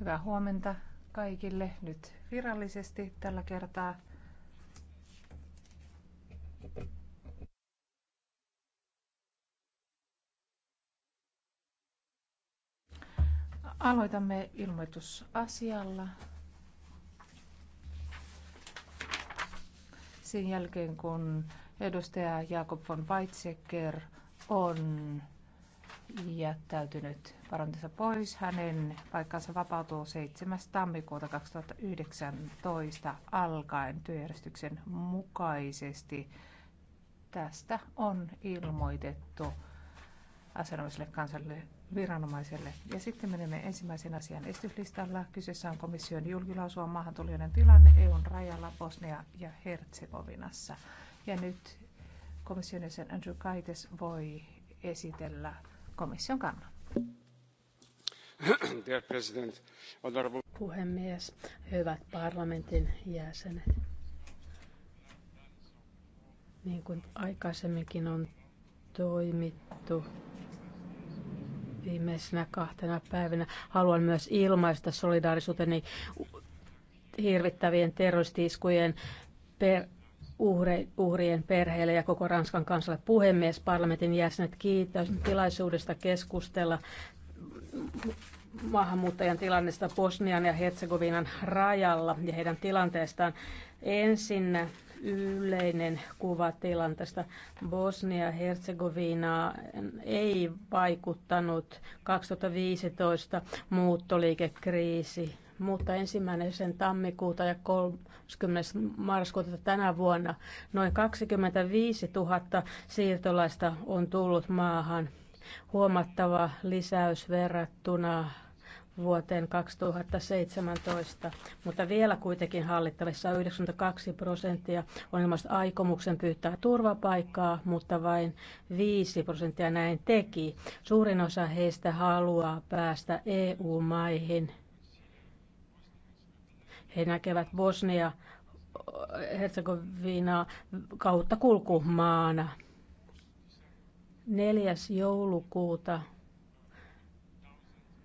Hyvää huomenta kaikille nyt virallisesti tällä kertaa. Aloitamme ilmoitusasialla. Sen jälkeen kun edustaja Jakob von Weizsäcker on jättäytynyt parantinsa pois. Hänen paikkansa vapautuu 7. tammikuuta 2019 alkaen työjärjestyksen mukaisesti. Tästä on ilmoitettu asianomaiselle kansalle viranomaiselle. Ja sitten menemme ensimmäisen asian esityslistalla. Kyseessä on komission julkilausua maahantulijoiden tilanne EUn rajalla Bosnia ja Herzegovinassa. Ja nyt komission jäsen Andrew Kaites voi esitellä komission kannan. Puhemies, hyvät parlamentin jäsenet. Niin kuin aikaisemminkin on toimittu viimeisenä kahtena päivänä, haluan myös ilmaista solidaarisuuteni hirvittävien terroristiskujen per- uhre, uhrien perheille ja koko Ranskan kansalle. Puhemies, parlamentin jäsenet, kiitos tilaisuudesta keskustella maahanmuuttajan tilannesta Bosnian ja Herzegovinan rajalla ja heidän tilanteestaan. Ensin yleinen kuva tilanteesta. Bosnia ja Herzegovina ei vaikuttanut 2015 muuttoliikekriisi mutta ensimmäisen tammikuuta ja 30. marraskuuta tänä vuonna noin 25 000 siirtolaista on tullut maahan. Huomattava lisäys verrattuna vuoteen 2017, mutta vielä kuitenkin hallittavissa 92 prosenttia on ilmaista aikomuksen pyytää turvapaikkaa, mutta vain 5 prosenttia näin teki. Suurin osa heistä haluaa päästä EU-maihin – he näkevät Bosnia Herzegovinaa kautta kulkumaana. 4. joulukuuta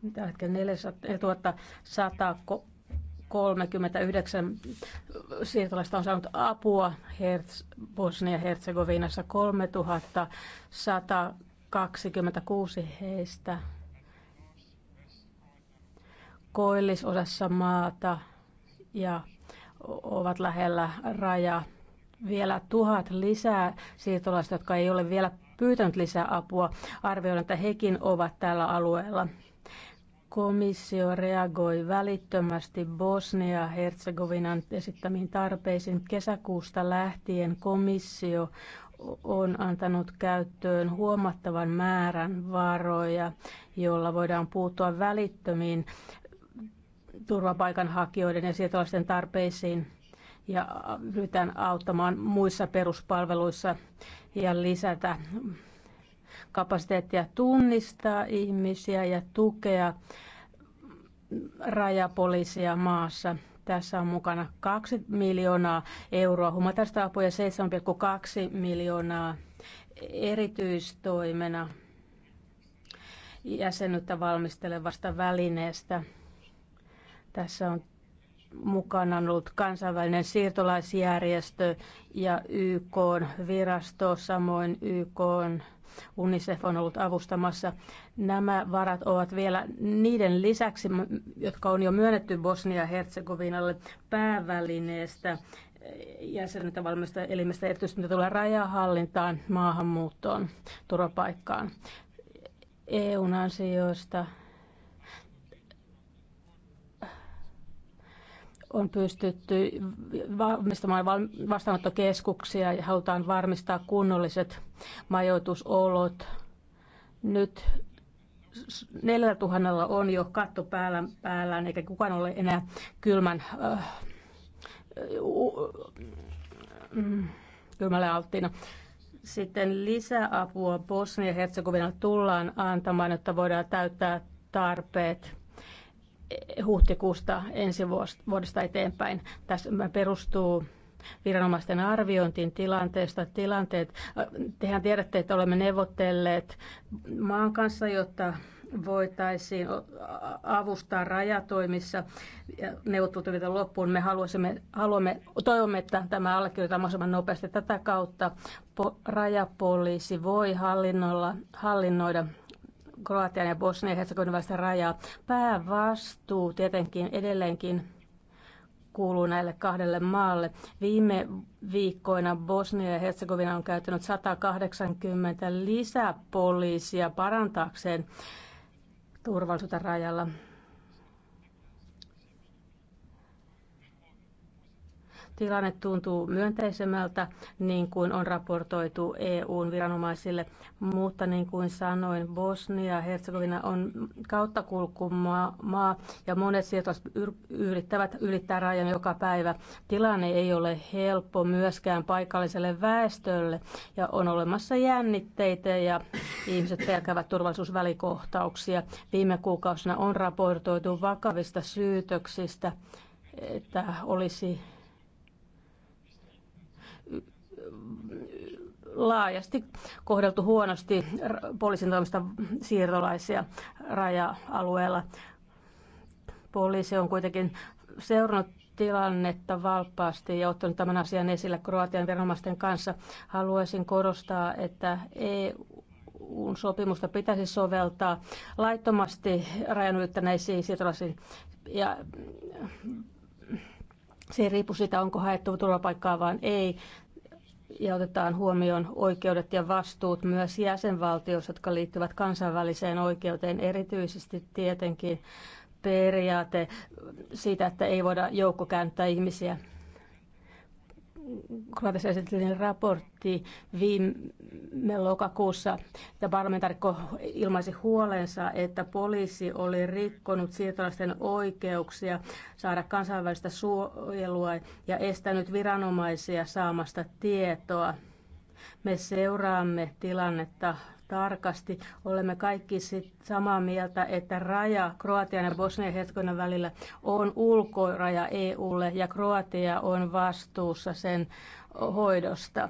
1139 siirtolaista on saanut apua Herz, Bosnia-Herzegovinassa 3126 heistä koillisosassa maata ja ovat lähellä rajaa. Vielä tuhat lisää siirtolaista, jotka ei ole vielä pyytänyt lisää apua, arvioidaan, että hekin ovat tällä alueella. Komissio reagoi välittömästi Bosnia-Herzegovinan esittämiin tarpeisiin. Kesäkuusta lähtien komissio on antanut käyttöön huomattavan määrän varoja, jolla voidaan puuttua välittömiin turvapaikanhakijoiden ja sietolaisten tarpeisiin ja ryhdytään auttamaan muissa peruspalveluissa ja lisätä kapasiteettia tunnistaa ihmisiä ja tukea rajapoliisia maassa. Tässä on mukana 2 miljoonaa euroa humanitaarista apua ja 7,2 miljoonaa erityistoimena jäsenyyttä valmistelevasta välineestä tässä on mukana ollut kansainvälinen siirtolaisjärjestö ja YK virasto, samoin YK UNICEF on ollut avustamassa. Nämä varat ovat vielä niiden lisäksi, jotka on jo myönnetty Bosnia-Herzegovinalle päävälineestä eh, jäsenetä valmista elimestä, erityisesti mitä tulee rajahallintaan, maahanmuuttoon, turvapaikkaan. EUn asioista. on pystytty valmistamaan vastaanottokeskuksia ja halutaan varmistaa kunnolliset majoitusolot. Nyt neljällä tuhannella on jo katto päällä, päällään, eikä kukaan ole enää kylmän, äh, mm, kylmälle alttiina. Sitten lisäapua Bosnia-Herzegovina tullaan antamaan, jotta voidaan täyttää tarpeet huhtikuusta ensi vuodesta eteenpäin. Tässä perustuu viranomaisten arviointiin tilanteesta. Tilanteet, tehän tiedätte, että olemme neuvotelleet maan kanssa, jotta voitaisiin avustaa rajatoimissa ja neuvottelut loppuun. Me haluaisimme, haluamme, toivomme, että tämä allekirjoitetaan mahdollisimman nopeasti. Tätä kautta po, rajapoliisi voi hallinnoida Kroatian ja Bosnian ja Herzegovinan välistä rajaa. Päävastuu tietenkin edelleenkin kuuluu näille kahdelle maalle. Viime viikkoina Bosnia ja Herzegovina on käyttänyt 180 lisäpoliisia parantaakseen turvallisuutta rajalla. Tilanne tuntuu myönteisemmältä, niin kuin on raportoitu EUn viranomaisille, mutta niin kuin sanoin, Bosnia ja Herzegovina on kautta maa, ja monet sieltä yrittävät ylittää rajan joka päivä. Tilanne ei ole helppo myöskään paikalliselle väestölle ja on olemassa jännitteitä ja ihmiset pelkäävät turvallisuusvälikohtauksia. Viime kuukausina on raportoitu vakavista syytöksistä, että olisi laajasti kohdeltu huonosti poliisin toimesta siirtolaisia raja-alueella. Poliisi on kuitenkin seurannut tilannetta valppaasti ja ottanut tämän asian esille Kroatian viranomaisten kanssa. Haluaisin korostaa, että EU sopimusta pitäisi soveltaa laittomasti rajan ylittäneisiin siirtolaisiin ja se ei riipu siitä, onko haettu turvapaikkaa vai ei ja otetaan huomioon oikeudet ja vastuut myös jäsenvaltioissa, jotka liittyvät kansainväliseen oikeuteen, erityisesti tietenkin periaate siitä, että ei voida joukkokäännyttää ihmisiä Kroatiassa raportti viime lokakuussa, että parlamentaarikko ilmaisi huolensa, että poliisi oli rikkonut siirtolaisten oikeuksia saada kansainvälistä suojelua ja estänyt viranomaisia saamasta tietoa. Me seuraamme tilannetta tarkasti. Olemme kaikki sit samaa mieltä, että raja Kroatian ja Bosnian hetkonen välillä on ulkoraja EUlle ja Kroatia on vastuussa sen hoidosta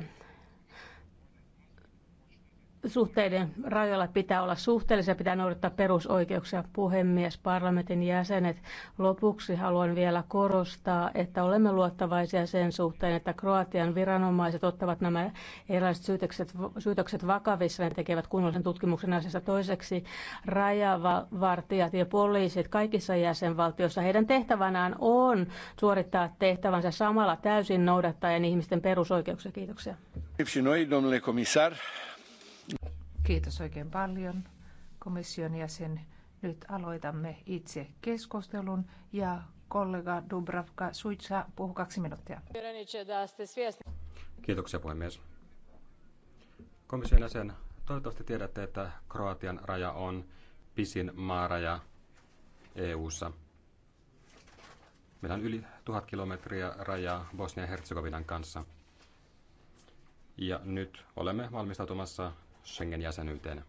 suhteiden rajoilla pitää olla suhteellisia, pitää noudattaa perusoikeuksia puhemies, parlamentin jäsenet. Lopuksi haluan vielä korostaa, että olemme luottavaisia sen suhteen, että Kroatian viranomaiset ottavat nämä erilaiset syytökset, syytökset vakavissa ja tekevät kunnollisen tutkimuksen asiassa toiseksi. Rajavartijat ja poliisit kaikissa jäsenvaltioissa, heidän tehtävänään on suorittaa tehtävänsä samalla täysin noudattaen ihmisten perusoikeuksia. Kiitoksia. Kiitoksia, Kiitos oikein paljon komission jäsen. Nyt aloitamme itse keskustelun ja kollega Dubravka Suitsa puhuu kaksi minuuttia. Kiitoksia puhemies. Komission jäsen, toivottavasti tiedätte, että Kroatian raja on pisin maaraja EU:ssa. Meillä on yli tuhat kilometriä rajaa Bosnia-Herzegovinan kanssa. Ja nyt olemme valmistautumassa Schengen-jäsenyyteen.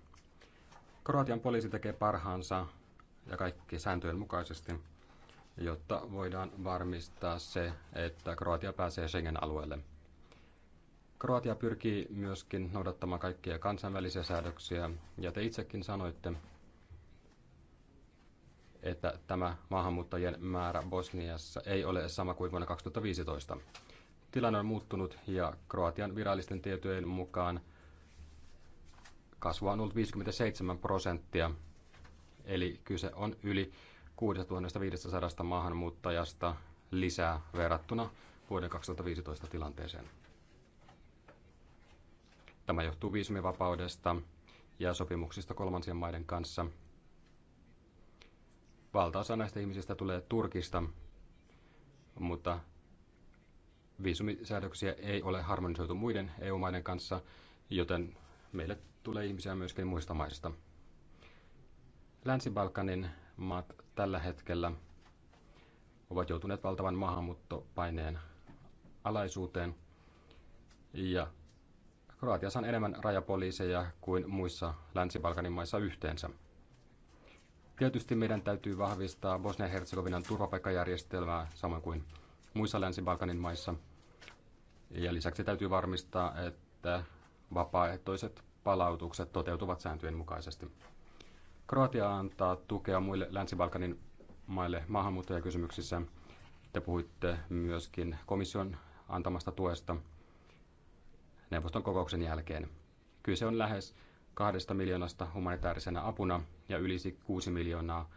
Kroatian poliisi tekee parhaansa ja kaikki sääntöjen mukaisesti, jotta voidaan varmistaa se, että Kroatia pääsee Schengen-alueelle. Kroatia pyrkii myöskin noudattamaan kaikkia kansainvälisiä säädöksiä, ja te itsekin sanoitte, että tämä maahanmuuttajien määrä Bosniassa ei ole sama kuin vuonna 2015. Tilanne on muuttunut ja Kroatian virallisten tietojen mukaan kasvu on ollut 57 prosenttia, eli kyse on yli 6500 maahanmuuttajasta lisää verrattuna vuoden 2015 tilanteeseen. Tämä johtuu viisumivapaudesta ja sopimuksista kolmansien maiden kanssa. Valtaosa näistä ihmisistä tulee Turkista, mutta viisumisäädöksiä ei ole harmonisoitu muiden EU-maiden kanssa, joten meille tulee ihmisiä myöskin muista maista. Länsi-Balkanin maat tällä hetkellä ovat joutuneet valtavan maahanmuuttopaineen alaisuuteen. Ja Kroatiassa on enemmän rajapoliiseja kuin muissa Länsi-Balkanin maissa yhteensä. Tietysti meidän täytyy vahvistaa Bosnia-Herzegovinan turvapaikkajärjestelmää samoin kuin muissa Länsi-Balkanin maissa. Ja lisäksi täytyy varmistaa, että vapaaehtoiset palautukset toteutuvat sääntöjen mukaisesti. Kroatia antaa tukea muille Länsi-Balkanin maille maahanmuuttajakysymyksissä. Te puhuitte myöskin komission antamasta tuesta neuvoston kokouksen jälkeen. Kyse on lähes kahdesta miljoonasta humanitaarisena apuna ja yli 6 miljoonaa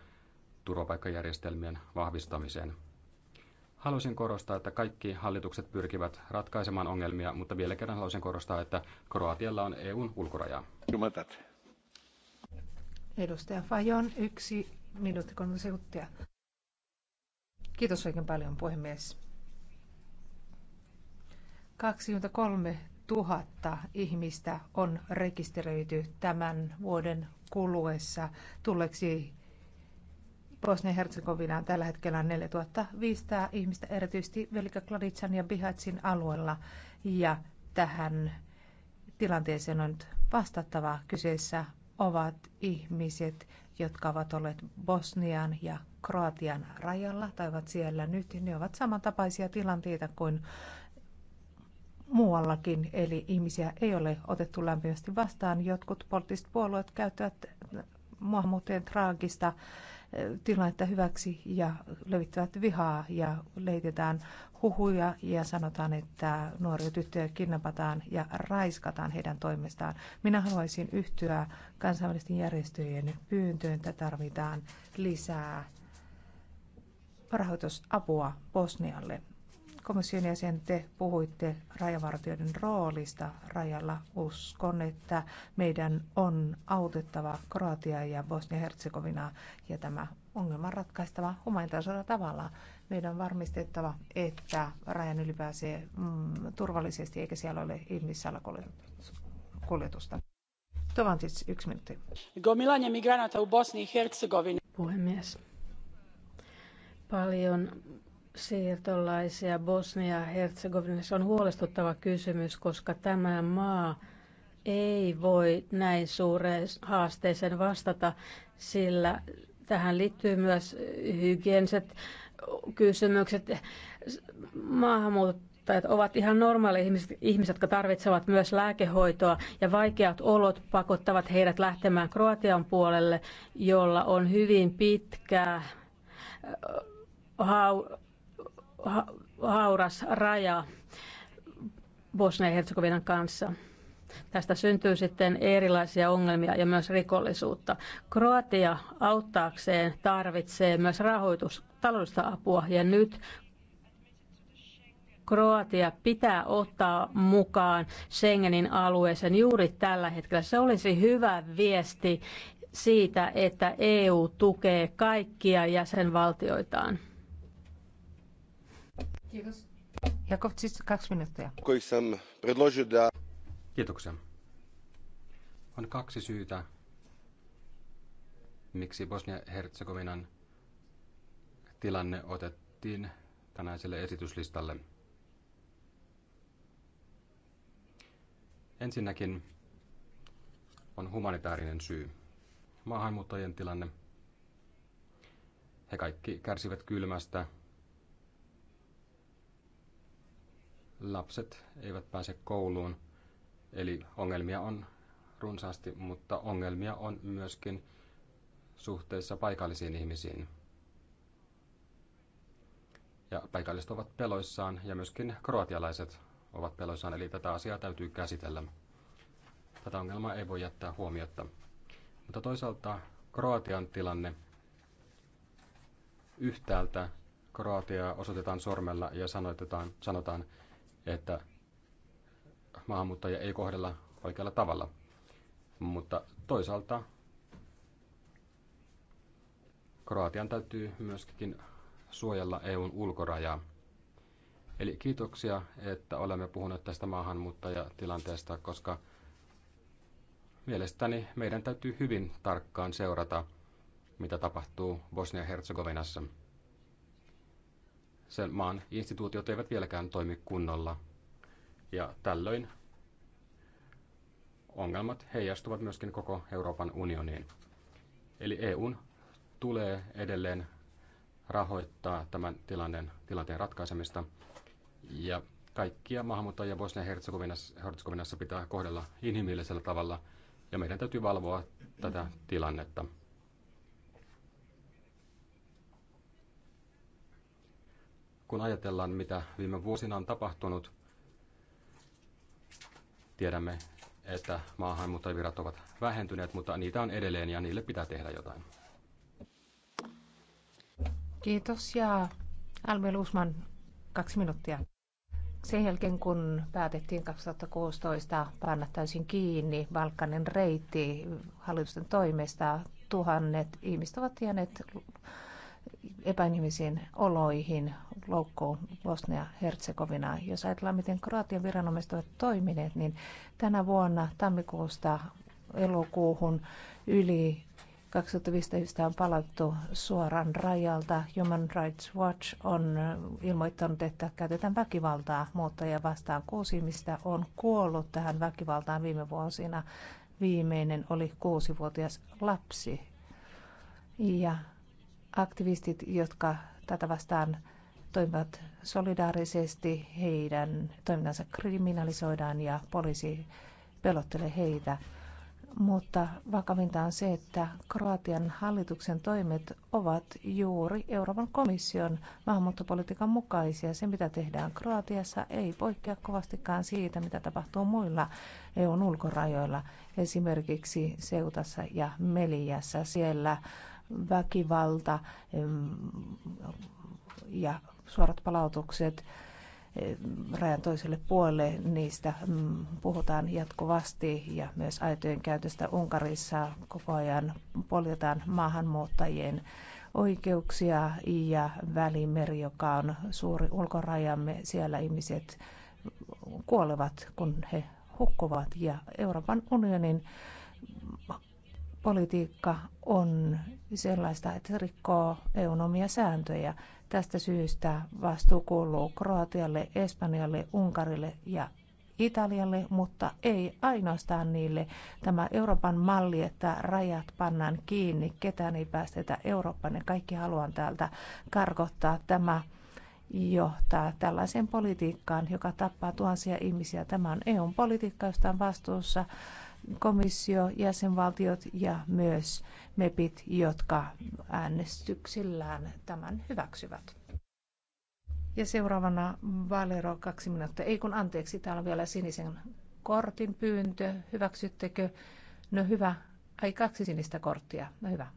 turvapaikkajärjestelmien vahvistamiseen. Haluaisin korostaa, että kaikki hallitukset pyrkivät ratkaisemaan ongelmia, mutta vielä kerran haluaisin korostaa, että Kroatialla on EUn ulkoraja. Jumatat. Edustaja Fajon, yksi minuutti 30 sekuntia. Kiitos oikein paljon, puhemies. 23 000 ihmistä on rekisteröity tämän vuoden kuluessa tulleeksi Bosnia-Herzegovina on tällä hetkellä 4500 ihmistä, erityisesti Velika Kladitsan ja Bihatsin alueella. Ja tähän tilanteeseen on nyt vastattava. Kyseessä ovat ihmiset, jotka ovat olleet Bosnian ja Kroatian rajalla tai ovat siellä nyt. Ne ovat samantapaisia tilanteita kuin muuallakin, eli ihmisiä ei ole otettu lämpimästi vastaan. Jotkut poliittiset puolueet käyttävät maahanmuuttajien traagista tilannetta hyväksi ja levittävät vihaa ja leitetään huhuja ja sanotaan, että nuoria tyttöjä kidnapataan ja raiskataan heidän toimestaan. Minä haluaisin yhtyä kansainvälisten järjestöjen pyyntöön, että tarvitaan lisää rahoitusapua Bosnialle. Komission jäsen, te puhuitte rajavartijoiden roolista rajalla. Uskon, että meidän on autettava Kroatiaa ja Bosnia-Herzegovinaa ja tämä ongelma on ratkaistava humanitaarisella tavalla. Meidän on varmistettava, että rajan yli pääsee mm, turvallisesti eikä siellä ole ihmissalakuljetusta. Tovantic, yksi minuutti. Gomilanja migranata u Bosni i Herzegovini. Puhemies. Paljon siirtolaisia Bosnia ja Herzegovinassa on huolestuttava kysymys, koska tämä maa ei voi näin suureen haasteeseen vastata, sillä tähän liittyy myös hygieniset kysymykset. Maahanmuuttajat ovat ihan normaali ihmiset, ihmiset, jotka tarvitsevat myös lääkehoitoa ja vaikeat olot pakottavat heidät lähtemään Kroatian puolelle, jolla on hyvin pitkä äh, hau, ha- hauras raja Bosnia Herzegovinan kanssa. Tästä syntyy sitten erilaisia ongelmia ja myös rikollisuutta. Kroatia auttaakseen tarvitsee myös rahoitus, taloudellista apua ja nyt Kroatia pitää ottaa mukaan Schengenin alueeseen juuri tällä hetkellä. Se olisi hyvä viesti siitä, että EU tukee kaikkia jäsenvaltioitaan. Kiitos. Jakovtsis, kaksi minuuttia. Kiitoksia. On kaksi syytä, miksi Bosnia-Herzegovinan tilanne otettiin tänäiselle esityslistalle. Ensinnäkin on humanitaarinen syy. Maahanmuuttajien tilanne. He kaikki kärsivät kylmästä, lapset eivät pääse kouluun. Eli ongelmia on runsaasti, mutta ongelmia on myöskin suhteessa paikallisiin ihmisiin. Ja paikalliset ovat peloissaan ja myöskin kroatialaiset ovat peloissaan, eli tätä asiaa täytyy käsitellä. Tätä ongelmaa ei voi jättää huomiotta. Mutta toisaalta Kroatian tilanne yhtäältä Kroatiaa osoitetaan sormella ja sanotetaan, sanotaan, että maahanmuuttajia ei kohdella oikealla tavalla. Mutta toisaalta Kroatian täytyy myöskin suojella EUn ulkorajaa. Eli kiitoksia, että olemme puhuneet tästä maahanmuuttajatilanteesta, koska mielestäni meidän täytyy hyvin tarkkaan seurata, mitä tapahtuu Bosnia-Herzegovinassa sen maan instituutiot eivät vieläkään toimi kunnolla. Ja tällöin ongelmat heijastuvat myöskin koko Euroopan unioniin. Eli EUn tulee edelleen rahoittaa tämän tilanteen, tilanteen ratkaisemista. Ja kaikkia maahanmuuttajia Bosnia-Herzegovinassa pitää kohdella inhimillisellä tavalla, ja meidän täytyy valvoa tätä tilannetta. kun ajatellaan, mitä viime vuosina on tapahtunut, tiedämme, että maahanmuuttajavirat ovat vähentyneet, mutta niitä on edelleen ja niille pitää tehdä jotain. Kiitos ja Albel Usman, kaksi minuuttia. Sen jälkeen, kun päätettiin 2016 panna täysin kiinni Balkanin reitti hallitusten toimesta, tuhannet ihmiset ovat jääneet epäinhimillisiin oloihin loukkuu bosnia herzegovinaa Jos ajatellaan, miten Kroatian viranomaiset ovat toimineet, niin tänä vuonna tammikuusta elokuuhun yli 2015 on palattu suoraan rajalta. Human Rights Watch on ilmoittanut, että käytetään väkivaltaa muuttajia vastaan. Kuusi ihmistä on kuollut tähän väkivaltaan viime vuosina. Viimeinen oli kuusivuotias lapsi. Ja Aktivistit, jotka tätä vastaan toimivat solidaarisesti, heidän toimintansa kriminalisoidaan ja poliisi pelottelee heitä. Mutta vakavinta on se, että Kroatian hallituksen toimet ovat juuri Euroopan komission maahanmuuttopolitiikan mukaisia. Se, mitä tehdään Kroatiassa, ei poikkea kovastikaan siitä, mitä tapahtuu muilla EUn ulkorajoilla, esimerkiksi Seutassa ja Meliässä. Siellä väkivalta ja suorat palautukset rajan toiselle puolelle, niistä mm, puhutaan jatkuvasti ja myös aitojen käytöstä Unkarissa koko ajan poljetaan maahanmuuttajien oikeuksia ja välimeri, joka on suuri ulkorajamme, siellä ihmiset kuolevat, kun he hukkuvat ja Euroopan unionin politiikka on sellaista, että se rikkoo EUn omia sääntöjä. Tästä syystä vastuu kuuluu Kroatialle, Espanjalle, Unkarille ja Italialle, mutta ei ainoastaan niille. Tämä Euroopan malli, että rajat pannaan kiinni, ketään ei päästetä Eurooppaan ja kaikki haluan täältä karkottaa tämä johtaa tällaiseen politiikkaan, joka tappaa tuhansia ihmisiä. Tämä on EUn politiikka, josta on vastuussa komissio, jäsenvaltiot ja myös MEPit, jotka äänestyksillään tämän hyväksyvät. Ja seuraavana Valero kaksi minuuttia. Ei kun anteeksi, täällä on vielä sinisen kortin pyyntö. Hyväksyttekö? No hyvä. Ai kaksi sinistä korttia. No hyvä.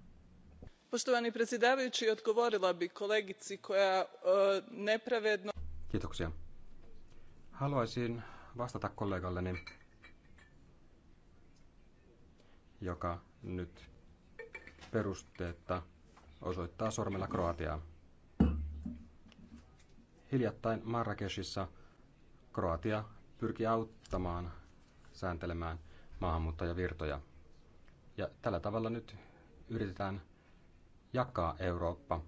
Poštovani predsjedavajući, odgovorila bi kolegici koja e, nepravedno... Kiitoksia. Haluaisin vastata kollegalleni, joka nyt perusteetta osoittaa sormella Kroatiaa. Hiljattain Marrakeshissa Kroatia pyrki auttamaan sääntelemään maahanmuuttajavirtoja. Ja tällä tavalla nyt yritetään jakaa Eurooppa.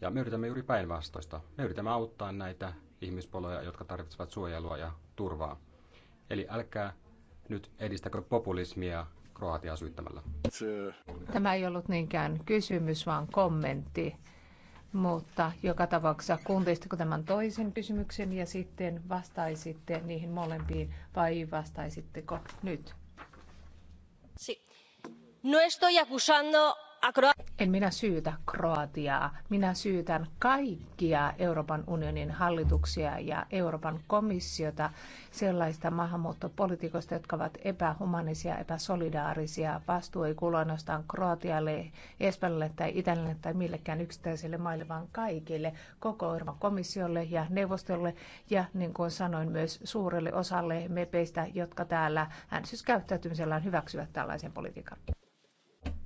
Ja me yritämme juuri päinvastoista. Me yritämme auttaa näitä ihmispoloja, jotka tarvitsevat suojelua ja turvaa. Eli älkää nyt edistäkö populismia Kroatiaa syyttämällä. Tämä ei ollut niinkään kysymys, vaan kommentti. Mutta joka tapauksessa kuuntelisitteko tämän toisen kysymyksen ja sitten vastaisitte niihin molempiin vai vastaisitteko nyt? Sí. No estoy acusando en minä syytä Kroatiaa. Minä syytän kaikkia Euroopan unionin hallituksia ja Euroopan komissiota sellaista maahanmuuttopolitiikoista, jotka ovat epähumanisia, epäsolidaarisia. Vastuu ei kuulu ainoastaan Kroatialle, Espanjalle tai Itälle tai millekään yksittäiselle maille, vaan kaikille, koko Euroopan komissiolle ja neuvostolle ja niin kuin sanoin myös suurelle osalle mepeistä, jotka täällä äänestyskäyttäytymisellään hyväksyvät tällaisen politiikan.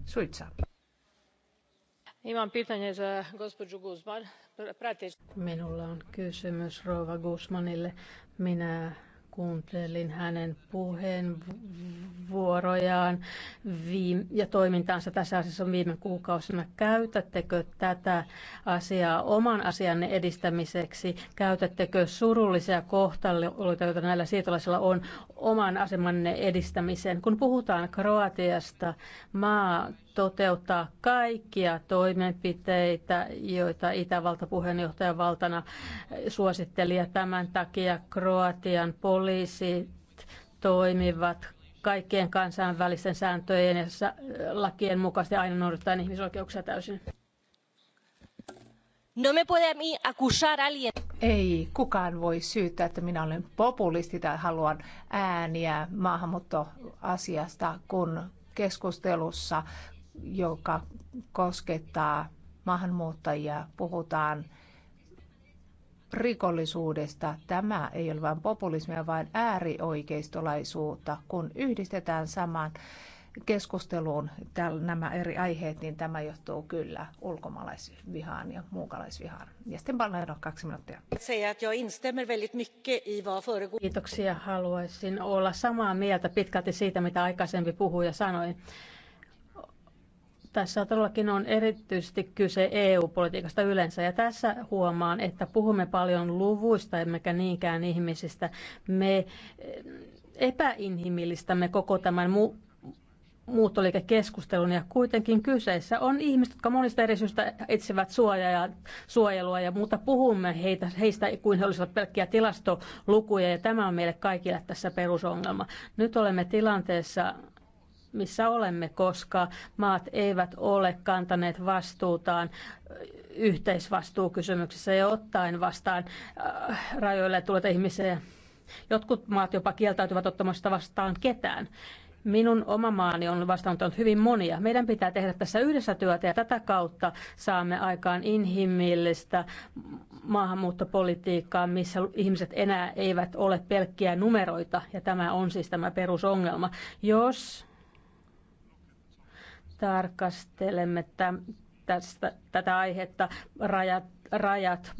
Suitsa. Minulla on kysymys Rova Guzmanille. Minä kuuntelin hänen puheenvuorojaan ja toimintaansa tässä asiassa on viime kuukausina. Käytättekö tätä asiaa oman asianne edistämiseksi? Käytättekö surullisia kohtaloita, joita näillä siirtolaisilla on, oman asemanne edistämiseen? Kun puhutaan Kroatiasta, maa toteuttaa kaikkia toimenpiteitä, joita Itävalta puheenjohtajan valtana suositteli. Ja tämän takia Kroatian poliisit toimivat kaikkien kansainvälisten sääntöjen ja lakien mukaisesti aina noudattaen ihmisoikeuksia täysin. No me alguien. Ei kukaan voi syyttää, että minä olen populisti tai haluan ääniä maahanmuuttoasiasta, kun keskustelussa joka koskettaa maahanmuuttajia. Puhutaan rikollisuudesta. Tämä ei ole vain populismia, vaan äärioikeistolaisuutta. Kun yhdistetään samaan keskusteluun nämä eri aiheet, niin tämä johtuu kyllä ulkomaalaisvihaan ja muukalaisvihaan. Ja sitten on kaksi minuuttia. Kiitoksia. Haluaisin olla samaa mieltä pitkälti siitä, mitä aikaisempi puhuja sanoi. Tässä todellakin on erityisesti kyse EU-politiikasta yleensä ja tässä huomaan, että puhumme paljon luvuista emmekä niinkään ihmisistä. Me eh, epäinhimillistämme koko tämän mu- muuttoliikekeskustelun ja kuitenkin kyseessä on ihmiset, jotka monista eri syistä etsivät suojaa ja suojelua ja muuta. Puhumme heitä, heistä kuin he olisivat pelkkiä tilastolukuja ja tämä on meille kaikille tässä perusongelma. Nyt olemme tilanteessa, missä olemme, koska maat eivät ole kantaneet vastuutaan yhteisvastuukysymyksessä ja ottaen vastaan äh, rajoille tulleita ihmisiä. Jotkut maat jopa kieltäytyvät ottamasta vastaan ketään. Minun oma maani on vastaanottanut hyvin monia. Meidän pitää tehdä tässä yhdessä työtä ja tätä kautta saamme aikaan inhimillistä maahanmuuttopolitiikkaa, missä ihmiset enää eivät ole pelkkiä numeroita ja tämä on siis tämä perusongelma. Jos tarkastelemme tästä, tätä aihetta rajat, rajat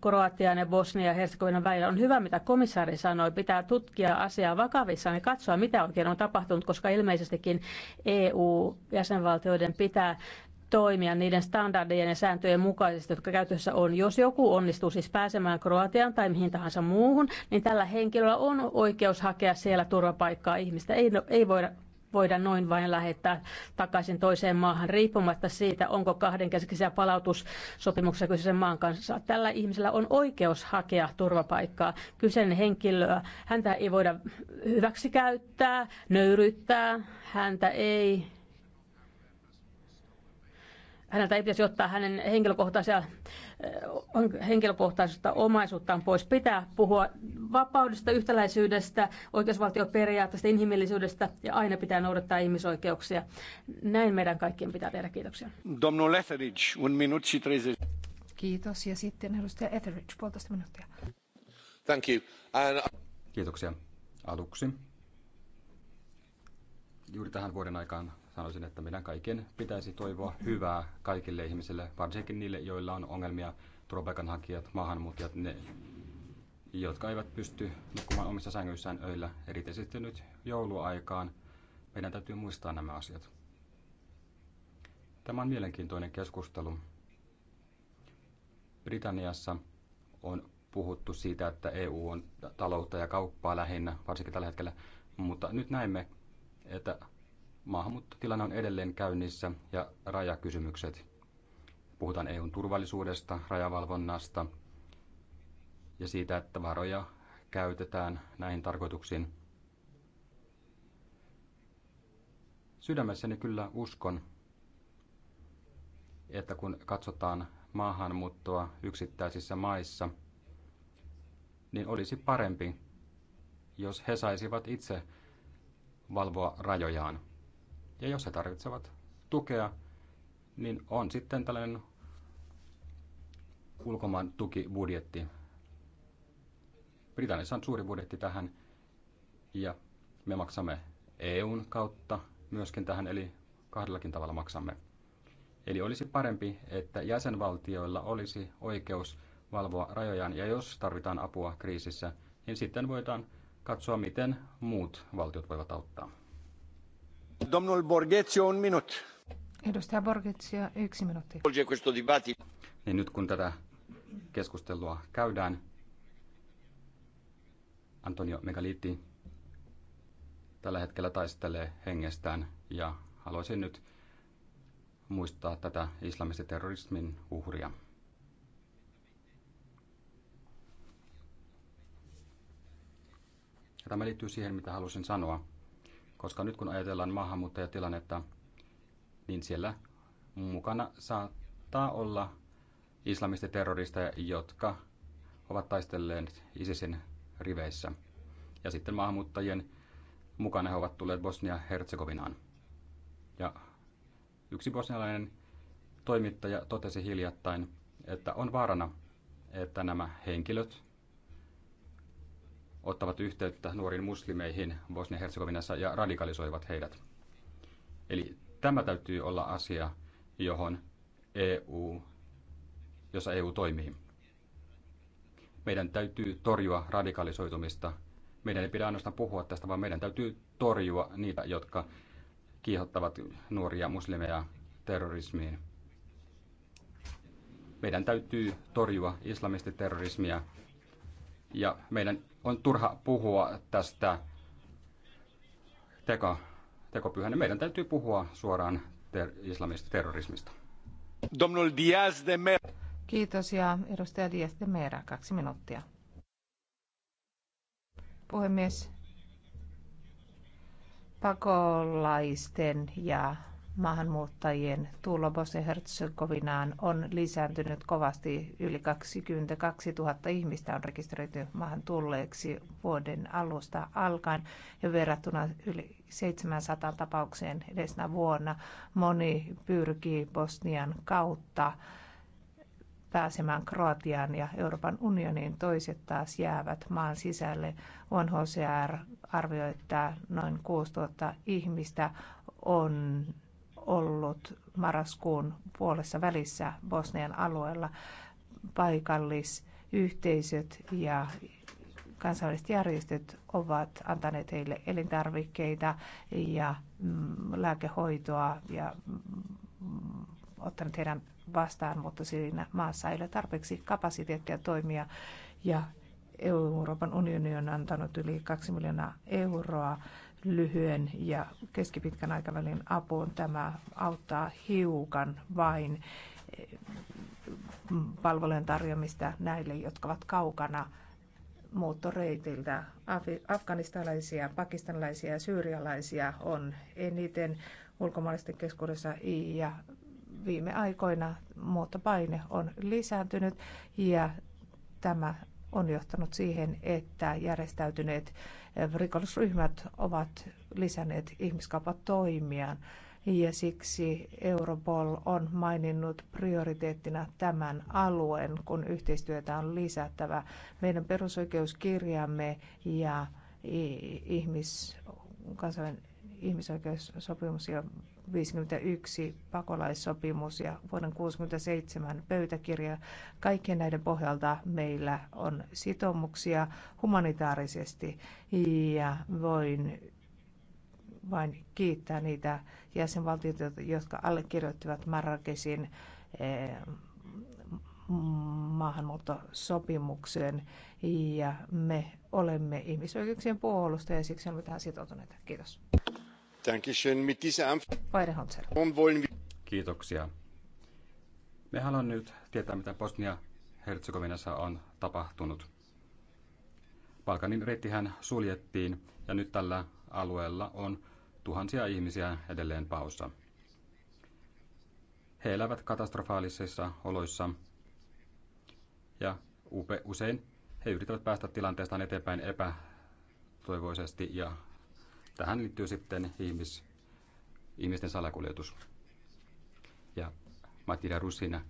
Kroatian ja Bosnian ja Herzegovinan välillä. On hyvä, mitä komissaari sanoi. Pitää tutkia asiaa vakavissaan ja katsoa, mitä oikein on tapahtunut, koska ilmeisestikin EU-jäsenvaltioiden pitää toimia niiden standardien ja sääntöjen mukaisesti, jotka käytössä on. Jos joku onnistuu siis pääsemään Kroatian tai mihin tahansa muuhun, niin tällä henkilöllä on oikeus hakea siellä turvapaikkaa. Ihmistä ei, ei voida voida noin vain lähettää takaisin toiseen maahan, riippumatta siitä, onko kahdenkeskisiä palautussopimuksia kyseisen maan kanssa. Tällä ihmisellä on oikeus hakea turvapaikkaa. Kyseinen henkilöä, häntä ei voida hyväksikäyttää, nöyryyttää, häntä ei häneltä ei pitäisi ottaa hänen henkilökohtaisia henkilökohtaisesta omaisuuttaan pois. Pitää puhua vapaudesta, yhtäläisyydestä, oikeusvaltioperiaatteesta, inhimillisyydestä ja aina pitää noudattaa ihmisoikeuksia. Näin meidän kaikkien pitää tehdä. Kiitoksia. Etheridge, Kiitos. Ja sitten edustaja Etheridge, puolitoista minuuttia. Thank you. And... Kiitoksia. Aluksi. Juuri tähän vuoden aikaan sanoisin, että meidän kaiken pitäisi toivoa hyvää kaikille ihmisille, varsinkin niille, joilla on ongelmia, turvapaikanhakijat, maahanmuuttajat, ne, jotka eivät pysty nukkumaan omissa sängyissään öillä, erityisesti nyt jouluaikaan. Meidän täytyy muistaa nämä asiat. Tämä on mielenkiintoinen keskustelu. Britanniassa on puhuttu siitä, että EU on taloutta ja kauppaa lähinnä, varsinkin tällä hetkellä, mutta nyt näemme, että maahanmuuttotilanne on edelleen käynnissä ja rajakysymykset. Puhutaan EUn turvallisuudesta, rajavalvonnasta ja siitä, että varoja käytetään näihin tarkoituksiin. Sydämessäni kyllä uskon, että kun katsotaan maahanmuuttoa yksittäisissä maissa, niin olisi parempi, jos he saisivat itse valvoa rajojaan. Ja jos he tarvitsevat tukea, niin on sitten tällainen ulkomaan tukibudjetti. Britanniassa on suuri budjetti tähän ja me maksamme EUn kautta myöskin tähän, eli kahdellakin tavalla maksamme. Eli olisi parempi, että jäsenvaltioilla olisi oikeus valvoa rajojaan ja jos tarvitaan apua kriisissä, niin sitten voidaan katsoa, miten muut valtiot voivat auttaa arvoisa puhemies Edustaja minuutti. Niin nyt kun tätä keskustelua käydään, Antonio Megalitti tällä hetkellä taistelee hengestään ja haluaisin nyt muistaa tätä islamistiterrorismin uhria. Ja tämä liittyy siihen, mitä halusin sanoa koska nyt kun ajatellaan maahanmuuttajatilannetta, niin siellä mukana saattaa olla islamistiterroristeja, jotka ovat taistelleet ISISin riveissä. Ja sitten maahanmuuttajien mukana he ovat tulleet Bosnia-Herzegovinaan. Ja yksi bosnialainen toimittaja totesi hiljattain, että on vaarana, että nämä henkilöt, ottavat yhteyttä nuoriin muslimeihin Bosnia-Herzegovinassa ja radikalisoivat heidät. Eli tämä täytyy olla asia, johon EU, jossa EU toimii. Meidän täytyy torjua radikalisoitumista. Meidän ei pidä ainoastaan puhua tästä, vaan meidän täytyy torjua niitä, jotka kiihottavat nuoria muslimeja terrorismiin. Meidän täytyy torjua islamistiterrorismia ja meidän on turha puhua tästä teko, tekopyhänä. Meidän täytyy puhua suoraan ter- islamista terrorismista. Domnul Diaz de Mera. Kiitos ja edustaja Diaz de Mera, kaksi minuuttia. Puhemies, pakolaisten ja maahanmuuttajien tulo Bosnia-Herzegovinaan on lisääntynyt kovasti. Yli 22 000 ihmistä on rekisteröity maahan tulleeksi vuoden alusta alkaen ja verrattuna yli 700 tapaukseen edesnä vuonna. Moni pyrkii Bosnian kautta pääsemään Kroatiaan ja Euroopan unioniin. Toiset taas jäävät maan sisälle. UNHCR arvioi, että noin 6 000 ihmistä on ollut marraskuun puolessa välissä Bosnian alueella paikallisyhteisöt ja kansainväliset järjestöt ovat antaneet heille elintarvikkeita ja mm, lääkehoitoa ja mm, ottanut heidän vastaan, mutta siinä maassa ei ole tarpeeksi kapasiteettia toimia ja Euroopan unioni on antanut yli 2 miljoonaa euroa lyhyen ja keskipitkän aikavälin apuun. Tämä auttaa hiukan vain eh, palvelujen tarjoamista näille, jotka ovat kaukana muuttoreitiltä. afganistanilaisia, pakistanilaisia ja syyrialaisia on eniten ulkomaalaisten keskuudessa ja viime aikoina muuttopaine on lisääntynyt ja tämä on johtanut siihen, että järjestäytyneet rikollisryhmät ovat lisänneet ihmiskauppatoimiaan ja siksi Europol on maininnut prioriteettina tämän alueen, kun yhteistyötä on lisättävä. Meidän perusoikeuskirjamme ja ihmis, kansainvälinen ihmisoikeussopimus ja 1951 pakolaissopimus ja vuoden 67 pöytäkirja. Kaikkien näiden pohjalta meillä on sitoumuksia humanitaarisesti ja voin vain kiittää niitä jäsenvaltioita, jotka allekirjoittivat Marrakesin eh, maahanmuuttosopimuksen ja me olemme ihmisoikeuksien puolustajia ja siksi olemme tähän sitoutuneita. Kiitos. Kiitoksia. Me haluamme nyt tietää, mitä Bosnia-Herzegovinassa on tapahtunut. Balkanin reittihän suljettiin ja nyt tällä alueella on tuhansia ihmisiä edelleen paossa. He elävät katastrofaalisissa oloissa ja usein he yrittävät päästä tilanteestaan eteenpäin epätoivoisesti ja Tähän liittyy sitten ihmis, ihmisten salakuljetus. Ja Matilda Rusina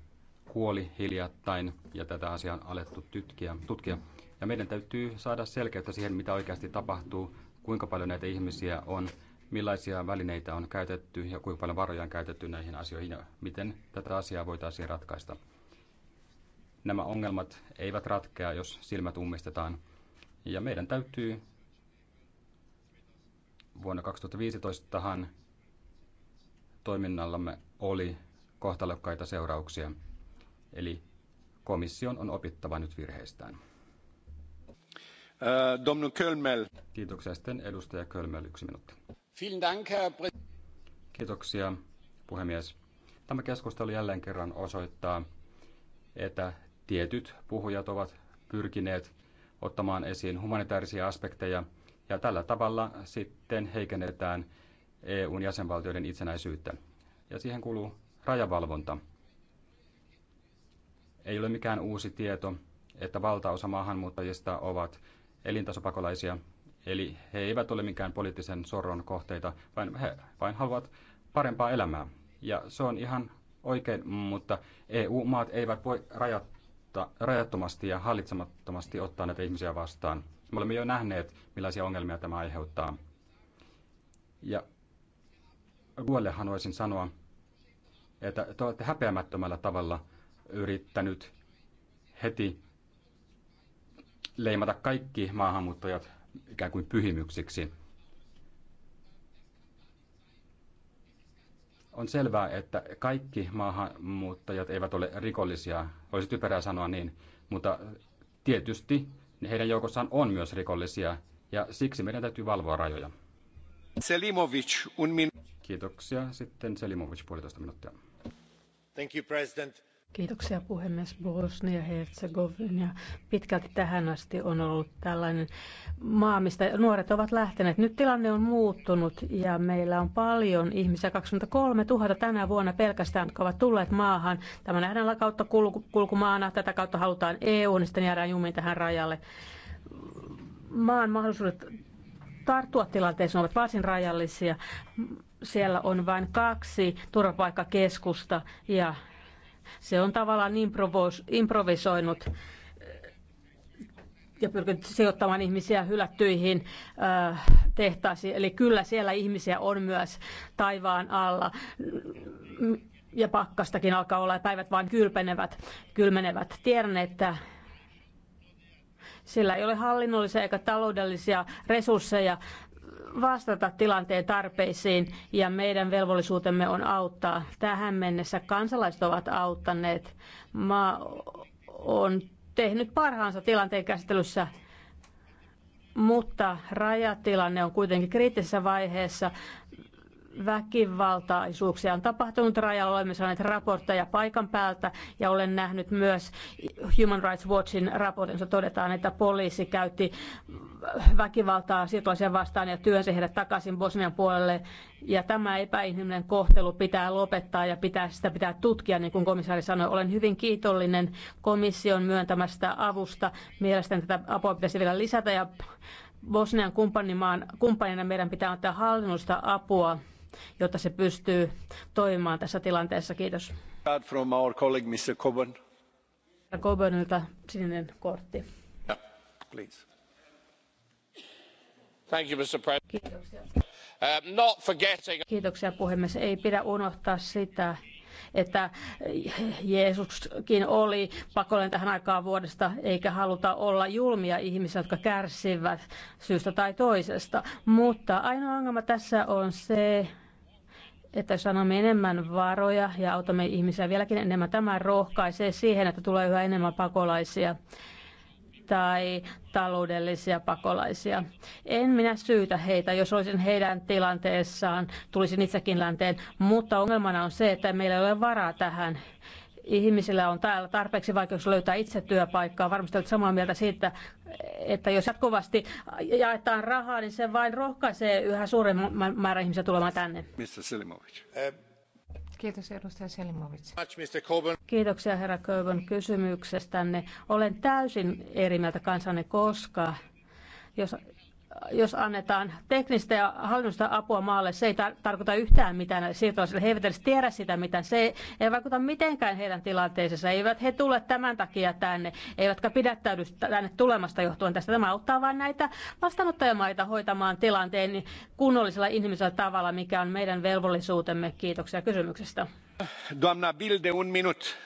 kuoli hiljattain ja tätä asiaa on alettu tutkia, tutkia. Ja meidän täytyy saada selkeyttä siihen, mitä oikeasti tapahtuu, kuinka paljon näitä ihmisiä on, millaisia välineitä on käytetty ja kuinka paljon varoja on käytetty näihin asioihin ja miten tätä asiaa voitaisiin ratkaista. Nämä ongelmat eivät ratkea, jos silmät ummistetaan. Ja meidän täytyy Vuonna 2015 tahan toiminnallamme oli kohtalokkaita seurauksia, eli komission on opittava nyt virheistään. Äh, Domnul Kölmel. Kiitoksia sitten edustaja Kölmel, yksi minuutti. Kiitoksia, puhemies. Tämä keskustelu jälleen kerran osoittaa, että tietyt puhujat ovat pyrkineet ottamaan esiin humanitaarisia aspekteja – ja tällä tavalla sitten heikennetään EUn jäsenvaltioiden itsenäisyyttä. Ja siihen kuuluu rajavalvonta. Ei ole mikään uusi tieto, että valtaosa maahanmuuttajista ovat elintasopakolaisia, eli he eivät ole mikään poliittisen sorron kohteita, vaan he vain haluavat parempaa elämää. Ja se on ihan oikein, mutta EU-maat eivät voi rajatta, rajattomasti ja hallitsemattomasti ottaa näitä ihmisiä vastaan. Me olemme jo nähneet, millaisia ongelmia tämä aiheuttaa. Ja Guolle haluaisin sanoa, että te olette häpeämättömällä tavalla yrittänyt heti leimata kaikki maahanmuuttajat ikään kuin pyhimyksiksi. On selvää, että kaikki maahanmuuttajat eivät ole rikollisia. Olisi typerää sanoa niin, mutta tietysti niin heidän joukossaan on myös rikollisia, ja siksi meidän täytyy valvoa rajoja. Selimovic, un min... Kiitoksia. Sitten Selimovic, puolitoista minuuttia. Thank you, President. Kiitoksia puhemies. Bosnia Herzegovina pitkälti tähän asti on ollut tällainen maa, mistä nuoret ovat lähteneet. Nyt tilanne on muuttunut ja meillä on paljon ihmisiä, 23 000 tänä vuonna pelkästään, jotka ovat tulleet maahan. Tämä nähdään kautta kulkumaana, tätä kautta halutaan EU, niin sitten jäädään jumiin tähän rajalle. Maan mahdollisuudet tarttua tilanteeseen ovat varsin rajallisia. Siellä on vain kaksi turvapaikkakeskusta ja se on tavallaan improvisoinut äh, ja pyrkinyt sijoittamaan ihmisiä hylättyihin äh, tehtaisiin. Eli kyllä siellä ihmisiä on myös taivaan alla ja pakkastakin alkaa olla ja päivät vain kylpenevät, kylmenevät. Tiedän, että sillä ei ole hallinnollisia eikä taloudellisia resursseja vastata tilanteen tarpeisiin ja meidän velvollisuutemme on auttaa. Tähän mennessä kansalaiset ovat auttaneet. Maa on tehnyt parhaansa tilanteen käsittelyssä, mutta rajatilanne on kuitenkin kriittisessä vaiheessa väkivaltaisuuksia on tapahtunut rajalla. Olemme saaneet raportteja paikan päältä ja olen nähnyt myös Human Rights Watchin raportin, jossa todetaan, että poliisi käytti väkivaltaa siirtolaisia vastaan ja työnsi heidät takaisin Bosnian puolelle. Ja tämä epäinhimillinen kohtelu pitää lopettaa ja pitää, sitä pitää tutkia, niin kuin komissaari sanoi. Olen hyvin kiitollinen komission myöntämästä avusta. Mielestäni tätä apua pitäisi vielä lisätä ja Bosnian kumppanimaan, kumppanina meidän pitää antaa hallinnollista apua jotta se pystyy toimimaan tässä tilanteessa. Kiitos. From our colleague, Mr. Coburn. Coburnilta sininen kortti. Yeah, please. Thank you, Mr. President. Kiitoksia. Uh, not forgetting... Kiitoksia puhemies. Ei pidä unohtaa sitä, että Jeesuskin oli pakollinen tähän aikaan vuodesta, eikä haluta olla julmia ihmisiä, jotka kärsivät syystä tai toisesta. Mutta ainoa ongelma tässä on se, että sanomme enemmän varoja ja autamme ihmisiä vieläkin enemmän. Tämä rohkaisee siihen, että tulee yhä enemmän pakolaisia tai taloudellisia pakolaisia. En minä syytä heitä, jos olisin heidän tilanteessaan, tulisin itsekin länteen, mutta ongelmana on se, että meillä ei ole varaa tähän ihmisillä on täällä tarpeeksi vaikeuksia löytää itse työpaikkaa. Varmasti olet samaa mieltä siitä, että jos jatkuvasti jaetaan rahaa, niin se vain rohkaisee yhä suuremman määrän ihmisiä tulemaan tänne. Mr. Kiitos edustaja Selimovic. Kiitoksia herra Köyvön kysymyksestänne. Olen täysin eri mieltä kansanne, koska jos jos annetaan teknistä ja hallinnollista apua maalle, se ei tar- tarkoita yhtään mitään siirtolaisille. He eivät edes tiedä sitä mitään. Se ei vaikuta mitenkään heidän tilanteeseensa. Eivät he tule tämän takia tänne, eivätkä pidättäydy tänne tulemasta johtuen tästä. Tämä auttaa vain näitä vastaanottajamaita hoitamaan tilanteen kunnollisella ihmisellä tavalla, mikä on meidän velvollisuutemme. Kiitoksia kysymyksestä. Doamna Bilde, un minut.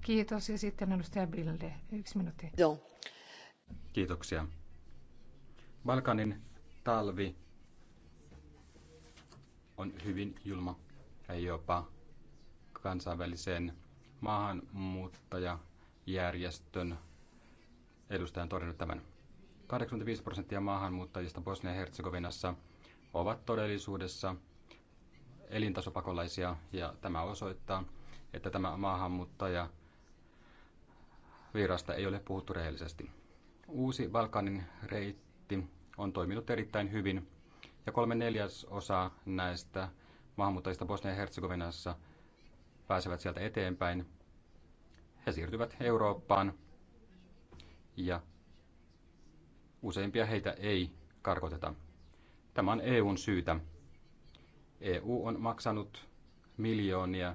Kiitos. Ja sitten edustaja Bilde, yksi minuutti. Joo. Kiitoksia. Balkanin talvi on hyvin julma ja jopa kansainvälisen maahanmuuttajajärjestön edustajan todennut tämän. 85 prosenttia maahanmuuttajista Bosnia-Herzegovinassa ovat todellisuudessa elintasopakolaisia ja tämä osoittaa, että tämä maahanmuuttaja virasta ei ole puhuttu rehellisesti. Uusi Balkanin reitti asti on toiminut erittäin hyvin ja kolme neljäsosaa näistä maahanmuuttajista Bosnia-Herzegovinassa pääsevät sieltä eteenpäin. He siirtyvät Eurooppaan ja useimpia heitä ei karkoteta. Tämä on EUn syytä. EU on maksanut miljoonia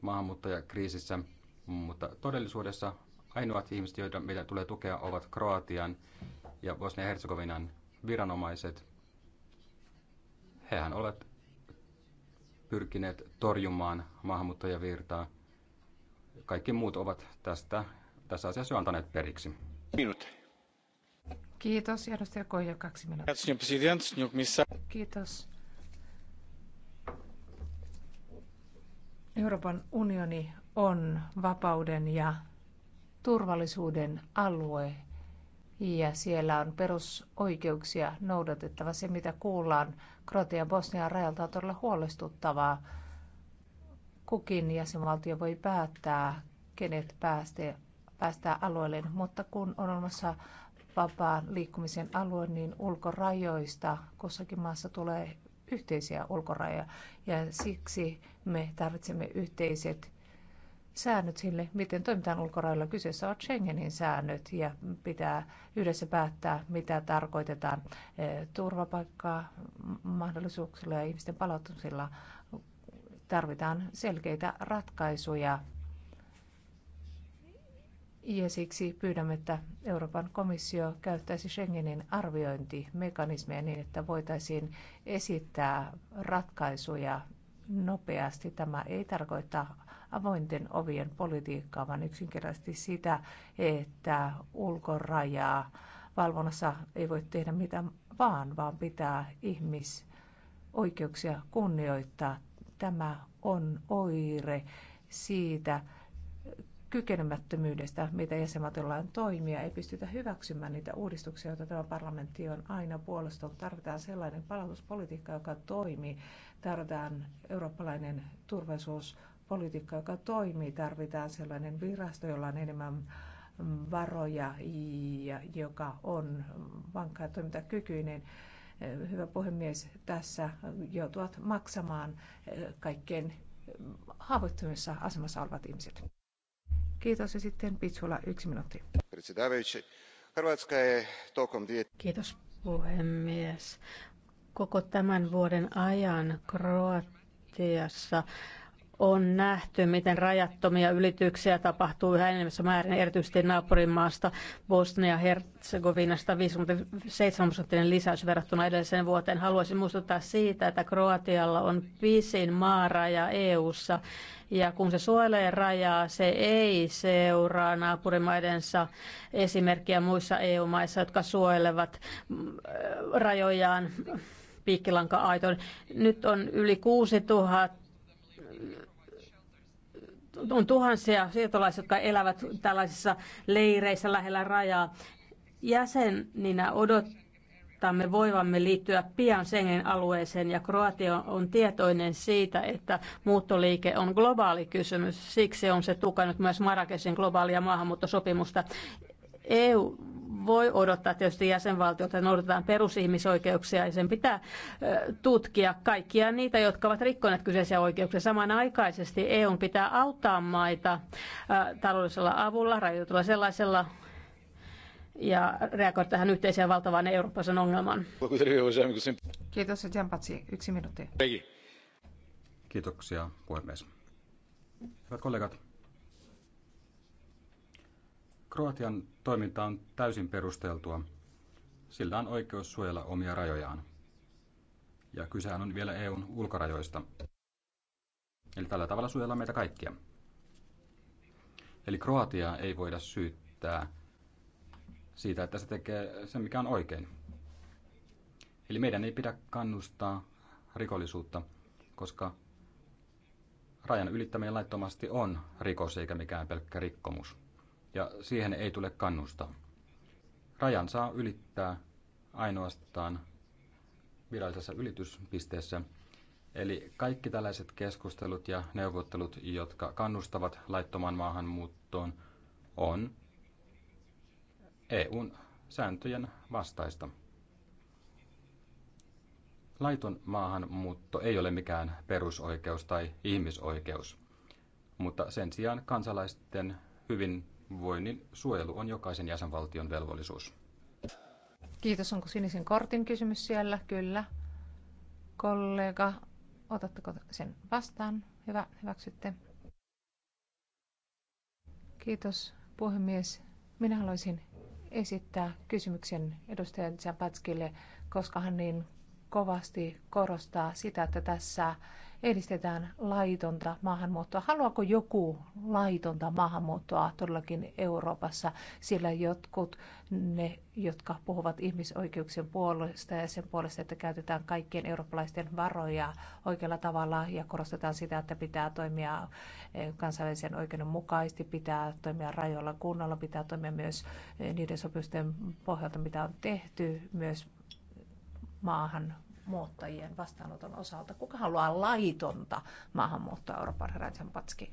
maahanmuuttajakriisissä, mutta todellisuudessa ainoat ihmiset, joita meidän tulee tukea, ovat Kroatian ja Bosnia-Herzegovinan viranomaiset, hehän ovat pyrkineet torjumaan maahanmuuttajavirtaa. Kaikki muut ovat tästä, tässä asiassa jo antaneet periksi. Minut. Kiitos. Edustaja Koija, kaksi minuuttia. Kiitos. Euroopan unioni on vapauden ja turvallisuuden alue, ja siellä on perusoikeuksia noudatettava. Se, mitä kuullaan Kroatian Bosnian rajalta, on todella huolestuttavaa. Kukin jäsenvaltio voi päättää, kenet päästää, päästää alueelleen, mutta kun on olemassa vapaan liikkumisen alue, niin ulkorajoista kussakin maassa tulee yhteisiä ulkorajoja. Ja siksi me tarvitsemme yhteiset säännöt sille, miten toimitaan ulkorajoilla. Kyseessä on Schengenin säännöt ja pitää yhdessä päättää, mitä tarkoitetaan eh, turvapaikkaa mahdollisuuksilla ja ihmisten palautumisilla. Tarvitaan selkeitä ratkaisuja ja siksi pyydämme, että Euroopan komissio käyttäisi Schengenin arviointimekanismeja niin, että voitaisiin esittää ratkaisuja nopeasti. Tämä ei tarkoita avointen ovien politiikkaa, vaan yksinkertaisesti sitä, että ulkorajaa valvonnassa ei voi tehdä mitään vaan, vaan pitää ihmisoikeuksia kunnioittaa. Tämä on oire siitä kykenemättömyydestä, mitä jäsenmatillaan toimia, ei pystytä hyväksymään niitä uudistuksia, joita tämä parlamentti on aina puolustanut. Tarvitaan sellainen palautuspolitiikka, joka toimii. Tarvitaan eurooppalainen turvallisuus politiikka, joka toimii. Tarvitaan sellainen virasto, jolla on enemmän varoja ja joka on vankka ja toimintakykyinen. Hyvä puhemies, tässä joutuvat maksamaan kaikkein haavoittuvissa asemassa olevat ihmiset. Kiitos ja sitten Pitsula yksi minuutti. Kiitos puhemies. Koko tämän vuoden ajan Kroatiassa on nähty, miten rajattomia ylityksiä tapahtuu yhä enemmässä määrin, erityisesti naapurimaasta Bosnia-Herzegovinasta 57 prosenttinen lisäys verrattuna edelliseen vuoteen. Haluaisin muistuttaa siitä, että Kroatialla on pisin maaraja EU-ssa, ja kun se suojelee rajaa, se ei seuraa naapurimaidensa esimerkkiä muissa EU-maissa, jotka suojelevat äh, rajojaan piikkilanka-aitoon. Nyt on yli 6000 on tuhansia siirtolaisia, jotka elävät tällaisissa leireissä lähellä rajaa. Jäseninä odottamme voivamme liittyä pian Schengen alueeseen ja Kroatia on tietoinen siitä, että muuttoliike on globaali kysymys. Siksi on se tukanut myös Marrakesin globaalia maahanmuuttosopimusta. EU voi odottaa tietysti jäsenvaltiota, että noudatetaan perusihmisoikeuksia ja sen pitää tutkia kaikkia niitä, jotka ovat rikkoneet kyseisiä oikeuksia. Samanaikaisesti EU pitää auttaa maita taloudellisella avulla, rajoitulla sellaisella ja reagoida tähän yhteiseen valtavaan eurooppalaisen ongelmaan. Kiitos, Jampatsi. Yksi minuutti. Kiitoksia, puhemies. Hyvät kollegat, Kroatian toiminta on täysin perusteltua. Sillä on oikeus suojella omia rajojaan. Ja kysehän on vielä EUn ulkorajoista. Eli tällä tavalla suojellaan meitä kaikkia. Eli Kroatiaa ei voida syyttää siitä, että se tekee sen, mikä on oikein. Eli meidän ei pidä kannustaa rikollisuutta, koska rajan ylittäminen laittomasti on rikos eikä mikään pelkkä rikkomus ja siihen ei tule kannustaa. Rajan saa ylittää ainoastaan virallisessa ylityspisteessä. Eli kaikki tällaiset keskustelut ja neuvottelut, jotka kannustavat laittomaan maahanmuuttoon, on EUn sääntöjen vastaista. Laiton maahanmuutto ei ole mikään perusoikeus tai ihmisoikeus, mutta sen sijaan kansalaisten hyvin voinnin suojelu on jokaisen jäsenvaltion velvollisuus. Kiitos. Onko sinisen kortin kysymys siellä? Kyllä. Kollega, otatteko sen vastaan? Hyvä, hyväksytte. Kiitos, puhemies. Minä haluaisin esittää kysymyksen edustaja Zapatskille, koska hän niin kovasti korostaa sitä, että tässä edistetään laitonta maahanmuuttoa. Haluaako joku laitonta maahanmuuttoa todellakin Euroopassa, sillä jotkut ne, jotka puhuvat ihmisoikeuksien puolesta ja sen puolesta, että käytetään kaikkien eurooppalaisten varoja oikealla tavalla ja korostetaan sitä, että pitää toimia eh, kansainvälisen oikeuden mukaisesti, pitää toimia rajoilla kunnolla, pitää toimia myös eh, niiden sopimusten pohjalta, mitä on tehty, myös maahan maahanmuuttajien vastaanoton osalta? Kuka haluaa laitonta maahanmuuttoa Euroopan Ransan Patski?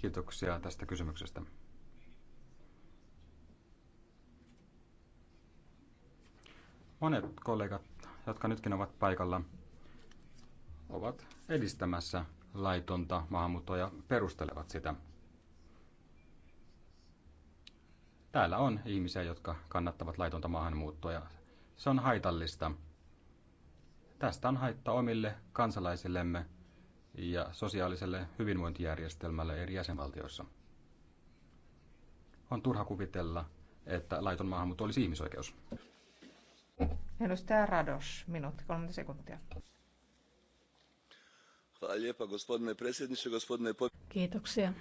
Kiitoksia tästä kysymyksestä. Monet kollegat, jotka nytkin ovat paikalla, ovat edistämässä laitonta maahanmuuttoa ja perustelevat sitä. Täällä on ihmisiä, jotka kannattavat laitonta maahanmuuttoa ja se on haitallista. Tästä on haitta omille kansalaisillemme ja sosiaaliselle hyvinvointijärjestelmälle eri jäsenvaltioissa. On turha kuvitella, että laiton maahanmuutto olisi ihmisoikeus. Edustaja Rados, minuutti 30 sekuntia. Kiitoksia.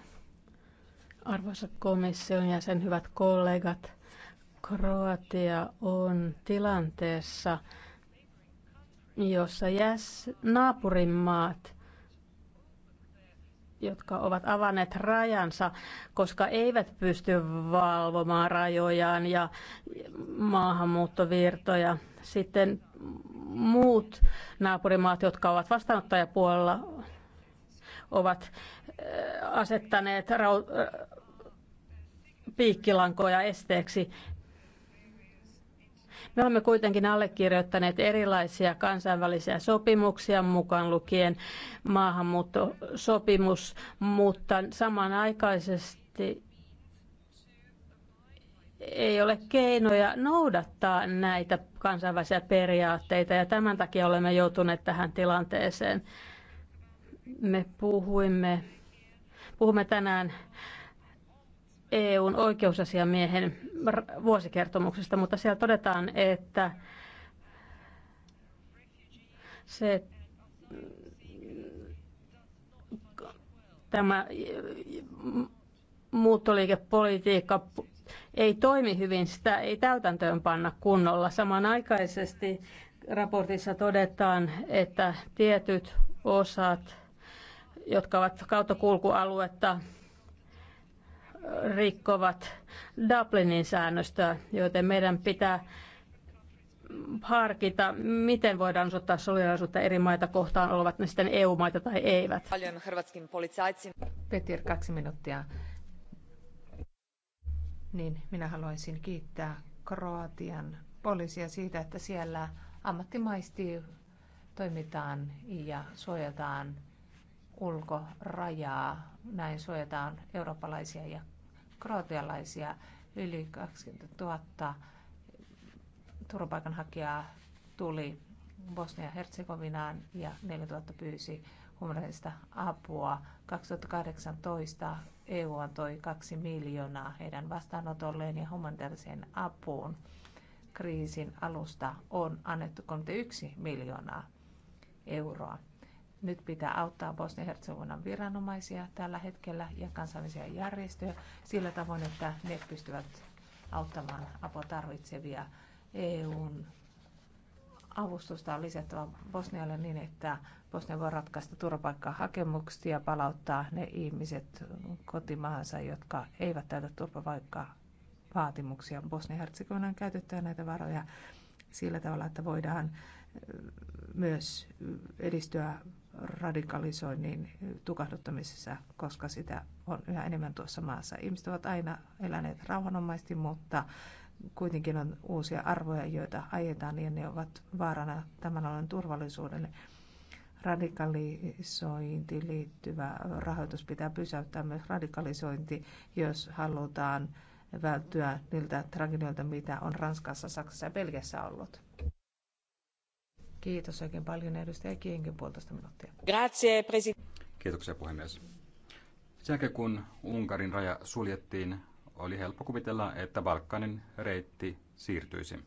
Arvoisa komission jäsen, hyvät kollegat. Kroatia on tilanteessa, jossa jäs, naapurimaat, jotka ovat avanneet rajansa, koska eivät pysty valvomaan rajojaan ja maahanmuuttovirtoja. Sitten muut naapurimaat, jotka ovat vastaanottajapuolella, ovat äh, asettaneet piikkilankoja esteeksi. Me olemme kuitenkin allekirjoittaneet erilaisia kansainvälisiä sopimuksia mukaan lukien maahanmuuttosopimus, mutta samanaikaisesti ei ole keinoja noudattaa näitä kansainvälisiä periaatteita ja tämän takia olemme joutuneet tähän tilanteeseen. Me puhuimme, puhumme tänään EUn oikeusasiamiehen vuosikertomuksesta, mutta siellä todetaan, että se tämä muuttoliikepolitiikka ei toimi hyvin, sitä ei täytäntöön panna kunnolla. Samanaikaisesti raportissa todetaan, että tietyt osat, jotka ovat kulkualuetta, rikkovat Dublinin säännöstöä, joten meidän pitää harkita, miten voidaan osoittaa solidaarisuutta eri maita kohtaan, olevat ne sitten EU-maita tai eivät. Paljon hrvatskin policaitsin. Petir, kaksi minuuttia. Niin, minä haluaisin kiittää Kroatian poliisia siitä, että siellä ammattimaisesti toimitaan ja suojataan ulkorajaa. Näin suojataan eurooppalaisia ja kroatialaisia, yli 20 000 turvapaikanhakijaa tuli Bosnia-Herzegovinaan ja 4000 pyysi humanitaarista apua. 2018 EU antoi 2 miljoonaa heidän vastaanotolleen ja humanitaariseen apuun. Kriisin alusta on annettu 31 miljoonaa euroa. Nyt pitää auttaa Bosnia-Herzegovinan viranomaisia tällä hetkellä ja kansainvälisiä järjestöjä sillä tavoin, että ne pystyvät auttamaan apua tarvitsevia. EUn avustusta on lisättävä Bosnialle niin, että Bosnia voi ratkaista turvapaikkahakemuksia ja palauttaa ne ihmiset kotimaahansa, jotka eivät täytä turvapaikkavaatimuksia. bosnia on käytettävä näitä varoja sillä tavalla, että voidaan myös edistyä radikalisoinnin tukahduttamisessa, koska sitä on yhä enemmän tuossa maassa. Ihmiset ovat aina eläneet rauhanomaisesti, mutta kuitenkin on uusia arvoja, joita ajetaan ja ne ovat vaarana tämän alan turvallisuudelle. Radikalisointiin liittyvä rahoitus pitää pysäyttää myös radikalisointi, jos halutaan välttyä niiltä tragedioilta, mitä on Ranskassa, Saksassa ja Belgiassa ollut. Kiitos oikein paljon edustaja Kiinkin puolitoista minuuttia. Grazie, Kiitoksia puhemies. Sen jälkeen kun Unkarin raja suljettiin, oli helppo kuvitella, että Balkanin reitti siirtyisi.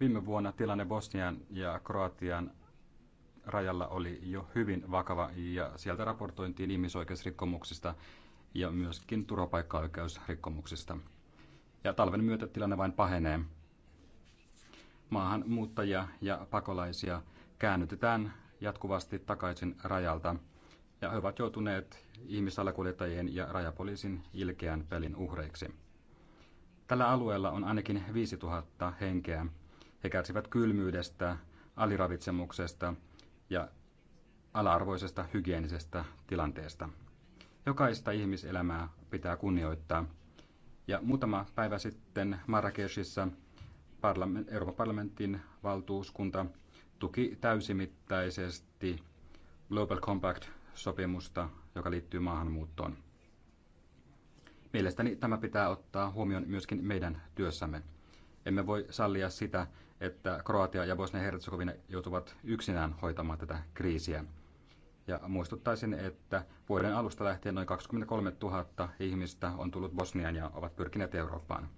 Viime vuonna tilanne Bosnian ja Kroatian rajalla oli jo hyvin vakava ja sieltä raportointiin ihmisoikeusrikkomuksista ja myöskin turvapaikkaoikeusrikkomuksista. Ja talven myötä tilanne vain pahenee maahanmuuttajia ja pakolaisia käännytetään jatkuvasti takaisin rajalta, ja he ovat joutuneet ihmissalakuljettajien ja rajapoliisin ilkeän pelin uhreiksi. Tällä alueella on ainakin 5000 henkeä. He kärsivät kylmyydestä, aliravitsemuksesta ja ala-arvoisesta hygienisestä tilanteesta. Jokaista ihmiselämää pitää kunnioittaa. Ja muutama päivä sitten Marrakeshissa – parlament, Euroopan parlamentin valtuuskunta tuki täysimittaisesti Global Compact-sopimusta, joka liittyy maahanmuuttoon. Mielestäni tämä pitää ottaa huomioon myöskin meidän työssämme. Emme voi sallia sitä, että Kroatia ja Bosnia-Herzegovina joutuvat yksinään hoitamaan tätä kriisiä. Ja muistuttaisin, että vuoden alusta lähtien noin 23 000 ihmistä on tullut Bosniaan ja ovat pyrkineet Eurooppaan.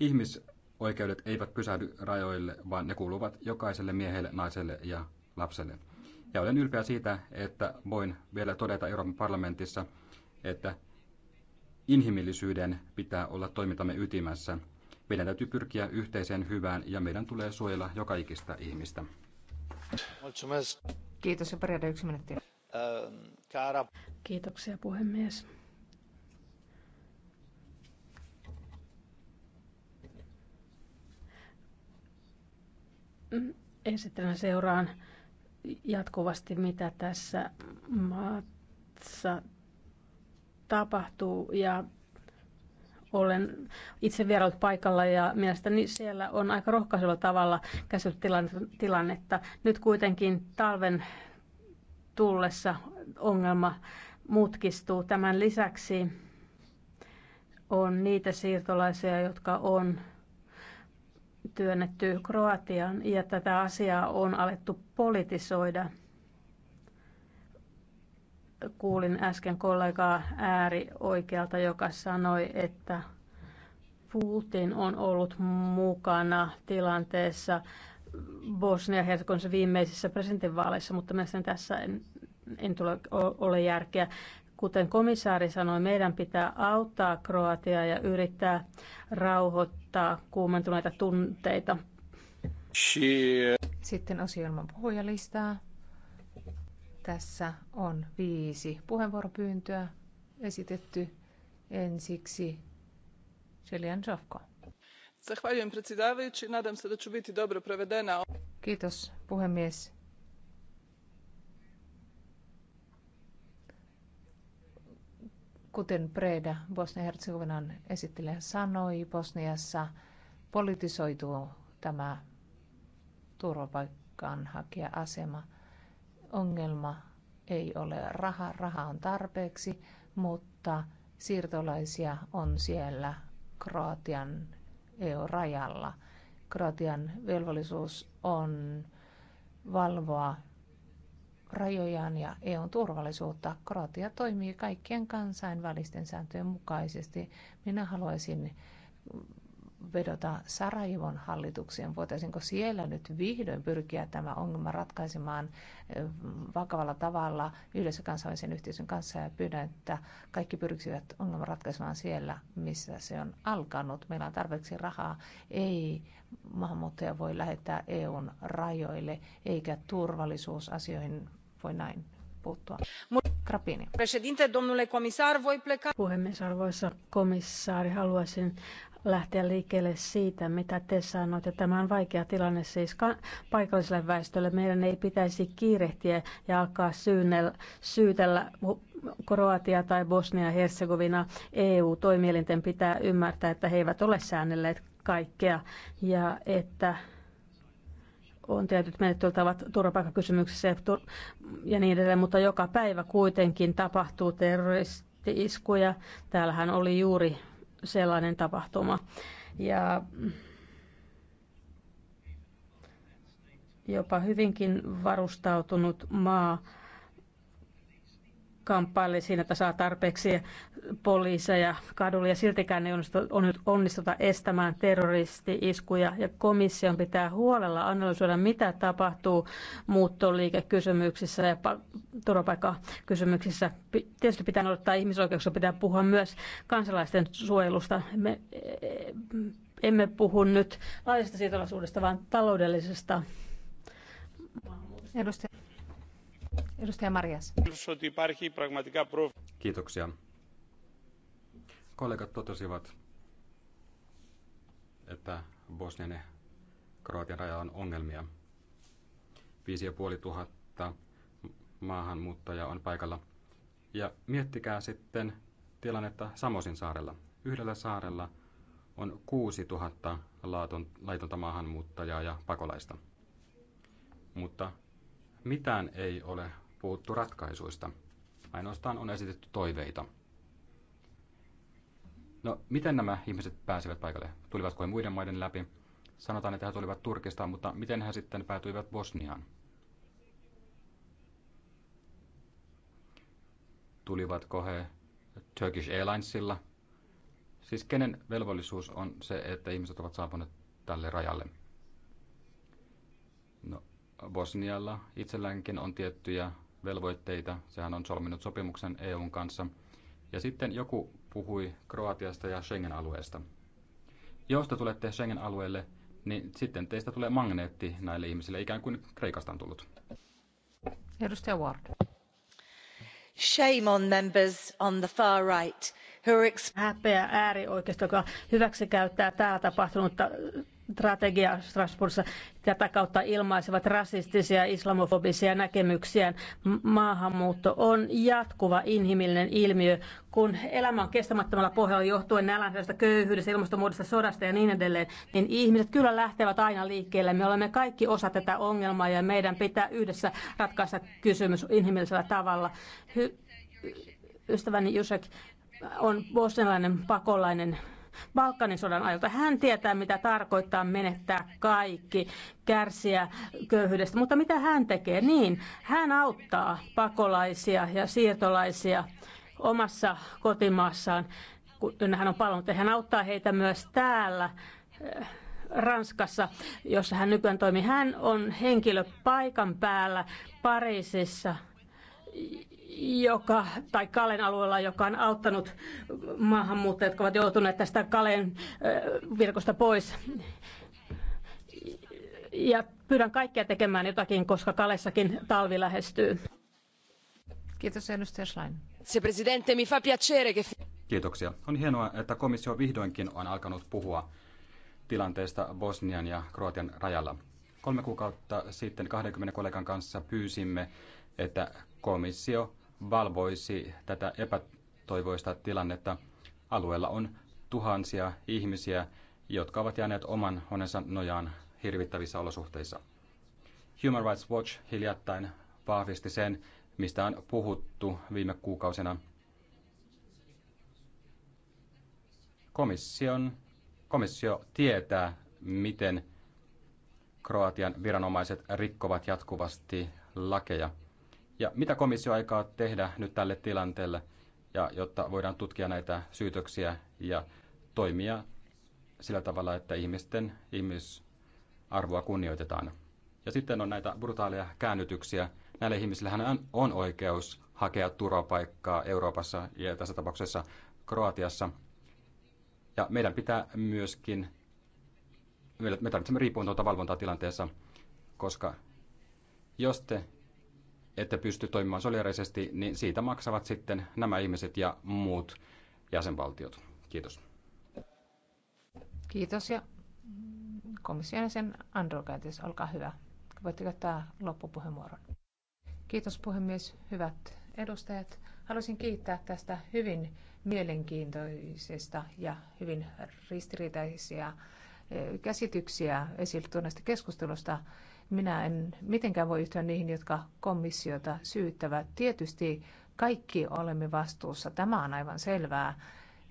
Ihmis oikeudet eivät pysähdy rajoille, vaan ne kuuluvat jokaiselle miehelle, naiselle ja lapselle. Ja olen ylpeä siitä, että voin vielä todeta Euroopan parlamentissa, että inhimillisyyden pitää olla toimintamme ytimessä. Meidän täytyy pyrkiä yhteiseen hyvään ja meidän tulee suojella joka ikistä ihmistä. Kiitos ja periaate yksi minuutti. Ehm, Kiitoksia puhemies. Mm-hmm. esittelen seuraan jatkuvasti, mitä tässä maassa tapahtuu ja olen itse vierailut paikalla ja mielestäni siellä on aika rohkaisella tavalla käsitellyt tilannetta. Nyt kuitenkin talven tullessa ongelma mutkistuu. Tämän lisäksi on niitä siirtolaisia, jotka on työnnetty Kroatiaan ja tätä asiaa on alettu politisoida. Kuulin äsken kollegaa äärioikealta, joka sanoi, että Putin on ollut mukana tilanteessa Bosnia-Herzegovissa viimeisissä presidentinvaaleissa, mutta mielestäni tässä en, en tule ole järkeä. Kuten komissaari sanoi, meidän pitää auttaa Kroatiaa ja yrittää rauhoittaa kuumentuneita tunteita. Sitten osioilman puhujalistaa. Tässä on viisi puheenvuoropyyntöä esitetty. Ensiksi Selian Zovko. Kiitos puhemies. Kuten Preda Bosnia-Herzegovinan esittelijä sanoi, Bosniassa politisoituu tämä turvapaikanhakija-asema. Ongelma ei ole raha, raha on tarpeeksi, mutta siirtolaisia on siellä Kroatian EU-rajalla. Kroatian velvollisuus on valvoa rajojaan ja EUn turvallisuutta. Kroatia toimii kaikkien kansainvälisten sääntöjen mukaisesti. Minä haluaisin vedota Sarajevon hallitukseen. Voitaisinko siellä nyt vihdoin pyrkiä tämä ongelma ratkaisemaan eh, vakavalla tavalla yhdessä kansainvälisen yhteisön kanssa ja pyydän, että kaikki pyrkisivät ongelman ratkaisemaan siellä, missä se on alkanut. Meillä on tarpeeksi rahaa. Ei maahanmuuttaja voi lähettää EUn rajoille eikä turvallisuusasioihin voi näin puuttua. Grappini. Presidente, domnule komissar, voi pleca... Puhemies, arvoisa komissaari, haluaisin lähteä liikkeelle siitä, mitä te sanoitte. Tämä on vaikea tilanne siis paikalliselle väestölle. Meidän ei pitäisi kiirehtiä ja alkaa syynnellä, syytellä Kroatia tai Bosnia-Herzegovina. EU-toimielinten pitää ymmärtää, että he eivät ole säännelleet kaikkea ja että on tietyt menettelytavat turvapaikkakysymyksissä ja, ja niin edelleen, mutta joka päivä kuitenkin tapahtuu terroristi-iskuja. Täällähän oli juuri sellainen tapahtuma. Ja jopa hyvinkin varustautunut maa kamppaili siinä, että saa tarpeeksi poliiseja kadulla ja siltikään ei onnistuta estämään terroristi-iskuja. Ja komission pitää huolella analysoida, mitä tapahtuu muuttoliikekysymyksissä ja turvapaikkakysymyksissä. Tietysti pitää noudattaa ihmisoikeuksia, pitää puhua myös kansalaisten suojelusta. Me emme puhu nyt laajasta siirtolaisuudesta, vaan taloudellisesta. Edustaja. Edustaja Marias. Kiitoksia. Kollegat totesivat, että Bosnian ja Kroatian rajalla on ongelmia. 5500 maahanmuuttajaa on paikalla. Ja miettikää sitten tilannetta Samosin saarella. Yhdellä saarella on 6000 laitonta maahanmuuttajaa ja pakolaista. Mutta mitään ei ole puhuttu ratkaisuista. Ainoastaan on esitetty toiveita. No, miten nämä ihmiset pääsivät paikalle? Tulivatko he muiden maiden läpi? Sanotaan, että he tulivat Turkista, mutta miten he sitten päätyivät Bosniaan? Tulivatko he Turkish Airlinesilla? Siis kenen velvollisuus on se, että ihmiset ovat saapuneet tälle rajalle? Bosnialla itselläänkin on tiettyjä velvoitteita. Sehän on solminut sopimuksen EUn kanssa. Ja sitten joku puhui Kroatiasta ja Schengen-alueesta. Jos te tulette Schengen-alueelle, niin sitten teistä tulee magneetti näille ihmisille, ikään kuin Kreikasta on tullut. Edustaja Ward. Shame on members on the far right who are... Häpeä äärioikeisto, joka hyväksikäyttää täällä tapahtunutta strategia Strasbourgissa. Tätä kautta ilmaisevat rasistisia ja islamofobisia näkemyksiä Maahanmuutto on jatkuva inhimillinen ilmiö, kun elämä on kestämättömällä pohjalla johtuen nälänhädästä, köyhyydestä, ilmastonmuutosta, sodasta ja niin edelleen, niin ihmiset kyllä lähtevät aina liikkeelle. Me olemme kaikki osa tätä ongelmaa ja meidän pitää yhdessä ratkaista kysymys inhimillisellä tavalla. Hy- ystäväni Jusek on bosnialainen pakolainen Balkanin sodan ajalta. Hän tietää, mitä tarkoittaa menettää kaikki, kärsiä köyhyydestä. Mutta mitä hän tekee? Niin, hän auttaa pakolaisia ja siirtolaisia omassa kotimaassaan, kun hän on palannut. Hän auttaa heitä myös täällä eh, Ranskassa, jossa hän nykyään toimii. Hän on henkilö paikan päällä Pariisissa, joka, tai Kalen alueella, joka on auttanut maahanmuuttajat, jotka ovat joutuneet tästä Kalen virkosta pois. Ja pyydän kaikkia tekemään jotakin, koska Kalessakin talvi lähestyy. Kiitos edustaja Schlein. Se presidente, mi fa piacere che... Kiitoksia. On hienoa, että komissio vihdoinkin on alkanut puhua tilanteesta Bosnian ja Kroatian rajalla. Kolme kuukautta sitten 20 kollegan kanssa pyysimme, että komissio valvoisi tätä epätoivoista tilannetta. Alueella on tuhansia ihmisiä, jotka ovat jääneet oman onensa nojaan hirvittävissä olosuhteissa. Human Rights Watch hiljattain vahvisti sen, mistä on puhuttu viime kuukausina. Komission, komissio tietää, miten Kroatian viranomaiset rikkovat jatkuvasti lakeja – ja mitä komissio aikaa tehdä nyt tälle tilanteelle, ja jotta voidaan tutkia näitä syytöksiä ja toimia sillä tavalla, että ihmisten ihmisarvoa kunnioitetaan. Ja sitten on näitä brutaaleja käännytyksiä. Näille ihmisillähän on oikeus hakea turvapaikkaa Euroopassa ja tässä tapauksessa Kroatiassa. Ja meidän pitää myöskin, me tarvitsemme riippumatonta valvontaa tilanteessa, koska jos te ette pysty toimimaan solidaarisesti, niin siitä maksavat sitten nämä ihmiset ja muut jäsenvaltiot. Kiitos. Kiitos ja komission jäsen Androkaitis, olkaa hyvä. Voitte käyttää loppupuheenvuoron. Kiitos puhemies, hyvät edustajat. Haluaisin kiittää tästä hyvin mielenkiintoisesta ja hyvin ristiriitaisia eh, käsityksiä esille tuoneesta keskustelusta. Minä en mitenkään voi yhtyä niihin, jotka komissiota syyttävät. Tietysti kaikki olemme vastuussa, tämä on aivan selvää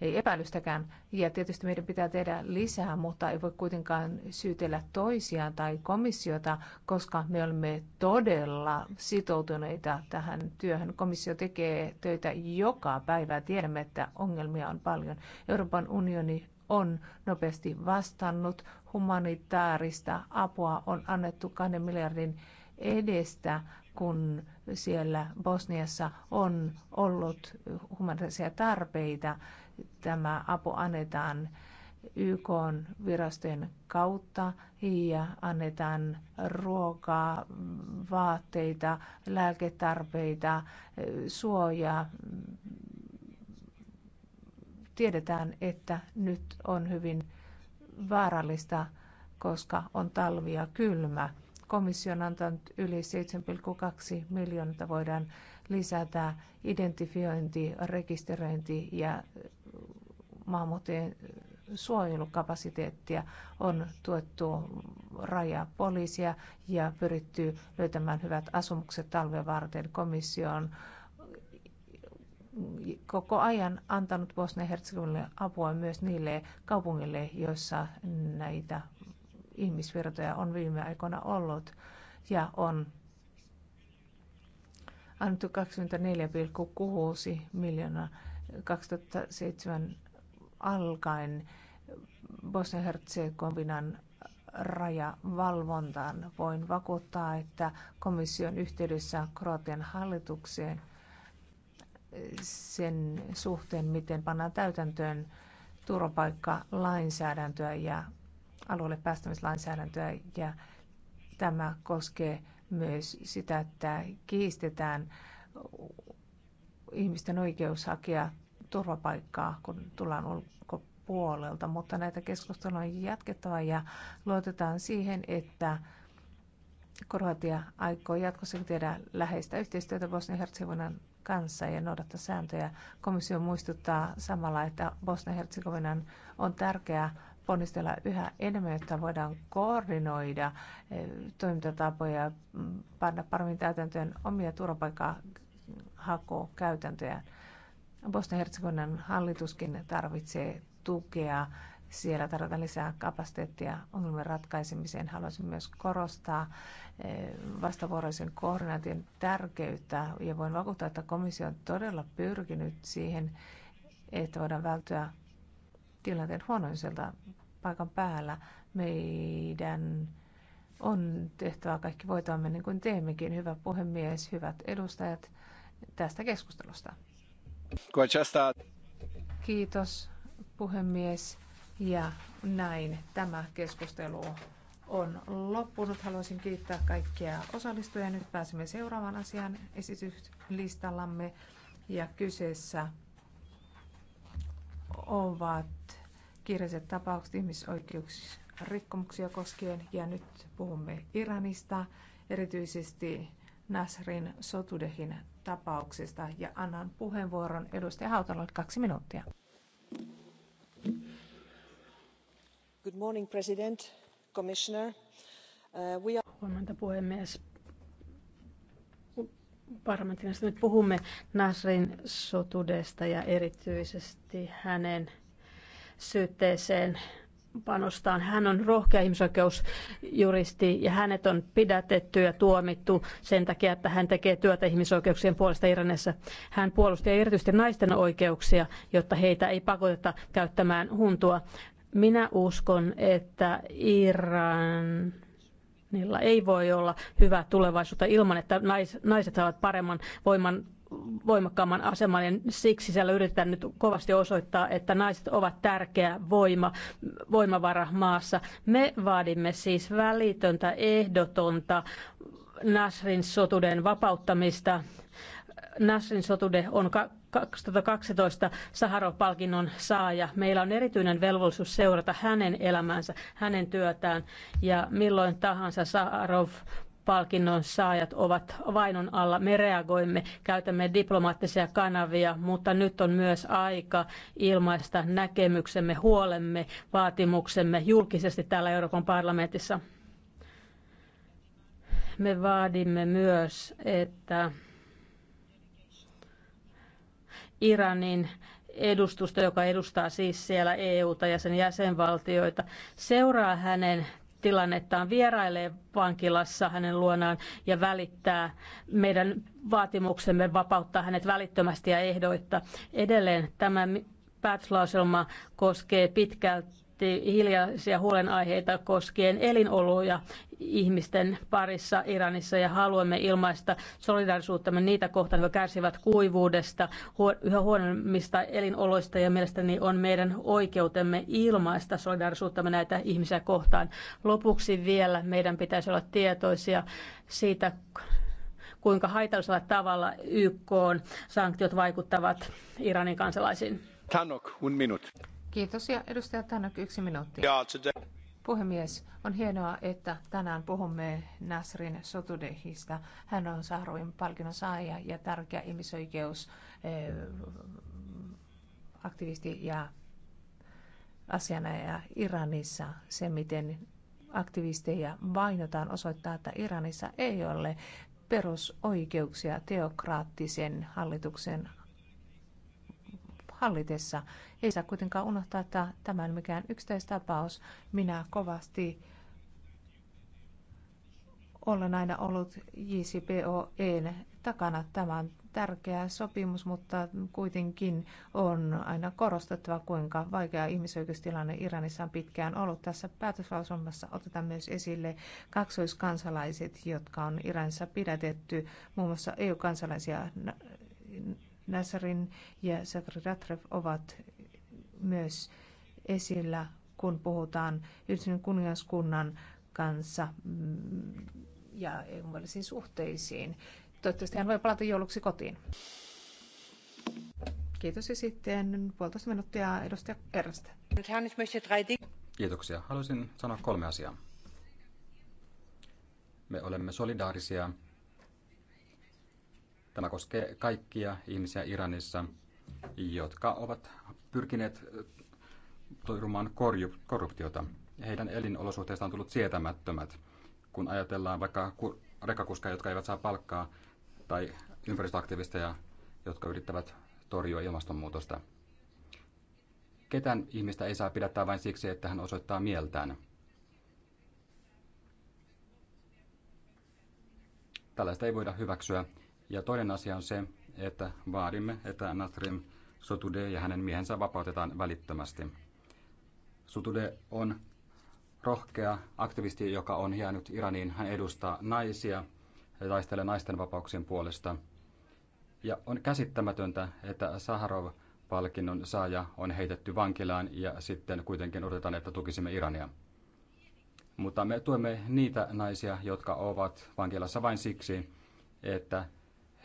ei epäilystäkään. Ja tietysti meidän pitää tehdä lisää, mutta ei voi kuitenkaan syytellä toisiaan tai komissiota, koska me olemme todella sitoutuneita tähän työhön. Komissio tekee töitä joka päivä. Tiedämme, että ongelmia on paljon. Euroopan unioni on nopeasti vastannut. Humanitaarista apua on annettu kahden miljardin edestä, kun siellä Bosniassa on ollut humanitaarisia tarpeita. Tämä apu annetaan YK-virastojen kautta ja annetaan ruokaa, vaatteita, lääketarpeita, suojaa, tiedetään, että nyt on hyvin vaarallista, koska on talvi ja kylmä. Komissio on antanut yli 7,2 miljoonaa, voidaan lisätä identifiointi, rekisteröinti ja maahanmuuttajien suojelukapasiteettia on tuettu rajapoliisia ja pyritty löytämään hyvät asumukset talven varten. Komissio on koko ajan antanut Bosnia-Herzegoville apua myös niille kaupungille, joissa näitä ihmisvirtoja on viime aikoina ollut ja on annettu 24,6 miljoonaa 2007 alkaen Bosnia-Herzegovinan rajavalvontaan. Voin vakuuttaa, että komission yhteydessä Kroatian hallitukseen – sen suhteen, miten pannaan täytäntöön turvapaikkalainsäädäntöä ja alueelle päästämislainsäädäntöä ja tämä koskee myös sitä, että kiistetään ihmisten oikeus hakea turvapaikkaa, kun tullaan ulkopuolelta, mutta näitä keskusteluja on jatkettava ja luotetaan siihen, että Kroatia aikoo jatkossa tehdä läheistä yhteistyötä bosnia herzegovinan kanssa ja noudattaa sääntöjä. Komissio muistuttaa samalla, että Bosnia-Herzegovinan on tärkeää ponnistella yhä enemmän, jotta voidaan koordinoida eh, toimintatapoja ja mm, panna paremmin täytäntöön omia turvapaikkahakokäytäntöjä. Bosnia-Herzegovinan hallituskin tarvitsee tukea siellä tarvitaan lisää kapasiteettia ongelmien ratkaisemiseen. Haluaisin myös korostaa eh, vastavuoroisen koordinaation tärkeyttä ja voin vakuuttaa, että komissio on todella pyrkinyt siihen, että voidaan välttyä tilanteen huonoiselta paikan päällä. Meidän on tehtävä kaikki voitamme, niin kuin teemmekin. Hyvä puhemies, hyvät edustajat tästä keskustelusta. Kiitos puhemies. Ja näin tämä keskustelu on loppunut. Haluaisin kiittää kaikkia osallistujia. Nyt pääsemme seuraavaan asian esityslistallamme. Ja kyseessä ovat kiireiset tapaukset ihmisoikeusrikkomuksia koskien. Ja nyt puhumme Iranista, erityisesti Nasrin Sotudehin tapauksesta. Ja annan puheenvuoron edustaja Hautalalle kaksi minuuttia. Uh, Huomenta puhemies. parlamentissa nyt puhumme Nasrin sotudesta ja erityisesti hänen syytteeseen panostaan. Hän on rohkea ihmisoikeusjuristi ja hänet on pidätetty ja tuomittu sen takia, että hän tekee työtä ihmisoikeuksien puolesta Iranissa. Hän puolusti erityisesti naisten oikeuksia, jotta heitä ei pakoteta käyttämään huntua. Minä uskon, että Iran Niillä ei voi olla hyvää tulevaisuutta ilman, että nais, naiset saavat paremman voiman voimakkaamman aseman ja siksi siellä yritetään nyt kovasti osoittaa, että naiset ovat tärkeä voima, voimavara maassa. Me vaadimme siis välitöntä, ehdotonta Nasrin sotuden vapauttamista Nasrin Sotude on 2012 Saharov-palkinnon saaja. Meillä on erityinen velvollisuus seurata hänen elämäänsä, hänen työtään ja milloin tahansa Saharov palkinnon saajat ovat vainon alla. Me reagoimme, käytämme diplomaattisia kanavia, mutta nyt on myös aika ilmaista näkemyksemme, huolemme, vaatimuksemme julkisesti täällä Euroopan parlamentissa. Me vaadimme myös, että Iranin edustusta, joka edustaa siis siellä EUta ja sen jäsenvaltioita, seuraa hänen tilannettaan, vierailee vankilassa hänen luonaan ja välittää meidän vaatimuksemme vapauttaa hänet välittömästi ja ehdoitta. Edelleen tämä päätöslauselma koskee pitkälti esitti hiljaisia huolenaiheita koskien elinoloja ihmisten parissa Iranissa ja haluamme ilmaista solidarisuuttamme niitä kohtaan, jotka kärsivät kuivuudesta, yhä huonommista elinoloista ja mielestäni on meidän oikeutemme ilmaista solidarisuuttamme näitä ihmisiä kohtaan. Lopuksi vielä meidän pitäisi olla tietoisia siitä, kuinka haitallisella tavalla YK sanktiot vaikuttavat Iranin kansalaisiin. Tanok, un minut. Kiitos ja edustaja Tannak yksi minuutti. Puhemies, on hienoa, että tänään puhumme Nasrin Sotudehista. Hän on Sahroin palkinnon saaja ja tärkeä ihmisoikeusaktivisti eh, aktivisti ja asianajaja Iranissa. Se, miten aktivisteja vainotaan, osoittaa, että Iranissa ei ole perusoikeuksia teokraattisen hallituksen hallitessa. Ei saa kuitenkaan unohtaa, että tämä on mikään yksittäistapaus. Minä kovasti olen aina ollut JCPOEn takana. Tämä on tärkeä sopimus, mutta kuitenkin on aina korostettava, kuinka vaikea ihmisoikeustilanne Iranissa on pitkään ollut. Tässä päätöslauselmassa otetaan myös esille kaksoiskansalaiset, jotka on Iranissa pidätetty, muun muassa EU-kansalaisia Nazarin ja Sakri Ratref ovat myös esillä, kun puhutaan Yhdistyneen kuningaskunnan kanssa mm, ja EUn suhteisiin. Toivottavasti hän voi palata jouluksi kotiin. Kiitos ja sitten puolitoista minuuttia edustaja Erstä. Kiitoksia. Haluaisin sanoa kolme asiaa. Me olemme solidaarisia Tämä koskee kaikkia ihmisiä Iranissa, jotka ovat pyrkineet torjumaan korruptiota. Heidän elinolosuhteistaan on tullut sietämättömät, kun ajatellaan vaikka rekakuskaa, jotka eivät saa palkkaa, tai ympäristöaktivisteja, jotka yrittävät torjua ilmastonmuutosta. Ketään ihmistä ei saa pidättää vain siksi, että hän osoittaa mieltään. Tällaista ei voida hyväksyä ja toinen asia on se, että vaadimme, että Nasrin Sotude ja hänen miehensä vapautetaan välittömästi. Sotude on rohkea aktivisti, joka on jäänyt Iraniin. Hän edustaa naisia ja taistelee naisten vapauksien puolesta. Ja on käsittämätöntä, että Saharov-palkinnon saaja on heitetty vankilaan ja sitten kuitenkin odotetaan, että tukisimme Irania. Mutta me tuemme niitä naisia, jotka ovat vankilassa vain siksi, että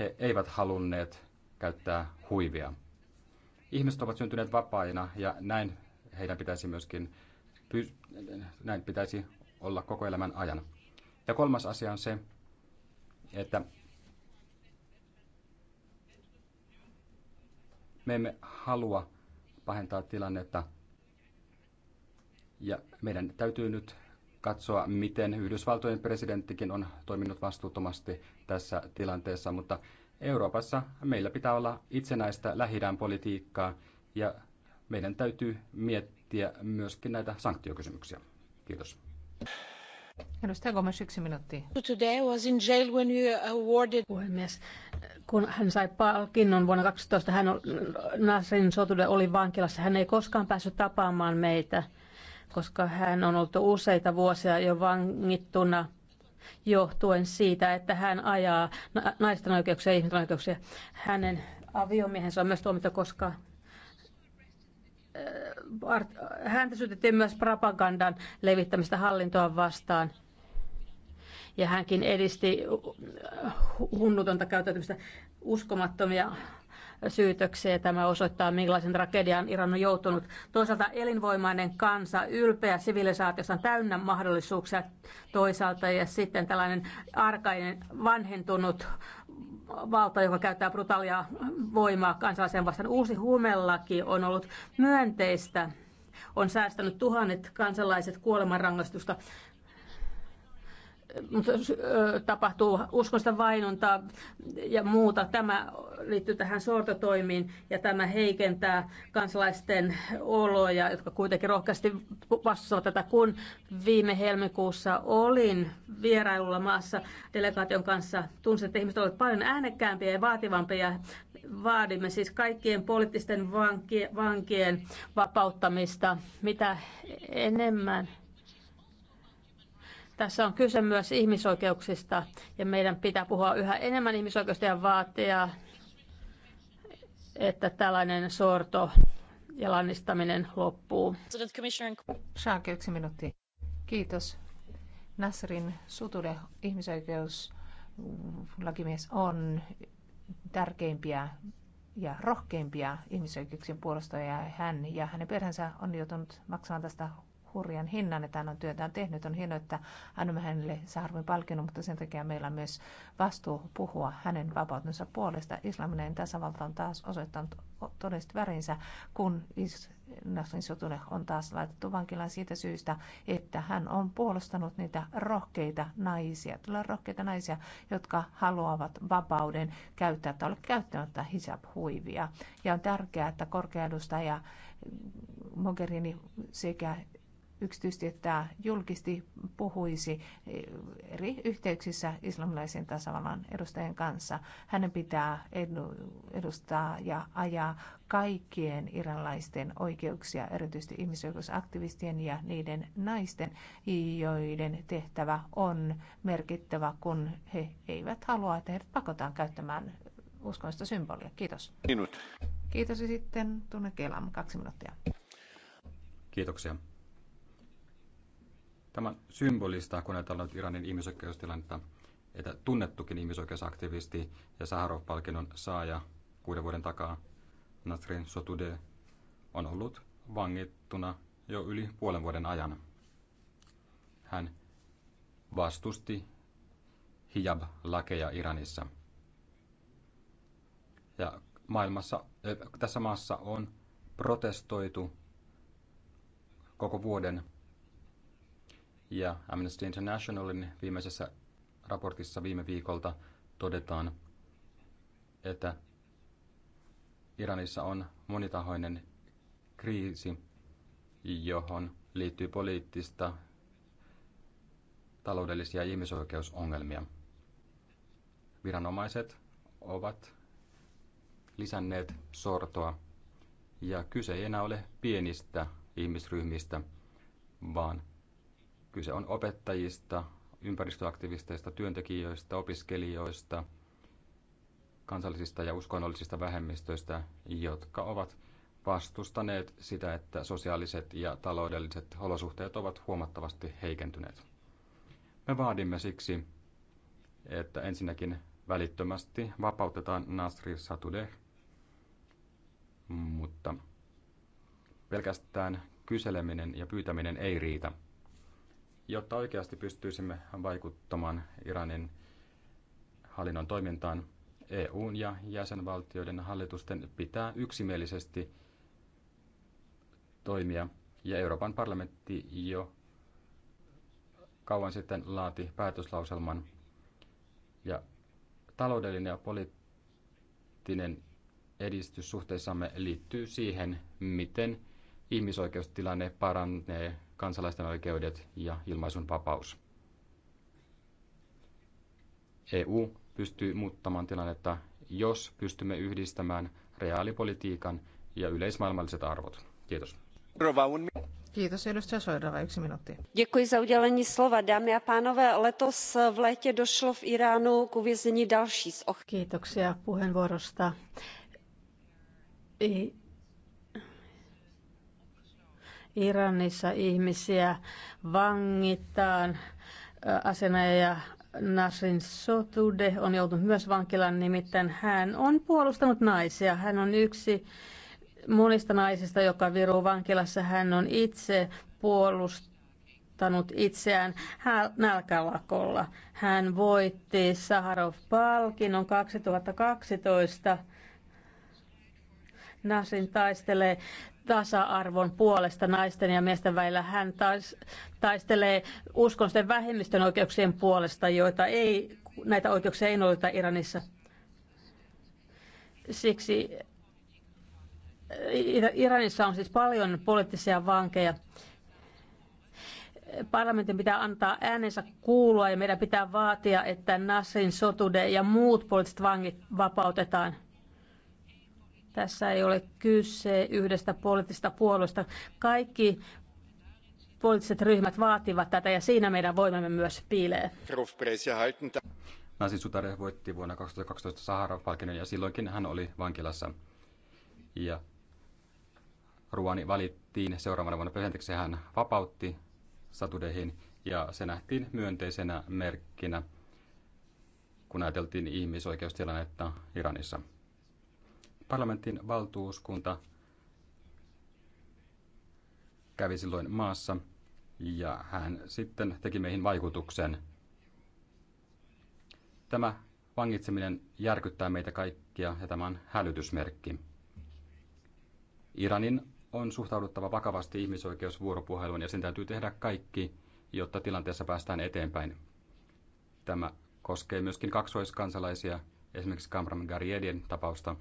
he eivät halunneet käyttää huivia. Ihmiset ovat syntyneet vapaina ja näin heidän pitäisi myöskin näin pitäisi olla koko elämän ajan. Ja kolmas asia on se, että me emme halua pahentaa tilannetta ja meidän täytyy nyt katsoa, miten Yhdysvaltojen presidenttikin on toiminut vastuuttomasti tässä tilanteessa, mutta Euroopassa meillä pitää olla itsenäistä lähi politiikkaa ja meidän täytyy miettiä myöskin näitä sanktiokysymyksiä. Kiitos. Edustaja Gomes, yksi minuutti. Today was in jail when you awarded... Puhemies, kun hän sai palkinnon vuonna 2012, hän Nasrin Sotude oli vankilassa. Hän ei koskaan päässyt tapaamaan meitä koska hän on ollut useita vuosia jo vangittuna johtuen siitä, että hän ajaa naisten oikeuksia ja ihmisten oikeuksia. Hänen aviomiehensä on myös tuomittu, koska äh, häntä syytettiin myös propagandan levittämistä hallintoa vastaan. Ja hänkin edisti hunnutonta käyttäytymistä uskomattomia syytökseen. Tämä osoittaa, millaisen tragedian Iran on joutunut. Toisaalta elinvoimainen kansa, ylpeä sivilisaatiossa on täynnä mahdollisuuksia toisaalta ja sitten tällainen arkainen vanhentunut valta, joka käyttää brutaalia voimaa kansalaisen vastaan. Uusi huumelaki on ollut myönteistä on säästänyt tuhannet kansalaiset kuolemanrangaistusta tapahtuu uskosta vainontaa ja muuta. Tämä liittyy tähän sortotoimiin ja tämä heikentää kansalaisten oloja, jotka kuitenkin rohkeasti vastustavat tätä. Kun viime helmikuussa olin vierailulla maassa delegaation kanssa, tunsin, että ihmiset olivat paljon äänekkäämpiä ja vaativampia. Vaadimme siis kaikkien poliittisten vankien, vankien vapauttamista. Mitä enemmän tässä on kyse myös ihmisoikeuksista ja meidän pitää puhua yhä enemmän ihmisoikeuksista ja vaatia, että tällainen sorto ja lannistaminen loppuu. Saanko yksi minuutti? Kiitos. Nasrin Sutude, ihmisoikeuslakimies, on tärkeimpiä ja rohkeimpia ihmisoikeuksien puolustajia. Hän ja hänen perheensä on joutunut maksamaan tästä hurjan hinnan, että hän on työtään tehnyt. On hienoa, että annamme hänelle Saharvin palkinnon, mutta sen takia meillä on myös vastuu puhua hänen vapautensa puolesta. Islaminen tasavalta on taas osoittanut todelliset värinsä, kun Nasrin Sotune on taas laitettu vankilaan siitä syystä, että hän on puolustanut niitä rohkeita naisia, tulee rohkeita naisia, jotka haluavat vapauden käyttää tai olla käyttämättä hijab-huivia. Ja on tärkeää, että korkeadusta ja Mogherini sekä yksityisesti että julkisesti puhuisi eh, eri yhteyksissä islamilaisen tasavallan edustajien kanssa. Hänen pitää edustaa ja ajaa kaikkien iranlaisten oikeuksia, erityisesti ihmisoikeusaktivistien ja niiden naisten, joiden tehtävä on merkittävä, kun he eivät halua, että heidät pakotaan käyttämään uskonnollista symbolia. Kiitos. Minut. Kiitos ja sitten tunne Kelam, kaksi minuuttia. Kiitoksia. Tämä on symbolista, kun ajatellaan nyt Iranin ihmisoikeustilannetta, että tunnettukin ihmisoikeusaktivisti ja Saharov-palkinnon saaja kuuden vuoden takaa Nasrin Sotude on ollut vangittuna jo yli puolen vuoden ajan. Hän vastusti hijab-lakeja Iranissa. Ja maailmassa, eh, tässä maassa on protestoitu koko vuoden ja Amnesty Internationalin viimeisessä raportissa viime viikolta todetaan, että Iranissa on monitahoinen kriisi, johon liittyy poliittista, taloudellisia ja ihmisoikeusongelmia. Viranomaiset ovat lisänneet sortoa ja kyse ei enää ole pienistä ihmisryhmistä, vaan Kyse on opettajista, ympäristöaktivisteista, työntekijöistä, opiskelijoista, kansallisista ja uskonnollisista vähemmistöistä, jotka ovat vastustaneet sitä, että sosiaaliset ja taloudelliset olosuhteet ovat huomattavasti heikentyneet. Me vaadimme siksi, että ensinnäkin välittömästi vapautetaan Nasri Satudeh, mutta pelkästään kyseleminen ja pyytäminen ei riitä – jotta oikeasti pystyisimme vaikuttamaan Iranin hallinnon toimintaan. EUn ja jäsenvaltioiden hallitusten pitää yksimielisesti toimia, ja Euroopan parlamentti jo kauan sitten laati päätöslauselman, ja taloudellinen ja poliittinen edistys suhteissamme liittyy siihen, miten ihmisoikeustilanne paranee kansalaisten oikeudet ja ilmaisun vapaus. EU pystyy muuttamaan tilannetta, jos pystymme yhdistämään reaalipolitiikan ja yleismaailmalliset arvot. Kiitos. Kiitos, edustaja Soidava, yksi minuutti. Děkuji za udělení slova. Dámy a pánové, letos v létě došlo v Iránu k uvězení další z Kiitoksia puheenvuorosta. Iranissa ihmisiä vangitaan. Asenaja Nasrin Sotude on joutunut myös vankilaan, nimittäin hän on puolustanut naisia. Hän on yksi monista naisista, joka viruu vankilassa. Hän on itse puolustanut itseään nälkälakolla. Hän voitti Saharov-palkinnon 2012 Nasrin taistelee tasa-arvon puolesta naisten ja miesten välillä. Hän taistelee uskonnollisten vähemmistön oikeuksien puolesta, joita ei, näitä oikeuksia ei noita Iranissa. Siksi eh, Iranissa on siis paljon poliittisia vankeja. Parlamentin pitää antaa äänensä kuulua ja meidän pitää vaatia, että Nasrin sotude ja muut poliittiset vangit vapautetaan. Tässä ei ole kyse yhdestä poliittisesta puolueesta. Kaikki poliittiset ryhmät vaativat tätä ja siinä meidän voimamme myös piilee. Nasi Sutare voitti vuonna 2012 Sahara-palkinnon ja silloinkin hän oli vankilassa. Ja Ruani valittiin seuraavana vuonna presidentiksi. Hän vapautti Satudehin ja se nähtiin myönteisenä merkkinä, kun ajateltiin ihmisoikeustilannetta Iranissa parlamentin valtuuskunta kävi silloin maassa ja hän sitten teki meihin vaikutuksen. Tämä vangitseminen järkyttää meitä kaikkia ja tämä on hälytysmerkki. Iranin on suhtauduttava vakavasti ihmisoikeusvuoropuheluun ja sen täytyy tehdä kaikki, jotta tilanteessa päästään eteenpäin. Tämä koskee myöskin kaksoiskansalaisia, esimerkiksi Kamram Gariedien tapausta,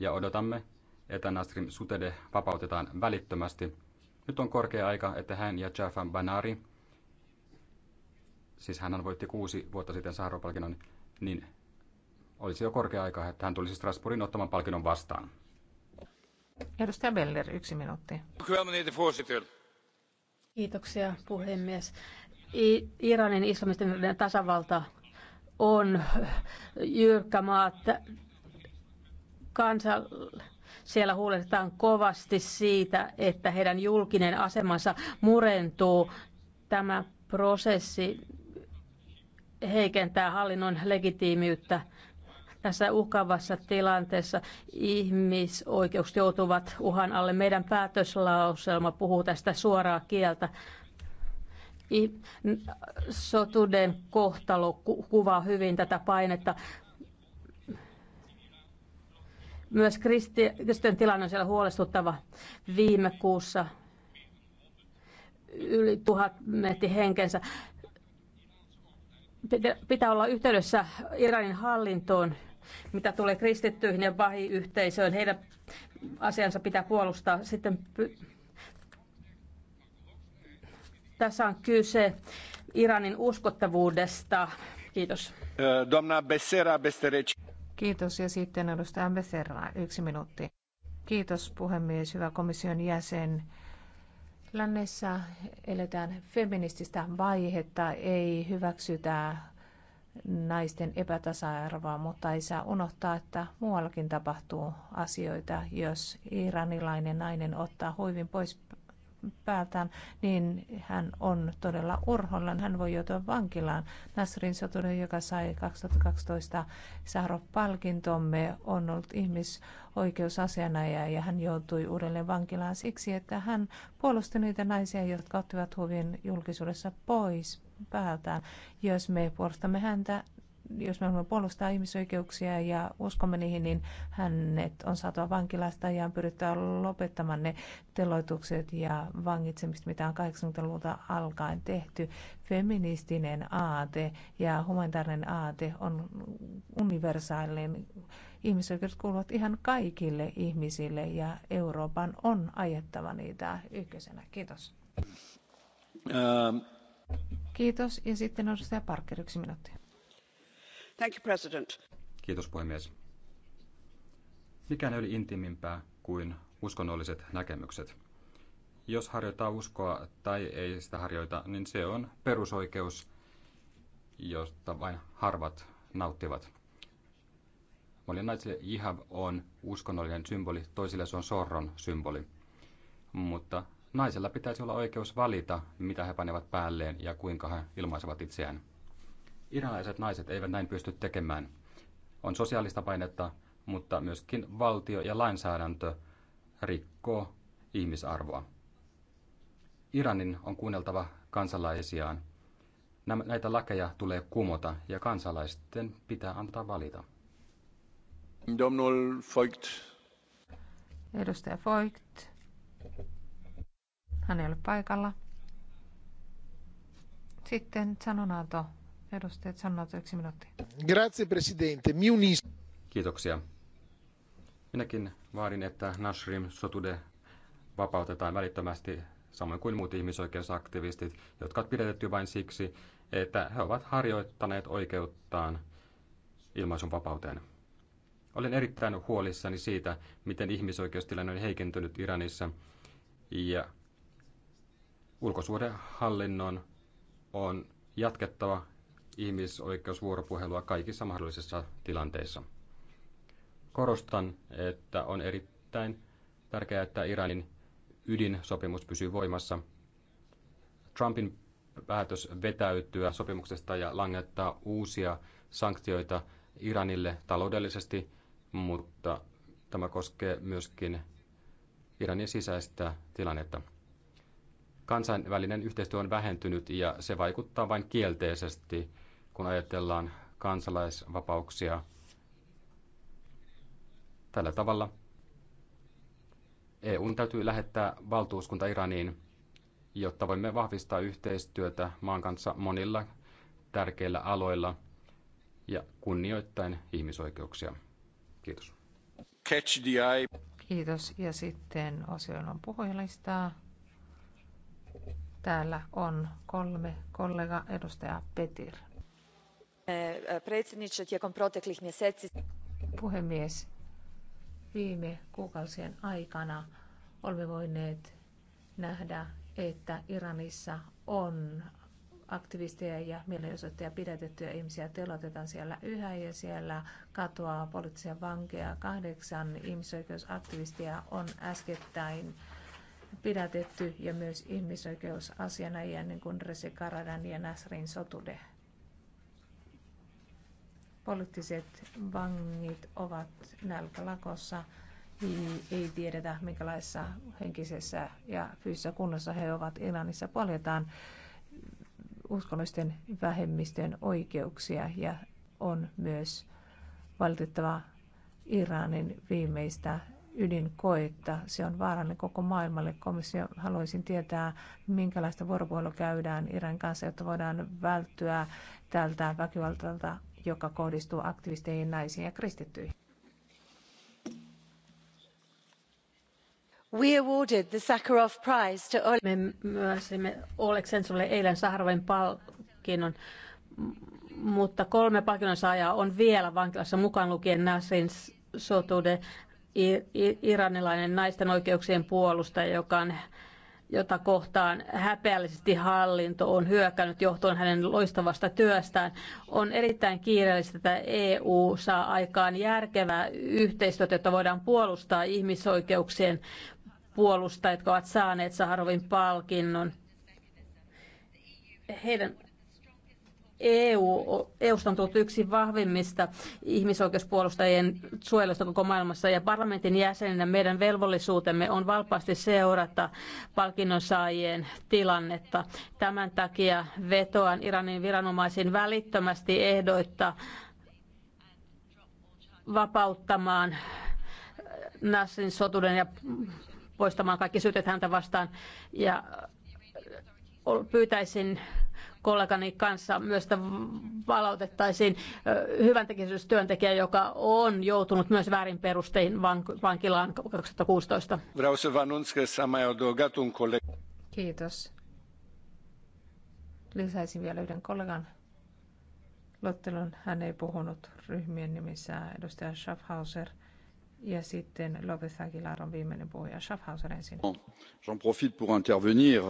ja odotamme, että Nasrin Sutede vapautetaan välittömästi. Nyt on korkea aika, että hän ja Jafan Banari, siis hän voitti kuusi vuotta sitten saharo niin olisi jo korkea aika, että hän tulisi Strasbourgin ottamaan palkinnon vastaan. Edustaja Beller, yksi minuutti. Kiitoksia puhemies. I- Iranin islamistinen tasavalta on jyrkkä maa kansa, siellä huolehditaan kovasti siitä, että heidän julkinen asemansa murentuu. Tämä prosessi heikentää hallinnon legitiimiyttä tässä uhkaavassa tilanteessa Ihmisoikeukset joutuvat uhan alle. Meidän päätöslauselma puhuu tästä suoraa kieltä. Sotuden kohtalo kuvaa hyvin tätä painetta. Myös kristityn tilanne on siellä huolestuttava. Viime kuussa yli tuhat menetti henkensä. Pitää olla yhteydessä Iranin hallintoon, mitä tulee kristittyihin ja vahiyhteisöön. Heidän asiansa pitää puolustaa. Sitten tässä on kyse Iranin uskottavuudesta. Kiitos. Domna Bessera Bestereci. Kiitos ja sitten edustaja Becerra, yksi minuutti. Kiitos puhemies, hyvä komission jäsen. Lännessä eletään feminististä vaihetta, ei hyväksytä naisten epätasa-arvoa, mutta ei saa unohtaa, että muuallakin tapahtuu asioita, jos iranilainen nainen ottaa huivin pois päätään, niin hän on todella urhollan. Hän voi joutua vankilaan. Nasrin Soturi, joka sai 2012 Saharov-palkintomme, on ollut ihmisoikeusasianaja ja hän joutui uudelleen vankilaan siksi, että hän puolusti niitä naisia, jotka ottivat huvin julkisuudessa pois päältään. Jos me puolustamme häntä, jos me haluamme puolustaa ihmisoikeuksia ja uskomme niihin, niin hänet on saatava vankilasta ja on pyrittävä lopettamaan ne teloitukset ja vangitsemista, mitä on 80-luvulta alkaen tehty. Feministinen aate ja humanitaarinen aate on universaalinen. Ihmisoikeudet kuuluvat ihan kaikille ihmisille ja Euroopan on ajettava niitä ykkösenä. Kiitos. Ähm. Kiitos. Ja sitten edustaja Parker, yksi minuutti. Thank you, President. Kiitos puhemies. Mikään ei ole intiimimpää kuin uskonnolliset näkemykset. Jos harjoittaa uskoa tai ei sitä harjoita, niin se on perusoikeus, josta vain harvat nauttivat. Monille naisille jihab on uskonnollinen symboli, toisille se on sorron symboli. Mutta naisella pitäisi olla oikeus valita, mitä he panevat päälleen ja kuinka he ilmaisevat itseään. Iranilaiset naiset eivät näin pysty tekemään. On sosiaalista painetta, mutta myöskin valtio ja lainsäädäntö rikkoo ihmisarvoa. Iranin on kuunneltava kansalaisiaan. Näitä lakeja tulee kumota ja kansalaisten pitää antaa valita. Domnul Foigt. Edustaja Voigt. Hän ei ole paikalla. Sitten sanonanto yksi minuutti. Grazie presidente, mi unis... Kiitoksia. Minäkin vaadin, että Nashrim Sotude vapautetaan välittömästi, samoin kuin muut ihmisoikeusaktivistit, jotka on pidetetty vain siksi, että he ovat harjoittaneet oikeuttaan ilmaisun vapauteen. Olen erittäin huolissani siitä, miten ihmisoikeustilanne on heikentynyt Iranissa ja ulkosuhdehallinnon on jatkettava ihmisoikeusvuoropuhelua kaikissa mahdollisissa tilanteissa. Korostan, että on erittäin tärkeää, että Iranin ydinsopimus pysyy voimassa. Trumpin päätös vetäytyä sopimuksesta ja langettaa uusia sanktioita Iranille taloudellisesti, mutta tämä koskee myöskin Iranin sisäistä tilannetta. Kansainvälinen yhteistyö on vähentynyt ja se vaikuttaa vain kielteisesti kun ajatellaan kansalaisvapauksia. Tällä tavalla EUn täytyy lähettää valtuuskunta Iraniin, jotta voimme vahvistaa yhteistyötä maan kanssa monilla tärkeillä aloilla ja kunnioittain ihmisoikeuksia. Kiitos. Catch the eye. Kiitos. Ja sitten osion on puhujalistaa. Täällä on kolme kollega, edustaja Petir. E, Puhemies, viime kuukausien aikana olemme voineet nähdä, että Iranissa on aktivisteja ja mielenosoittajia pidätettyjä ihmisiä telotetaan siellä yhä ja siellä katoaa poliittisia vankeja. Kahdeksan ihmisoikeusaktivistia on äskettäin pidätetty ja myös ihmisoikeusasianajia niin kuin Resi Karadan ja Nasrin Sotude. Poliittiset vangit ovat nälkälakossa. Ei tiedetä, minkälaisessa henkisessä ja fyysisessä kunnossa he ovat. Iranissa paljetaan uskonnollisten vähemmistöjen oikeuksia ja on myös valitettava Iranin viimeistä ydinkoetta. Se on vaarallinen koko maailmalle. Komissio haluaisin tietää, minkälaista vuoropuhelua käydään Iranin kanssa, jotta voidaan välttyä tältä väkivaltalta joka kohdistuu aktivisteihin, naisiin ja kristittyihin. We awarded the Sakharov Prize to Oleg. Me myösimme Oleg Sensulle eilen Saharovin palkinnon, mutta kolme palkinnon saajaa on vielä vankilassa mukaan lukien Nasrin Sotude, iranilainen naisten oikeuksien puolustaja, joka on jota kohtaan häpeällisesti hallinto on hyökännyt johtuen hänen loistavasta työstään. On erittäin kiireellistä, että EU saa aikaan järkevää yhteistyötä, jotta voidaan puolustaa ihmisoikeuksien puolustajat, jotka ovat saaneet Saharovin palkinnon. Heidän EU, EUsta on tullut yksi vahvimmista ihmisoikeuspuolustajien suojelusta koko maailmassa ja parlamentin jäsenenä meidän velvollisuutemme on valpaasti seurata saajien tilannetta. Tämän takia vetoan Iranin viranomaisiin välittömästi ehdoitta vapauttamaan Nassin sotuden ja poistamaan kaikki syytet häntä vastaan. Ja pyytäisin kollegani kanssa myös palautettaisiin hyvän työntekijä, joka on joutunut myös väärin perustein vankilaan 2016. Kiitos. Lisäisin vielä yhden kollegan Lottelun Hän ei puhunut ryhmien nimissä. Edustaja Schaffhauser ja sitten Lopez Aguilar on viimeinen puhuja. Schaffhauser ensin. J'en profite pour intervenir.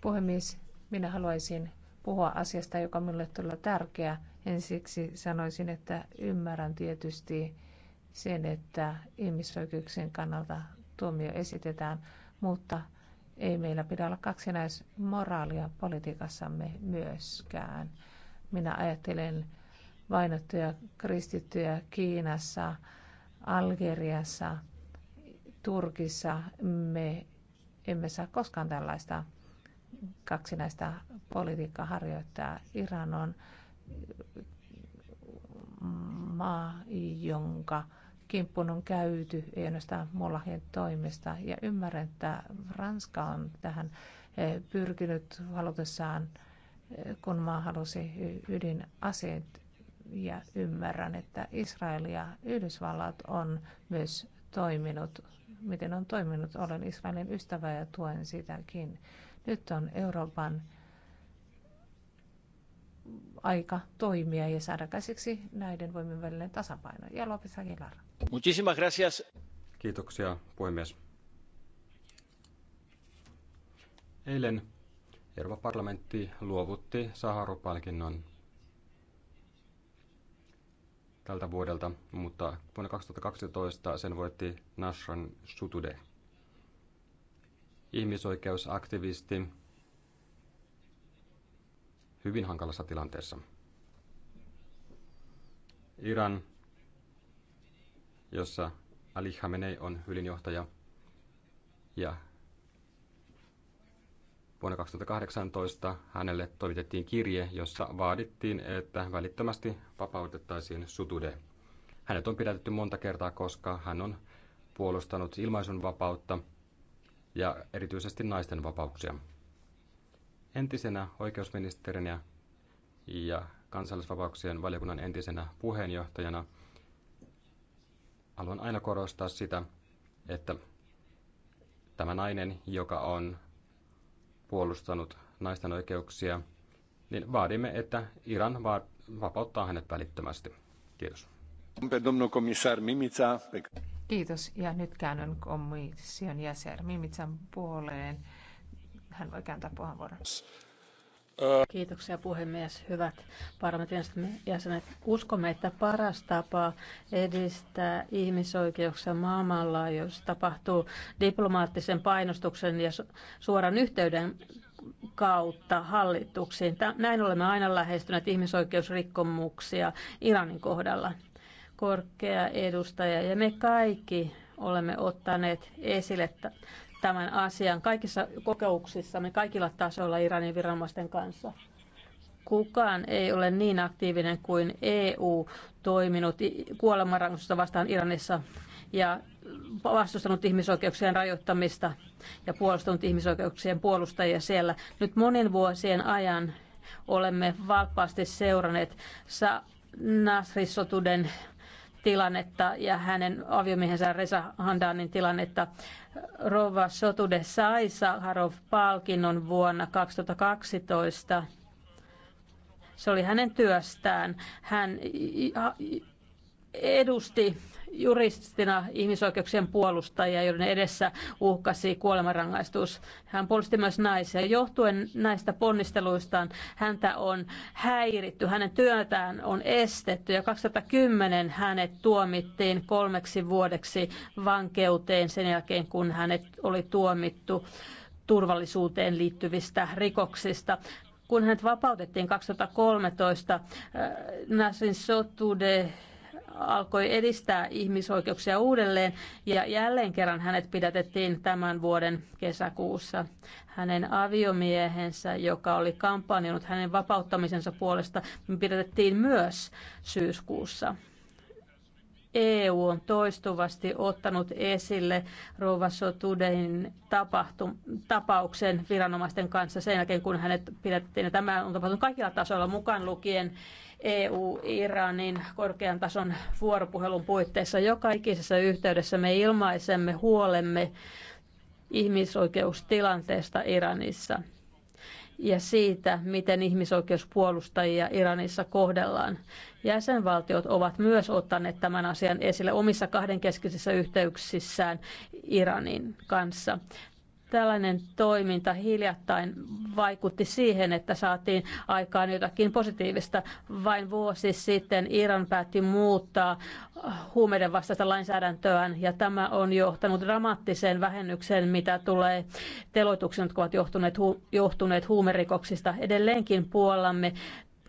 Puhemies, minä haluaisin puhua asiasta, joka on minulle todella tärkeä. Ensiksi sanoisin, että ymmärrän tietysti sen, että ihmisoikeuksien kannalta tuomio esitetään, mutta ei meillä pidä olla kaksinaismoraalia politiikassamme myöskään. Minä ajattelen vainottuja kristittyjä Kiinassa, Algeriassa, Turkissa. Me emme saa koskaan tällaista kaksi näistä politiikkaharjoittajaa. harjoittaa. Iran on maa, jonka kimppun on käyty, ei ainoastaan molahien toimesta. Ja ymmärrän, että Ranska on tähän eh, pyrkinyt halutessaan, eh, kun maa halusi ydinaseet. Ja ymmärrän, että Israel ja Yhdysvallat on myös toiminut, miten on toiminut. Olen Israelin ystävä ja tuen sitäkin. Nyt on Euroopan aika toimia ja saada käsiksi näiden voimien välinen tasapaino. Ja Lopes Aguilar. Muchísimas gracias. Kiitoksia, puhemies. Eilen Euroopan parlamentti luovutti Saharopalkinnon tältä vuodelta, mutta vuonna 2012 sen voitti Nashran Sutude ihmisoikeusaktivisti hyvin hankalassa tilanteessa. Iran, jossa Ali Khamenei on ylinjohtaja, ja vuonna 2018 hänelle toimitettiin kirje, jossa vaadittiin, että välittömästi vapautettaisiin Sutude. Hänet on pidätetty monta kertaa, koska hän on puolustanut ilmaisun vapautta – ja erityisesti naisten vapauksia. Entisenä oikeusministerinä ja kansallisvapauksien valiokunnan entisenä puheenjohtajana haluan aina korostaa sitä, että tämä nainen, joka on puolustanut naisten oikeuksia, niin vaadimme, että Iran vapauttaa hänet välittömästi. Kiitos. Kiitos. Ja nyt käännön komission jäsen Mimitsan puoleen. Hän voi kääntää puheenvuoron. Kiitoksia puhemies. Hyvät parlamentin jäsenet, uskomme, että paras tapa edistää ihmisoikeuksia maailmanlaajuisesti tapahtuu diplomaattisen painostuksen ja suoran yhteyden kautta hallituksiin. Näin olemme aina lähestyneet ihmisoikeusrikkomuksia Iranin kohdalla korkea edustaja ja me kaikki olemme ottaneet esille tämän asian kaikissa kokouksissa me kaikilla tasoilla Iranin viranomaisten kanssa. Kukaan ei ole niin aktiivinen kuin EU toiminut kuolemanrangaistusta vastaan Iranissa ja vastustanut ihmisoikeuksien rajoittamista ja puolustanut ihmisoikeuksien puolustajia siellä. Nyt monin vuosien ajan olemme valppaasti seuranneet Nasrissotuden tilannetta ja hänen aviomiehensä Reza Handanin tilannetta. Rova Sotude sai Saharov-palkinnon vuonna 2012. Se oli hänen työstään. Hän edusti juristina ihmisoikeuksien puolustajia, joiden edessä uhkasi kuolemanrangaistus. Hän puolusti myös naisia. Johtuen näistä ponnisteluistaan häntä on häiritty, hänen työtään on estetty ja 2010 hänet tuomittiin kolmeksi vuodeksi vankeuteen sen jälkeen, kun hänet oli tuomittu turvallisuuteen liittyvistä rikoksista kun hänet vapautettiin 2013, äh, Nasrin Sotude alkoi edistää ihmisoikeuksia uudelleen ja jälleen kerran hänet pidätettiin tämän vuoden kesäkuussa. Hänen aviomiehensä, joka oli kampanjoinut hänen vapauttamisensa puolesta, pidätettiin myös syyskuussa. EU on toistuvasti ottanut esille Rova Sotudein tapahtum- tapauksen viranomaisten kanssa sen jälkeen, kun hänet pidettiin. tämä on tapahtunut kaikilla tasoilla, mukaan lukien EU-Iranin korkean tason vuoropuhelun puitteissa. Joka ikisessä yhteydessä me ilmaisemme huolemme ihmisoikeustilanteesta Iranissa ja siitä, miten ihmisoikeuspuolustajia Iranissa kohdellaan. Jäsenvaltiot ovat myös ottaneet tämän asian esille omissa kahdenkeskisissä yhteyksissään Iranin kanssa. Tällainen toiminta hiljattain vaikutti siihen, että saatiin aikaan jotakin positiivista. Vain vuosi sitten Iran päätti muuttaa huumeiden vastaista lainsäädäntöään ja tämä on johtanut dramaattiseen vähennykseen, mitä tulee teloituksen jotka ovat johtuneet, hu- johtuneet huumerikoksista. Edelleenkin puolamme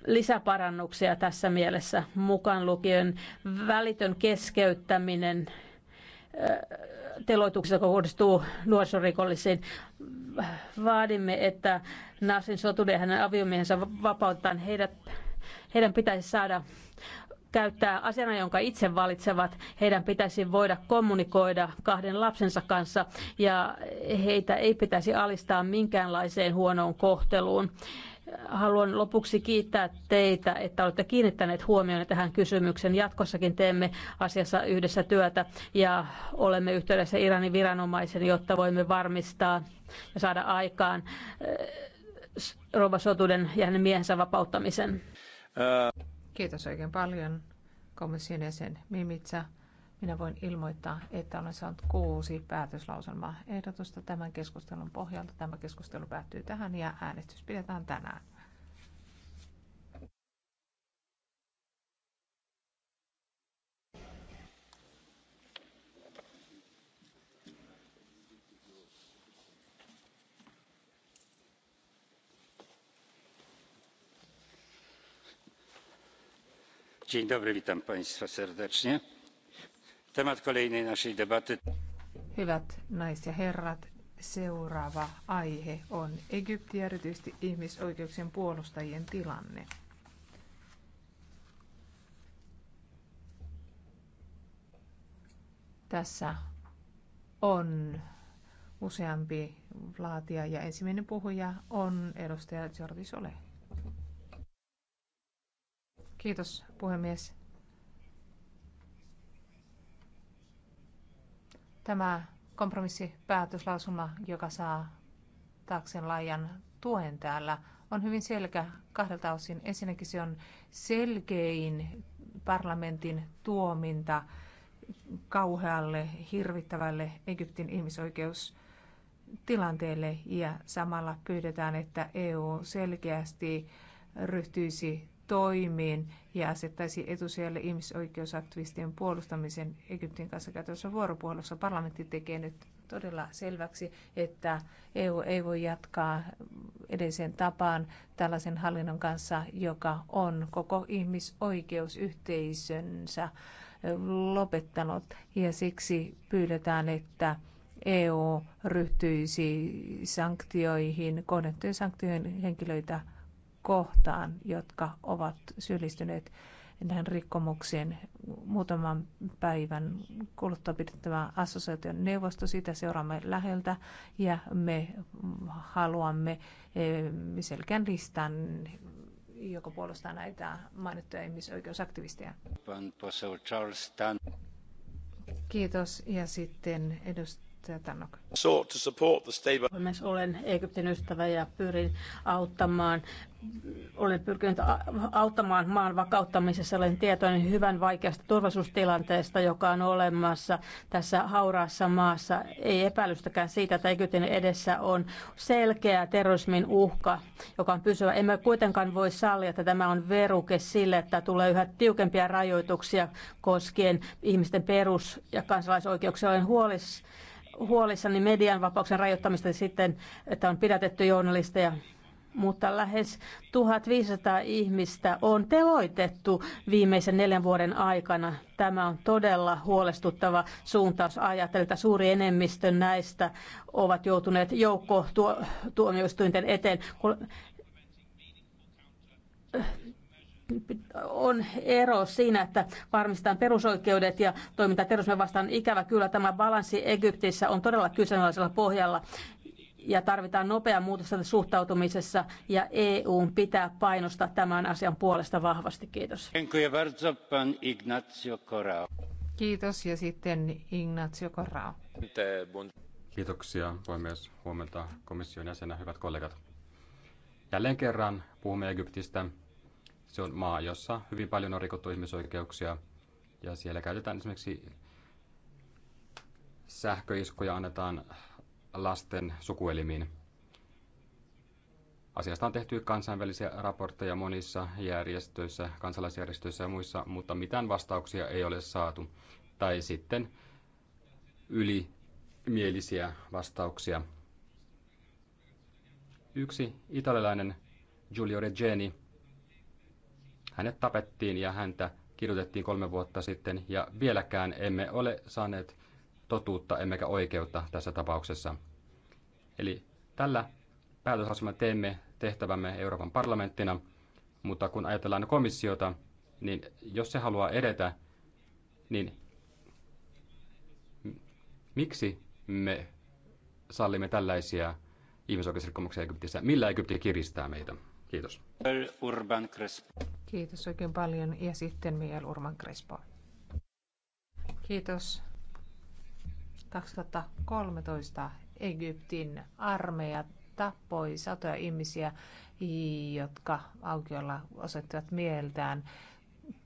lisäparannuksia tässä mielessä, mukaan lukien välitön keskeyttäminen teloituksessa joka kohdistuu nuorisorikollisiin. Vaadimme, että Nasrin sotude ja hänen aviomiehensä vapautetaan. Heidät, heidän pitäisi saada käyttää asiana, jonka itse valitsevat. Heidän pitäisi voida kommunikoida kahden lapsensa kanssa ja heitä ei pitäisi alistaa minkäänlaiseen huonoon kohteluun. Haluan lopuksi kiittää teitä, että olette kiinnittäneet huomioon tähän kysymykseen. Jatkossakin teemme asiassa yhdessä työtä ja olemme yhteydessä Iranin viranomaisen, jotta voimme varmistaa ja saada aikaan eh, rouva Sotuden ja hänen miehensä vapauttamisen. Kiitos oikein paljon komission jäsen Mimitsa. Minä voin ilmoittaa, että olen saanut kuusi päätöslauselmaa ehdotusta tämän keskustelun pohjalta. Tämä keskustelu päättyy tähän ja äänestys pidetään tänään. Dzień dobry, witam Państwa serdecznie. Temat kolejnej naszej debaty. Hyvät naiset ja herrat, seuraava aihe on Egypti ja erityisesti ihmisoikeuksien puolustajien tilanne. Tässä on useampi laatia ja ensimmäinen puhuja on edustaja Jordi Sole. Kiitos puhemies. Tämä kompromissipäätöslausuma, joka saa taakseen laajan tuen täällä, on hyvin selkeä kahdelta osin. Ensinnäkin se on selkein parlamentin tuominta kauhealle, hirvittävälle Egyptin ihmisoikeustilanteelle ja samalla pyydetään, että EU selkeästi ryhtyisi toimiin ja asettaisi etusijalle ihmisoikeusaktivistien puolustamisen Egyptin kanssa käytävässä vuoropuhelussa. Parlamentti tekee nyt todella selväksi, että EU ei voi jatkaa edelliseen tapaan tällaisen hallinnon kanssa, joka on koko ihmisoikeusyhteisönsä lopettanut. Ja siksi pyydetään, että EU ryhtyisi sanktioihin, kohdettujen sanktioihin henkilöitä kohtaan, jotka ovat syyllistyneet näihin rikkomuksiin. Muutaman päivän kuluttua pidettävä assosiaation neuvosto, sitä seuraamme läheltä ja me haluamme e, selkeän listan joka puolustaa näitä mainittuja ihmisoikeusaktivisteja. Kiitos. Ja sitten edustaja Tannok. Olen Egyptin ystävä ja pyrin auttamaan olen pyrkinyt auttamaan maan vakauttamisessa. Olen tietoinen hyvän vaikeasta turvallisuustilanteesta, joka on olemassa tässä hauraassa maassa. Ei epäilystäkään siitä, että Egyptin edessä on selkeä terrorismin uhka, joka on pysyvä. Emme kuitenkaan voi sallia, että tämä on veruke sille, että tulee yhä tiukempia rajoituksia koskien ihmisten perus- ja kansalaisoikeuksia. Olen huolissani median vapauksen rajoittamista sitten, että on pidätetty journalisteja mutta lähes 1500 ihmistä on teloitettu viimeisen neljän vuoden aikana. Tämä on todella huolestuttava suuntaus ajatelta. suuri enemmistö näistä ovat joutuneet joukko tuomioistuinten eteen. On ero siinä, että varmistetaan perusoikeudet ja toiminta terrorismin vastaan. Ikävä kyllä tämä balanssi Egyptissä on todella kyseenalaisella pohjalla ja tarvitaan nopea muutos suhtautumisessa ja EU pitää painostaa tämän asian puolesta vahvasti. Kiitos. Kiitos ja sitten Ignacio Corrao. Kiitoksia puhemies. Huomenta komission jäsenä, hyvät kollegat. Jälleen kerran puhumme Egyptistä. Se on maa, jossa hyvin paljon on rikottu ihmisoikeuksia ja siellä käytetään esimerkiksi sähköiskuja, annetaan lasten sukuelimiin. Asiasta on tehty kansainvälisiä raportteja monissa järjestöissä, kansalaisjärjestöissä ja muissa, mutta mitään vastauksia ei ole saatu. Tai sitten ylimielisiä vastauksia. Yksi italialainen Giulio Regeni, hänet tapettiin ja häntä kirjoitettiin kolme vuotta sitten ja vieläkään emme ole saaneet totuutta emmekä oikeutta tässä tapauksessa. Eli tällä päätösasemalla teemme tehtävämme Euroopan parlamenttina, mutta kun ajatellaan komissiota, niin jos se haluaa edetä, niin miksi me sallimme tällaisia ihmisoikeusrikkomuksia Egyptissä? Millä Egypti kiristää meitä? Kiitos. Urban Crespo. Kiitos oikein paljon. Ja sitten Miel Urban Crespo. Kiitos. 2013 Egyptin armeija tappoi satoja ihmisiä, jotka aukiolla osoittivat mieltään.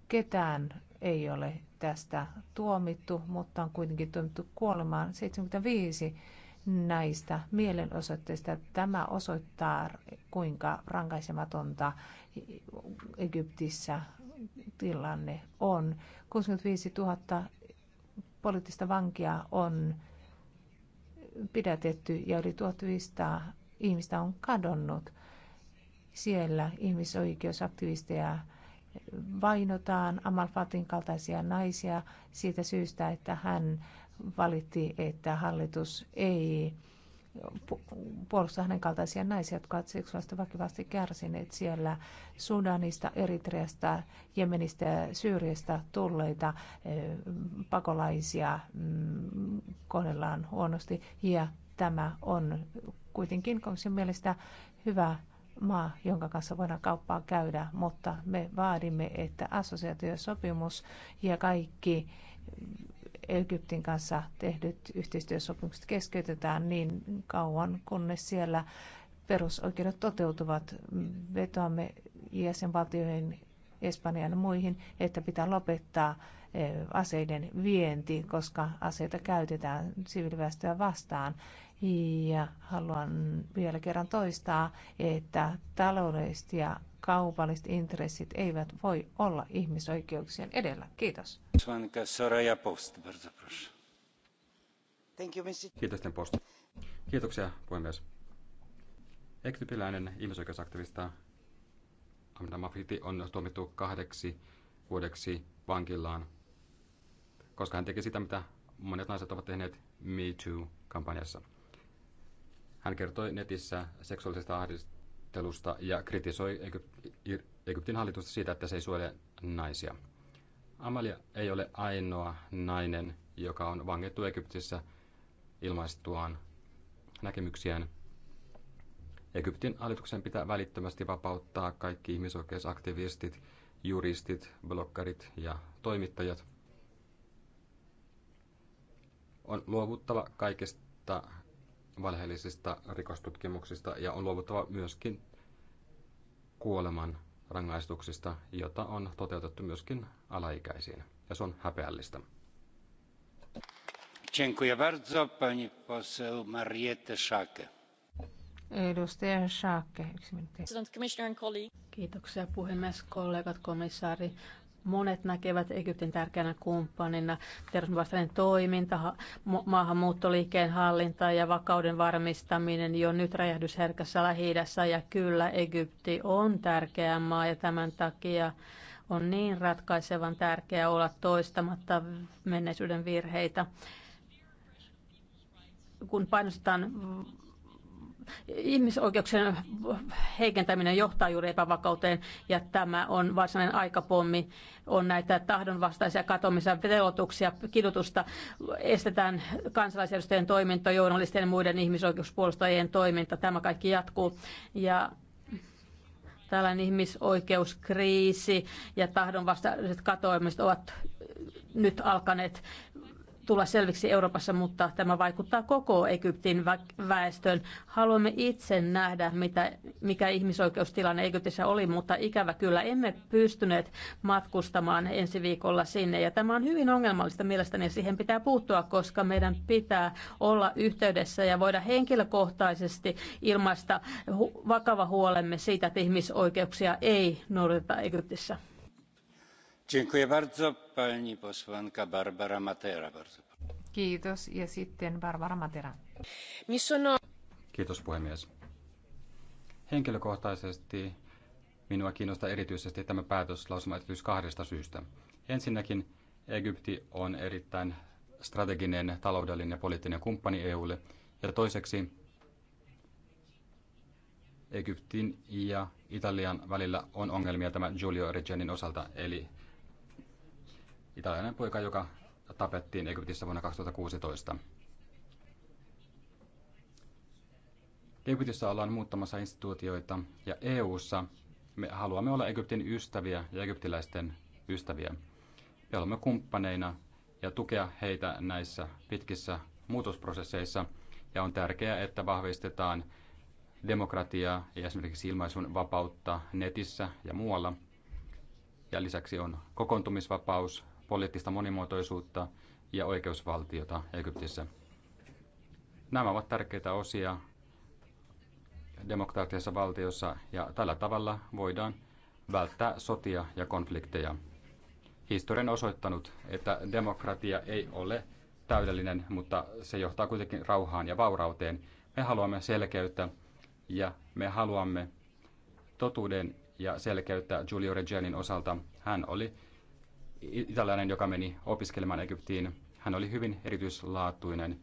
Ketään ei ole tästä tuomittu, mutta on kuitenkin tuomittu kuolemaan 75 näistä mielenosoitteista. Tämä osoittaa, kuinka rankaisematonta Egyptissä tilanne on. 65 000 poliittista vankia on pidätetty ja yli 1500 ihmistä on kadonnut. Siellä ihmisoikeusaktivisteja vainotaan, Amalfatin kaltaisia naisia siitä syystä, että hän valitti, että hallitus ei puolustaa hänen kaltaisia naisia, jotka ovat seksuaalista väkivallasta kärsineet siellä Sudanista, Eritreasta, Jemenistä ja Syyriasta tulleita eh, pakolaisia mm, kohdellaan huonosti. Ja tämä on kuitenkin komission mielestä hyvä maa, jonka kanssa voidaan kauppaa käydä, mutta me vaadimme, että assosiaatiosopimus ja kaikki Egyptin kanssa tehdyt yhteistyösopimukset keskeytetään niin kauan, kunnes siellä perusoikeudet toteutuvat. Vetoamme jäsenvaltioihin, Espanjan ja muihin, että pitää lopettaa eh, aseiden vienti, koska aseita käytetään siviiliväestöä vastaan. Ja haluan vielä kerran toistaa, että taloudellisesti ja kaupalliset intressit eivät voi olla ihmisoikeuksien edellä. Kiitos. Kiitos, Post. Kiitoksia, puhemies. Ektypiläinen ihmisoikeusaktivista Amina Mafiti on tuomittu kahdeksi vuodeksi vankilaan, koska hän teki sitä, mitä monet naiset ovat tehneet Me Too-kampanjassa. Hän kertoi netissä seksuaalisesta ahdistuksesta suunnittelusta ja kritisoi Egyptin hallitusta siitä, että se ei suojele naisia. Amalia ei ole ainoa nainen, joka on vangittu Egyptissä ilmaistuaan näkemyksiään. Egyptin hallituksen pitää välittömästi vapauttaa kaikki ihmisoikeusaktivistit, juristit, blokkarit ja toimittajat. On luovuttava kaikesta valheellisista rikostutkimuksista ja on luovuttava myöskin kuoleman rangaistuksista, jota on toteutettu myöskin alaikäisiin. Ja se on häpeällistä. Dziękuję bardzo, pani poseł Mariette Schake. Edustaja Schake, yksi minuutti. Kiitoksia puhemies, kollegat, komissaari. Monet näkevät Egyptin tärkeänä kumppanina terrorismin toiminta, maahanmuuttoliikkeen hallinta ja vakauden varmistaminen jo nyt räjähdysherkässä lähi Ja kyllä, Egypti on tärkeä maa ja tämän takia on niin ratkaisevan tärkeää olla toistamatta menneisyyden virheitä kun painostetaan Ihmisoikeuksien heikentäminen johtaa juuri epävakauteen ja tämä on varsinainen aikapommi. On näitä tahdonvastaisia katomisia, telotuksia, kidutusta, estetään kansalaisjärjestöjen toiminta, journalistien ja muiden ihmisoikeuspuolustajien toiminta. Tämä kaikki jatkuu. Ja tällainen ihmisoikeuskriisi ja tahdonvastaiset katoamiset ovat nyt alkaneet tulla selviksi Euroopassa, mutta tämä vaikuttaa koko Egyptin väestöön. Haluamme itse nähdä, mitä, mikä ihmisoikeustilanne Egyptissä oli, mutta ikävä kyllä emme pystyneet matkustamaan ensi viikolla sinne. Ja tämä on hyvin ongelmallista mielestäni ja siihen pitää puuttua, koska meidän pitää olla yhteydessä ja voida henkilökohtaisesti ilmaista vakava huolemme siitä, että ihmisoikeuksia ei noudateta Egyptissä. Kiitos. Ja sitten Barbara Kiitos puhemies. Henkilökohtaisesti minua kiinnostaa erityisesti tämä päätöslauselmaesitys kahdesta syystä. Ensinnäkin Egypti on erittäin strateginen, taloudellinen ja poliittinen kumppani EUlle. Ja toiseksi Egyptin ja Italian välillä on ongelmia tämän Giulio Regenin osalta, eli italialainen poika, joka tapettiin Egyptissä vuonna 2016. Egyptissä ollaan muuttamassa instituutioita ja EU:ssa me haluamme olla Egyptin ystäviä ja egyptiläisten ystäviä. Me olemme kumppaneina ja tukea heitä näissä pitkissä muutosprosesseissa. Ja on tärkeää, että vahvistetaan demokratiaa ja esimerkiksi ilmaisun vapautta netissä ja muualla. Ja lisäksi on kokoontumisvapaus, poliittista monimuotoisuutta ja oikeusvaltiota Egyptissä. Nämä ovat tärkeitä osia demokraattisessa valtiossa ja tällä tavalla voidaan välttää sotia ja konflikteja. Historian osoittanut, että demokratia ei ole täydellinen, mutta se johtaa kuitenkin rauhaan ja vaurauteen. Me haluamme selkeyttä ja me haluamme totuuden ja selkeyttä Giulio Reggianin osalta. Hän oli italialainen, joka meni opiskelemaan Egyptiin. Hän oli hyvin erityislaatuinen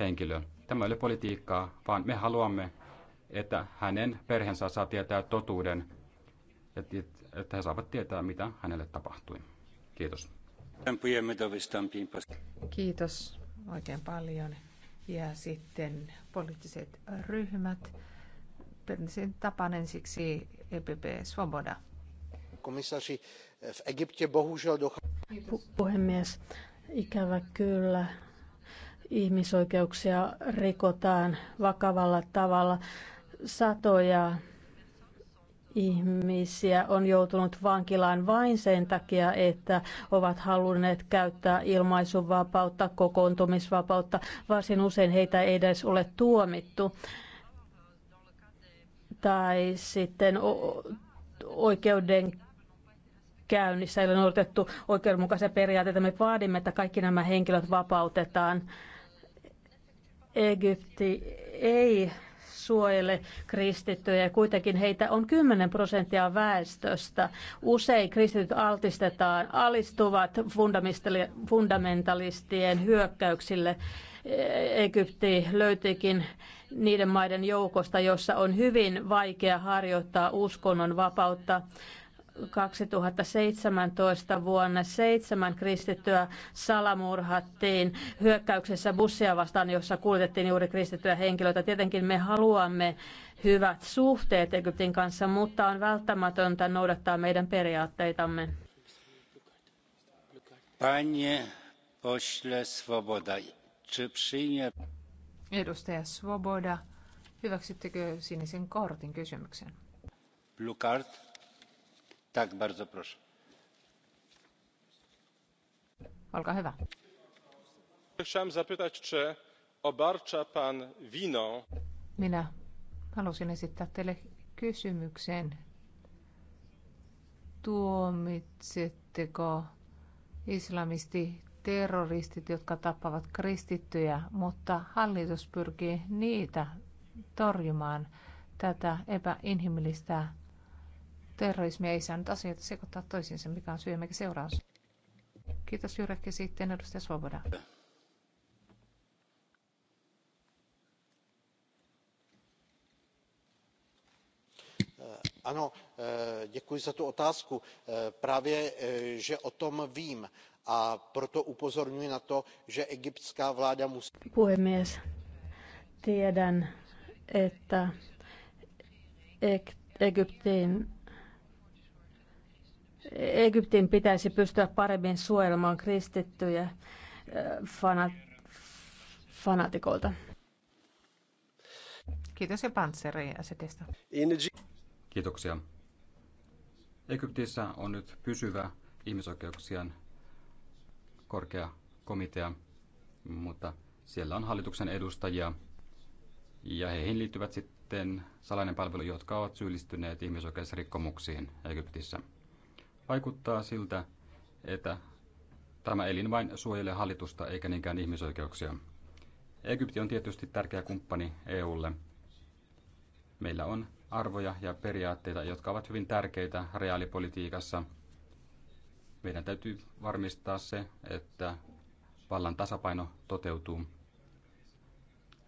henkilö. Tämä ei ole politiikkaa, vaan me haluamme, että hänen perheensä saa tietää totuuden, että he saavat tietää, mitä hänelle tapahtui. Kiitos. Kiitos oikein paljon. Ja sitten poliittiset ryhmät. Perinteisen tapainen siksi EPP Svoboda komisaři, v Egyptě bohužel dochází... Puhemies, ikävä kyllä ihmisoikeuksia rikotaan vakavalla tavalla. Satoja ihmisiä on joutunut vankilaan vain sen takia, että ovat halunneet käyttää ilmaisuvapautta, kokoontumisvapautta. Varsin usein heitä ei edes ole tuomittu. Tai sitten oikeuden käynnissä, ei ole noudatettu oikeudenmukaisia periaatteita. Me vaadimme, että kaikki nämä henkilöt vapautetaan. Egypti ei suojele kristittyjä kuitenkin heitä on 10 prosenttia väestöstä. Usein kristityt altistetaan, alistuvat fundamentalistien hyökkäyksille. Egypti löytyikin niiden maiden joukosta, jossa on hyvin vaikea harjoittaa uskonnon vapautta. 2017 vuonna seitsemän kristittyä salamurhattiin hyökkäyksessä bussia vastaan, jossa kuljetettiin juuri kristittyjä henkilöitä. Tietenkin me haluamme hyvät suhteet Egyptin kanssa, mutta on välttämätöntä noudattaa meidän periaatteitamme. Panie pośle Svoboda, czy przyjmie... Edustaja Svoboda, hyväksyttekö sinisen kortin kysymyksen? Blue card. Haluan kysyä, czy obarcza pan winą. minä halusin esittää teille kysymyksen. Tuomitsetteko islamistiterroristit terroristit, jotka tappavat kristittyjä, mutta hallitus pyrkii niitä torjumaan tätä epäinhimillistä terrorismi ei nyt asioita sekoittaa toisiinsa, mikä on syy mikä seuraus. Kiitos Jyrek sitten edustaja Svoboda. Eh, ano eh, děkuji za tu otázku. Eh, právě že o tom vím a proto upozorňuji na to že egyptská vláda musí. puhemies tiedän että egyptin Egyptin pitäisi pystyä paremmin suojelemaan kristittyjä äh, fana- fanatikoilta. Kiitos ja pantseri asetista. Kiitoksia. Egyptissä on nyt pysyvä ihmisoikeuksien korkea komitea, mutta siellä on hallituksen edustajia ja heihin liittyvät sitten salainen palvelu, jotka ovat syyllistyneet ihmisoikeusrikkomuksiin Egyptissä. Vaikuttaa siltä, että tämä elin vain suojelee hallitusta eikä niinkään ihmisoikeuksia. Egypti on tietysti tärkeä kumppani EUlle. Meillä on arvoja ja periaatteita, jotka ovat hyvin tärkeitä reaalipolitiikassa. Meidän täytyy varmistaa se, että vallan tasapaino toteutuu.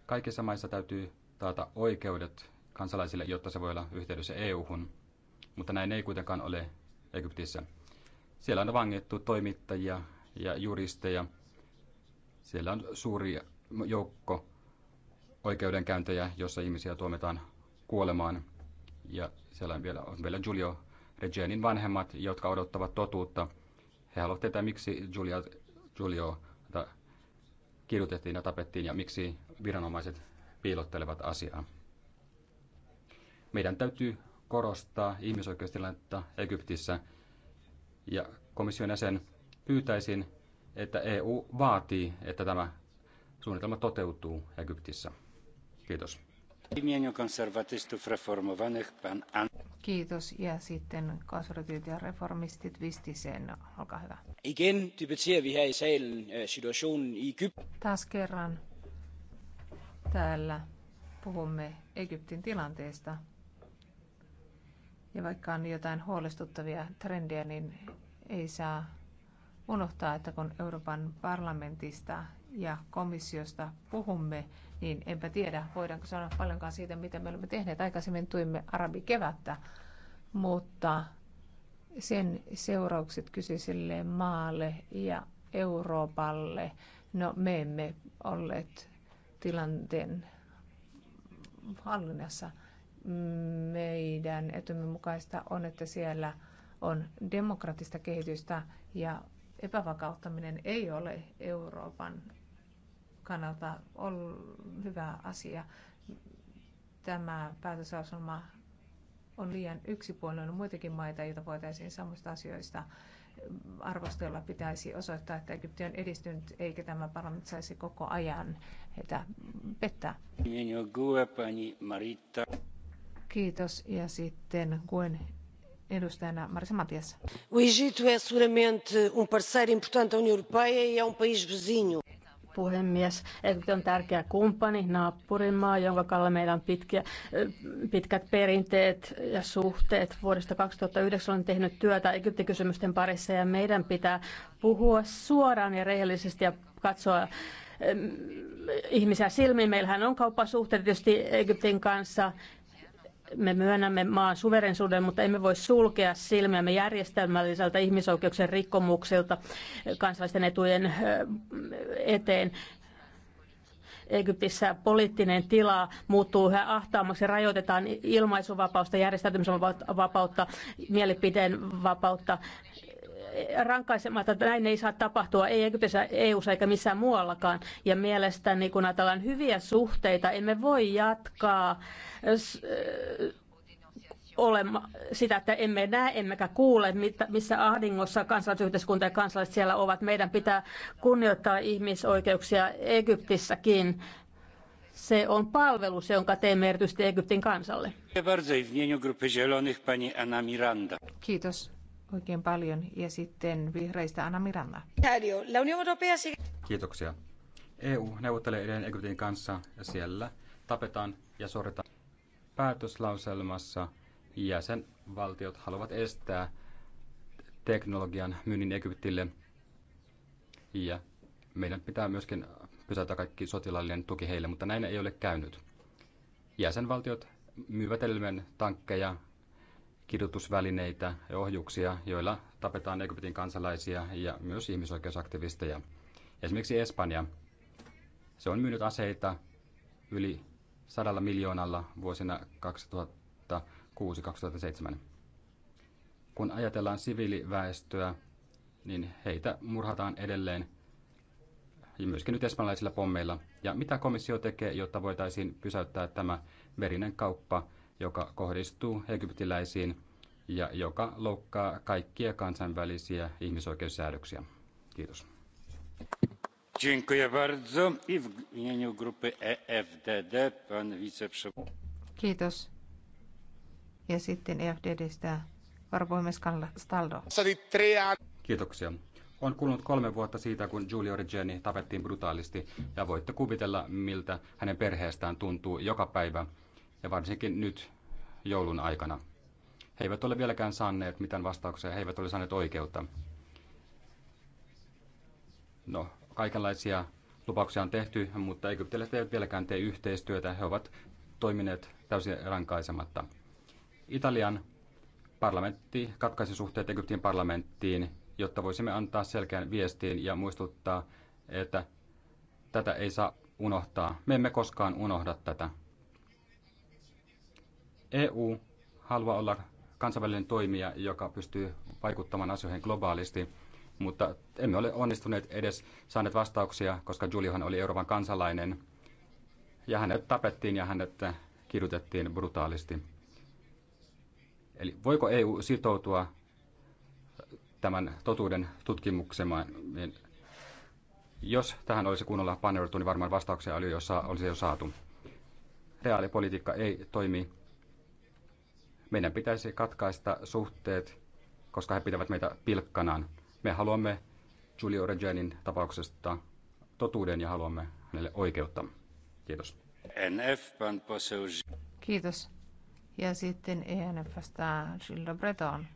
Kaikissa maissa täytyy taata oikeudet kansalaisille, jotta se voi olla yhteydessä EU-hun, mutta näin ei kuitenkaan ole Egyptissä. Siellä on vangittu toimittajia ja juristeja. Siellä on suuri joukko oikeudenkäyntejä, jossa ihmisiä tuomitaan kuolemaan. Ja siellä on vielä, on vielä Giulio Regenin vanhemmat, jotka odottavat totuutta. He haluavat tietää, miksi Giulio, Giulio kirjoitettiin ja tapettiin ja miksi viranomaiset piilottelevat asiaa. Meidän täytyy korostaa ihmisoikeustilannetta Egyptissä. Ja komission jäsen pyytäisin, että EU vaatii, että tämä suunnitelma toteutuu Egyptissä. Kiitos. Kiitos. Ja sitten konservatiivit ja reformistit Vistisen, olkaa hyvä. Igen debatterer vi här i salen eh, situationen i Egypten. Taas kerran täällä puhumme Egyptin tilanteesta. Ja vaikka on jotain huolestuttavia trendejä, niin ei saa unohtaa, että kun Euroopan parlamentista ja komissiosta puhumme, niin enpä tiedä, voidaanko sanoa paljonkaan siitä, mitä me olemme tehneet. Aikaisemmin tuimme arabikevättä, mutta sen seuraukset kyseiselle maalle ja Euroopalle, no me emme olleet tilanteen hallinnassa – meidän etumme mukaista on, että siellä on demokratista kehitystä ja epävakauttaminen ei ole Euroopan kannalta ollut hyvä asia. Tämä päätöslauselma on liian yksipuolinen. On muitakin maita, joita voitaisiin samoista asioista arvostella. Pitäisi osoittaa, että Egypti on edistynyt, eikä tämä parlamentti saisi koko ajan heitä pettää. Pani Maritta. Kiitos. Ja sitten kuen edustajana Marisa Matias. Egypto on é seguramente um parceiro importante da União Europeia e é um país vizinho puhemies. Egypti on tärkeä kumppani, naapurimaa, jonka kanssa meillä on pitkiä, pitkät perinteet ja suhteet. Vuodesta 2009 on tehnyt työtä Egyptikysymysten parissa ja meidän pitää puhua suoraan ja rehellisesti ja katsoa ihmisiä silmiin. Meillähän on kauppasuhteet tietysti Egyptin kanssa me myönnämme maan suverensuuden, mutta emme voi sulkea silmiämme järjestelmälliseltä ihmisoikeuksien rikkomuksilta kansalaisten etujen eteen. Egyptissä poliittinen tila muuttuu yhä ahtaammaksi, rajoitetaan ilmaisuvapautta, järjestäytymisvapautta, mielipiteen vapautta rankaisematta, näin ei saa tapahtua, ei Egyptissä, eu eikä missään muuallakaan. Ja mielestäni, kun ajatellaan hyviä suhteita, emme voi jatkaa olema, sitä, että emme näe emmekä kuule, missä ahdingossa kansalaisyhteiskunta ja kansalaiset siellä ovat. Meidän pitää kunnioittaa ihmisoikeuksia Egyptissäkin. Se on palvelus, jonka teemme erityisesti Egyptin kansalle. Kiitos oikein paljon. Ja sitten vihreistä Anna Miranda. Kiitoksia. EU neuvottelee edelleen Egyptin kanssa ja siellä tapetaan ja sorretaan päätöslauselmassa jäsenvaltiot haluavat estää teknologian myynnin Egyptille. Ja meidän pitää myöskin pysäyttää kaikki sotilaallinen tuki heille, mutta näin ei ole käynyt. Jäsenvaltiot myyvät edelleen tankkeja, kidutusvälineitä ja ohjuksia, joilla tapetaan Egyptin kansalaisia ja myös ihmisoikeusaktivisteja. Esimerkiksi Espanja. Se on myynyt aseita yli sadalla miljoonalla vuosina 2006-2007. Kun ajatellaan siviiliväestöä, niin heitä murhataan edelleen ja myöskin nyt espanjalaisilla pommeilla. Ja mitä komissio tekee, jotta voitaisiin pysäyttää tämä verinen kauppa joka kohdistuu egyptiläisiin ja joka loukkaa kaikkia kansainvälisiä ihmisoikeussäädöksiä. Kiitos. E Kiitos. Ja sitten EFDDstä varapuhemies Staldo. Kiitoksia. On kulunut kolme vuotta siitä, kun Giulio Regeni tapettiin brutaalisti, ja voitte kuvitella, miltä hänen perheestään tuntuu joka päivä, ja varsinkin nyt joulun aikana. He eivät ole vieläkään saaneet mitään vastauksia, he eivät ole saaneet oikeutta. No, kaikenlaisia lupauksia on tehty, mutta egyptiläiset eivät vieläkään tee yhteistyötä, he ovat toimineet täysin rankaisematta. Italian parlamentti katkaisi suhteet Egyptin parlamenttiin, jotta voisimme antaa selkeän viestin ja muistuttaa, että tätä ei saa unohtaa. Me emme koskaan unohda tätä. EU haluaa olla kansainvälinen toimija, joka pystyy vaikuttamaan asioihin globaalisti, mutta emme ole onnistuneet edes saaneet vastauksia, koska Juliohan oli Euroopan kansalainen ja hänet tapettiin ja hänet kidutettiin brutaalisti. Eli voiko EU sitoutua tämän totuuden tutkimuksemaan? Niin jos tähän olisi kunnolla paneuduttu, niin varmaan vastauksia olisi jo saatu. Reaalipolitiikka ei toimi meidän pitäisi katkaista suhteet, koska he pitävät meitä pilkkanaan. Me haluamme Julio Regenin tapauksesta totuuden ja haluamme hänelle oikeutta. Kiitos. Kiitos. Ja sitten ENFstä Gilda Breton.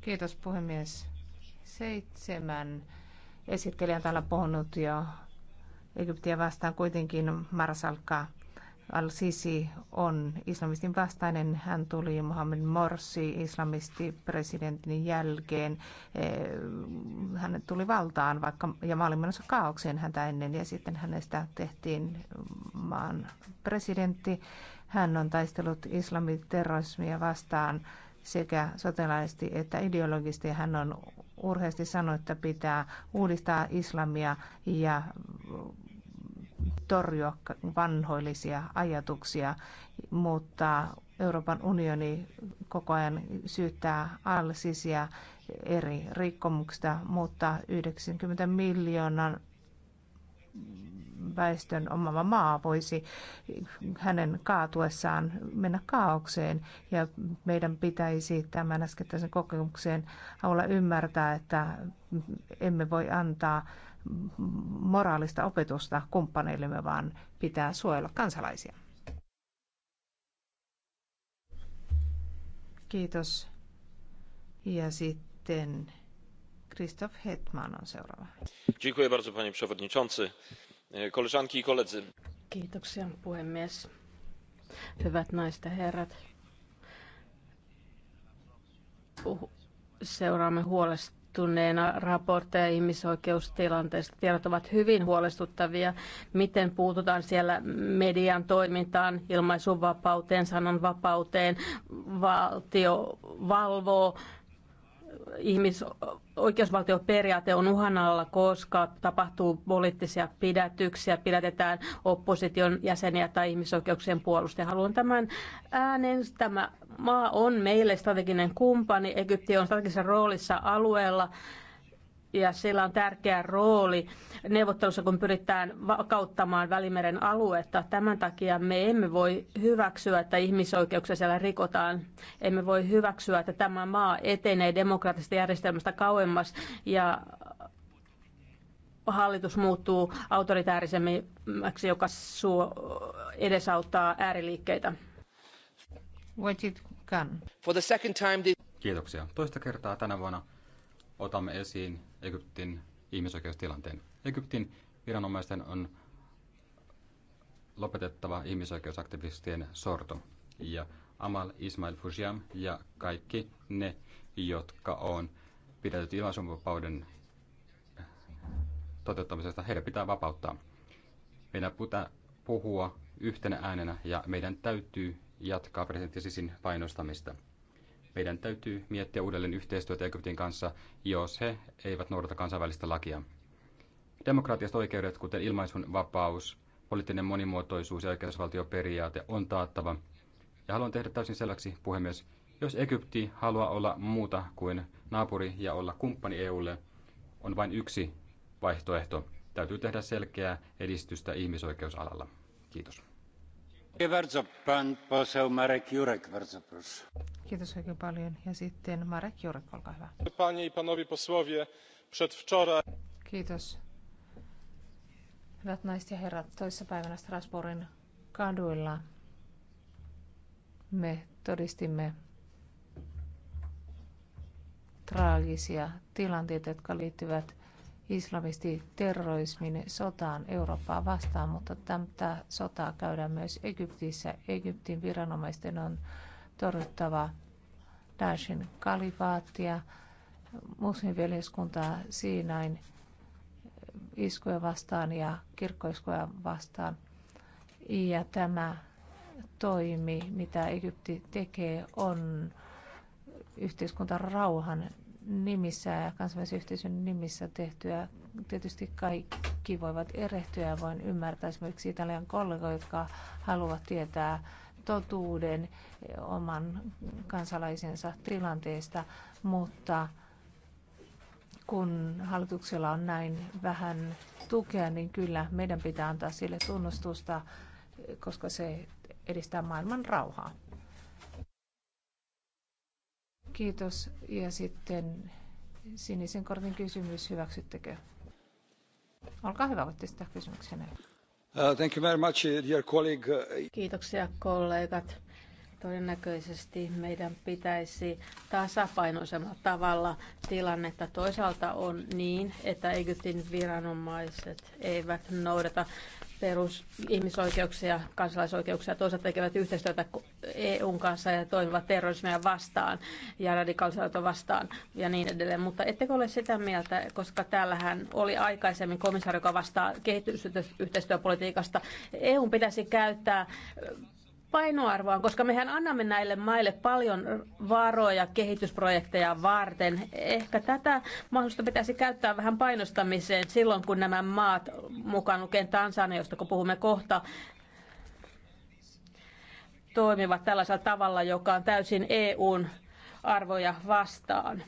Kiitos puhemies. Seitsemän esittelijän täällä puhunut jo Egyptiä vastaan kuitenkin Marsalkkaa Al-Sisi on islamistin vastainen. Hän tuli Mohammed Morsi islamisti presidentin jälkeen. Eh, hän tuli valtaan vaikka, ja mä menossa kaaukseen häntä ennen ja sitten hänestä tehtiin maan presidentti. Hän on taistellut islamiterrorismia vastaan sekä sotilaallisesti että ideologisesti. Hän on urheasti sanonut, että pitää uudistaa islamia ja torjua vanhoillisia ajatuksia, mutta Euroopan unioni koko ajan syyttää alsisia eri rikkomuksista, mutta 90 miljoonan väestön omava maa voisi hänen kaatuessaan mennä kaaukseen. Ja meidän pitäisi tämän äskettäisen kokemuksen olla ymmärtää, että emme voi antaa moraalista opetusta kumppaneillemme, vaan pitää suojella kansalaisia. Kiitos. Ja sitten Christoph Hetman on seuraava. Dziękuję bardzo, panie przewodniczący. Koleżanki i koledzy. Kiitoksia, puhemies. Hyvät naista herrat. Puhu. Seuraamme huolesta huolestuneena raportteja ihmisoikeustilanteesta. Tiedot ovat hyvin huolestuttavia, miten puututaan siellä median toimintaan, ilmaisuvapauteen, sananvapauteen. Valtio valvoo ihmisoikeusvaltioperiaate on uhan alla, koska tapahtuu poliittisia pidätyksiä, pidätetään opposition jäseniä tai ihmisoikeuksien puolustajia. Haluan tämän äänen. Tämä maa on meille strateginen kumppani. Egypti on strategisessa roolissa alueella, ja sillä on tärkeä rooli neuvottelussa, kun pyritään vakauttamaan Välimeren aluetta. Tämän takia me emme voi hyväksyä, että ihmisoikeuksia siellä rikotaan. Emme voi hyväksyä, että tämä maa etenee demokraattisesta järjestelmästä kauemmas ja hallitus muuttuu autoritäärisemmäksi, joka suo, edesauttaa ääriliikkeitä. Kiitoksia. Toista kertaa tänä vuonna otamme esiin Egyptin ihmisoikeustilanteen. Egyptin viranomaisten on lopetettava ihmisoikeusaktivistien sorto. Ja Amal Ismail Fujiam ja kaikki ne, jotka on pidetty ilmaisunvapauden toteuttamisesta, heidän pitää vapauttaa. Meidän pitää puhua yhtenä äänenä ja meidän täytyy jatkaa presidentti Sisin painostamista. Meidän täytyy miettiä uudelleen yhteistyötä Egyptin kanssa, jos he eivät noudata kansainvälistä lakia. Demokraattiset oikeudet, kuten ilmaisun vapaus, poliittinen monimuotoisuus ja oikeusvaltioperiaate on taattava. Ja haluan tehdä täysin selväksi, puhemies, jos Egypti haluaa olla muuta kuin naapuri ja olla kumppani EUlle, on vain yksi vaihtoehto. Täytyy tehdä selkeää edistystä ihmisoikeusalalla. Kiitos. Kiitos oikein paljon. Ja sitten Marek Jurek, olkaa hyvä. Panie i panowie posłowie, przedwczoraj... Kiitos. Hyvät naiset ja herrat, toissapäivänä Strasbourgin kaduilla me todistimme traagisia tilanteita, jotka liittyvät islamistiterrorismin sotaan Eurooppaa vastaan, mutta tätä sotaa käydään myös Egyptissä. Egyptin viranomaisten on torjuttava Daeshin kalifaattia, muslimiveljeskuntaa Siinain iskuja vastaan ja kirkkoiskuja vastaan. Ja tämä toimi, mitä Egypti tekee, on yhteiskuntarauhan nimissä ja kansainvälisen nimissä tehtyä. Tietysti kaikki voivat erehtyä ja voin ymmärtää esimerkiksi Italian kollegoja, jotka haluavat tietää totuuden oman kansalaisensa tilanteesta, mutta kun hallituksella on näin vähän tukea, niin kyllä meidän pitää antaa sille tunnustusta, koska se edistää maailman rauhaa. Kiitos. Ja sitten sinisen kortin kysymys, hyväksyttekö? Olkaa hyvä, voitte sitä kysymyksenä. Uh, thank you very much, uh, dear colleague. Kiitoksia kollegat. Todennäköisesti meidän pitäisi tasapainoisella tavalla tilannetta. Toisaalta on niin, että Egyptin viranomaiset eivät noudata perus ihmisoikeuksia ja kansalaisoikeuksia. Toisaalta tekevät yhteistyötä EUn kanssa ja toimivat terrorismia vastaan ja radikaalisoitua vastaan ja niin edelleen. Mutta ettekö ole sitä mieltä, koska täällähän oli aikaisemmin komissaari, joka vastaa kehitysyhteistyöpolitiikasta. EUn pitäisi käyttää painoarvoa, koska mehän annamme näille maille paljon varoja kehitysprojekteja varten. Ehkä tätä mahdollisuutta pitäisi käyttää vähän painostamiseen silloin, kun nämä maat, mukaan lukien Tansania, josta kun puhumme kohta, toimivat tällaisella tavalla, joka on täysin EUn arvoja vastaan.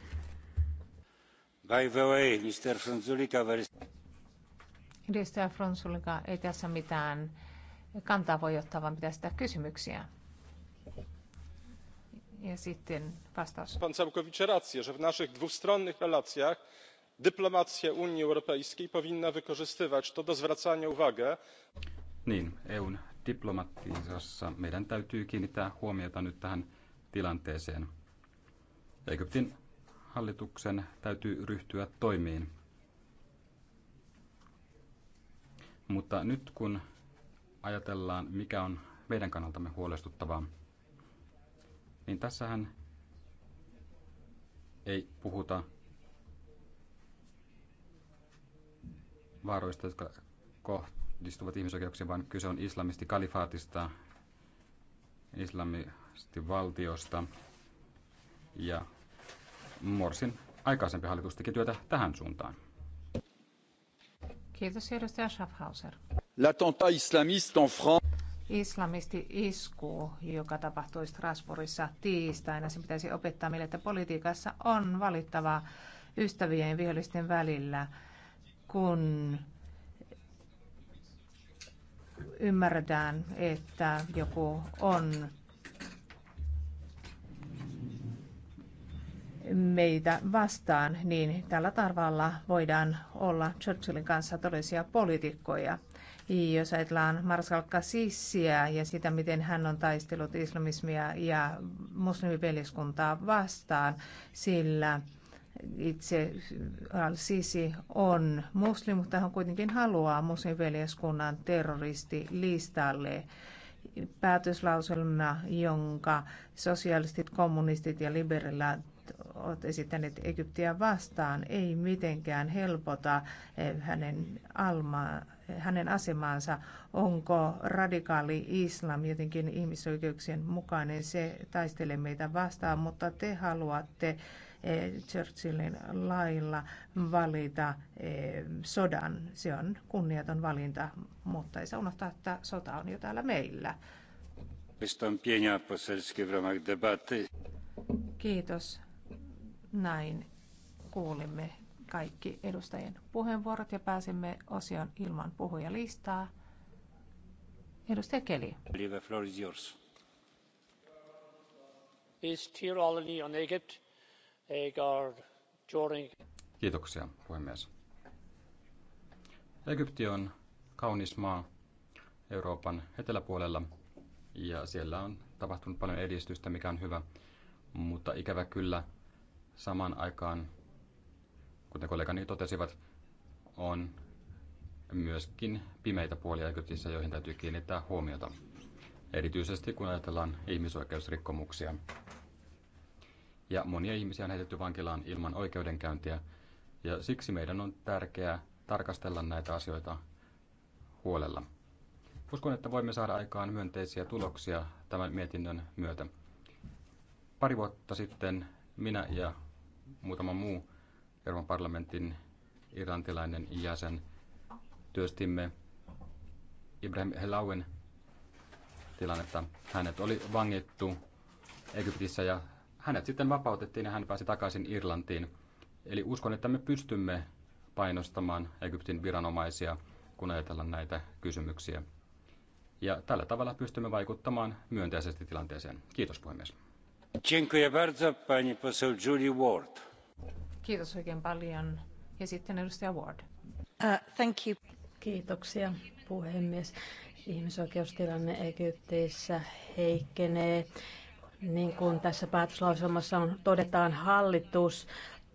By the way, Mr. Edustaja Frunzulika, ei tässä mitään kantaa voi ottaa, vaan pitää sitä kysymyksiä. Ja sitten vastaus. Pan całkowicie rację, że w naszych dwustronnych relacjach dyplomacja Unii Europejskiej powinna wykorzystywać to do zwracania uwagę. Niin, EUn diplomatiassa meidän täytyy kiinnittää huomiota nyt tähän tilanteeseen. Egyptin hallituksen täytyy ryhtyä toimiin. Mutta nyt kun ajatellaan, mikä on meidän kannaltamme huolestuttavaa, niin tässähän ei puhuta vaaroista, jotka kohdistuvat ihmisoikeuksiin, vaan kyse on islamisti kalifaatista, islamisti valtiosta. Ja Morsin aikaisempi hallitus teki työtä tähän suuntaan. Kiitos edustaja Schaffhauser l'attentat islamiste en France islamisti-isku, joka tapahtui Strasbourgissa tiistaina. Se pitäisi opettaa meille, että politiikassa on valittava ystävien ja vihollisten välillä, kun ymmärretään, että joku on meitä vastaan, niin tällä tavalla voidaan olla Churchillin kanssa todellisia poliitikkoja jos ajatellaan Marsalkka Sissiä ja sitä, miten hän on taistellut islamismia ja muslimipeliskuntaa vastaan, sillä itse al-Sisi on muslim, mutta hän kuitenkin haluaa muslimipeliskunnan terroristilistalle päätöslauselma, jonka sosialistit, kommunistit ja liberilat ovat esittäneet Egyptiä vastaan, ei mitenkään helpota eh, hänen almaa hänen asemaansa, onko radikaali islam jotenkin ihmisoikeuksien mukainen, se taistelee meitä vastaan, mutta te haluatte eh, Churchillin lailla valita eh, sodan. Se on kunniaton valinta, mutta ei saa unohtaa, että sota on jo täällä meillä. Kiitos. Näin kuulimme kaikki edustajien puheenvuorot ja pääsimme osion ilman puhujalistaa. Edustaja Keli. The floor is yours. Kiitoksia, puhemies. Egypti on kaunis maa Euroopan eteläpuolella ja siellä on tapahtunut paljon edistystä, mikä on hyvä, mutta ikävä kyllä samaan aikaan kuten kollegani totesivat, on myöskin pimeitä puolia Egyptissä, joihin täytyy kiinnittää huomiota, erityisesti kun ajatellaan ihmisoikeusrikkomuksia. Ja monia ihmisiä on heitetty vankilaan ilman oikeudenkäyntiä, ja siksi meidän on tärkeää tarkastella näitä asioita huolella. Uskon, että voimme saada aikaan myönteisiä tuloksia tämän mietinnön myötä. Pari vuotta sitten minä ja muutama muu Euroopan parlamentin irantilainen jäsen. Työstimme Ibrahim Helauen tilannetta. Hänet oli vangittu Egyptissä ja hänet sitten vapautettiin ja hän pääsi takaisin Irlantiin. Eli uskon, että me pystymme painostamaan Egyptin viranomaisia, kun ajatellaan näitä kysymyksiä. Ja tällä tavalla pystymme vaikuttamaan myönteisesti tilanteeseen. Kiitos puhemies. Dziękuję bardzo, pani poseł Julie Ward Kiitos oikein paljon. Ja sitten edustaja Ward. Uh, thank you. Kiitoksia puhemies. Ihmisoikeustilanne Egyptissä heikkenee. Niin kuin tässä päätöslauselmassa on, todetaan hallitus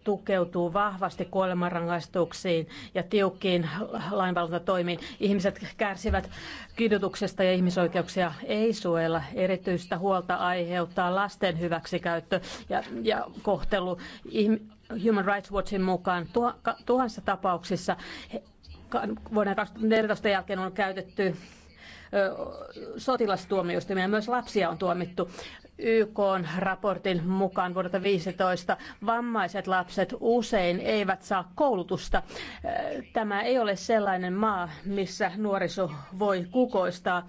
tukeutuu vahvasti kuolemanrangaistuksiin ja tiukkiin lainvalvontatoimiin. Ihmiset kärsivät kidutuksesta ja ihmisoikeuksia ei suojella. Erityistä huolta aiheuttaa lasten hyväksikäyttö ja, ja kohtelu. Human Rights Watchin mukaan tuhansissa tapauksissa vuoden 2014 jälkeen on käytetty sotilastuomioistuimia. Myös lapsia on tuomittu. YK-raportin mukaan vuodelta 2015 vammaiset lapset usein eivät saa koulutusta. Äh, tämä ei ole sellainen maa, missä nuoriso voi kukoistaa.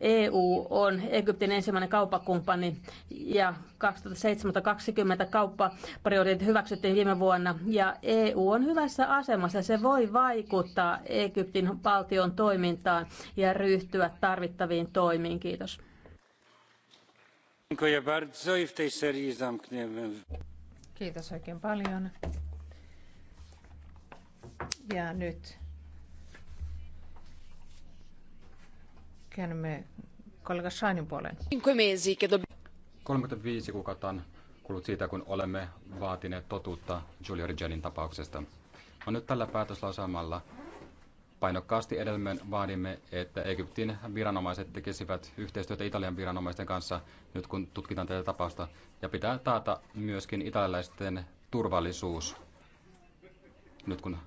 EU on Egyptin ensimmäinen kauppakumppani ja 2017-2020 kauppaprioriteetit hyväksyttiin viime vuonna ja EU on hyvässä asemassa. Se voi vaikuttaa Egyptin valtion toimintaan ja ryhtyä tarvittaviin toimiin. Kiitos. Kiitos oikein paljon. Ja nyt käännymme kollega Shainin kuukautta on kulunut siitä, kun olemme vaatineet totuutta Julia Rigelin tapauksesta. On nyt tällä päätöslausamalla Painokkaasti edelleen vaadimme, että Egyptin viranomaiset tekisivät yhteistyötä Italian viranomaisten kanssa nyt kun tutkitaan tätä tapausta. Ja pitää taata myöskin italialaisten turvallisuus nyt kun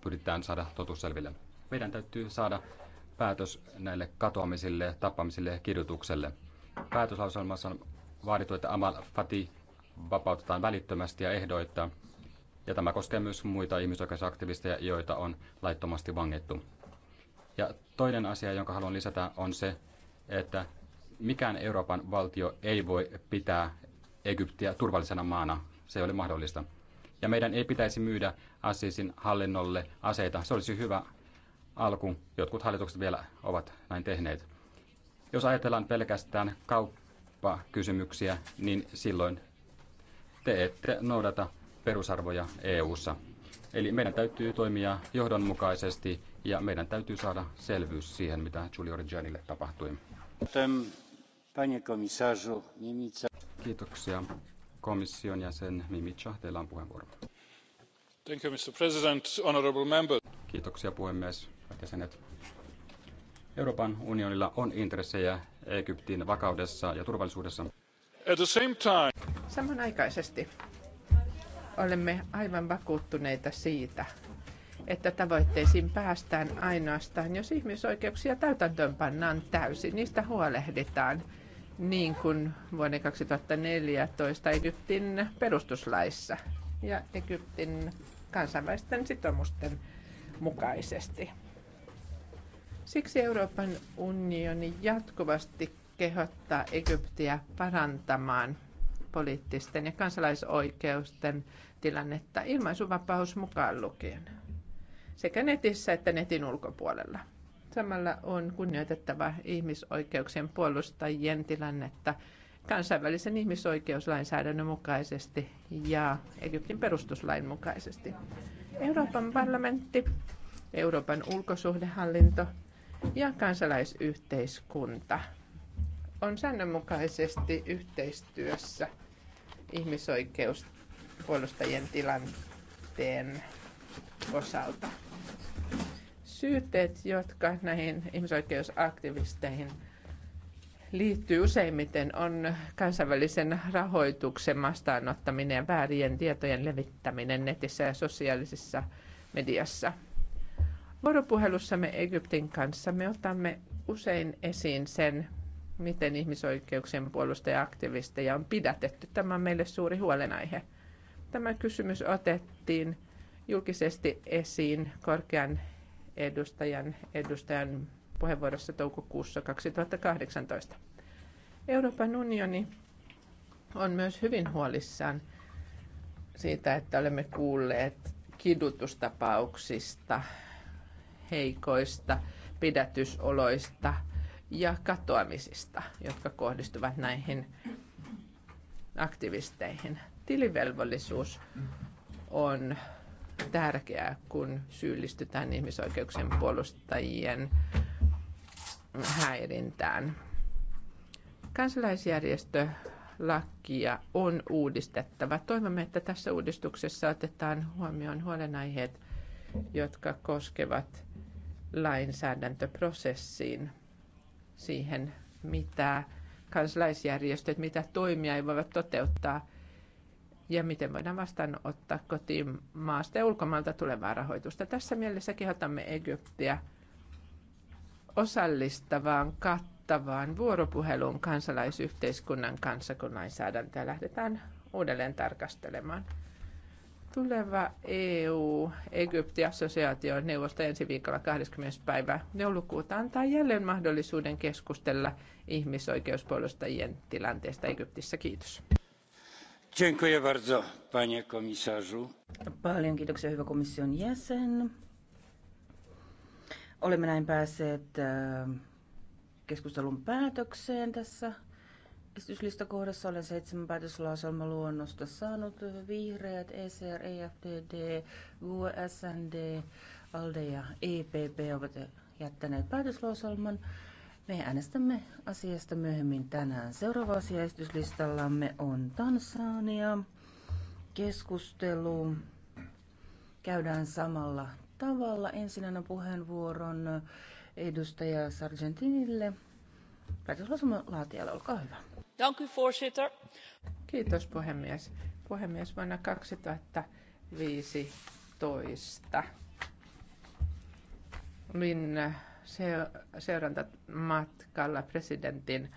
pyritään saada totuus selville. Meidän täytyy saada päätös näille katoamisille, tappamisille ja kidutukselle. Päätöslauselmassa on vaadittu, että Amal Fati vapautetaan välittömästi ja ehdoittaa, ja tämä koskee myös muita ihmisoikeusaktivisteja, joita on laittomasti vangittu. Ja toinen asia, jonka haluan lisätä, on se, että mikään Euroopan valtio ei voi pitää Egyptiä turvallisena maana. Se ei ole mahdollista. Ja meidän ei pitäisi myydä Assisin hallinnolle aseita. Se olisi hyvä alku. Jotkut hallitukset vielä ovat näin tehneet. Jos ajatellaan pelkästään kauppakysymyksiä, niin silloin te ette noudata perusarvoja EU:ssa. Eli meidän täytyy toimia johdonmukaisesti ja meidän täytyy saada selvyys siihen, mitä Giulio Reggianille tapahtui. Kiitoksia. Komission jäsen Mimica, teillä on puheenvuoro. Thank you, Mr. President, honorable members. Kiitoksia puhemies, jäsenet. Euroopan unionilla on intressejä Egyptin vakaudessa ja turvallisuudessa. At the same time... Samanaikaisesti olemme aivan vakuuttuneita siitä, että tavoitteisiin päästään ainoastaan, jos ihmisoikeuksia täytäntöön pannaan täysin. Niistä huolehditaan niin kuin vuoden 2014 Egyptin perustuslaissa ja Egyptin kansainvälisten sitoumusten mukaisesti. Siksi Euroopan unioni jatkuvasti kehottaa Egyptiä parantamaan poliittisten ja kansalaisoikeusten tilannetta ilmaisuvapaus mukaan lukien sekä netissä että netin ulkopuolella. Samalla on kunnioitettava ihmisoikeuksien puolustajien tilannetta kansainvälisen ihmisoikeuslainsäädännön mukaisesti ja Egyptin perustuslain mukaisesti. Euroopan parlamentti, Euroopan ulkosuhdehallinto ja kansalaisyhteiskunta – on säännönmukaisesti yhteistyössä ihmisoikeuspuolustajien tilanteen osalta. Syytteet, jotka näihin ihmisoikeusaktivisteihin liittyy useimmiten on kansainvälisen rahoituksen vastaanottaminen ja väärien tietojen levittäminen netissä ja sosiaalisessa mediassa. Vuoropuhelussamme Egyptin kanssa me otamme usein esiin sen, miten ihmisoikeuksien puolustaja aktivisteja on pidätetty. Tämä on meille suuri huolenaihe. Tämä kysymys otettiin julkisesti esiin korkean edustajan, edustajan puheenvuorossa toukokuussa 2018. Euroopan unioni on myös hyvin huolissaan siitä, että olemme kuulleet kidutustapauksista, heikoista pidätysoloista – ja katoamisista, jotka kohdistuvat näihin aktivisteihin. Tilivelvollisuus on tärkeää, kun syyllistytään ihmisoikeuksien puolustajien häirintään. Kansalaisjärjestö lakia on uudistettava. Toivomme, että tässä uudistuksessa otetaan huomioon huolenaiheet, jotka koskevat lainsäädäntöprosessiin siihen, mitä kansalaisjärjestöt, mitä toimia ei voivat toteuttaa ja miten voidaan vastaanottaa kotimaasta ja ulkomailta tulevaa rahoitusta. Tässä mielessä kehotamme Egyptiä osallistavaan, kattavaan vuoropuheluun kansalaisyhteiskunnan kanssa, kun lainsäädäntöä lähdetään uudelleen tarkastelemaan. Tuleva eu egypti assosiaatio neuvosto ensi viikolla 20. päivä joulukuuta antaa jälleen mahdollisuuden keskustella ihmisoikeuspuolustajien tilanteesta Egyptissä. Kiitos. Dziękuję bardzo, panie komisarzu. Paljon kiitoksia, hyvä komission jäsen. Olemme näin päässeet äh, keskustelun päätökseen tässä Esityslistakohdassa olen seitsemän päätöslauselma luonnosta saanut vihreät, ECR, EFTD, USND, ALDE ja EPP ovat jättäneet päätöslauselman. Me äänestämme asiasta myöhemmin tänään. Seuraava asia esityslistallamme on Tansania. Keskustelu käydään samalla tavalla. Ensin annan puheenvuoron edustaja Sargentinille. Päätöslauselman laatijalle, olkaa hyvä. Kiitos puhemies. Puhemies vuonna viisitoista olin äh, seurantamatkalla presidentin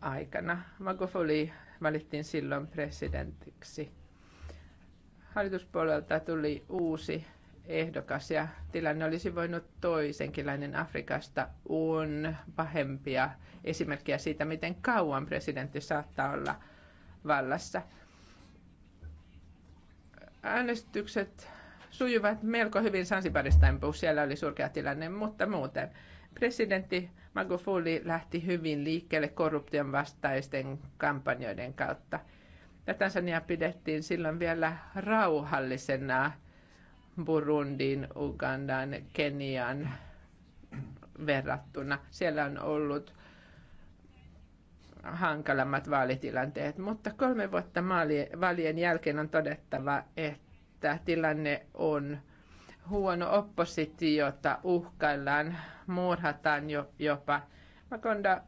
aikana. Magufuli valittiin silloin presidentiksi. Hallituspuolelta tuli uusi ehdokas ja tilanne olisi voinut toisenkinlainen. Afrikasta on pahempia esimerkkejä siitä, miten kauan presidentti saattaa olla vallassa. Äänestykset sujuvat melko hyvin Sansibarista, siellä oli surkea tilanne, mutta muuten. Presidentti Magufuli lähti hyvin liikkeelle korruption vastaisten kampanjoiden kautta. Ja Tansania pidettiin silloin vielä rauhallisena Burundiin, Ugandaan, Keniaan verrattuna. Siellä on ollut hankalammat vaalitilanteet, mutta kolme vuotta vaalien jälkeen on todettava, että tilanne on huono oppositiota, uhkaillaan, murhataan jo, jopa. Makonda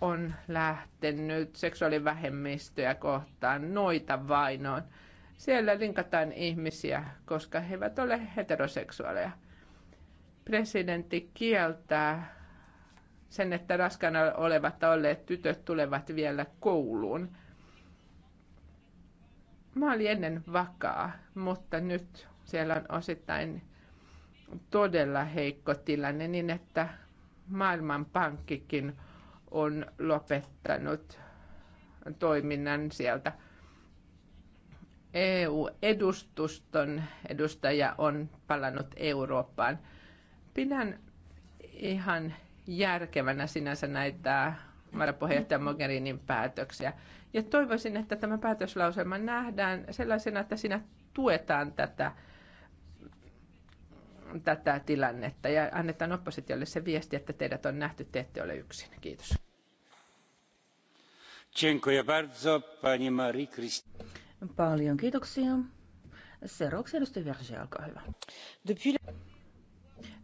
on lähtenyt seksuaalivähemmistöjä kohtaan, noita vainoon. Siellä linkataan ihmisiä, koska he eivät ole heteroseksuaaleja. Presidentti kieltää sen, että raskana olevat olleet tytöt tulevat vielä kouluun. Mä olin ennen vakaa, mutta nyt siellä on osittain todella heikko tilanne niin, että maailmanpankkikin on lopettanut toiminnan sieltä – EU-edustuston edustaja on palannut Eurooppaan. Pidän ihan järkevänä sinänsä näitä varapuheenjohtaja Mogherinin päätöksiä. Ja toivoisin, että tämä päätöslauselma nähdään sellaisena, että siinä tuetaan tätä, tätä tilannetta ja annetaan oppositiolle se viesti, että teidät on nähty, te ette ole yksin. Kiitos. Dziękuję bardzo, Pani Paljon kiitoksia. Seuraavaksi edustaja Verge, olkaa hyvä.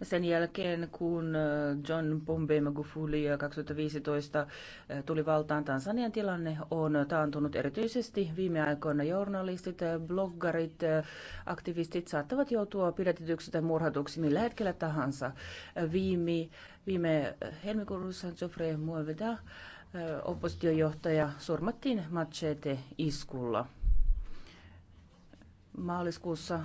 Sen jälkeen, kun äh, John Pombe Magufuli 2015 äh, äh, tuli valtaan, Tansanian tilanne on taantunut erityisesti viime aikoina. Journalistit, bloggarit, aktivistit saattavat joutua pidätetyksi tai murhatuksi millä hetkellä tahansa. Viime, viime helmikuussa Geoffrey Mueveda, oppositiojohtaja, surmattiin machete-iskulla maaliskuussa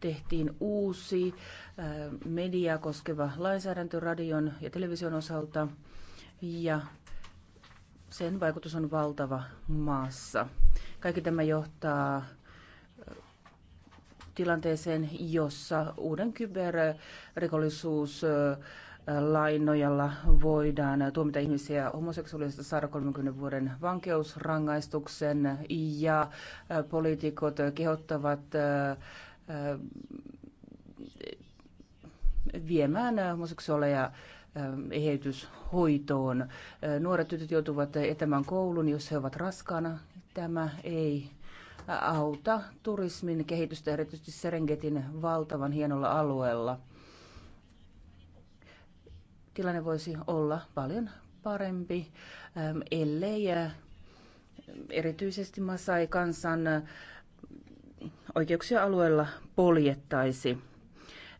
tehtiin uusi äh, mediaa koskeva lainsäädäntö radion ja television osalta ja sen vaikutus on valtava maassa. Kaikki tämä johtaa äh, tilanteeseen, jossa uuden kyberrikollisuus äh, lain voidaan tuomita ihmisiä homoseksuaalisesta saada 30 vuoden vankeusrangaistuksen ja poliitikot kehottavat viemään homoseksuaaleja eheytyshoitoon. Nuoret tytöt joutuvat etämään koulun, jos he ovat raskaana. Tämä ei auta turismin kehitystä erityisesti Serengetin valtavan hienolla alueella tilanne voisi olla paljon parempi, ellei erityisesti Masai kansan oikeuksia alueella poljettaisi.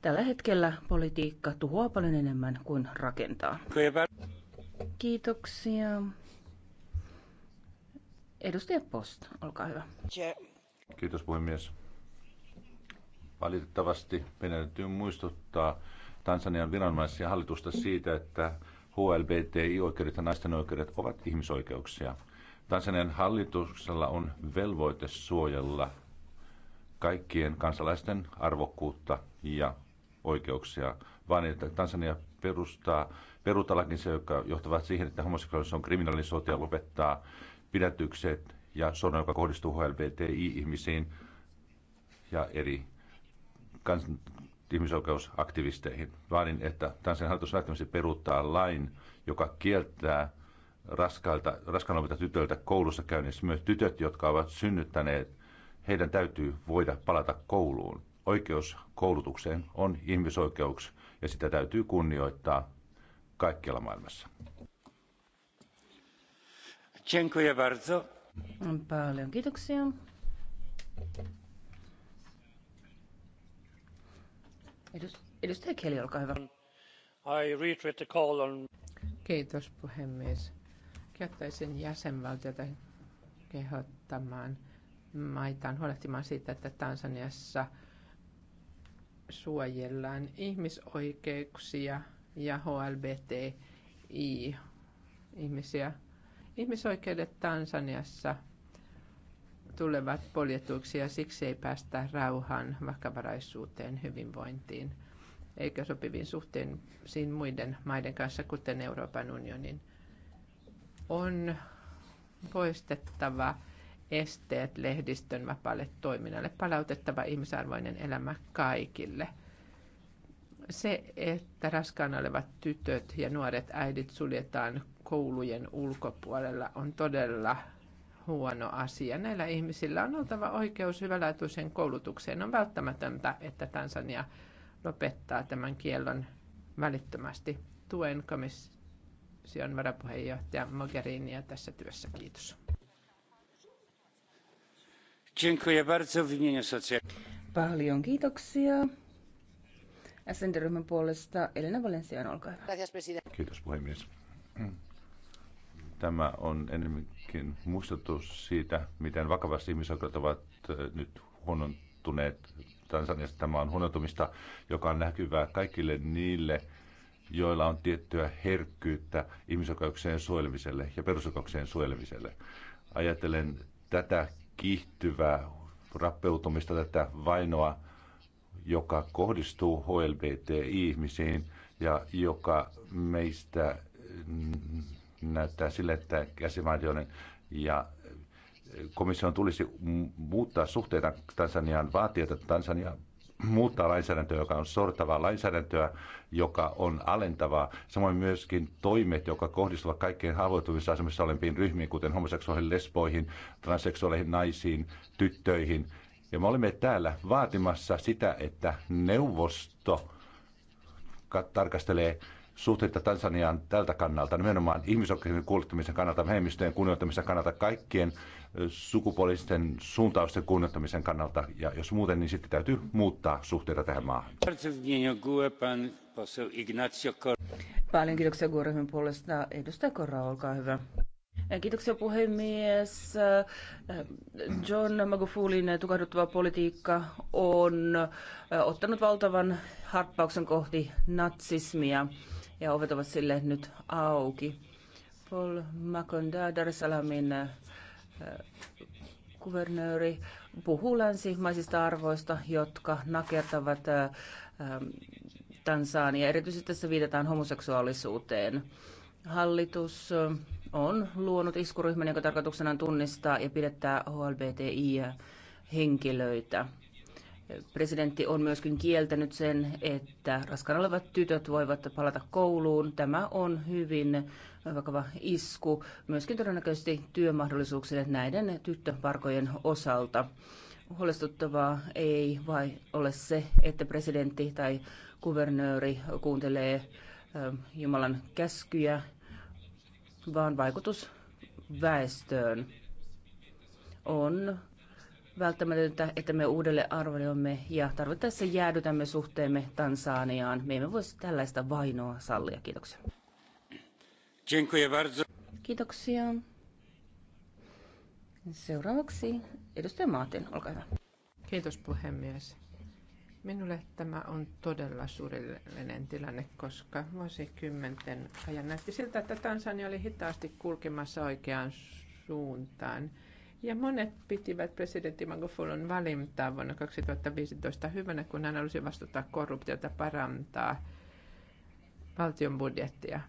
Tällä hetkellä politiikka tuhoaa paljon enemmän kuin rakentaa. Kiitoksia. Edustaja Post, olkaa hyvä. Kiitos puhemies. Valitettavasti meidän täytyy muistuttaa Tansanian viranomaisia hallitusta siitä, että HLBTI-oikeudet ja naisten oikeudet ovat ihmisoikeuksia. Tansanian hallituksella on velvoite suojella kaikkien kansalaisten arvokkuutta ja oikeuksia, vaan että Tansania perustaa perutalakin se, joka johtavat siihen, että homoseksuaalisuus on kriminalisoitu ja lopettaa pidätykset ja sodan, joka kohdistuu HLBTI-ihmisiin ja eri kans- ihmisoikeusaktivisteihin, vaadin, että Tanssien hallitus välttämättä peruuttaa lain, joka kieltää raskailta, raskaana tytöiltä koulussa käynnissä myös tytöt, jotka ovat synnyttäneet, heidän täytyy voida palata kouluun. Oikeus koulutukseen on ihmisoikeus ja sitä täytyy kunnioittaa kaikkialla maailmassa. Dziękuję bardzo. Paljon kiitoksia. Edustaja olkaa hyvä. I the call on... Kiitos puhemies. Kehottaisin jäsenvaltiota kehottamaan maitaan huolehtimaan siitä, että Tansaniassa suojellaan ihmisoikeuksia ja HLBTI-ihmisiä. Ihmisoikeudet Tansaniassa – tulevat poljetuiksi ja siksi ei päästä rauhaan, vakavaraisuuteen, hyvinvointiin eikä sopiviin suhteisiin muiden maiden kanssa, kuten Euroopan unionin. On poistettava esteet lehdistön vapaalle toiminnalle, palautettava ihmisarvoinen elämä kaikille. Se, että raskaana olevat tytöt ja nuoret äidit suljetaan koulujen ulkopuolella, on todella huono asia. Näillä ihmisillä on oltava oikeus hyvälaatuiseen koulutukseen. On välttämätöntä, että Tansania lopettaa tämän kiellon välittömästi. Tuen komission varapuheenjohtaja Mogherinia tässä työssä. Kiitos. Paljon kiitoksia. SND-ryhmän puolesta Elena Valencian, olkaa hyvä. Kiitos puhemies. Tämä on enemmänkin muistutus siitä, miten vakavasti ihmisoikeudet ovat äh, nyt huonontuneet Tansaniassa. Tämä on huonontumista, joka on näkyvää kaikille niille, joilla on tiettyä herkkyyttä ihmisoikeuksien suojelemiselle ja perusoikeuksien suojelemiselle. Ajattelen tätä kiihtyvää rappeutumista, tätä vainoa, joka kohdistuu hlbt ihmisiin ja joka meistä näyttää sille, että jäsenvaltioiden ja komission tulisi muuttaa suhteita Tansaniaan, vaatia, että Tansania muuttaa lainsäädäntöä, joka on sortavaa lainsäädäntöä, joka on alentavaa. Samoin myöskin toimet, jotka kohdistuvat kaikkein haavoittuvissa asemissa olempiin ryhmiin, kuten homoseksuaaleihin, lesboihin, transseksuaaleihin, naisiin, tyttöihin. Ja me olemme täällä vaatimassa sitä, että neuvosto tarkastelee suhteita Tansaniaan tältä kannalta, nimenomaan ihmisoikeuksien kuulittamisen kannalta, vähemmistöjen kunnioittamisen kannalta, kaikkien sukupuolisten suuntausten kunnioittamisen kannalta. Ja jos muuten, niin sitten täytyy muuttaa suhteita tähän maahan. Paljon kiitoksia Guoremin puolesta. Edustaja Korra, olkaa hyvä. Kiitoksia puhemies. John Magufulin tukahduttava politiikka on ottanut valtavan harppauksen kohti natsismia ja ovet ovat sille nyt auki. Paul Makonda, Dar es Salamin äh, kuvernööri, puhuu länsimaisista arvoista, jotka nakertavat äh, ähm, Tansania. Erityisesti tässä viitataan homoseksuaalisuuteen. Hallitus äh, on luonut iskuryhmän, jonka tarkoituksena on tunnistaa ja pidettää HLBTI-henkilöitä. Presidentti on myöskin kieltänyt sen, että raskaana olevat tytöt voivat palata kouluun. Tämä on hyvin vakava isku myöskin todennäköisesti työmahdollisuuksille näiden tyttöparkojen osalta. Huolestuttavaa ei vai ole se, että presidentti tai kuvernööri kuuntelee Jumalan käskyjä, vaan vaikutus väestöön on välttämätöntä, että me uudelle arvioimme ja tarvittaessa jäädytämme suhteemme Tansaniaan. Me emme voisi tällaista vainoa sallia. Kiitoksia. Kiitoksia. Seuraavaksi edustaja Maatin, olkaa hyvä. Kiitos puhemies. Minulle tämä on todella surillinen tilanne, koska vuosikymmenten ajan näytti siltä, että Tansania oli hitaasti kulkemassa oikeaan suuntaan – ja monet pitivät presidentti Magufulun valintaa vuonna 2015 hyvänä, kun hän halusi vastata korruptiota parantaa valtion budjettia.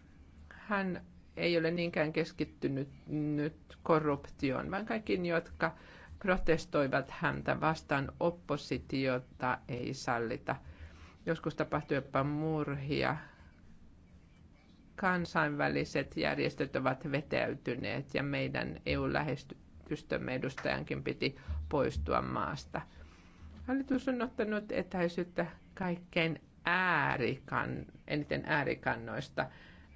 Hän ei ole niinkään keskittynyt nyt korruptioon, vaan kaikki, jotka protestoivat häntä vastaan. Oppositiota ei sallita. Joskus tapahtuu jopa murhia. Kansainväliset järjestöt ovat vetäytyneet ja meidän EU-lähestyt lähetystömme edustajankin piti poistua maasta. Hallitus on ottanut etäisyyttä kaikkein äärikan, eniten äärikannoista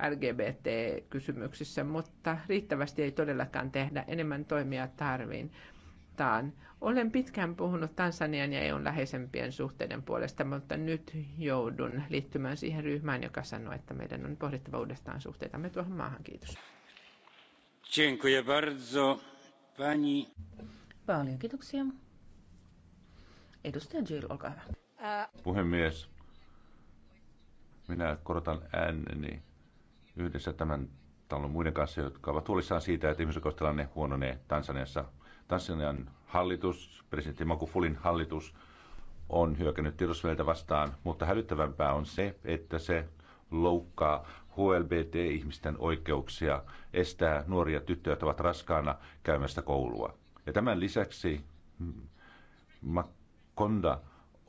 LGBT-kysymyksissä, mutta riittävästi ei todellakaan tehdä. Enemmän toimia tarvitaan. Olen pitkään puhunut Tansanian ja EUn läheisempien suhteiden puolesta, mutta nyt joudun liittymään siihen ryhmään, joka sanoo, että meidän on pohdittava uudestaan suhteitamme tuohon maahan. Kiitos. Dziękuję Pani. Paljon kiitoksia. Edustaja Jill, olkaa hyvä. Ää... Äh. Puhemies, minä korotan ääneni yhdessä tämän talon muiden kanssa, jotka ovat huolissaan siitä, että ihmisoikeustilanne huononee Tansaniassa. Tansanian hallitus, presidentti Makufulin hallitus, on hyökännyt tiedosveltä vastaan, mutta hälyttävämpää on se, että se loukkaa HLBT-ihmisten oikeuksia, estää nuoria tyttöjä, jotka ovat raskaana käymästä koulua. Ja tämän lisäksi Makonda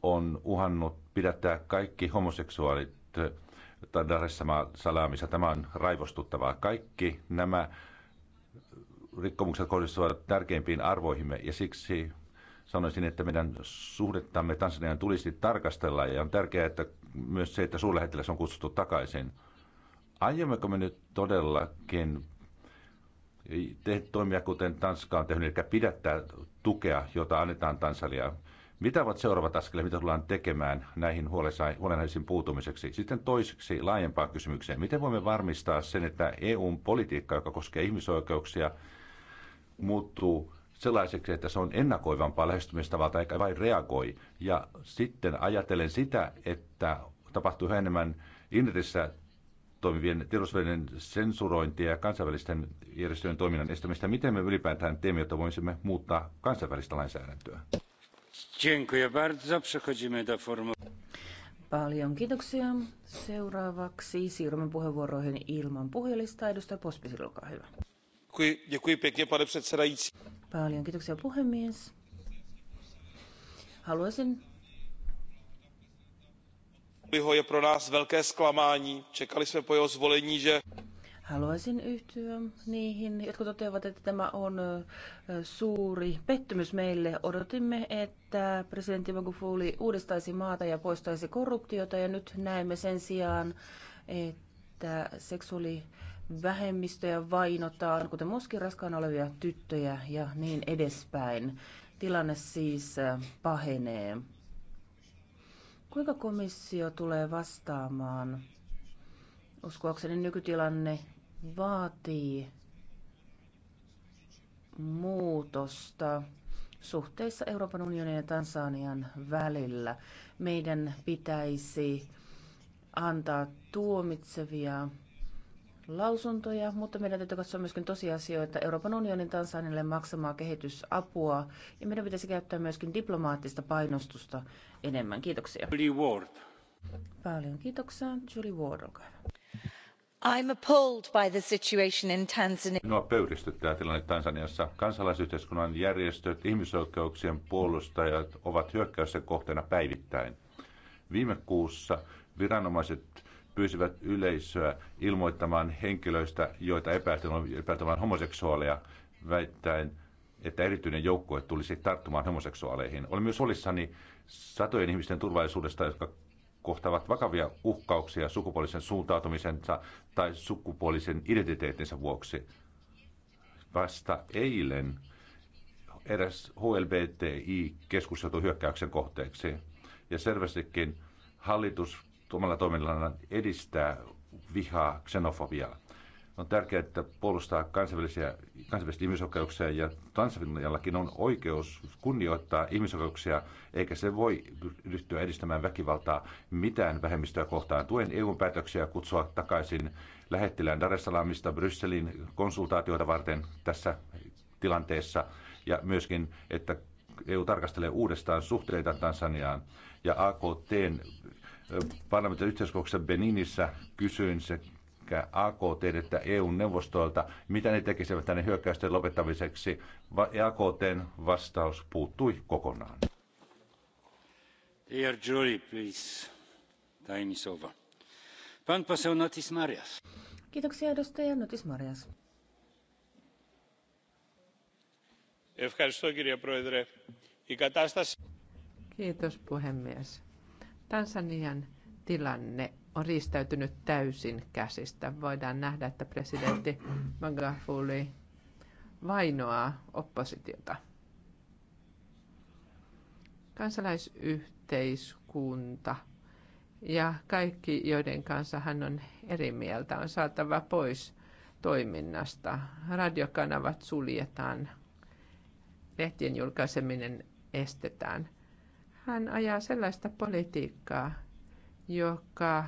on uhannut pidättää kaikki homoseksuaalit äh, Daressama salaamissa. Tämä on raivostuttavaa. Kaikki nämä rikkomukset kohdistuvat tärkeimpiin arvoihimme ja siksi sanoisin, että meidän suhdettamme Tansanian tulisi tarkastella ja on tärkeää, että myös se, että suurlähettiläs on kutsuttu takaisin – Aiommeko me nyt todellakin te, toimia kuten Tanska on tehnyt, eli pidättää tukea, jota annetaan Tansaliaan? Mitä ovat seuraavat askeleet, mitä tullaan tekemään näihin huolenaisiin puutumiseksi? Sitten toiseksi laajempaan kysymykseen. Miten voimme varmistaa sen, että EUn politiikka, joka koskee ihmisoikeuksia, muuttuu sellaiseksi, että se on ennakoivampaa lähestymistavalta eikä vain reagoi. Ja sitten ajatellen sitä, että tapahtuu enemmän Inrissä toimivien tiedotusvälineiden sensurointia ja kansainvälisten järjestöjen toiminnan estämistä. Miten me ylipäätään teemme, jotta voisimme muuttaa kansainvälistä lainsäädäntöä? Paljon kiitoksia. Seuraavaksi siirrymme puheenvuoroihin ilman puhelista. Edustaja Pospisil, olkaa hyvä. Paljon kiitoksia puhemies. Haluaisin Biho je pro nás velké zklamání. Čekali jsme po jeho zvolení, že... Haluaisin yhtyä niihin, jotka toteavat, että tämä on suuri pettymys meille. Odotimme, että presidentti Magufuli uudistaisi maata ja poistaisi korruptiota ja nyt näemme sen sijaan, että seksuaali vähemmistöjä vainotaan, kuten myöskin raskaana olevia tyttöjä ja niin edespäin. Tilanne siis pahenee. Kuinka komissio tulee vastaamaan? Uskoakseni nykytilanne vaatii muutosta suhteissa Euroopan unionin ja Tansanian välillä. Meidän pitäisi antaa tuomitsevia lausuntoja, mutta meidän täytyy katsoa myöskin tosiasioita Euroopan unionin Tansanille maksamaa kehitysapua, ja meidän pitäisi käyttää myöskin diplomaattista painostusta enemmän. Kiitoksia. Julie Ward. Paljon kiitoksia. Julie Ward, olkaa hyvä. I'm appalled by the situation in Tanzania. Minua pöyristyttää tilanne Tansaniassa. Kansalaisyhteiskunnan järjestöt, ihmisoikeuksien puolustajat ovat hyökkäyksen kohteena päivittäin. Viime kuussa viranomaiset pyysivät yleisöä ilmoittamaan henkilöistä, joita epäiltävän homoseksuaaleja, väittäen, että erityinen joukkue tulisi tarttumaan homoseksuaaleihin. Olen myös huolissani satojen ihmisten turvallisuudesta, jotka kohtavat vakavia uhkauksia sukupuolisen suuntautumisensa tai sukupuolisen identiteettinsä vuoksi. Vasta eilen eräs HLBTI keskusteltu hyökkäyksen kohteeksi. Ja selvästikin hallitus omalla toiminnallaan edistää vihaa, xenofobiaa. On tärkeää, että puolustaa kansainvälisiä, kansainvälisiä ihmisoikeuksia ja Tansaniallakin on oikeus kunnioittaa ihmisoikeuksia, eikä se voi ryhtyä edistämään väkivaltaa mitään vähemmistöä kohtaan. Tuen EUn päätöksiä kutsua takaisin lähettilään Dar es Salaamista Brysselin konsultaatioita varten tässä tilanteessa ja myöskin, että EU tarkastelee uudestaan suhteita Tansaniaan ja AKTn parlamentin yhteiskokouksessa Beninissä kysyin sekä AKT että EU-neuvostoilta, mitä ne tekisivät tänne hyökkäysten lopettamiseksi. Ja AKTn vastaus puuttui kokonaan. Dear jury, please. Tainisova. Pan poseł Notis Marias. Kiitoksia edustaja Notis Marias. Kiitos puhemies Tansanian tilanne on riistäytynyt täysin käsistä. Voidaan nähdä, että presidentti Magafuli vainoaa oppositiota. Kansalaisyhteiskunta ja kaikki, joiden kanssa hän on eri mieltä, on saatava pois toiminnasta. Radiokanavat suljetaan, lehtien julkaiseminen estetään – hän ajaa sellaista politiikkaa, joka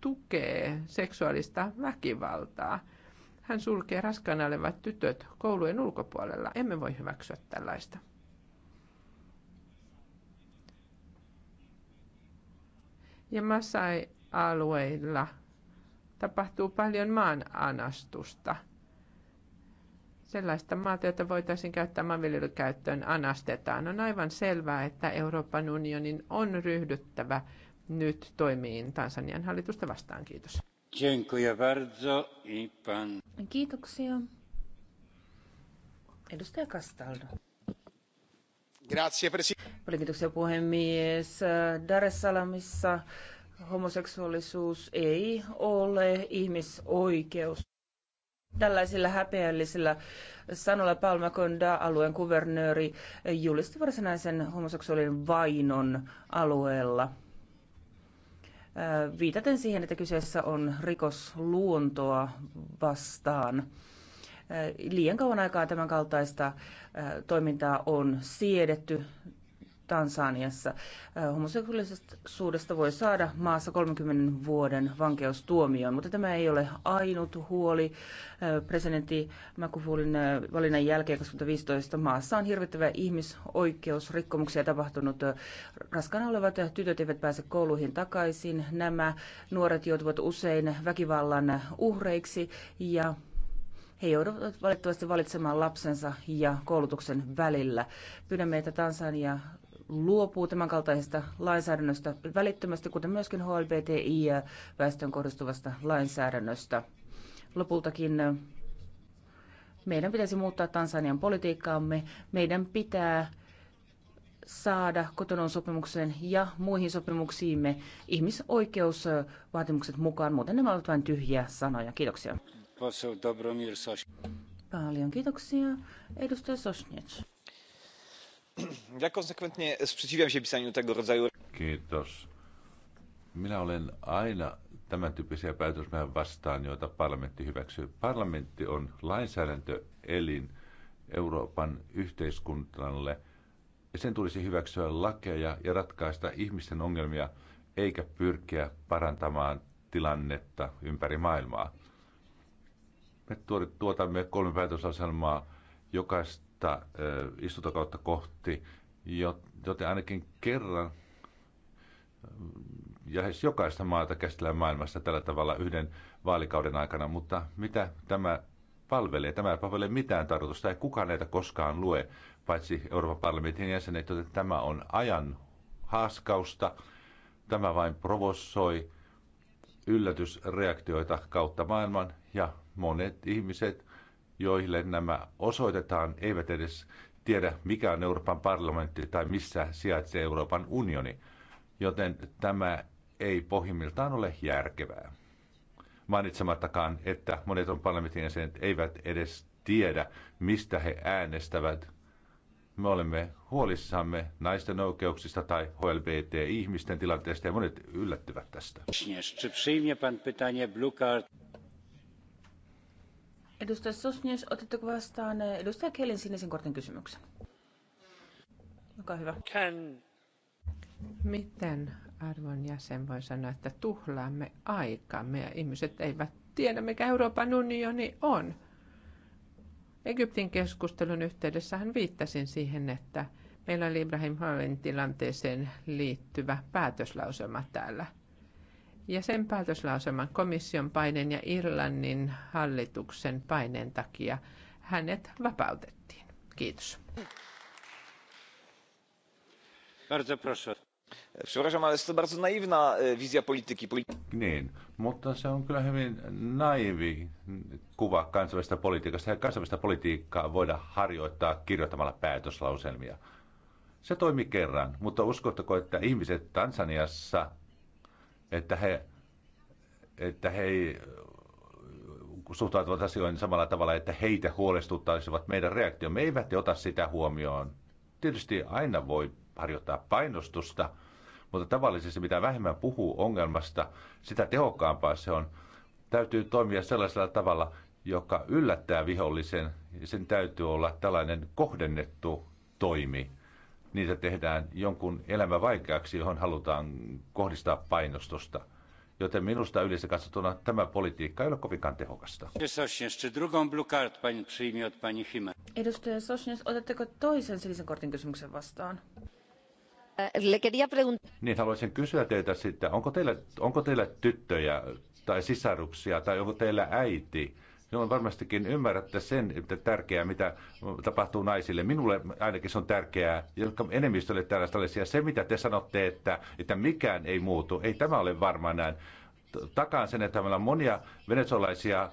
tukee seksuaalista väkivaltaa. Hän sulkee raskaana olevat tytöt koulujen ulkopuolella. Emme voi hyväksyä tällaista. Ja Masai-alueilla tapahtuu paljon maananastusta – sellaista maata, jota voitaisiin käyttää maanviljelykäyttöön, anastetaan. On aivan selvää, että Euroopan unionin on ryhdyttävä nyt toimiin Tansanian hallitusta vastaan. Kiitos. Kiitoksia. Edustaja Castaldo. Grazie, Kiitoksia puhemies. Dar es Salaamissa homoseksuaalisuus ei ole ihmisoikeus. Tällaisilla häpeällisillä sanoilla Palma alueen kuvernööri julisti varsinaisen homoseksuaalin vainon alueella. Äh, viitaten siihen, että kyseessä on rikosluontoa vastaan. Äh, liian kauan aikaa tämän kaltaista äh, toimintaa on siedetty. Tansaniassa. Homoseksuaalisuudesta voi saada maassa 30 vuoden vankeustuomioon, mutta tämä ei ole ainut huoli. Presidentti Makufuulin valinnan jälkeen 2015 maassa on hirvittävä ihmisoikeusrikkomuksia tapahtunut. Raskana olevat tytöt eivät pääse kouluihin takaisin. Nämä nuoret joutuvat usein väkivallan uhreiksi ja he joudut valitettavasti valitsemaan lapsensa ja koulutuksen välillä. Pyydämme, että Tansania luopuu tämänkaltaisesta lainsäädännöstä välittömästi, kuten myöskin HLBTI-väestön kohdistuvasta lainsäädännöstä. Lopultakin äh, meidän pitäisi muuttaa Tansanian politiikkaamme. Meidän pitää saada kotonon sopimukseen ja muihin sopimuksiimme ihmisoikeusvaatimukset mukaan. Muuten nämä ovat vain tyhjiä sanoja. Kiitoksia. Paljon kiitoksia. Edustaja Sosniec. Ja konsekwentnie sprzeciwiam się pisaniu tego rodzaju... Kiitos. Minä olen aina tämän tyyppisiä päätösmää vastaan, joita parlamentti hyväksyy. Parlamentti on lainsäädäntöelin Euroopan yhteiskunnalle ja sen tulisi hyväksyä lakeja ja ratkaista ihmisten ongelmia eikä pyrkiä parantamaan tilannetta ympäri maailmaa. Me tuotamme kolme päätösasemaa jokaista uutta istuntokautta kohti, joten ainakin kerran ja lähes jokaista maata käsitellään maailmassa tällä tavalla yhden vaalikauden aikana, mutta mitä tämä palvelee? Tämä ei palvele mitään tarkoitusta, ei kukaan näitä koskaan lue, paitsi Euroopan parlamentin jäsenet, joten tämä on ajan haaskausta, tämä vain provosoi yllätysreaktioita kautta maailman ja monet ihmiset joille nämä osoitetaan, eivät edes tiedä, mikä on Euroopan parlamentti tai missä sijaitsee Euroopan unioni. Joten tämä ei pohjimmiltaan ole järkevää. Mainitsemattakaan, että monet on parlamentin jäsenet eivät edes tiedä, mistä he äänestävät. Me olemme huolissamme naisten oikeuksista tai HLBT-ihmisten tilanteesta ja monet yllättyvät tästä. Edustaja Sosnius, otetteko vastaan eh, edustaja Kellen sinisen kortin kysymyksen? Olkaa hyvä. Can. Miten arvon jäsen voi sanoa, että tuhlaamme aikamme ja ihmiset eivät tiedä, mikä Euroopan unioni on? Egyptin keskustelun yhteydessähän viittasin siihen, että meillä oli Ibrahim Hallin tilanteeseen liittyvä päätöslauselma täällä – ja sen päätöslauselman komission paineen ja Irlannin hallituksen paineen takia hänet vapautettiin. Kiitos. Bardzo proszę. Przepraszam, ale to bardzo naiwna e, wizja polityki. Niin, mutta se on kyllä hyvin naivi kuva kansainvälisestä politiikasta. Ja kansainvälistä politiikkaa voida harjoittaa kirjoittamalla päätöslauselmia. Se toimi kerran, mutta uskotteko, että ihmiset Tansaniassa että he, että he suhtautuvat asioihin samalla tavalla, että heitä huolestuttaisivat meidän reaktio Me eivät ota sitä huomioon. Tietysti aina voi harjoittaa painostusta, mutta tavallisesti mitä vähemmän puhuu ongelmasta, sitä tehokkaampaa se on. Täytyy toimia sellaisella tavalla, joka yllättää vihollisen. Sen täytyy olla tällainen kohdennettu toimi niitä tehdään jonkun elämä vaikeaksi, johon halutaan kohdistaa painostusta. Joten minusta yleensä katsottuna tämä politiikka ei ole kovinkaan tehokasta. Edustaja Sosnes, otatteko toisen sinisen kortin kysymyksen vastaan? Eh, niin haluaisin kysyä teiltä sitten, onko teillä, onko teillä tyttöjä tai sisaruksia tai onko teillä äiti? Minun no, varmastikin ymmärrätte sen, että tärkeää, mitä tapahtuu naisille. Minulle ainakin se on tärkeää, jotka enemmistölle tällaista olisi. Ja se, mitä te sanotte, että, että mikään ei muutu, ei tämä ole varma näin. Takaan sen, että meillä on monia venezolaisia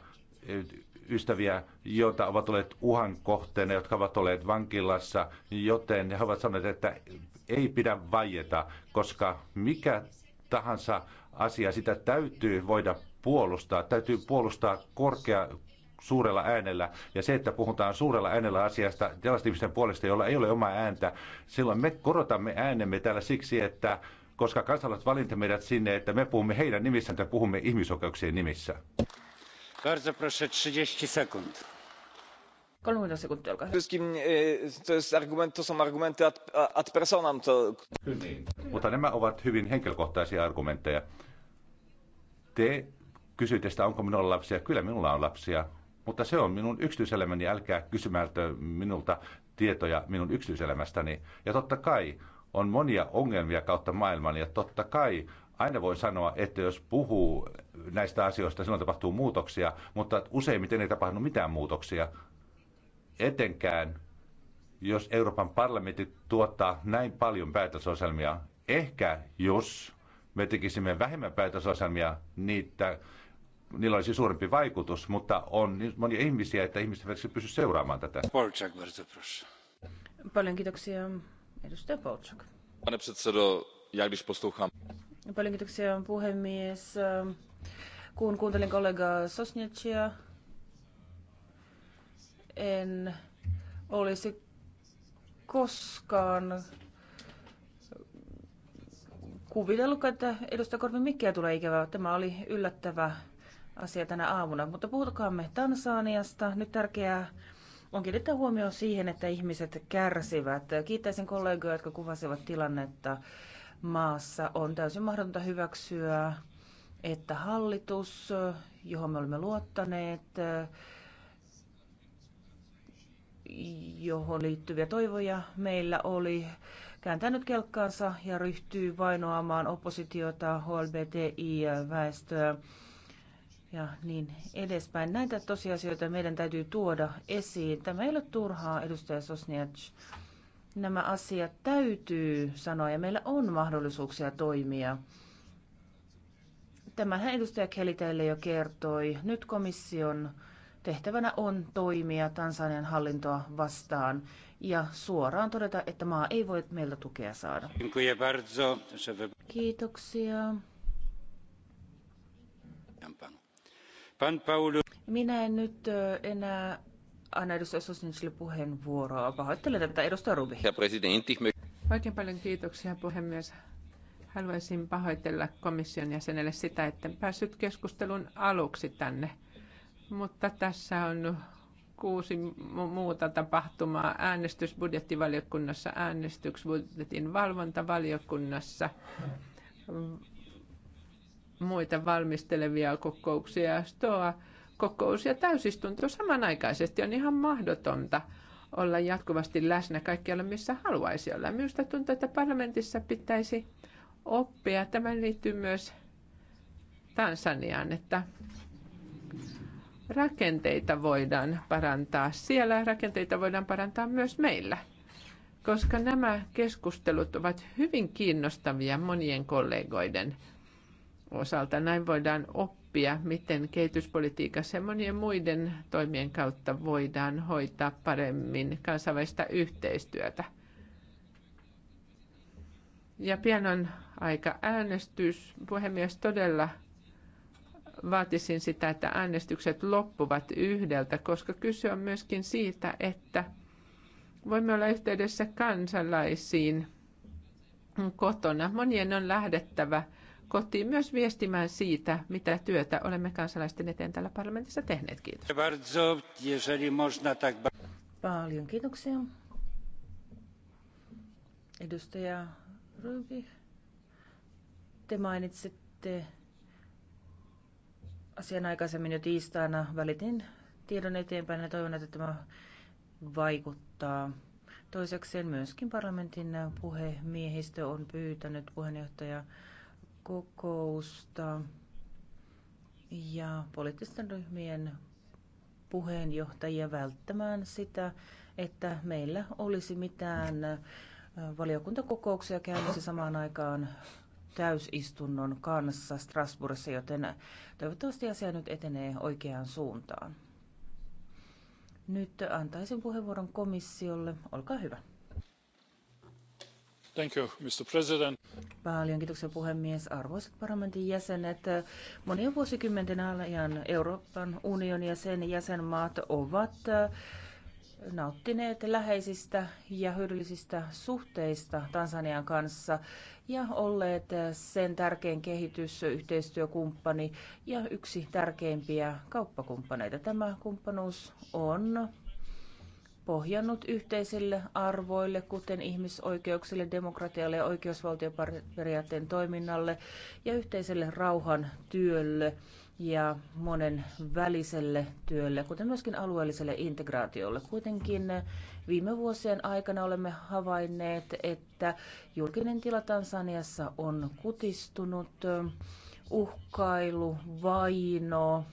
eh, ystäviä, joita ovat olleet uhan kohteena, jotka ovat olleet vankilassa, joten he ovat sanoneet, että ei pidä vaieta, koska mikä tahansa asia, sitä täytyy voida puolustaa. Täytyy puolustaa korkea, suurella äänellä. Ja se, että puhutaan suurella äänellä asiasta sellaisten ihmisten puolesta, jolla ei ole omaa ääntä, silloin me korotamme äänemme täällä siksi, että koska kansalaiset valinta meidät sinne, että me puhumme heidän nimissään tai puhumme ihmisoikeuksien nimissä. Bardzo proszę, 30 sekund. 30 sekuntia, olkaa hyvä. E, to, są argumenty ad, ad personam. To... Niin. Mutta nämä ovat hyvin henkilökohtaisia argumentteja. Te kysyitte sitä, onko minulla lapsia. Kyllä minulla on lapsia. Mutta se on minun yksityiselämäni, älkää kysymältä minulta tietoja minun yksityiselämästäni. Ja totta kai on monia ongelmia kautta maailman ja totta kai aina voi sanoa, että jos puhuu näistä asioista, silloin tapahtuu muutoksia, mutta useimmiten ei tapahdu mitään muutoksia. Etenkään, jos Euroopan parlamentti tuottaa näin paljon päätösosalmia, ehkä jos me tekisimme vähemmän päätösosalmia, niitä niillä olisi suurempi vaikutus, mutta on niin monia ihmisiä, että ihmiset eivät siis pysty seuraamaan tätä. Polčak, Paljon kiitoksia, edustaja Polčak. Pane předsedo, já když poslouchám... Paljon kiitoksia, puhemies. Kun kuuntelin kollega Sosnetsia, en olisi koskaan kuvitellut, että edustaja Korvin Mikkiä tulee ikävää. Tämä oli yllättävä asia tänä aamuna. Mutta puhutakaamme Tansaniasta. Nyt tärkeää on kiinnittää huomioon siihen, että ihmiset kärsivät. Kiittäisin kollegoja, jotka kuvasivat tilannetta maassa. On täysin mahdotonta hyväksyä, että hallitus, johon me olemme luottaneet, johon liittyviä toivoja meillä oli, kääntää nyt kelkkaansa ja ryhtyy vainoamaan oppositiota, HLBTI-väestöä ja niin edespäin. Näitä tosiasioita meidän täytyy tuoda esiin. Tämä ei ole turhaa, edustaja Sosniac. Nämä asiat täytyy sanoa ja meillä on mahdollisuuksia toimia. Tämähän edustaja Kelly teille jo kertoi. Nyt komission tehtävänä on toimia Tansanian hallintoa vastaan ja suoraan todeta, että maa ei voi meiltä tukea saada. Kiitoksia. Kiitoksia. Minä en nyt enää anna edustaja Sosnitsille puheenvuoroa. Pahoittelen tätä edustaja Rubi. Oikein paljon kiitoksia puhemies. Haluaisin pahoitella komission jäsenelle sitä, että en päässyt keskustelun aluksi tänne. Mutta tässä on kuusi muuta tapahtumaa. Äänestys budjettivaliokunnassa, äänestys budjetin valvontavaliokunnassa, muita valmistelevia kokouksia, stoa kokous ja täysistunto samanaikaisesti on ihan mahdotonta olla jatkuvasti läsnä kaikkialla, missä haluaisi olla. Minusta tuntuu, että parlamentissa pitäisi oppia. Tämä liittyy myös Tansaniaan, että rakenteita voidaan parantaa siellä, rakenteita voidaan parantaa myös meillä, koska nämä keskustelut ovat hyvin kiinnostavia monien kollegoiden osalta. Näin voidaan oppia, miten kehityspolitiikassa ja monien muiden toimien kautta voidaan hoitaa paremmin kansainvälistä yhteistyötä. Ja pian on aika äänestys. Puhemies, todella vaatisin sitä, että äänestykset loppuvat yhdeltä, koska kyse on myöskin siitä, että voimme olla yhteydessä kansalaisiin kotona. Monien on lähdettävä – kotiin myös viestimään siitä, mitä työtä olemme kansalaisten eteen täällä parlamentissa tehneet. Kiitos. Paljon kiitoksia. Edustaja Ruby, te mainitsitte asian aikaisemmin jo tiistaina. Välitin tiedon eteenpäin ja toivon, että tämä vaikuttaa. Toisekseen myöskin parlamentin puhemiehistö on pyytänyt puheenjohtaja kokousta ja poliittisten ryhmien puheenjohtajia välttämään sitä, että meillä olisi mitään valiokuntakokouksia käynnissä samaan aikaan täysistunnon kanssa Strasbourgissa, joten toivottavasti asia nyt etenee oikeaan suuntaan. Nyt antaisin puheenvuoron komissiolle. Olkaa hyvä. Mr. President. Paljon kiitoksia puhemies. Arvoisat parlamentin jäsenet, monien vuosikymmenten ajan Euroopan unioni ja sen jäsenmaat ovat äh, nauttineet läheisistä ja hyödyllisistä suhteista Tansanian kanssa ja olleet äh, sen tärkein kehitysyhteistyökumppani ja yksi tärkeimpiä kauppakumppaneita. Tämä kumppanuus on pohjannut yhteisille arvoille, kuten ihmisoikeuksille, demokratialle ja oikeusvaltioperiaatteen toiminnalle ja yhteiselle rauhan työlle ja monen väliselle työlle, kuten myöskin alueelliselle integraatiolle. Kuitenkin viime vuosien aikana olemme havainneet, että julkinen tila Tansaniassa on kutistunut, uhkailu, vaino,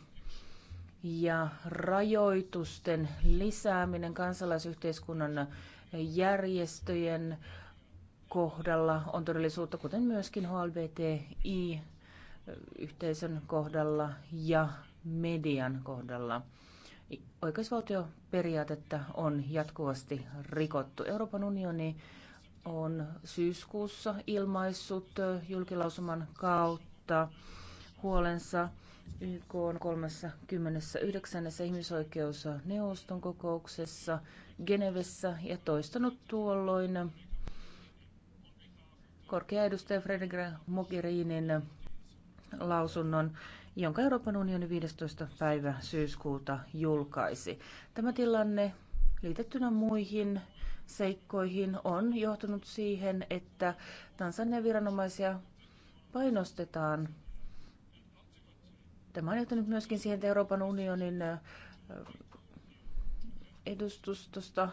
ja rajoitusten lisääminen kansalaisyhteiskunnan järjestöjen kohdalla on todellisuutta, kuten myöskin HLBTI-yhteisön kohdalla ja median kohdalla. Oikeusvaltioperiaatetta on jatkuvasti rikottu. Euroopan unioni on syyskuussa ilmaissut julkilausuman kautta huolensa YK on 39. ihmisoikeusneuvoston kokouksessa Genevessä ja toistanut tuolloin korkea edustaja Frederica Mogherinin lausunnon, jonka Euroopan unioni 15. päivä syyskuuta julkaisi. Tämä tilanne liitettynä muihin seikkoihin on johtanut siihen, että Tansanian viranomaisia painostetaan Tämä on johtanut myöskin siihen, että Euroopan unionin edustustosta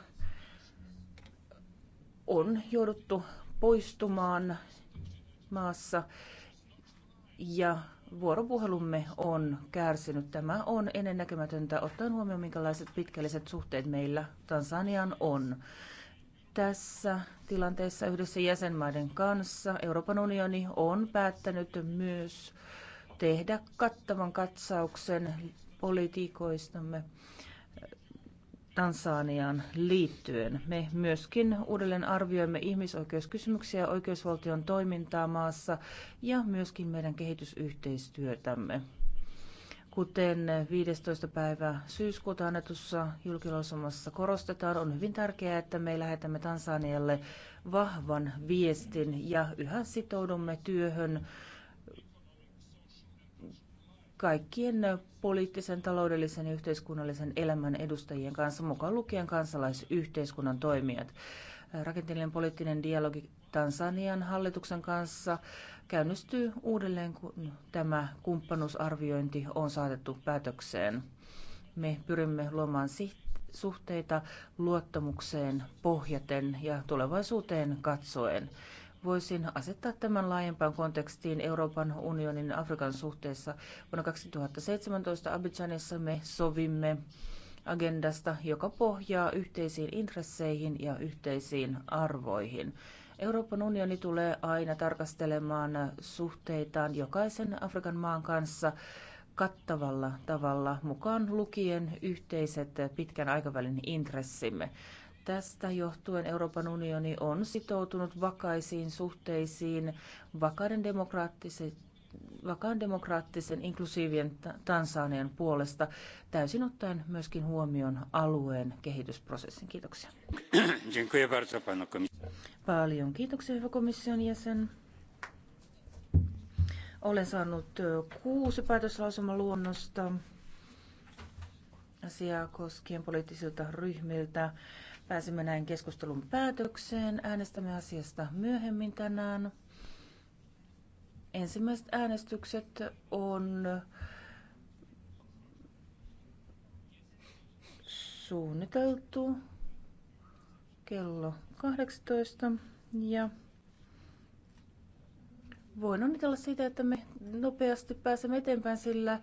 on jouduttu poistumaan maassa ja vuoropuhelumme on kärsinyt. Tämä on ennennäkemätöntä ottaen huomioon, minkälaiset pitkälliset suhteet meillä Tansanian on. Tässä tilanteessa yhdessä jäsenmaiden kanssa Euroopan unioni on päättänyt myös tehdä kattavan katsauksen politiikoistamme Tansaniaan liittyen. Me myöskin uudelleen arvioimme ihmisoikeuskysymyksiä ja oikeusvaltion toimintaa maassa ja myöskin meidän kehitysyhteistyötämme. Kuten 15. päivä syyskuuta annetussa julkilausumassa korostetaan, on hyvin tärkeää, että me lähetämme Tansanialle vahvan viestin ja yhä sitoudumme työhön kaikkien poliittisen, taloudellisen ja yhteiskunnallisen elämän edustajien kanssa, mukaan lukien kansalaisyhteiskunnan toimijat. Rakenteellinen poliittinen dialogi Tansanian hallituksen kanssa käynnistyy uudelleen, kun tämä kumppanuusarviointi on saatettu päätökseen. Me pyrimme luomaan suhteita luottamukseen pohjaten ja tulevaisuuteen katsoen voisin asettaa tämän laajempaan kontekstiin Euroopan unionin Afrikan suhteessa. Vuonna 2017 Abidjanissa me sovimme agendasta, joka pohjaa yhteisiin intresseihin ja yhteisiin arvoihin. Euroopan unioni tulee aina tarkastelemaan suhteitaan jokaisen Afrikan maan kanssa kattavalla tavalla, mukaan lukien yhteiset pitkän aikavälin intressimme. Tästä johtuen Euroopan unioni on sitoutunut vakaisiin suhteisiin vakaiden demokraattiset vakaan demokraattisen inklusiivien Tansanian puolesta, täysin ottaen myöskin huomioon alueen kehitysprosessin. Kiitoksia. Paljon kiitoksia, hyvä komission jäsen. Olen saanut kuusi päätöslauselma-luonnosta asiaa koskien poliittisilta ryhmiltä. Pääsimme näin keskustelun päätökseen. Äänestämme asiasta myöhemmin tänään. Ensimmäiset äänestykset on suunniteltu kello 18 ja voin onnitella siitä, että me nopeasti pääsemme eteenpäin, sillä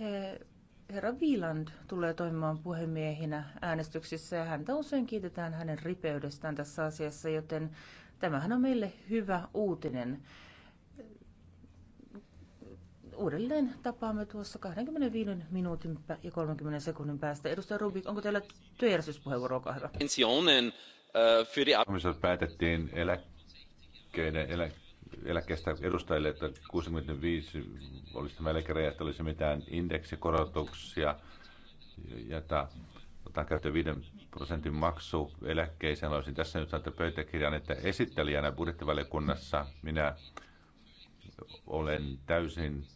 he herra Viiland tulee toimimaan puhemiehinä äänestyksissä ja häntä usein kiitetään hänen ripeydestään tässä asiassa, joten tämähän on meille hyvä uutinen. Uudelleen tapaamme tuossa 25 minuutin ja 30 sekunnin päästä. Edustaja Rubik, onko teillä työjärjestyspuheenvuoro, olkaa hyvä. Äh, päätettiin eläkkeiden, eläkkeiden eläkkeestä edustajille, että 65 olisi tämä eläkeraja, että olisi mitään indeksikorotuksia ja ottaa käyttöön 5 prosentin maksu eläkkeeseen. Olisin tässä nyt saanut pöytäkirjan, että esittelijänä budjettivaliokunnassa minä olen täysin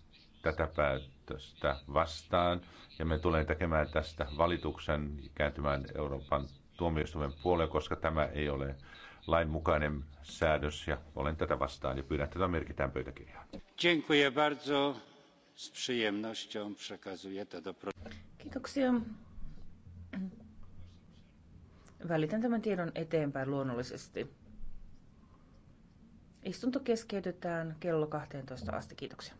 tätä päätöstä vastaan ja me tulen tekemään tästä valituksen kääntymään Euroopan tuomioistuimen puoleen, koska tämä ei ole lain mukainen säädös ja olen tätä vastaan ja pyydän, että tämä merkitään pöytäkirjaan. Kiitoksia. Välitän tämän tiedon eteenpäin luonnollisesti. Istunto keskeytetään kello 12 asti. Kiitoksia.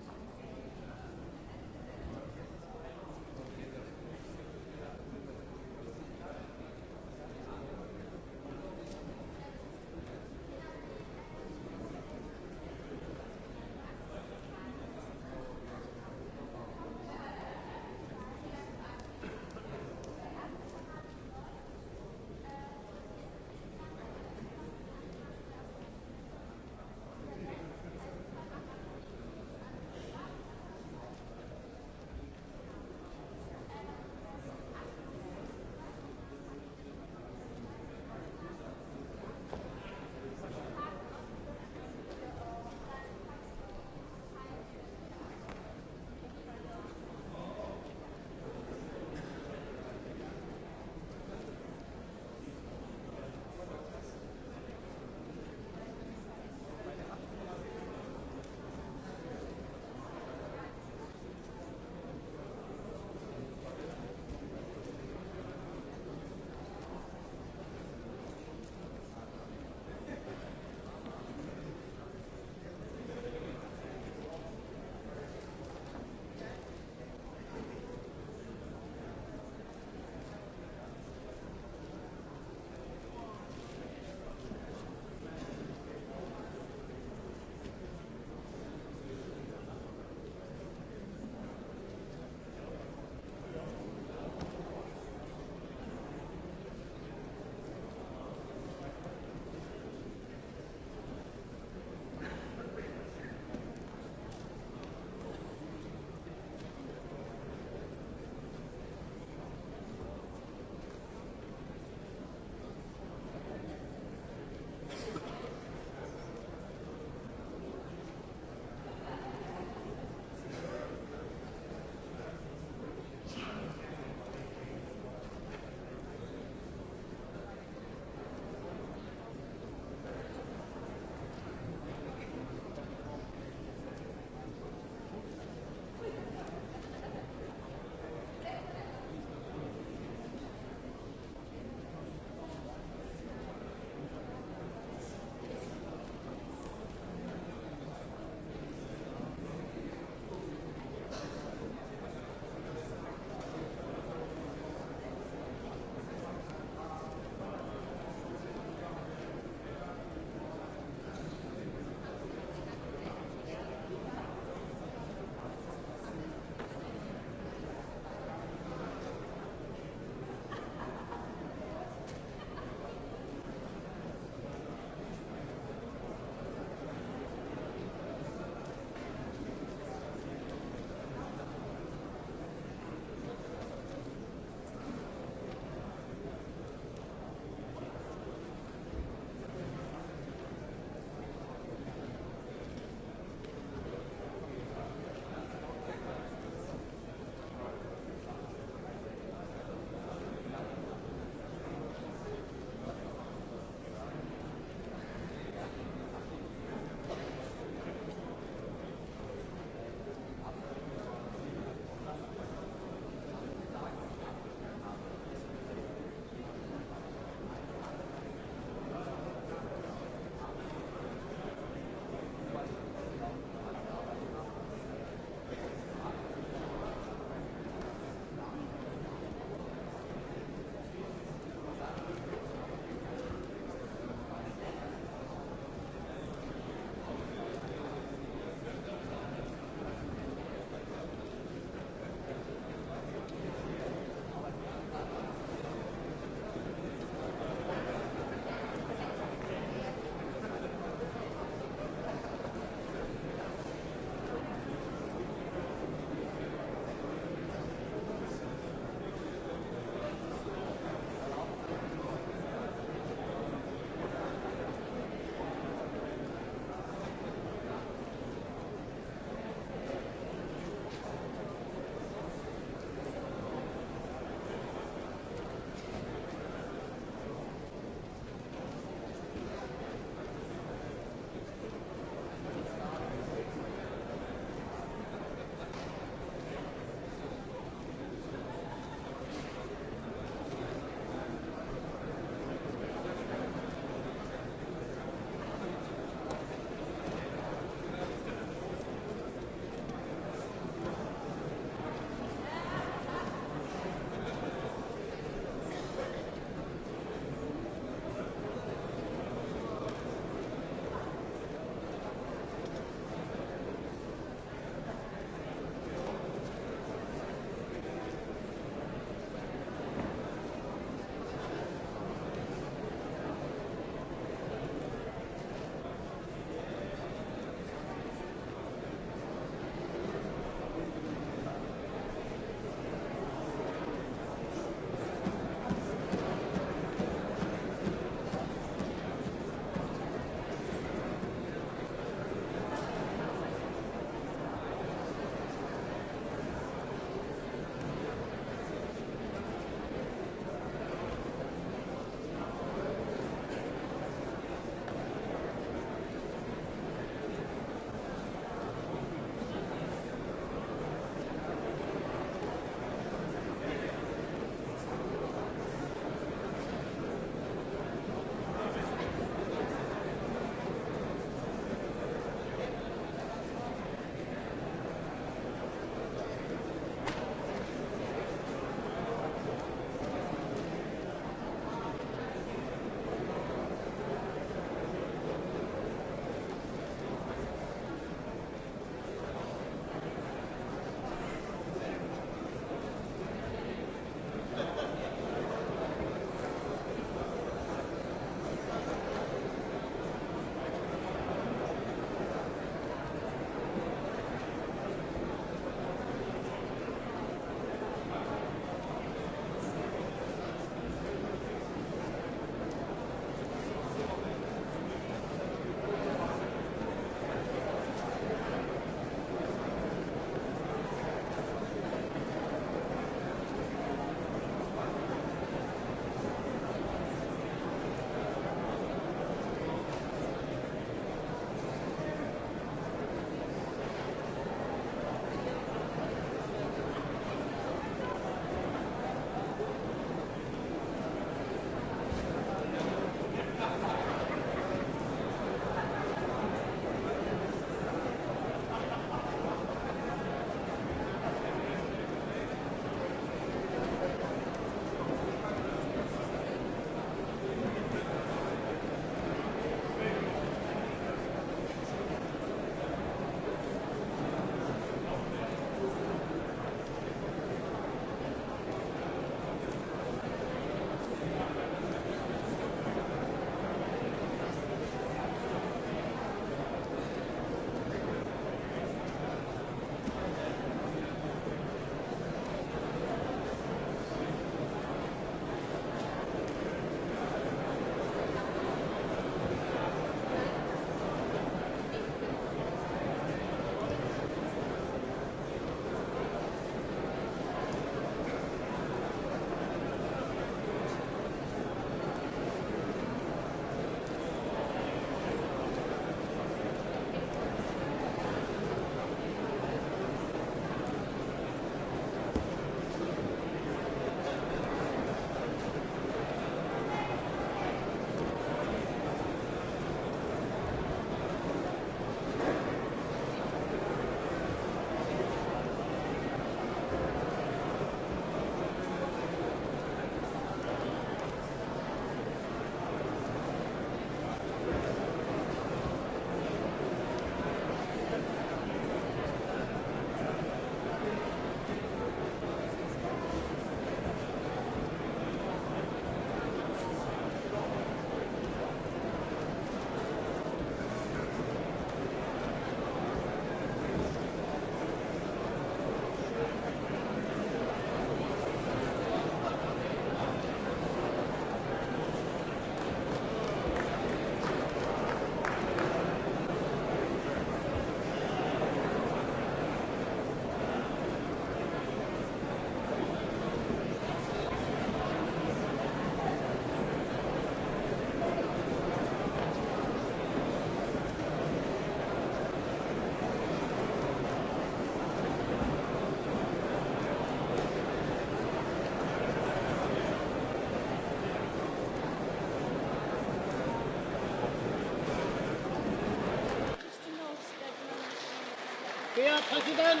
Herr Präsident!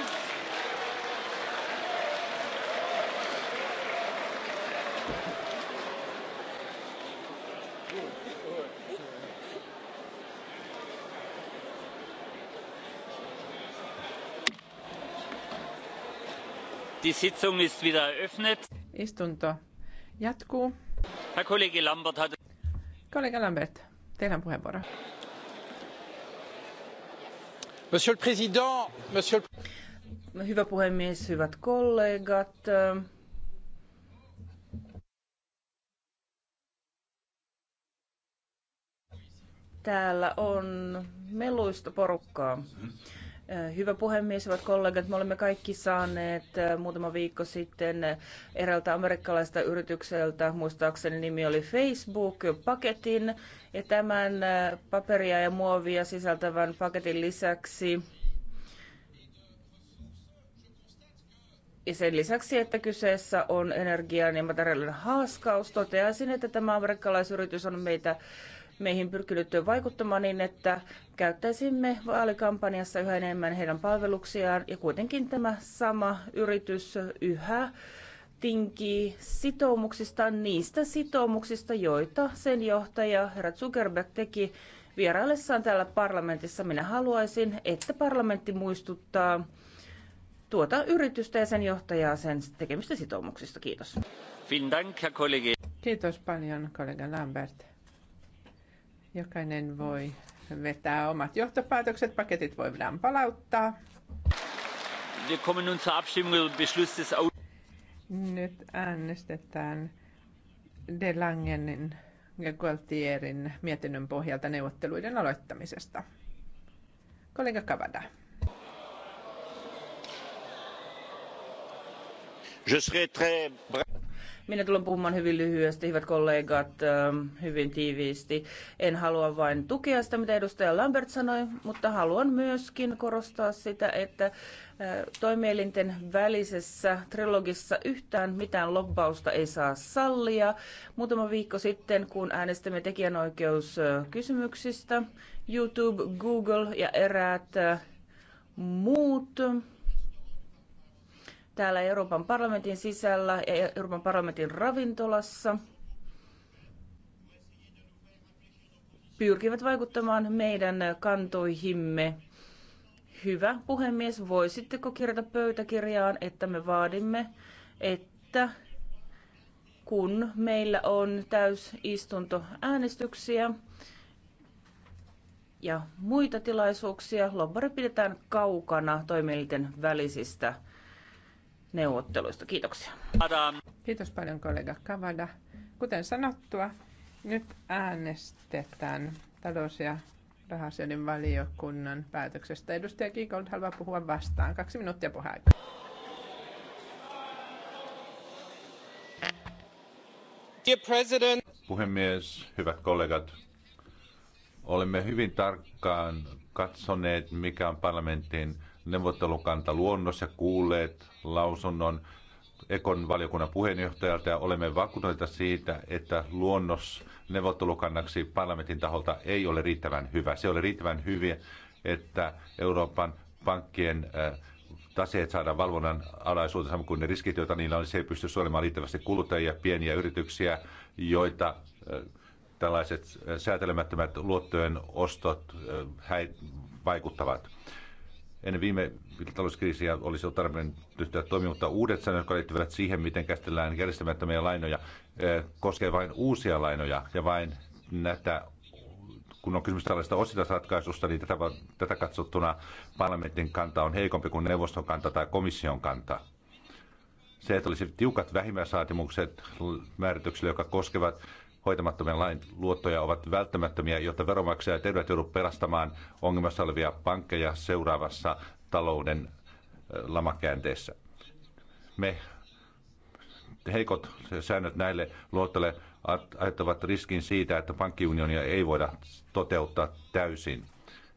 Die Sitzung ist wieder eröffnet. Istunto jatkuu. Herr Kollege Lambert hat... Kollega Lambert, teillä on puheenvuoro. Monsieur le Président, Hyvä puhemies, hyvät kollegat. Täällä on meluista porukkaa. Hyvä puhemies, hyvät kollegat. Me olemme kaikki saaneet muutama viikko sitten eräältä amerikkalaista yritykseltä, muistaakseni nimi oli Facebook-paketin. Ja tämän paperia ja muovia sisältävän paketin lisäksi sen lisäksi, että kyseessä on energian ja materiaalinen haaskaus, toteaisin, että tämä amerikkalaisyritys on meitä meihin pyrkinyt vaikuttamaan niin, että käyttäisimme vaalikampanjassa yhä enemmän heidän palveluksiaan. Ja kuitenkin tämä sama yritys yhä tinkii sitoumuksista, niistä sitoumuksista, joita sen johtaja herra Zuckerberg teki vieraillessaan täällä parlamentissa. Minä haluaisin, että parlamentti muistuttaa tuota yritystä ja sen johtajaa sen tekemistä sitoumuksista. Kiitos. Kiitos paljon, kollega Lambert. Jokainen voi vetää omat johtopäätökset, paketit voi vähän palauttaa. Nyt äänestetään De Langenin ja Gualtierin mietinnön pohjalta neuvotteluiden aloittamisesta. Kollega Kavada. Minä tulen puhumaan hyvin lyhyesti, hyvät kollegat, ähm, hyvin tiiviisti. En halua vain tukea sitä, mitä edustaja Lambert sanoi, mutta haluan myöskin korostaa sitä, että äh, toimielinten välisessä trilogissa yhtään mitään lobbausta ei saa sallia. Muutama viikko sitten, kun äänestimme tekijänoikeuskysymyksistä, YouTube, Google ja eräät äh, muut täällä Euroopan parlamentin sisällä ja Euroopan parlamentin ravintolassa pyrkivät vaikuttamaan meidän kantoihimme. Hyvä puhemies, voisitteko kirjata pöytäkirjaan, että me vaadimme, että kun meillä on täysistuntoäänestyksiä ja muita tilaisuuksia, lobbari pidetään kaukana toimielinten välisistä neuvotteluista. Kiitoksia. Adam. Kiitos paljon kollega Kavada. Kuten sanottua, nyt äänestetään talous- ja rahasioiden valiokunnan päätöksestä. Edustaja Kiikold haluaa puhua vastaan. Kaksi minuuttia puheaikaa. Puhemies, hyvät kollegat, olemme hyvin tarkkaan katsoneet, mikä on parlamentin neuvottelukanta luonnos ja kuulleet lausunnon Ekon valiokunnan puheenjohtajalta ja olemme vakuuttuneita siitä, että luonnos neuvottelukannaksi parlamentin taholta ei ole riittävän hyvä. Se ei ole riittävän hyviä, että Euroopan pankkien äh, taseet saadaan valvonnan alaisuuteen, samoin kuin ne riskit, joita niillä on, se ei pysty suojelemaan riittävästi kuluttajia, pieniä yrityksiä, joita äh, tällaiset äh, säätelemättömät luottojen ostot vaikuttavat ennen viime talouskriisiä olisi ollut tarpeen ryhtyä toimia, mutta uudet säännöt, jotka liittyvät siihen, miten käsitellään järjestämättömiä lainoja, eh, koskee vain uusia lainoja ja vain näitä kun on kysymys tällaista osittaisratkaisusta, niin tätä, tätä katsottuna parlamentin kanta on heikompi kuin neuvoston kanta tai komission kanta. Se, että olisi tiukat vähimmäisaatimukset määrityksille, jotka koskevat hoitamattomien lain luottoja ovat välttämättömiä, jotta veronmaksajat eivät joudu pelastamaan ongelmassa olevia pankkeja seuraavassa talouden lamakäänteessä. Me heikot säännöt näille luottoille aiheuttavat riskin siitä, että pankkiunionia ei voida toteuttaa täysin.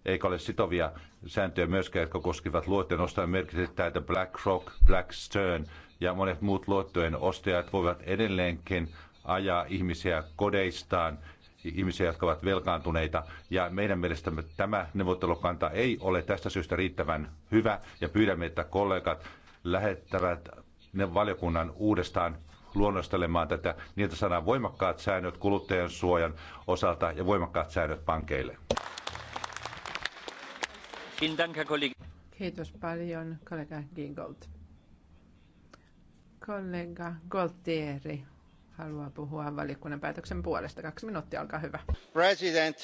Eikä ole sitovia sääntöjä myöskään, jotka koskivat luottojen ostajan merkitystä, että BlackRock, Blackstone ja monet muut luottojen ostajat voivat edelleenkin ajaa ihmisiä kodeistaan, ihmisiä, jotka ovat velkaantuneita. Ja meidän mielestämme tämä neuvottelukanta ei ole tästä syystä riittävän hyvä ja pyydämme, että kollegat lähettävät ne valiokunnan uudestaan luonnostelemaan tätä, niiltä saadaan voimakkaat säännöt kuluttajan suojan osalta ja voimakkaat säännöt pankeille. Kiitos paljon, kollega Gingold. Kollega Goltieri haluaa puhua valiokunnan päätöksen puolesta. Kaksi minuuttia, olkaa hyvä. President,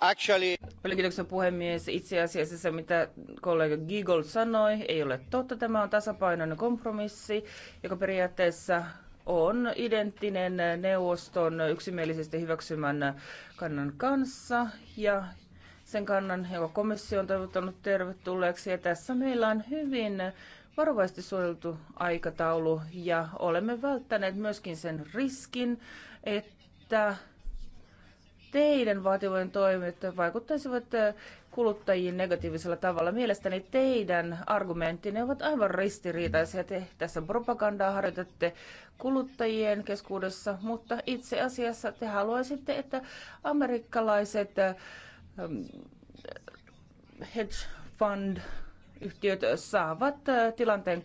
actually... kiitoksia puhemies. Itse asiassa se, mitä kollega Gigol sanoi, ei ole totta. Tämä on tasapainoinen kompromissi, joka periaatteessa on identtinen neuvoston yksimielisesti hyväksymän kannan kanssa ja sen kannan, joka komissio on toivottanut tervetulleeksi. Ja tässä meillä on hyvin varovaisesti suojeltu aikataulu ja olemme välttäneet myöskin sen riskin, että teidän vaativojen toimet vaikuttaisivat äh, kuluttajiin negatiivisella tavalla. Mielestäni teidän argumenttinne ovat aivan ristiriitaisia. Te tässä propagandaa harjoitatte kuluttajien keskuudessa, mutta itse asiassa te haluaisitte, että amerikkalaiset ähm, hedge fund yhtiöt saavat äh, tilanteen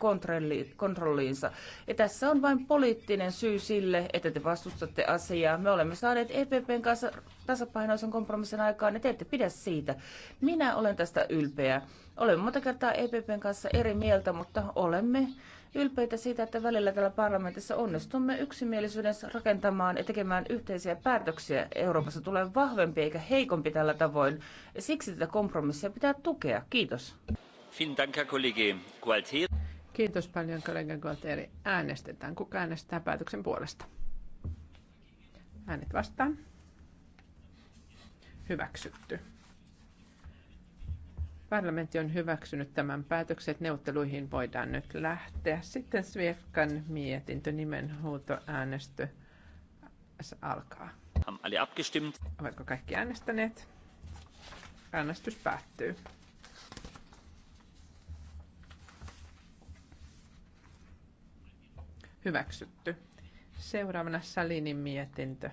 kontrolliinsa. Ja tässä on vain poliittinen syy sille, että te vastustatte asiaa. Me olemme saaneet EPPn kanssa tasapainoisen kompromissin aikaan ja te ette pidä siitä. Minä olen tästä ylpeä. Olemme monta kertaa EPPn kanssa eri mieltä, mutta olemme ylpeitä siitä, että välillä täällä parlamentissa onnistumme yksimielisyyden rakentamaan ja tekemään yhteisiä päätöksiä. Euroopassa tulee vahvempi eikä heikompi tällä tavoin. Siksi tätä kompromissia pitää tukea. Kiitos. Kiitos paljon kollega Gualtieri. Äänestetään. Kuka äänestää päätöksen puolesta? Äänet vastaan. Hyväksytty. Parlamentti on hyväksynyt tämän päätöksen, että neuvotteluihin voidaan nyt lähteä. Sitten Sviefkan mietintö, nimenhuutoäänestö alkaa. Haben alle Ovatko kaikki äänestäneet? Äänestys päättyy. Hyväksytty. Seuraavana Salinin mietintö.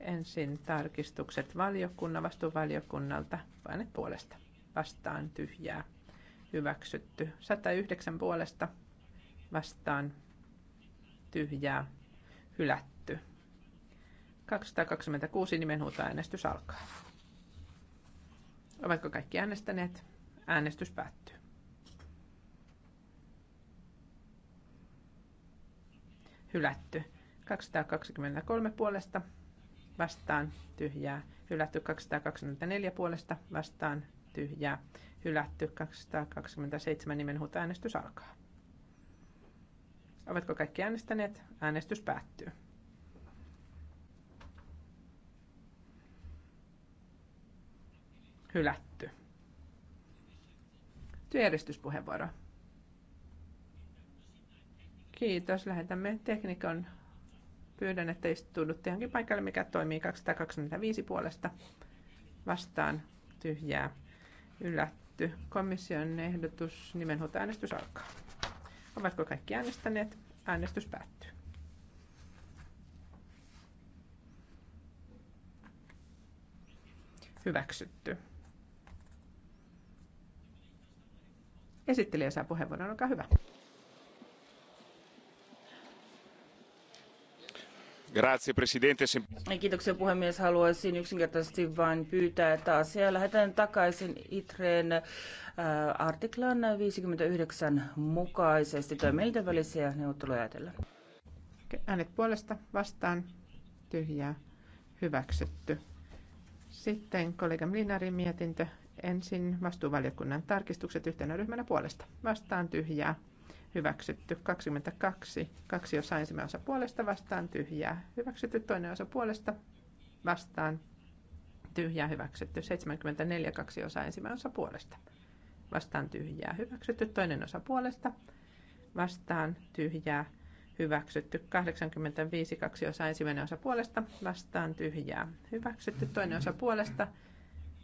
Ensin tarkistukset valiokunnan, vastuuvaliokunnalta, painet puolesta. Vastaan tyhjää. Hyväksytty. 109 puolesta vastaan tyhjää. Hylätty. 226 äänestys alkaa. Ovatko kaikki äänestäneet? Äänestys päättyy. hylätty. 223 puolesta vastaan tyhjää, hylätty 224 puolesta vastaan tyhjää, hylätty 227 nimen äänestys alkaa. Ovatko kaikki äänestäneet? Äänestys päättyy. Hylätty. Työjärjestyspuheenvuoro. Kiitos. Lähetämme teknikon. Pyydän, että istuudutte johonkin paikalle, mikä toimii 225 puolesta vastaan tyhjää yllätty. Komission ehdotus äänestys alkaa. Ovatko kaikki äänestäneet? Äänestys päättyy. Hyväksytty. Esittelijä saa puheenvuoron, olkaa hyvä. arvoisa Kiitoksia puhemies. Haluaisin yksinkertaisesti vain pyytää, että asia lähetetään takaisin ITREen äh, artiklan 59 mukaisesti toimijoiden välisiä neuvotteluja ajatellen. Äänet puolesta vastaan tyhjää hyväksytty. Sitten kollega Mlinarin mietintö. Ensin vastuuvaliokunnan tarkistukset yhtenä ryhmänä puolesta. Vastaan tyhjää hyväksytty 22, kaksi osa ensimmäinen osa puolesta vastaan, tyhjää, hyväksytty toinen osa puolesta vastaan, tyhjää, hyväksytty 74, kaksi osa ensimmäinen osa puolesta vastaan, tyhjää, hyväksytty toinen osa puolesta vastaan, tyhjää, hyväksytty 85, kaksi osa ensimmäinen osa puolesta vastaan, tyhjää, hyväksytty toinen osa puolesta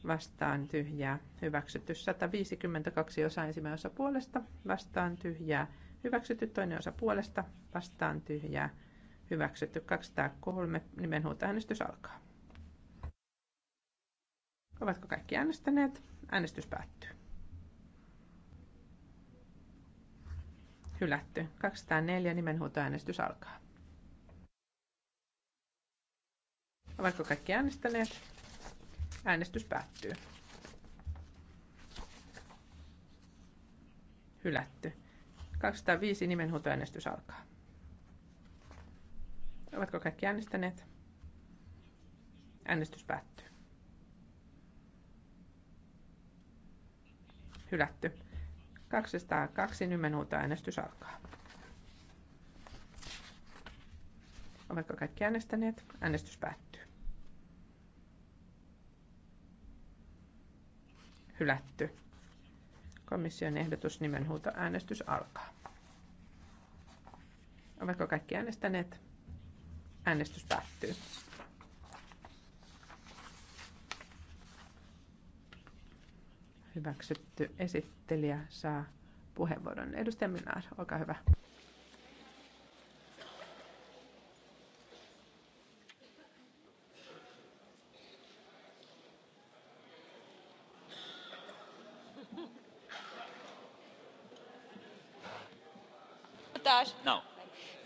vastaan tyhjää, hyväksytty 152 osa ensimmäinen osa puolesta, vastaan tyhjää, Hyväksytty toinen osa puolesta, vastaan tyhjää. Hyväksytty 203, äänestys alkaa. Ovatko kaikki äänestäneet? Äänestys päättyy. Hylätty. 204 äänestys alkaa. Ovatko kaikki äänestäneet? Äänestys päättyy. Hylätty. 205 nimenhuutoäänestys alkaa. Ovatko kaikki äänestäneet? Äänestys päättyy. Hylätty. 202 nimenhuutoäänestys alkaa. Ovatko kaikki äänestäneet? Äänestys päättyy. Hylätty. Komission ehdotus nimenhuuto äänestys alkaa. Ovatko kaikki äänestäneet? Äänestys päättyy. Hyväksytty esittelijä saa puheenvuoron. Edustaja Minnaar, olkaa hyvä.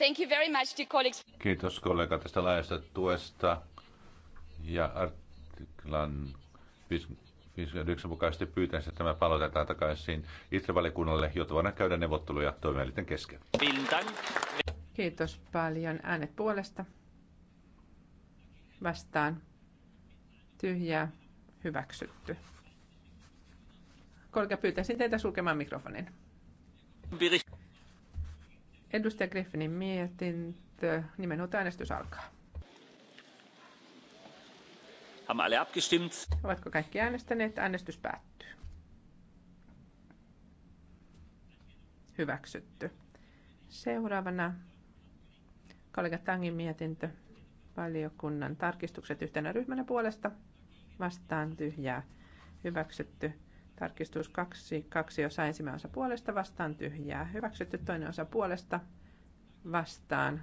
Thank you very much, dear colleagues. Kiitos kollega tästä laajasta tuesta. Ja artiklan 59 mukaisesti pyytän, että tämä palautetaan takaisin Itre-valikunnalle, jotta voidaan käydä neuvotteluja toimielinten kesken. Kiitos paljon. Äänet puolesta. Vastaan. Tyhjää. Hyväksytty. Kolka, pyytäisin teitä sulkemaan mikrofonin. Edustaja Griffinin mietintö. Nimenhuuto äänestys alkaa. Haben alle abgestimmt? Ovatko kaikki äänestäneet? Äänestys päättyy. Hyväksytty. Seuraavana kollega Tangin mietintö. Valiokunnan tarkistukset yhtenä ryhmänä puolesta. Vastaan tyhjää. Hyväksytty Tarkistus 2, 2 osa ensimmäinen osa puolesta vastaan tyhjää. Hyväksytty toinen osa puolesta vastaan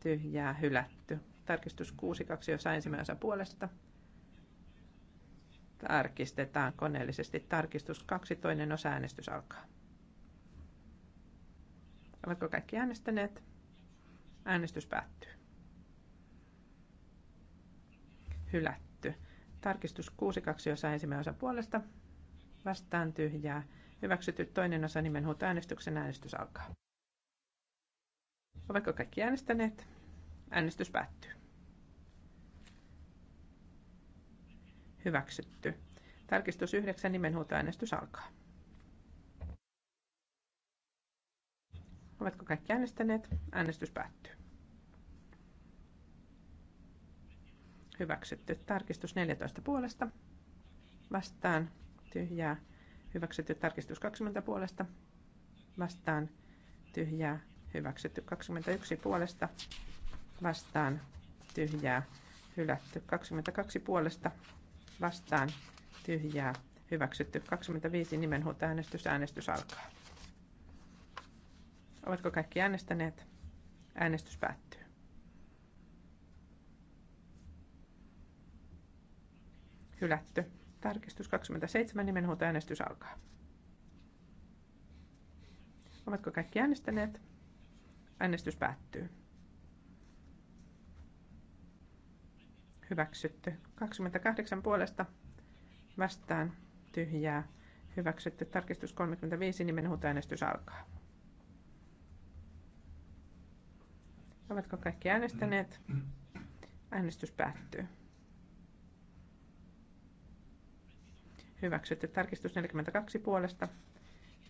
tyhjää hylätty. Tarkistus 6, 2 osa ensimmäinen osa puolesta. Tarkistetaan koneellisesti. Tarkistus 2, toinen osa äänestys alkaa. Ovatko kaikki äänestäneet? Äänestys päättyy. Hylätty. Tarkistus 6, 2 osa ensimmäinen osa puolesta vastaan tyhjää. Hyväksytty toinen osa huuta äänestyksen äänestys alkaa. Ovatko kaikki äänestäneet? Äänestys päättyy. Hyväksytty. Tarkistus 9 äänestys alkaa. Ovatko kaikki äänestäneet? Äänestys päättyy. Hyväksytty. Tarkistus 14 puolesta. Vastaan tyhjää, hyväksytty tarkistus 20 puolesta, vastaan tyhjää, hyväksytty 21 puolesta, vastaan tyhjää, hylätty 22 puolesta, vastaan tyhjää, hyväksytty 25 äänestys. äänestys alkaa. Ovatko kaikki äänestäneet? Äänestys päättyy. Hylätty. Tarkistus 27, nimenhuutoäänestys alkaa. Ovatko kaikki äänestäneet? Äänestys päättyy. Hyväksytty. 28 puolesta vastaan tyhjää. Hyväksytty. Tarkistus 35, nimenhuutoäänestys alkaa. Ovatko kaikki äänestäneet? Äänestys päättyy. hyväksytty. Tarkistus 42 puolesta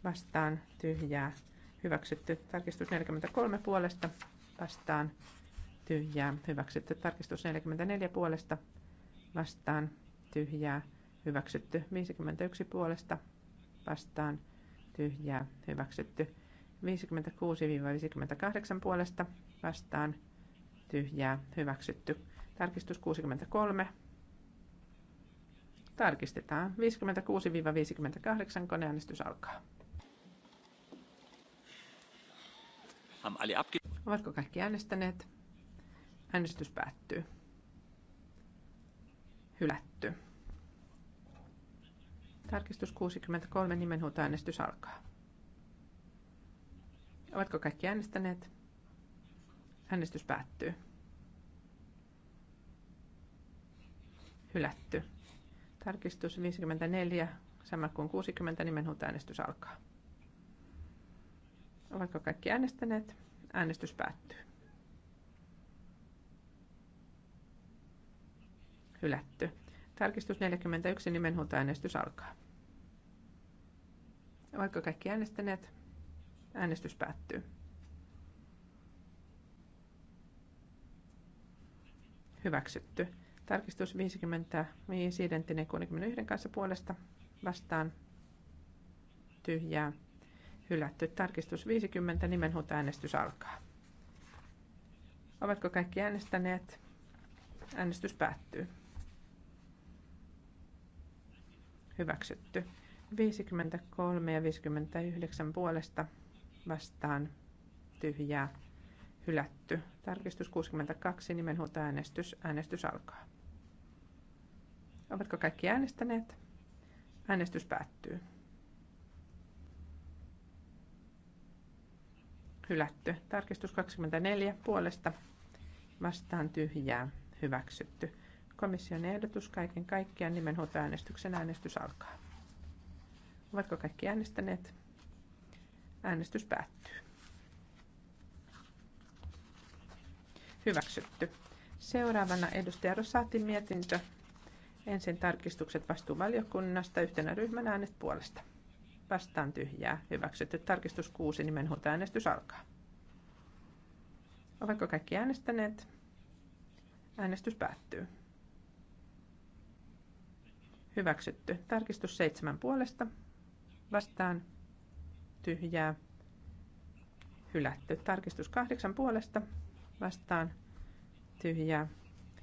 vastaan tyhjää, hyväksytty. Tarkistus 43 puolesta vastaan tyhjää, hyväksytty. Tarkistus 44 puolesta vastaan tyhjää, hyväksytty. 51 puolesta vastaan tyhjää, hyväksytty. 56-58 puolesta vastaan tyhjää, hyväksytty. Tarkistus 63 Tarkistetaan. 56-58 koneäänestys alkaa. Ovatko kaikki äänestäneet? Äänestys päättyy. Hylätty. Tarkistus 63, äänestys alkaa. Ovatko kaikki äänestäneet? Äänestys päättyy. Hylätty. Tarkistus 54, sama kuin 60, niin äänestys alkaa. Ovatko kaikki äänestäneet? Äänestys päättyy. Hylätty. Tarkistus 41, niin äänestys alkaa. Ovatko kaikki äänestäneet? Äänestys päättyy. Hyväksytty. Tarkistus 55 identtinen 61 kanssa puolesta vastaan tyhjää hylätty. Tarkistus 50 äänestys alkaa. Ovatko kaikki äänestäneet? Äänestys päättyy. Hyväksytty. 53 ja 59 puolesta vastaan tyhjää hylätty. Tarkistus 62 äänestys. Äänestys alkaa. Ovatko kaikki äänestäneet? Äänestys päättyy. Hylätty. Tarkistus 24 puolesta vastaan tyhjää. Hyväksytty. Komission ehdotus kaiken kaikkiaan nimenhuoltoäänestyksen äänestys alkaa. Ovatko kaikki äänestäneet? Äänestys päättyy. Hyväksytty. Seuraavana edustaja Rosatin mietintö Ensin tarkistukset vastuuvaliokunnasta yhtenä ryhmänä äänet puolesta. Vastaan tyhjää. Hyväksytty tarkistus 6 nimenhuuta äänestys alkaa. Ovatko kaikki äänestäneet? Äänestys päättyy. Hyväksytty. Tarkistus 7 puolesta. Vastaan tyhjää. Hylätty. Tarkistus 8 puolesta. Vastaan tyhjää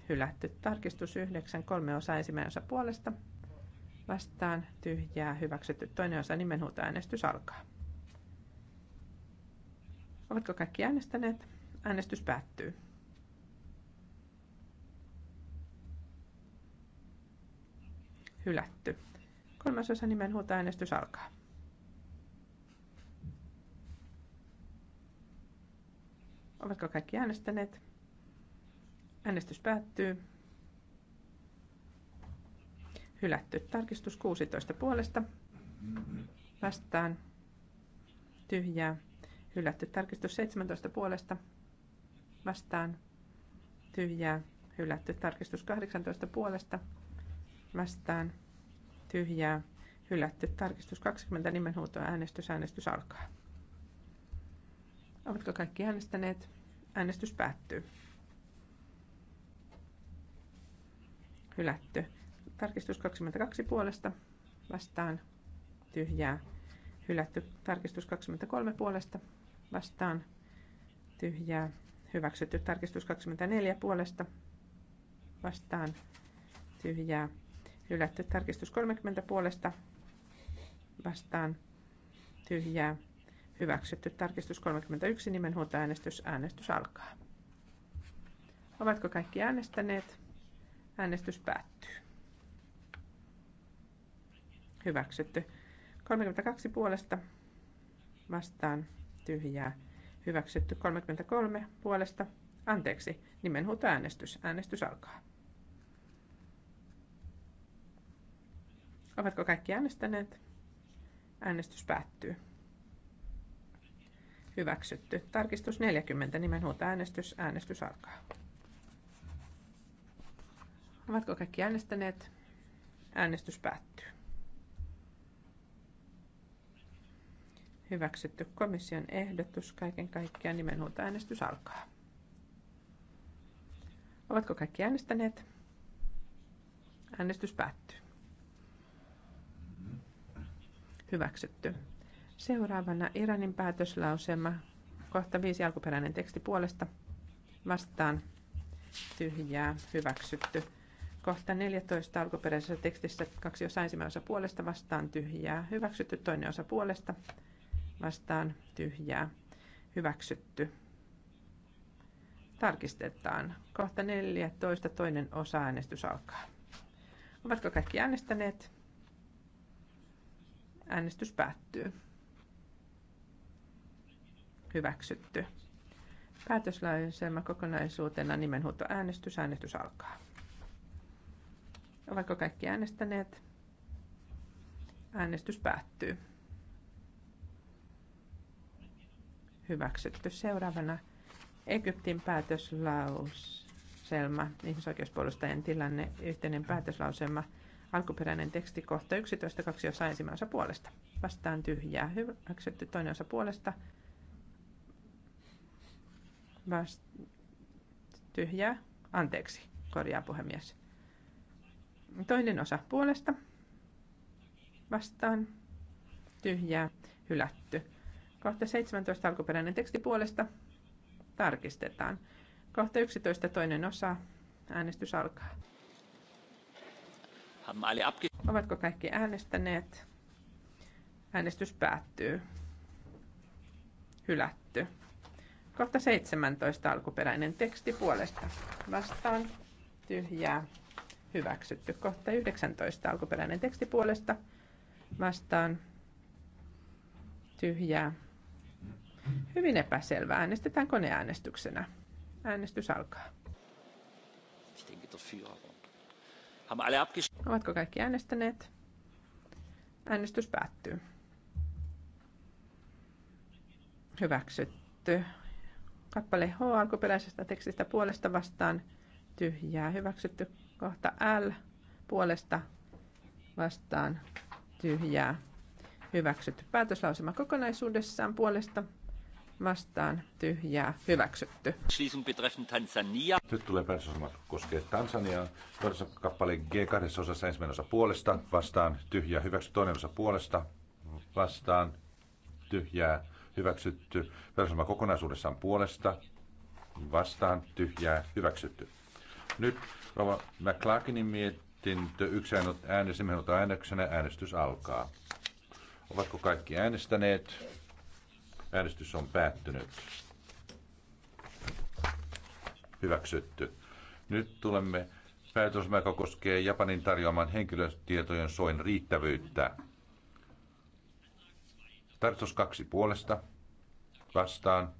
hylätty. Tarkistus 9, kolme osa ensimmäinen osa puolesta. Vastaan tyhjää hyväksytty. Toinen osa nimenhuutoäänestys alkaa. Ovatko kaikki äänestäneet? Äänestys päättyy. Hylätty. Kolmas osa nimenhuutoäänestys alkaa. Ovatko kaikki äänestäneet? Äänestys päättyy. Hylätty. Tarkistus 16 puolesta. Vastaan. Tyhjää. Hylätty. Tarkistus 17 puolesta. Vastaan. Tyhjää. Hylätty. Tarkistus 18 puolesta. Vastaan. Tyhjää. Hylätty. Tarkistus 20 nimenhuutoa. Äänestys. Äänestys alkaa. Ovatko kaikki äänestäneet? Äänestys päättyy. hylätty. Tarkistus 22 puolesta vastaan tyhjää hylätty. Tarkistus 23 puolesta vastaan tyhjää hyväksytty. Tarkistus 24 puolesta vastaan tyhjää hylätty. Tarkistus 30 puolesta vastaan tyhjää hyväksytty. Tarkistus 31 nimenhuutoäänestys. Äänestys alkaa. Ovatko kaikki äänestäneet? Äänestys päättyy. Hyväksytty. 32 puolesta vastaan tyhjää. Hyväksytty 33 puolesta. Anteeksi, nimenhuuto Äänestys Äänestys alkaa. Ovatko kaikki äänestäneet? Äänestys päättyy. Hyväksytty. Tarkistus 40 äänestys. Äänestys alkaa. Ovatko kaikki äänestäneet? Äänestys päättyy. Hyväksytty komission ehdotus. Kaiken kaikkiaan nimenhuolta äänestys alkaa. Ovatko kaikki äänestäneet? Äänestys päättyy. Hyväksytty. Seuraavana Iranin päätöslauselma. Kohta viisi alkuperäinen teksti puolesta. Vastaan. Tyhjää. Hyväksytty. Kohta 14 alkuperäisessä tekstissä kaksi osa ensimmäinen osa puolesta vastaan tyhjää. Hyväksytty toinen osa puolesta vastaan tyhjää. Hyväksytty. Tarkistetaan. Kohta 14 toinen osa äänestys alkaa. Ovatko kaikki äänestäneet? Äänestys päättyy. Hyväksytty. Päätöslauselma kokonaisuutena nimenhuuto äänestys. Äänestys alkaa. Ovatko kaikki äänestäneet? Äänestys päättyy. Hyväksytty. Seuraavana Egyptin päätöslauselma, ihmisoikeuspuolustajien tilanne, yhteinen päätöslauselma, alkuperäinen teksti kohta 11, kaksi osa ensimmäinen osa puolesta. Vastaan tyhjää. Hyväksytty toinen osa puolesta. Vast... Tyhjää. Anteeksi, korjaa puhemies Toinen osa puolesta vastaan tyhjää hylätty. Kohta 17 alkuperäinen teksti puolesta tarkistetaan. Kohta 11 toinen osa. Äänestys alkaa. Ovatko kaikki äänestäneet? Äänestys päättyy. Hylätty. Kohta 17 alkuperäinen teksti puolesta. Vastaan tyhjää hyväksytty. Kohta 19 alkuperäinen teksti puolesta vastaan tyhjää. Hyvin epäselvää. Äänestetään koneäänestyksenä. Äänestys alkaa. Ovatko kaikki äänestäneet? Äänestys päättyy. Hyväksytty. Kappale H alkuperäisestä tekstistä puolesta vastaan tyhjää. Hyväksytty Kohta L puolesta vastaan tyhjää hyväksytty. Päätöslausema kokonaisuudessaan puolesta vastaan tyhjää hyväksytty. Nyt tulee päätöslausema koskee Tansaniaa. Toisessa kappale G 2 osassa ensimmäinen osa puolesta vastaan tyhjää hyväksytty. Toinen osa puolesta vastaan tyhjää hyväksytty. Päätöslausema kokonaisuudessaan puolesta vastaan tyhjää hyväksytty. Nyt Rova McClarkinin mietintö yksi äänestys, äänestyksenä äänestys alkaa. Ovatko kaikki äänestäneet? Äänestys on päättynyt. Hyväksytty. Nyt tulemme päätösmä, joka koskee Japanin tarjoaman henkilötietojen soin riittävyyttä. Tarkoitus kaksi puolesta. Vastaan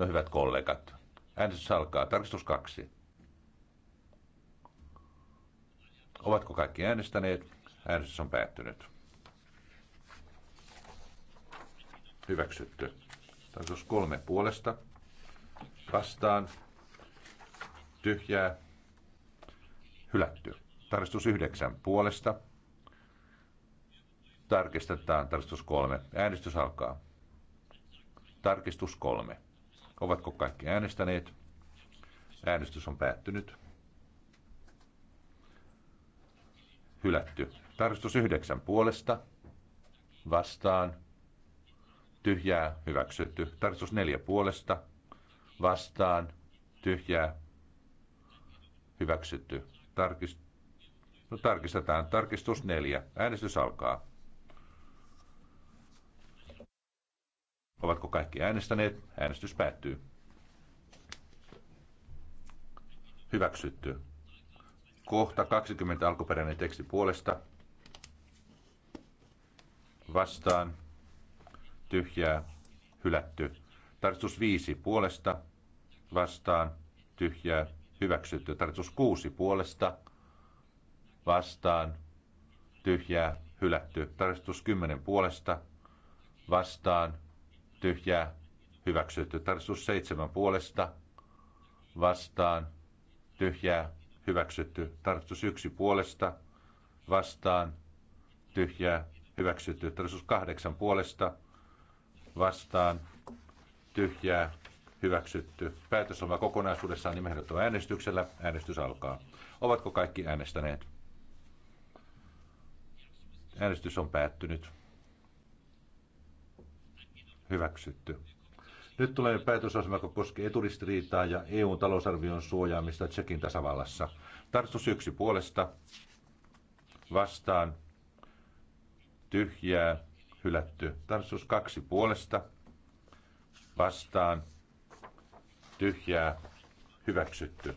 No hyvät kollegat, äänestys alkaa. Tarkistus kaksi. Ovatko kaikki äänestäneet? Äänestys on päättynyt. Hyväksytty. Tarkistus kolme puolesta. Vastaan. Tyhjää. Hylätty. Tarkistus yhdeksän puolesta. Tarkistetaan tarkistus kolme. Äänestys alkaa. Tarkistus kolme. Ovatko kaikki äänestäneet? Äänestys on päättynyt. Hylätty. Tarkistus yhdeksän puolesta. Vastaan. Tyhjää. Hyväksytty. Tarkistus neljä puolesta. Vastaan. Tyhjää. Hyväksytty. Tarkist... No, tarkistetaan. Tarkistus neljä. Äänestys alkaa. Ovatko kaikki äänestäneet? Äänestys päättyy. Hyväksytty. Kohta 20 alkuperäinen teksti puolesta. Vastaan. Tyhjää. Hylätty. Tarkistus 5 puolesta. Vastaan. Tyhjää. Hyväksytty. Tarkistus 6 puolesta. Vastaan. Tyhjää. Hylätty. Tarkistus 10 puolesta. Vastaan tyhjää, hyväksytty. Tarkistus seitsemän puolesta, vastaan, tyhjää, hyväksytty. Tarkistus yksi puolesta, vastaan, tyhjää, hyväksytty. Tarkistus kahdeksan puolesta, vastaan, tyhjää, hyväksytty. Päätösoma kokonaisuudessaan nimehdetty äänestyksellä. Äänestys alkaa. Ovatko kaikki äänestäneet? Äänestys on päättynyt hyväksytty. Nyt tulee päätösasema, joka koskee eturistiriitaa ja EUn talousarvion suojaamista Tsekin tasavallassa. Tartus yksi puolesta vastaan tyhjää hylätty. Tartus kaksi puolesta vastaan tyhjää hyväksytty.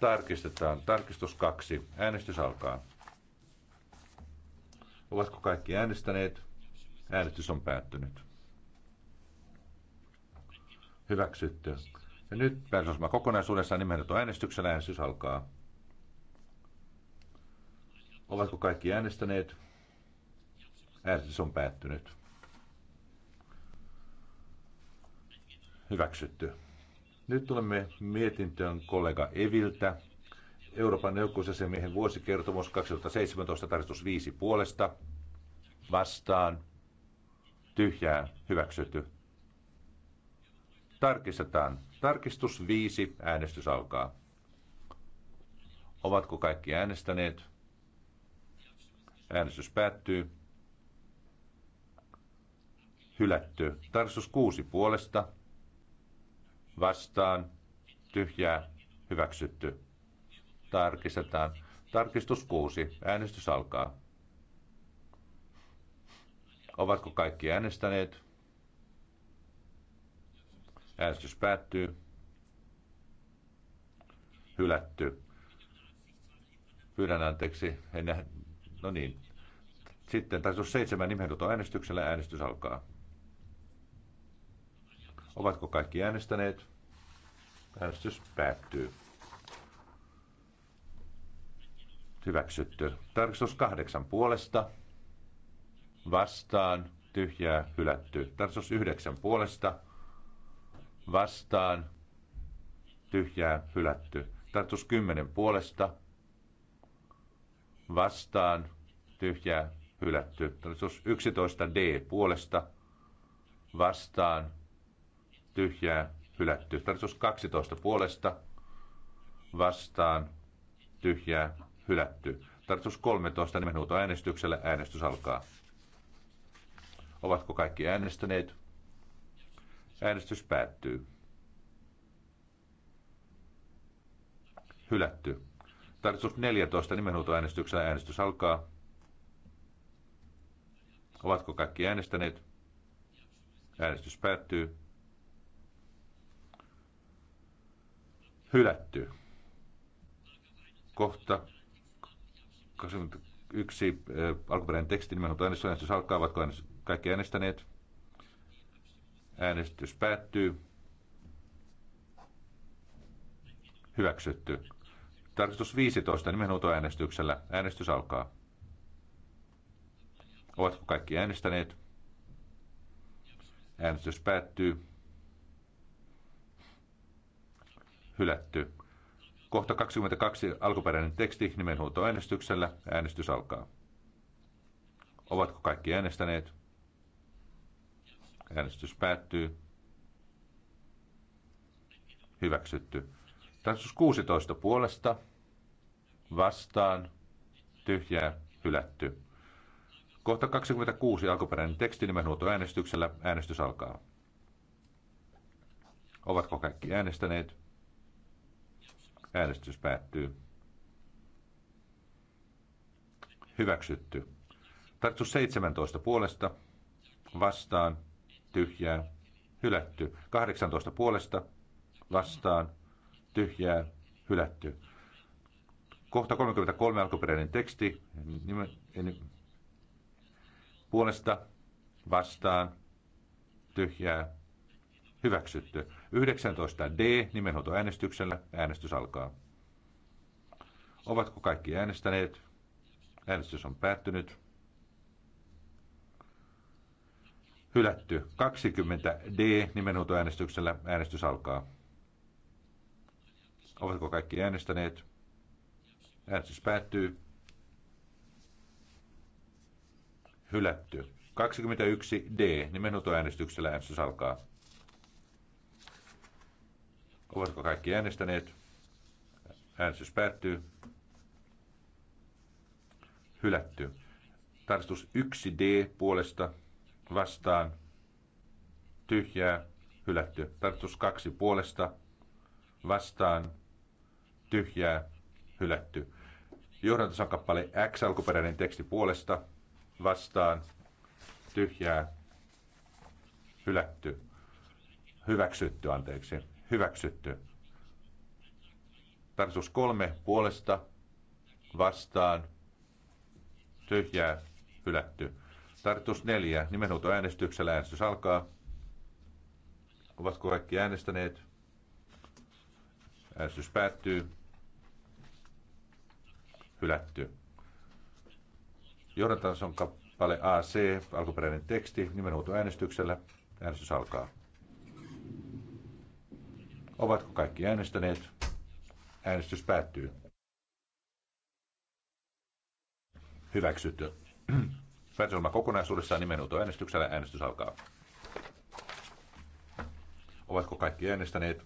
Tarkistetaan. Tarkistus kaksi. Äänestys alkaa. Ovatko kaikki äänestäneet? Äänestys on päättynyt. Hyväksytty. Ja nyt päätösosma kokonaisuudessaan nimenhoito äänestyksellä. Äänestys alkaa. Ovatko kaikki äänestäneet? Äänestys on päättynyt. Hyväksytty. Nyt tulemme mietintöön kollega Eviltä. Euroopan neuvokkuusasiamiehen vuosikertomus 2017 tarkistus 5 puolesta vastaan tyhjää, hyväksytty. Tarkistetaan. Tarkistus 5, äänestys alkaa. Ovatko kaikki äänestäneet? Äänestys päättyy. Hylätty. Tarkistus 6 puolesta. Vastaan. Tyhjää. Hyväksytty. Tarkistetaan. Tarkistus 6. Äänestys alkaa. Ovatko kaikki äänestäneet? Äänestys päättyy. Hylätty. Pyydän anteeksi. En nä- No niin. Sitten on seitsemän nimenhuuto äänestyksellä. Äänestys alkaa. Ovatko kaikki äänestäneet? Äänestys päättyy. Hyväksytty. Tarkistus kahdeksan puolesta vastaan, tyhjää, hylätty. Tarkistus 9 puolesta, vastaan, tyhjää, hylätty. Tarkistus 10 puolesta, vastaan, tyhjää, hylätty. Tarkistus 11 D puolesta, vastaan, tyhjää, hylätty. Tarkistus 12 puolesta, vastaan, tyhjää, hylätty. Tartus 13 äänestyksellä äänestys alkaa. Ovatko kaikki äänestäneet? Äänestys päättyy. Hylätty. Tarkistus 14 nimenhuutoäänestyksellä äänestys alkaa. Ovatko kaikki äänestäneet? Äänestys päättyy. Hylätty. Kohta 21 äh, alkuperäinen teksti nimenhuutoäänestys äänestys alkaa. Ovatko äänestys kaikki äänestäneet. Äänestys päättyy. Hyväksytty. Tarkistus 15 nimenhuutoäänestyksellä. Äänestys alkaa. Ovatko kaikki äänestäneet? Äänestys päättyy. Hylätty. Kohta 22 alkuperäinen teksti nimenhuutoäänestyksellä. Äänestys alkaa. Ovatko kaikki äänestäneet? Äänestys päättyy. Hyväksytty. Tarkistus 16 puolesta. Vastaan. Tyhjää. Hylätty. Kohta 26 alkuperäinen teksti nimenhuolto äänestyksellä. Äänestys alkaa. Ovatko kaikki äänestäneet? Äänestys päättyy. Hyväksytty. Tarkistus 17 puolesta. Vastaan tyhjää, hylätty. 18 puolesta, vastaan, tyhjää, hylätty. Kohta 33 alkuperäinen teksti, puolesta, vastaan, tyhjää, hyväksytty. 19D nimenhoitoäänestyksellä äänestys alkaa. Ovatko kaikki äänestäneet? Äänestys on päättynyt. Hylätty. 20D äänestyksellä. Äänestys alkaa. Ovatko kaikki äänestäneet? Äänestys päättyy. Hylätty. 21D äänestyksellä. Äänestys alkaa. Ovatko kaikki äänestäneet? Äänestys päättyy. Hylätty. Tarkistus 1D puolesta vastaan, tyhjää, hylätty. Tartus kaksi puolesta, vastaan, tyhjää, hylätty. Johdantosan X, alkuperäinen teksti puolesta, vastaan, tyhjää, hylätty. Hyväksytty, anteeksi. Hyväksytty. Tartus kolme puolesta, vastaan, tyhjää, hylätty. Tartus neljä. Nimenhuuto äänestyksellä. Äänestys alkaa. Ovatko kaikki äänestäneet? Äänestys päättyy. Hylätty. Johdantansa on kappale AC, alkuperäinen teksti, nimenhuuto äänestyksellä. Äänestys alkaa. Ovatko kaikki äänestäneet? Äänestys päättyy. Hyväksytty. Päätösoma kokonaisuudessaan nimenuuto äänestyksellä. Äänestys alkaa. Ovatko kaikki äänestäneet?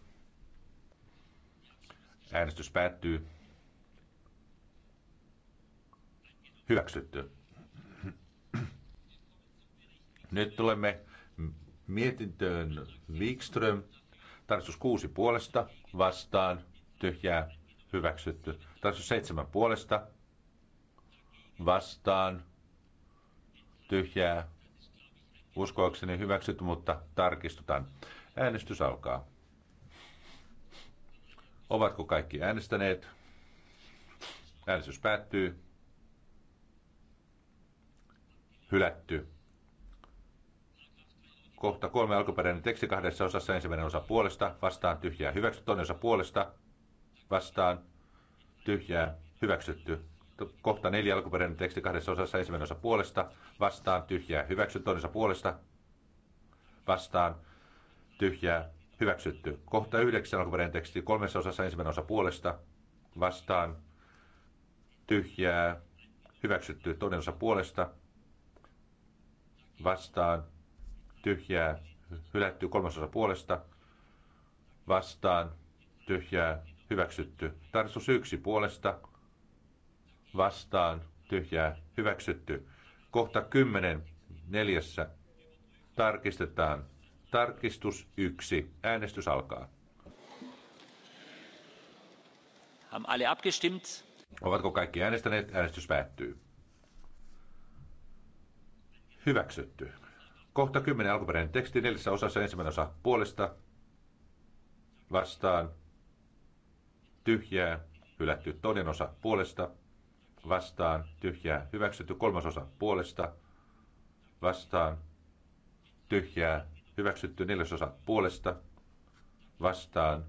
Äänestys päättyy. Hyväksytty. Nyt tulemme mietintöön Wikström. Tarkistus kuusi puolesta vastaan tyhjää hyväksytty. Tarkistus seitsemän puolesta vastaan tyhjää, uskoakseni hyväksyt, mutta tarkistutaan. Äänestys alkaa. Ovatko kaikki äänestäneet? Äänestys päättyy. Hylätty. Kohta kolme alkuperäinen teksti kahdessa osassa. Ensimmäinen osa puolesta, vastaan tyhjää, hyväksytty. Toinen osa puolesta, vastaan tyhjää, hyväksytty kohta neljä alkuperäinen teksti kahdessa osassa ensimmäinen osa puolesta, vastaan tyhjää hyväksytty, toisessa puolesta, vastaan tyhjää hyväksytty. Kohta yhdeksän alkuperäinen teksti kolmessa osassa ensimmäinen osa puolesta, vastaan tyhjää hyväksytty, toinen osa puolesta, vastaan tyhjää hylätty, kolmas osa puolesta, vastaan tyhjää hyväksytty. Tarsus yksi puolesta, vastaan tyhjää hyväksytty. Kohta 10 neljässä tarkistetaan. Tarkistus 1. Äänestys alkaa. Haben alle abgestimmt? Ovatko kaikki äänestäneet? Äänestys päättyy. Hyväksytty. Kohta 10 alkuperäinen teksti neljässä osassa ensimmäinen osa puolesta vastaan tyhjää hylätty toinen osa puolesta vastaan, tyhjää, hyväksytty. Kolmasosa puolesta, vastaan, tyhjää, hyväksytty. Neljäsosa puolesta, vastaan,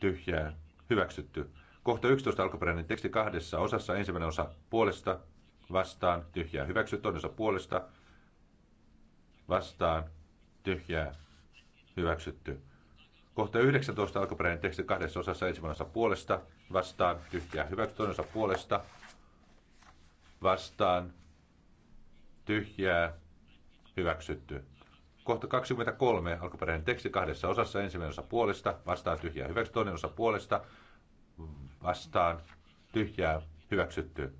tyhjää, hyväksytty. Kohta 11 alkuperäinen teksti kahdessa osassa. Ensimmäinen osa puolesta, vastaan, tyhjää, hyväksytty. Toinen osa puolesta, vastaan, tyhjää, hyväksytty. Kohta 19 alkuperäinen teksti kahdessa osassa. Ensimmäinen osa puolesta, vastaan tyhjää hyväksy toisensa osa puolesta vastaan tyhjää hyväksytty. Kohta 23, alkuperäinen teksti kahdessa osassa, ensimmäinen osa puolesta, vastaan tyhjää hyväksytty, toinen osa puolesta, vastaan tyhjää hyväksytty.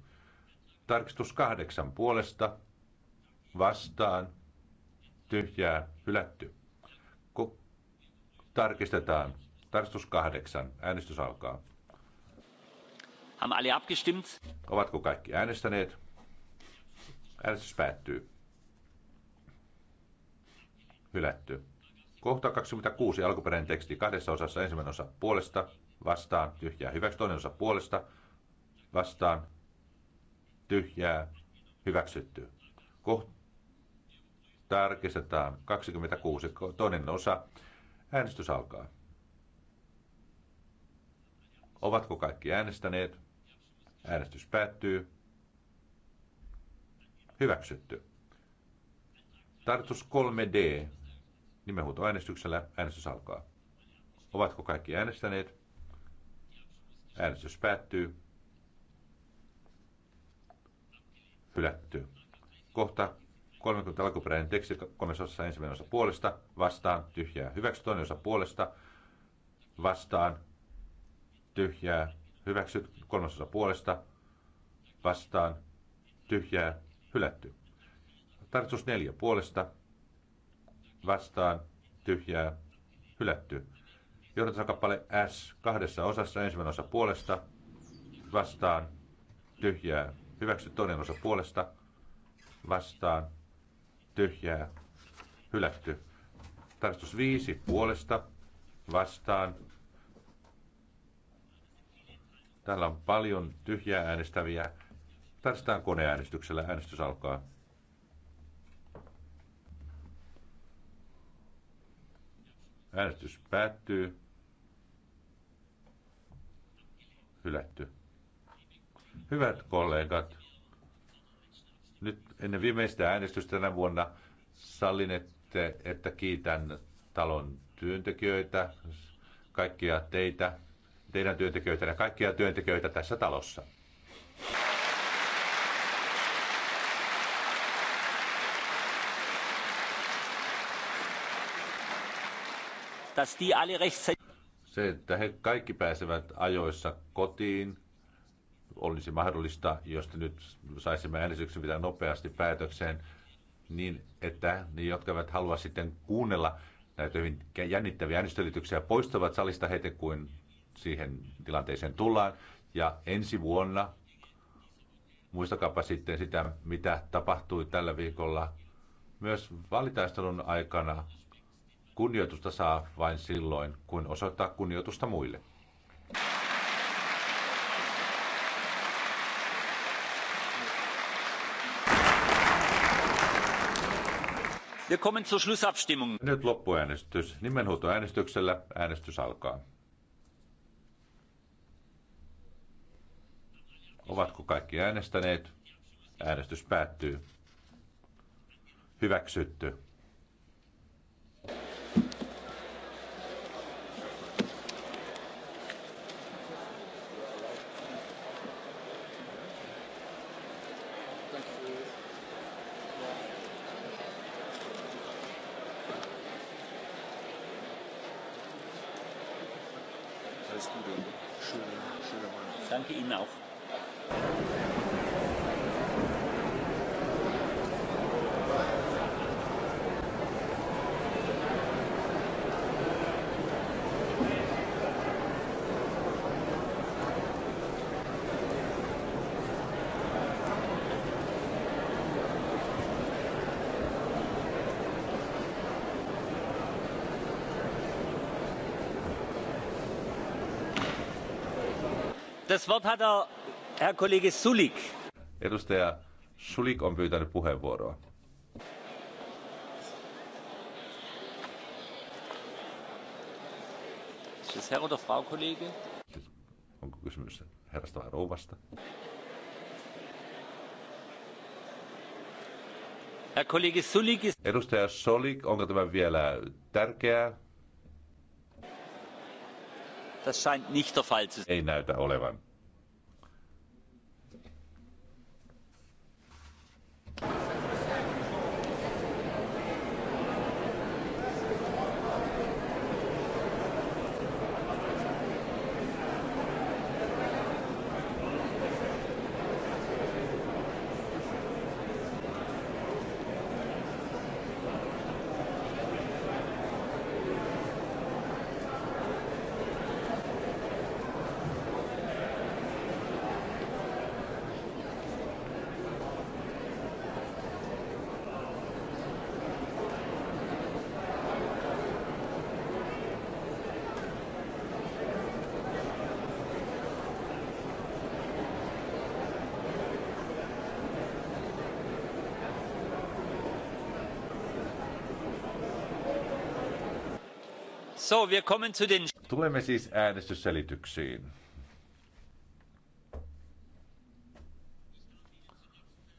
Tarkistus kahdeksan puolesta, vastaan tyhjää hylätty. Kun tarkistetaan. Tarkistus kahdeksan. Äänestys alkaa. Haben alle abgestimmt? Ovatko kaikki äänestäneet? Äänestys päättyy. Hylätty. Kohta 26 alkuperäinen teksti kahdessa osassa ensimmäinen osa puolesta, vastaan, tyhjää, hyväksy toinen osa puolesta, vastaan, tyhjää, hyväksytty. Kohta tarkistetaan 26, toinen osa. Äänestys alkaa. Ovatko kaikki äänestäneet? Äänestys päättyy. Hyväksytty. Tartus 3D. äänestyksellä äänestys alkaa. Ovatko kaikki äänestäneet? Äänestys päättyy. Hylätty. Kohta 30 alkuperäinen teksti kolmessa osassa ensimmäinen osa puolesta, vastaan, tyhjää. Hyväksy toinen osa puolesta, vastaan, tyhjää, hyväksyt, kolmasosa puolesta, vastaan, tyhjää, hylätty. Tarkistus neljä puolesta, vastaan, tyhjää, hylätty. Johdantosakappale S kahdessa osassa, ensimmäinen osa puolesta, vastaan, tyhjää, hyväksy toinen osa puolesta, vastaan, tyhjää, hylätty. Tarkistus 5 puolesta, vastaan, Täällä on paljon tyhjää äänestäviä. Tarvitaan koneäänestyksellä. Äänestys alkaa. Äänestys päättyy. Hylätty. Hyvät kollegat, nyt ennen viimeistä äänestystä tänä vuonna sallin, että, että kiitän talon työntekijöitä, kaikkia teitä, teidän ja kaikkia työntekijöitä tässä talossa. Se, että he kaikki pääsevät ajoissa kotiin, olisi mahdollista, jos nyt saisimme äänestyksen vielä nopeasti päätökseen, niin että ne, jotka eivät halua sitten kuunnella näitä hyvin jännittäviä äänestölityksiä, poistavat salista heti, kuin siihen tilanteeseen tullaan. Ja ensi vuonna, muistakaapa sitten sitä, mitä tapahtui tällä viikolla, myös valitaistelun aikana kunnioitusta saa vain silloin, kun osoittaa kunnioitusta muille. Wir kommen zur Schlussabstimmung. Nyt loppuäänestys. Nimenhuutoäänestyksellä äänestys alkaa. Ovatko kaikki äänestäneet? Äänestys päättyy. Hyväksytty. Das Wort hat er, Herr Kollege Sulik. Edustaja Sulik on pyytänyt puheenvuoroa. Herr oder Frau Kollege? Onko kysymys herrasta vai rouvasta? Herr Kollege Sulik. Edustaja Solik, onko tämä vielä tärkeää? Das scheint nicht der Fall zu sein. Ei näytä olevan. So, wir kommen zu den... Tulemme siis äänestysselityksiin.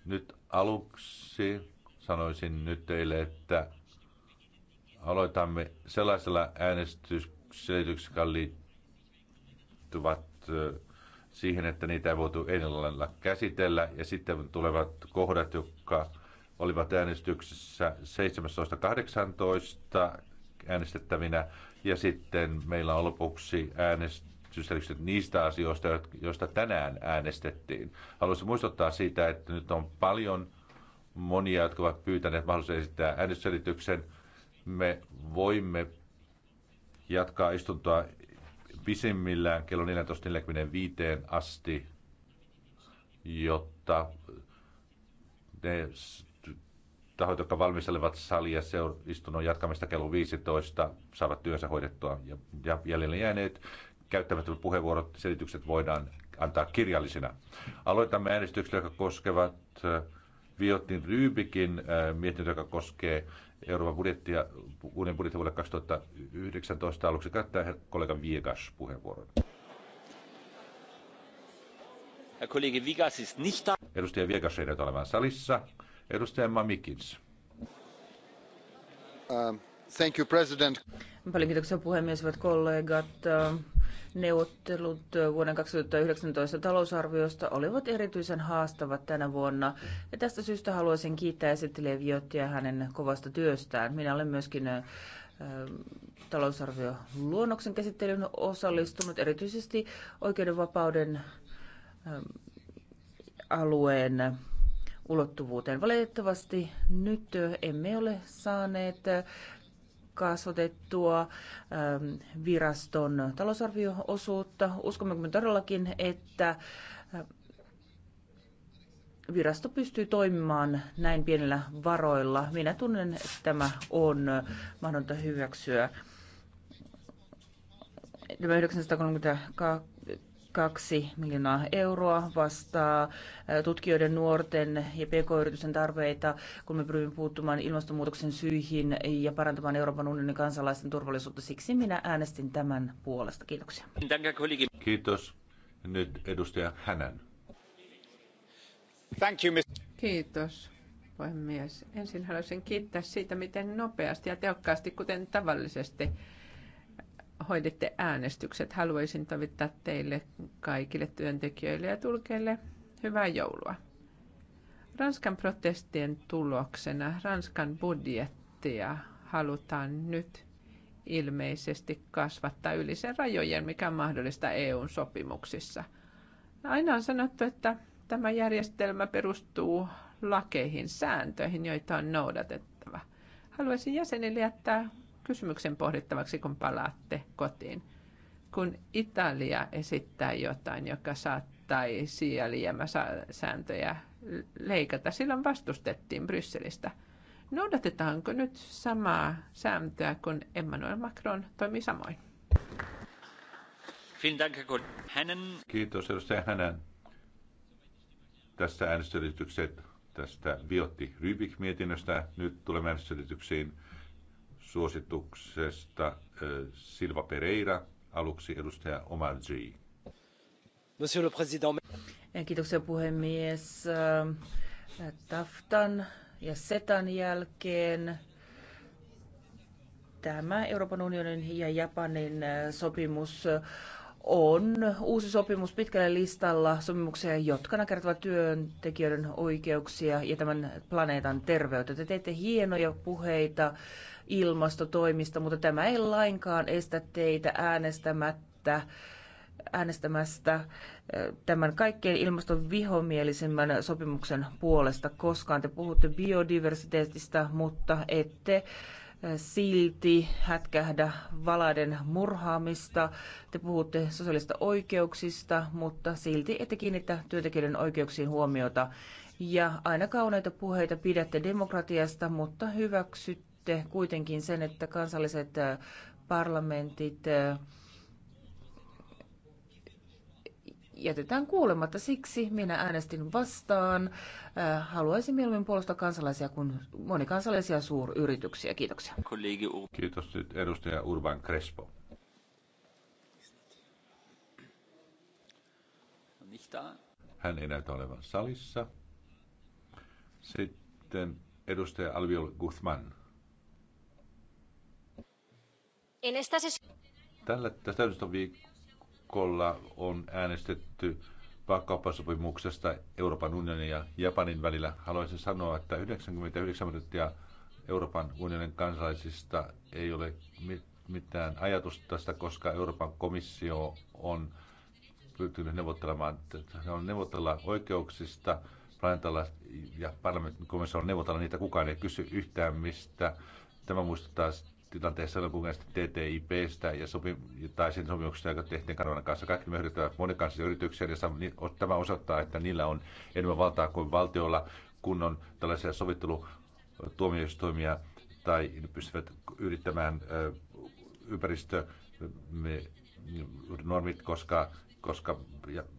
Nyt aluksi sanoisin nyt teille, että aloitamme sellaisella äänestysselityksellä, joka liittyvät siihen, että niitä ei voitu edellä käsitellä. Ja sitten tulevat kohdat, jotka olivat äänestyksessä 17.18 äänestettävinä ja sitten meillä on lopuksi äänestysselitykset niistä asioista, joista tänään äänestettiin. Haluaisin muistuttaa siitä, että nyt on paljon monia, jotka ovat pyytäneet mahdollisuuden esittää äänestysselityksen. Me voimme jatkaa istuntoa pisimmillään kello 14.45 asti, jotta ne tahot, jotka valmistelevat salia seur- istunnon jatkamista kello 15, saavat työnsä hoidettua. Ja, ja jäljelle jääneet käyttävät puheenvuorot, selitykset voidaan antaa kirjallisina. Aloitamme äänestyksellä, jotka koskevat äh, Viotin Ryybikin äh, mietintö, joka koskee Euroopan budjettia, uuden budjetin vuodelle 2019. Aluksi käyttää kollega Viegas puheenvuoron. Herr Kollege Vigas ist nicht da. Edustaja Viegas ei näytä olevan salissa. Edustaja Mamikins. Um, thank you, president. Paljon kiitoksia puhemies, hyvät kollegat. Ähm, neuvottelut vuoden 2019 talousarviosta olivat erityisen haastavat tänä vuonna. Ja tästä syystä haluaisin kiittää esittelijä Viottia hänen kovasta työstään. Minä olen myöskin ähm, luonnoksen käsittelyyn osallistunut, erityisesti oikeudenvapauden ähm, alueen ulottuvuuteen. Valitettavasti nyt emme ole saaneet kasvatettua ähm, viraston talousarvioosuutta. Uskomme todellakin, että äh, virasto pystyy toimimaan näin pienillä varoilla. Minä tunnen, että tämä on mahdollista hyväksyä. Tämä 932 2 miljoonaa euroa vastaa tutkijoiden, nuorten ja pk-yritysten tarpeita, kun me pyrimme puuttumaan ilmastonmuutoksen syihin ja parantamaan Euroopan unionin kansalaisten turvallisuutta. Siksi minä äänestin tämän puolesta. Kiitoksia. Kiitos. Nyt edustaja Hänän. Thank you, Kiitos, puhemies. Ensin haluaisin kiittää siitä, miten nopeasti ja tehokkaasti, kuten tavallisesti, hoiditte äänestykset. Haluaisin toivottaa teille kaikille työntekijöille ja tulkeille hyvää joulua. Ranskan protestien tuloksena Ranskan budjettia halutaan nyt ilmeisesti kasvattaa yli sen rajojen, mikä on mahdollista EUn sopimuksissa. Aina on sanottu, että tämä järjestelmä perustuu lakeihin, sääntöihin, joita on noudatettava. Haluaisin jäsenille jättää kysymyksen pohdittavaksi, kun palaatte kotiin. Kun Italia esittää jotain, joka saattaisi sääntöjä leikata, silloin vastustettiin Brysselistä. Noudatetaanko nyt samaa sääntöä, kun Emmanuel Macron toimii samoin? Kiitos edustaja Hänen. Tässä äänestysselitykset tästä Viotti Rybik-mietinnöstä. Nyt tulemme äänestysselityksiin suosituksesta äh, Silva Pereira, aluksi edustaja Omar G. Monsieur le Président. Eh, kiitoksia puhemies. Äh, Taftan ja Setan jälkeen tämä Euroopan unionin ja Japanin äh, sopimus on uusi sopimus pitkällä listalla sopimuksia, jotka nakertavat työntekijöiden oikeuksia ja tämän planeetan terveyttä. Te teette hienoja puheita ilmastotoimista, mutta tämä ei lainkaan estä teitä äänestämättä äänestämästä tämän kaikkein ilmaston vihomielisimmän sopimuksen puolesta koskaan. Te puhutte biodiversiteetistä, mutta ette silti hätkähdä valaiden murhaamista. Te puhutte sosiaalista oikeuksista, mutta silti ette kiinnitä työntekijöiden oikeuksiin huomiota. Ja aina kauneita puheita pidätte demokratiasta, mutta hyväksytte Tiedätte kuitenkin sen, että kansalliset äh, parlamentit äh, jätetään kuulematta. Siksi minä äänestin vastaan. Äh, haluaisin mieluummin puolustaa kansalaisia kuin monikansalaisia suuryrityksiä. Kiitoksia. Kiitos nyt edustaja Urban Crespo. Hän ei näytä olevan salissa. Sitten edustaja Alviol Guzman. Tällä täydestä viikolla on äänestetty vapaakauppasopimuksesta Euroopan unionin ja Japanin välillä. Haluaisin sanoa, että 99 prosenttia Euroopan unionin kansalaisista ei ole mitään ajatusta tästä, koska Euroopan komissio on pyrkinyt neuvottelemaan, ne on neuvotella oikeuksista planeetalla ja parlamentin komissio on neuvotella niitä, kukaan ei kysy yhtään mistä. Tämä muistuttaa tilanteessa on puhuttu TTIPstä ja sopi, tai sen sopimuksesta, joka tehtiin Kanadan kanssa. Kaikki me yrittävät monikansallisia yrityksiä, ja niin tämä osoittaa, että niillä on enemmän valtaa kuin valtiolla, kun on tällaisia sovittelutuomioistuimia tai ne pystyvät yrittämään ympäristö normit, koska, koska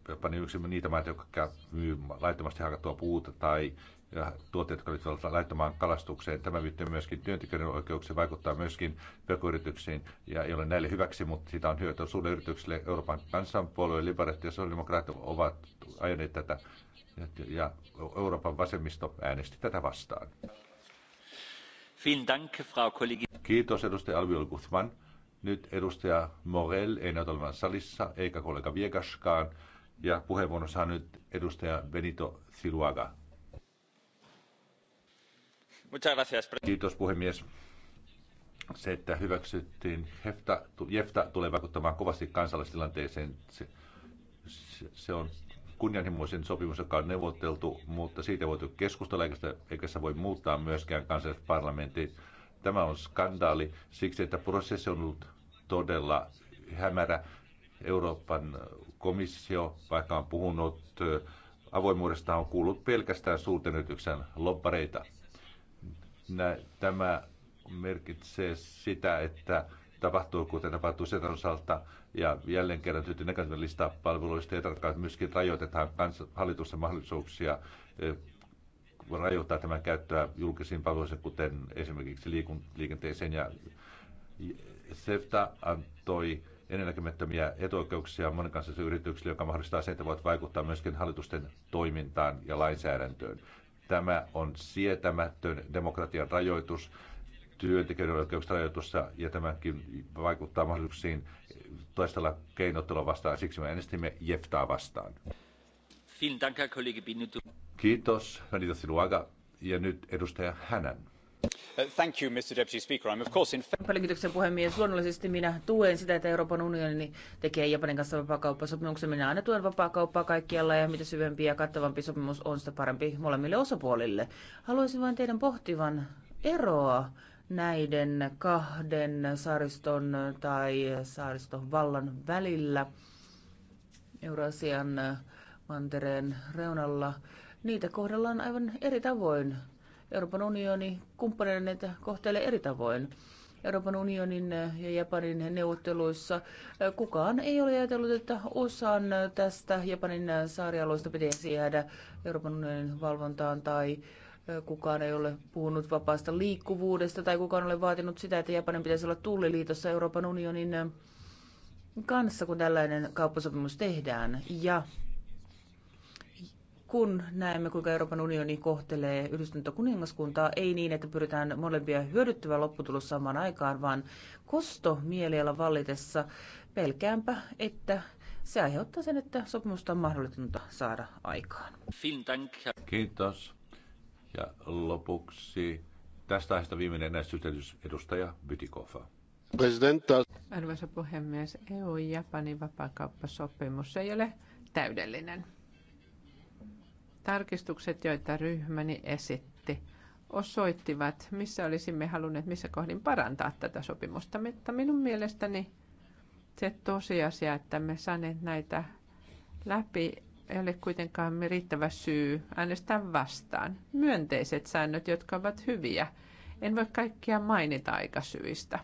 jopa niin yksi niitä maita, jotka myy laittomasti hakattua puuta tai ja tuotteet, jotka liittyvät laittomaan kalastukseen. Tämä liittyy myöskin työntekijöiden oikeuksiin, vaikuttaa myöskin pk ja ei ole näille hyväksi, mutta sitä on hyötyä suurille yrityksille. Euroopan kansanpuolue, liberaatit ja sosiaalidemokraatit ovat ajaneet tätä ja Euroopan vasemmisto äänesti tätä vastaan. Kiitos edustaja Alviol Guzman. Nyt edustaja Morel ei näytä olevan salissa, eikä kollega Viegaskaan. Ja puheenvuorossa saa nyt edustaja Benito Siluaga. Kiitos puhemies. Se, että hyväksyttiin Hefta, Jefta tulee vaikuttamaan kovasti kansalaistilanteeseen. Se, se, se on kunnianhimoisen sopimus, joka on neuvoteltu, mutta siitä voitu keskustella, eikä sitä, eikä se voi muuttaa myöskään kansalliset parlamentit. Tämä on skandaali siksi, että prosessi on ollut todella hämärä. Euroopan komissio, vaikka on puhunut avoimuudesta, on kuullut pelkästään suurten yrityksen loppareita tämä merkitsee sitä, että tapahtuu, kuten tapahtuu sen osalta, ja jälleen kerran syntyy negatiivinen lista palveluista, ja tarkkaan myöskin rajoitetaan kans, mahdollisuuksia e, rajoittaa tämän käyttöä julkisiin palveluihin, kuten esimerkiksi liikun, liikenteeseen. Ja SEFTA antoi ennennäkemättömiä etuoikeuksia monikansallisille yrityksille, joka mahdollistaa sen, että voivat vaikuttaa myöskin hallitusten toimintaan ja lainsäädäntöön. Tämä on sietämätön demokratian rajoitus, työntekijöiden oikeuksien rajoitusta, ja tämäkin vaikuttaa mahdollisuuksiin toistella keinottelua vastaan. Siksi me äänestimme Jeftaa vastaan. Kiitos, Anita Siluaga. Ja nyt edustaja Hänän puhemies. Luonnollisesti minä tuen sitä, että Euroopan unioni tekee Japanin kanssa vapaakauppasopimuksen. Minä aina tuen vapaakauppaa kaikkialla ja mitä syvempi ja kattavampi sopimus on, sitä parempi molemmille osapuolille. Haluaisin vain teidän pohtivan eroa näiden kahden saariston tai saariston vallan välillä Eurasian mantereen reunalla. Niitä kohdellaan aivan eri tavoin Euroopan unioni kumppaneiden kohtelee eri tavoin. Euroopan unionin ja Japanin neuvotteluissa. Kukaan ei ole ajatellut, että osan tästä Japanin saarialueesta pitäisi jäädä Euroopan unionin valvontaan tai kukaan ei ole puhunut vapaasta liikkuvuudesta tai kukaan ole vaatinut sitä, että Japanin pitäisi olla tulliliitossa Euroopan unionin kanssa, kun tällainen kauppasopimus tehdään. Ja kun näemme, kuinka Euroopan unioni kohtelee yhdistynyttä kuningaskuntaa, ei niin, että pyritään molempia hyödyttävä lopputulos samaan aikaan, vaan kosto mieliala vallitessa pelkäänpä, että se aiheuttaa sen, että sopimusta on mahdollista saada aikaan. Kiitos. Ja lopuksi tästä aiheesta viimeinen näistä edustaja Bytikofa. Presidenta. Arvoisa puhemies, EU-Japanin vapaakauppasopimus ei ole täydellinen Tarkistukset, joita ryhmäni esitti, osoittivat, missä olisimme halunneet missä kohdin parantaa tätä sopimusta. Mutta minun mielestäni se tosiasia, että me saaneet näitä läpi, ei ole kuitenkaan riittävä syy äänestää vastaan. Myönteiset säännöt, jotka ovat hyviä. En voi kaikkia mainita aikasyistä.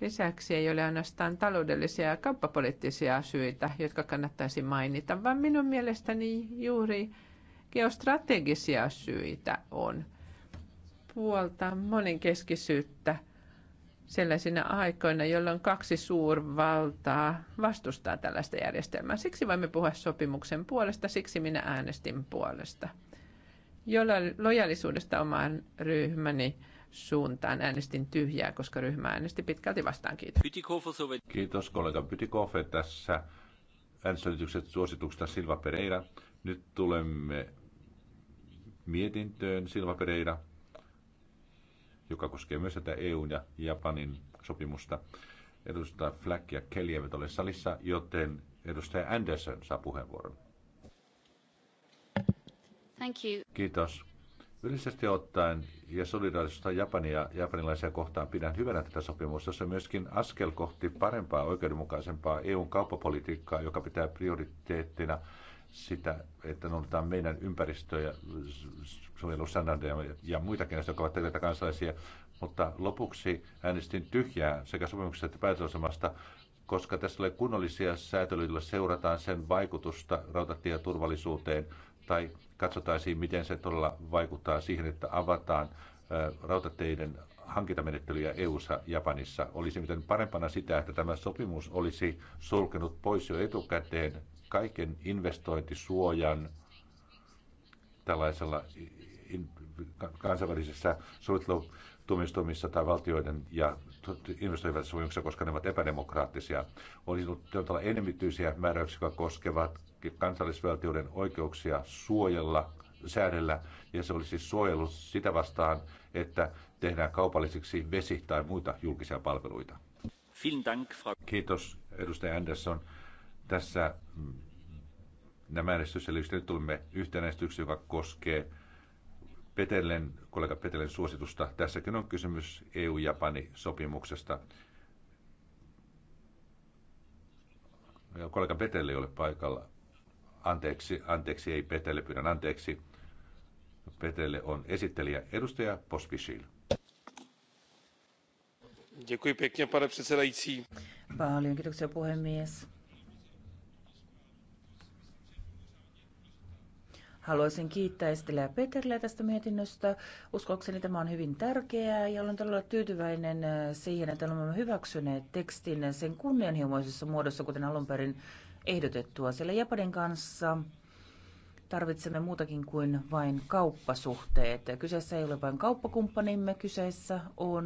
Lisäksi ei ole ainoastaan taloudellisia ja kauppapoliittisia syitä, jotka kannattaisi mainita, vaan minun mielestäni juuri geostrategisia syitä on. Puolta monenkeskisyyttä sellaisina aikoina, jolloin kaksi suurvaltaa vastustaa tällaista järjestelmää. Siksi voimme puhua sopimuksen puolesta, siksi minä äänestin puolesta. Jolla lojallisuudesta omaan ryhmäni suuntaan. Äänestin tyhjää, koska ryhmä äänesti pitkälti vastaan. Kiitos. Kiitos kollega Pytikofe tässä. Äänestöitykset suosituksesta Silva Pereira. Nyt tulemme mietintöön Silva Pereira, joka koskee myös tätä EUn ja Japanin sopimusta. Edustaja Flack ja Kelly eivät ole salissa, joten edustaja Anderson saa puheenvuoron. Thank you. Kiitos Yleisesti ottaen ja solidaarisuutta Japania ja japanilaisia kohtaan pidän hyvänä tätä sopimusta. Se on myöskin askel kohti parempaa, oikeudenmukaisempaa EUn kauppapolitiikkaa, joka pitää prioriteettina sitä, että noudatetaan meidän ympäristö- ja suojelustandardeja ja muitakin asioita, jotka ovat tärkeitä kansalaisia. Mutta lopuksi äänestin tyhjää sekä sopimuksesta että päätösasemasta, koska tässä oli kunnollisia joilla seurataan sen vaikutusta rautatieturvallisuuteen tai katsotaan, miten se todella vaikuttaa siihen, että avataan rautateiden hankintamenettelyjä EU-ssa Japanissa. Olisi miten parempana sitä, että tämä sopimus olisi sulkenut pois jo etukäteen kaiken investointisuojan tällaisella kansainvälisessä sovittelutumistumissa tai valtioiden ja investoivissa sopimuksissa, koska ne ovat epädemokraattisia. Olisi ollut olla enemmityisiä määräyksiä, jotka koskevat kansallisvaltioiden oikeuksia suojella, säädellä, ja se olisi siis suojellut sitä vastaan, että tehdään kaupallisiksi vesi- tai muita julkisia palveluita. Kiitos, edustaja Andersson. Tässä mm, nämä äänestysselitykset. Nyt tulemme yhteen äänestykseen, joka koskee Petelen, kollega Petelen suositusta. Tässäkin on kysymys EU-Japani sopimuksesta. Kollega Petelle ei ole paikalla. Anteeksi, anteeksi, ei Petelle, pyydän anteeksi. Petelle on esittelijä edustaja Pospisil. Děkuji pěkně, pane předsedající. Paljon kiitoksia puhemies. Haluaisin kiittää Estelää Peterille tästä mietinnöstä. Uskoakseni tämä on hyvin tärkeää ja olen todella tyytyväinen äh, siihen, että olemme hyväksyneet tekstin sen kunnianhimoisessa muodossa, kuten alun perin ehdotettua, sillä Japanin kanssa tarvitsemme muutakin kuin vain kauppasuhteet. Kyseessä ei ole vain kauppakumppanimme, kyseessä on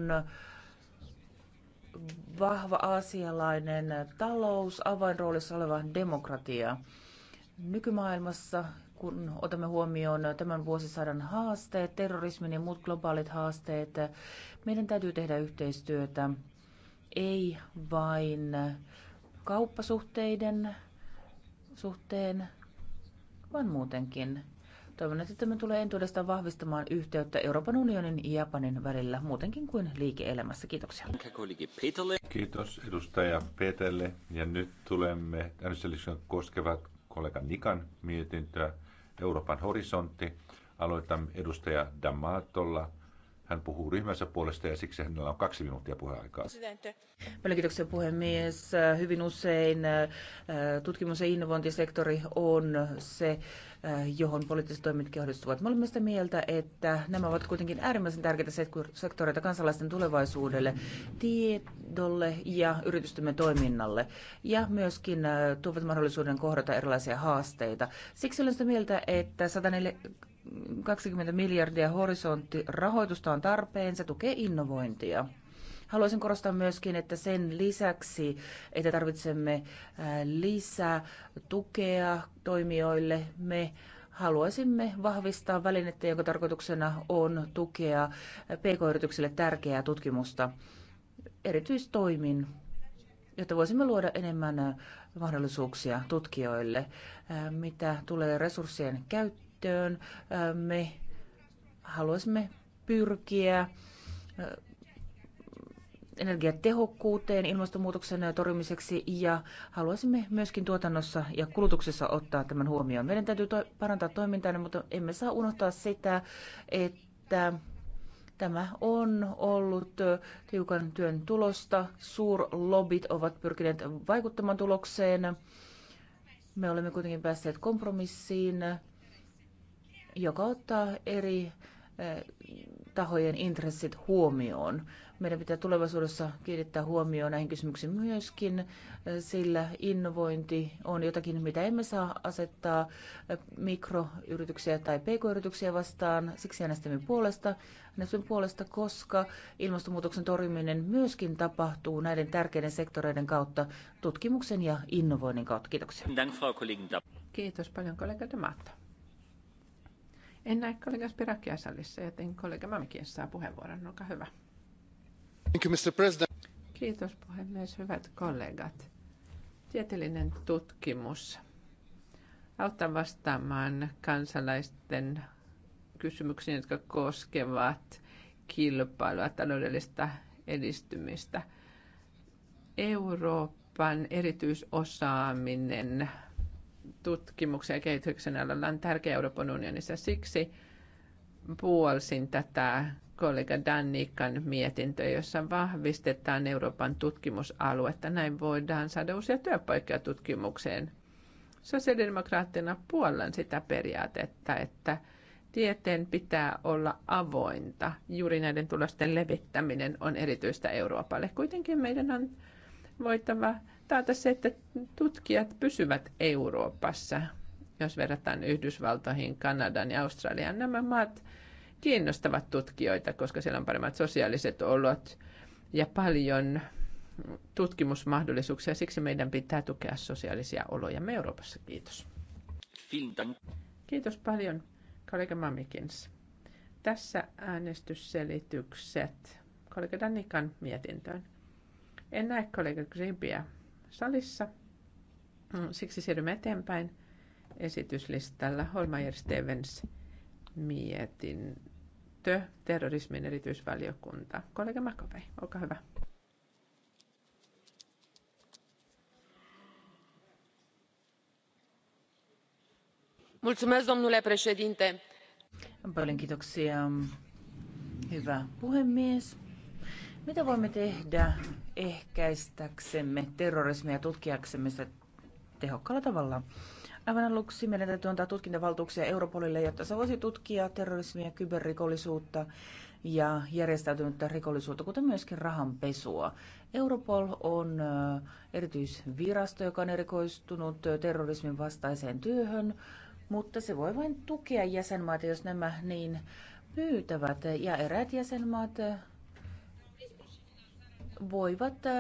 vahva aasialainen talous, avainroolissa oleva demokratia. Nykymaailmassa, kun otamme huomioon tämän vuosisadan haasteet, terrorismin ja muut globaalit haasteet, meidän täytyy tehdä yhteistyötä ei vain kauppasuhteiden suhteen, vaan muutenkin. Toivon, että tämä tulee entuudestaan vahvistamaan yhteyttä Euroopan unionin ja Japanin välillä muutenkin kuin liike-elämässä. Kiitoksia. Kiitos edustaja Petelle. Ja nyt tulemme äänestyslistan koskevat kollega Nikan mietintöä Euroopan horisontti. Aloitamme edustaja Damatolla. Hän puhuu ryhmänsä puolesta ja siksi hänellä on kaksi minuuttia puheaikaa. Paljon kiitoksia puhemies. Hyvin usein äh, tutkimus- ja innovointisektori on se, äh, johon poliittiset toimet kohdistuvat. Me olemme sitä mieltä, että nämä ovat kuitenkin äärimmäisen tärkeitä sektoreita kansalaisten tulevaisuudelle, tiedolle ja yritystemme toiminnalle. Ja myöskin äh, tuovat mahdollisuuden kohdata erilaisia haasteita. Siksi olen sitä mieltä, että 104 20 miljardia horisonttirahoitusta on tarpeen, se tukee innovointia. Haluaisin korostaa myöskin, että sen lisäksi, että tarvitsemme lisää tukea toimijoille, me haluaisimme vahvistaa välinettä, jonka tarkoituksena on tukea pk-yrityksille tärkeää tutkimusta erityistoimin, jotta voisimme luoda enemmän mahdollisuuksia tutkijoille, mitä tulee resurssien käyttöön käyttöön. Me haluaisimme pyrkiä energiatehokkuuteen ilmastonmuutoksen torjumiseksi ja haluaisimme myöskin tuotannossa ja kulutuksessa ottaa tämän huomioon. Meidän täytyy to- parantaa toimintaa, mutta emme saa unohtaa sitä, että tämä on ollut tiukan työn tulosta. Suurlobit ovat pyrkineet vaikuttamaan tulokseen. Me olemme kuitenkin päässeet kompromissiin joka ottaa eri eh, tahojen intressit huomioon. Meidän pitää tulevaisuudessa kiinnittää huomioon näihin kysymyksiin myöskin, eh, sillä innovointi on jotakin, mitä emme saa asettaa eh, mikroyrityksiä tai pk-yrityksiä vastaan. Siksi äänestämme puolesta, puolesta, koska ilmastonmuutoksen torjuminen myöskin tapahtuu näiden tärkeiden sektoreiden kautta tutkimuksen ja innovoinnin kautta. Kiitoksia. Kiitos paljon kollega Dematta. En näe kollega Spirakia salissa, joten kollega Mamikin saa puheenvuoron. Olkaa hyvä. Thank you, Mr. President. Kiitos puhemies, hyvät kollegat. Tieteellinen tutkimus auttaa vastaamaan kansalaisten kysymyksiin, jotka koskevat kilpailua, taloudellista edistymistä. Euroopan erityisosaaminen – tutkimuksen ja kehityksen alalla on tärkeä Euroopan unionissa. Siksi puolsin tätä kollega Dannikan mietintöä, jossa vahvistetaan Euroopan tutkimusaluetta. Näin voidaan saada uusia työpaikkoja tutkimukseen. Sosiaalidemokraattina puolan sitä periaatetta, että tieteen pitää olla avointa. Juuri näiden tulosten levittäminen on erityistä Euroopalle. Kuitenkin meidän on voitava taata se, että tutkijat pysyvät Euroopassa, jos verrataan Yhdysvaltoihin, Kanadan ja Australian Nämä maat kiinnostavat tutkijoita, koska siellä on paremmat sosiaaliset olot ja paljon tutkimusmahdollisuuksia. Siksi meidän pitää tukea sosiaalisia oloja me Euroopassa. Kiitos. Kiitos paljon, kollega Mamikins. Tässä äänestysselitykset kollega Danikan mietintöön. En näe kollega Gribiä salissa. Mm, siksi siirrymme eteenpäin esityslistalla Holmeyer Stevens tö terrorismin erityisvaliokunta. Kollega Makovei, olkaa hyvä. domnule președinte paljon kiitoksia hyvä puhemies mitä voimme tehdä ehkäistäksemme terrorismia tutkiaksemme sitä tehokkaalla tavalla. Aivan aluksi meidän täytyy antaa tutkintavaltuuksia Europolille, jotta se voisi tutkia terrorismia, kyberrikollisuutta ja järjestäytynyttä rikollisuutta, kuten myöskin rahanpesua. Europol on erityisvirasto, joka on erikoistunut terrorismin vastaiseen työhön, mutta se voi vain tukea jäsenmaita, jos nämä niin pyytävät. Ja eräät jäsenmaat voivat äh,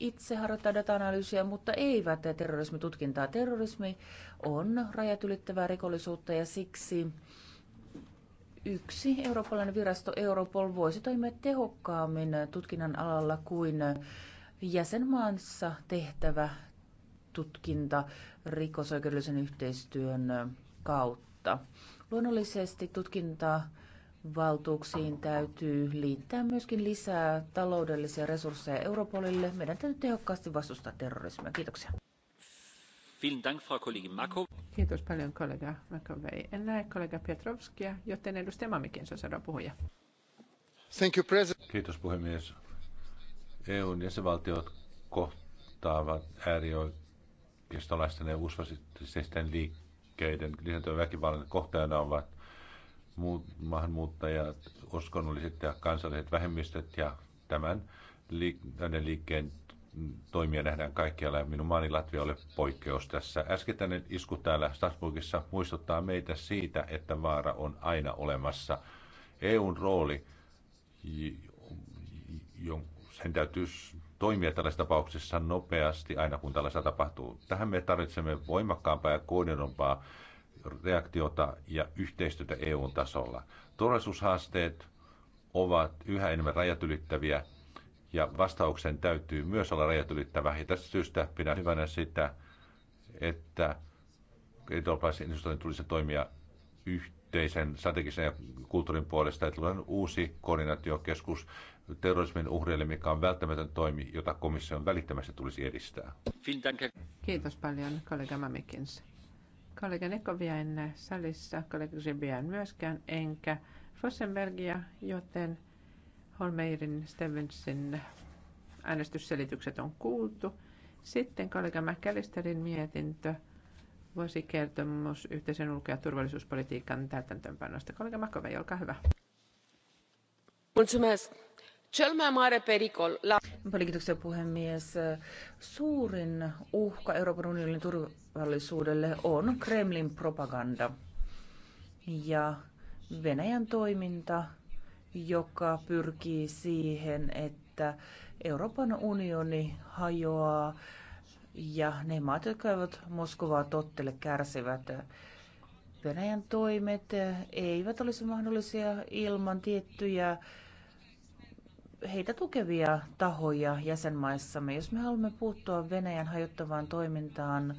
itse harjoittaa data-analyysiä, mutta eivät terrorismitutkintaa. Terrorismi on rajat ylittävää rikollisuutta ja siksi yksi eurooppalainen virasto Europol voisi toimia tehokkaammin tutkinnan alalla kuin jäsenmaansa tehtävä tutkinta rikosoikeudellisen yhteistyön kautta. Luonnollisesti tutkintaa valtuuksiin täytyy liittää myöskin lisää taloudellisia resursseja Europolille. Meidän täytyy tehokkaasti vastustaa terrorismia. Kiitoksia. Kiitos paljon kollega Makovei. En näe kollega Petrovskia, joten edustaja Mamikin seuraava puhuja. Thank you, president. Kiitos puhemies. EUn jäsenvaltiot kohtaavat äärioikeistolaisten ja uusfasististen liikkeiden lisääntyvän väkivallan kohteena ovat muut maahanmuuttajat, uskonnolliset ja kansalliset vähemmistöt ja tämän liik- liikkeen toimia nähdään kaikkialla ja minun maani Latvia ole poikkeus tässä. Äskettäinen isku täällä Strasbourgissa muistuttaa meitä siitä, että vaara on aina olemassa. EUn rooli, sen täytyy toimia tällaisissa tapauksissa nopeasti aina kun tällaista tapahtuu. Tähän me tarvitsemme voimakkaampaa ja koordinoimpaa reaktiota ja yhteistyötä EUn tasolla. Turvallisuushaasteet ovat yhä enemmän rajat ylittäviä ja vastauksen täytyy myös olla rajat ylittävä. Ja tästä syystä pidän hyvänä sitä, että eurooppalaisen investoinnin tulisi toimia yhteisen strategisen ja kulttuurin puolesta, että luodaan uusi koordinaatiokeskus terrorismin uhreille, mikä on välttämätön toimi, jota komission välittömästi tulisi edistää. Kiitos paljon, kollega Mamikins. Kollega Nekovia en näe salissa, kollega Zibia en myöskään, enkä Fossenbergia, joten Holmeirin Stevensin äänestysselitykset on kuultu. Sitten kollega McAllisterin mietintö, vuosikertomus yhteisen ulko- ja turvallisuuspolitiikan täytäntöönpanosta. Kollega Makovei, olkaa hyvä. Mulțumesc Paljon kiitoksia puhemies. Suurin uhka Euroopan unionin turvallisuudelle on Kremlin propaganda ja Venäjän toiminta, joka pyrkii siihen, että Euroopan unioni hajoaa ja ne maat, jotka eivät Moskovaa tottele, kärsivät. Venäjän toimet eivät olisi mahdollisia ilman tiettyjä heitä tukevia tahoja jäsenmaissamme. Jos me haluamme puuttua Venäjän hajottavaan toimintaan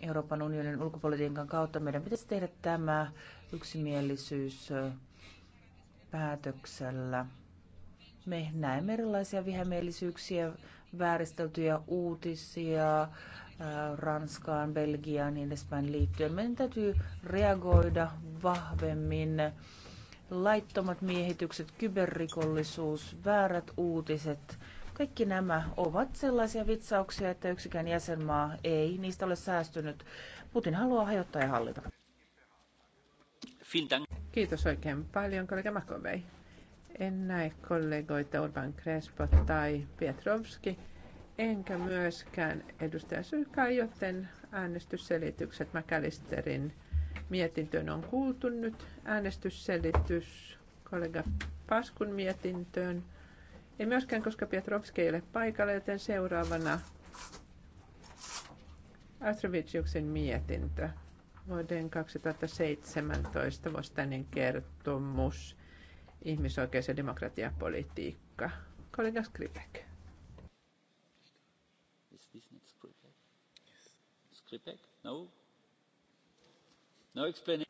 Euroopan unionin ulkopolitiikan kautta, meidän pitäisi tehdä tämä yksimielisyys päätöksellä. Me näemme erilaisia vihamielisyyksiä, vääristeltyjä uutisia äh, Ranskaan, Belgiaan ja niin edespäin liittyen. Meidän täytyy reagoida vahvemmin laittomat miehitykset, kyberrikollisuus, väärät uutiset, kaikki nämä ovat sellaisia vitsauksia, että yksikään jäsenmaa ei niistä ole säästynyt. Putin haluaa hajottaa ja hallita. Kiitos oikein paljon, kollega Makovei. En näe kollegoita Urban Crespo tai Pietrovski, enkä myöskään edustaja Sylkä, joten äänestysselitykset McAllisterin mietintöön on kuultu nyt. Äänestysselitys kollega Paskun mietintöön. Ei myöskään, koska Pietrovski ei ole paikalla, joten seuraavana Astrovitsiuksen mietintö. Vuoden 2017 vastainen kertomus ihmisoikeus- ja demokratiapolitiikka. Kollega Skripek. Is this not Skripek? Yes. Skripek? No? No explain.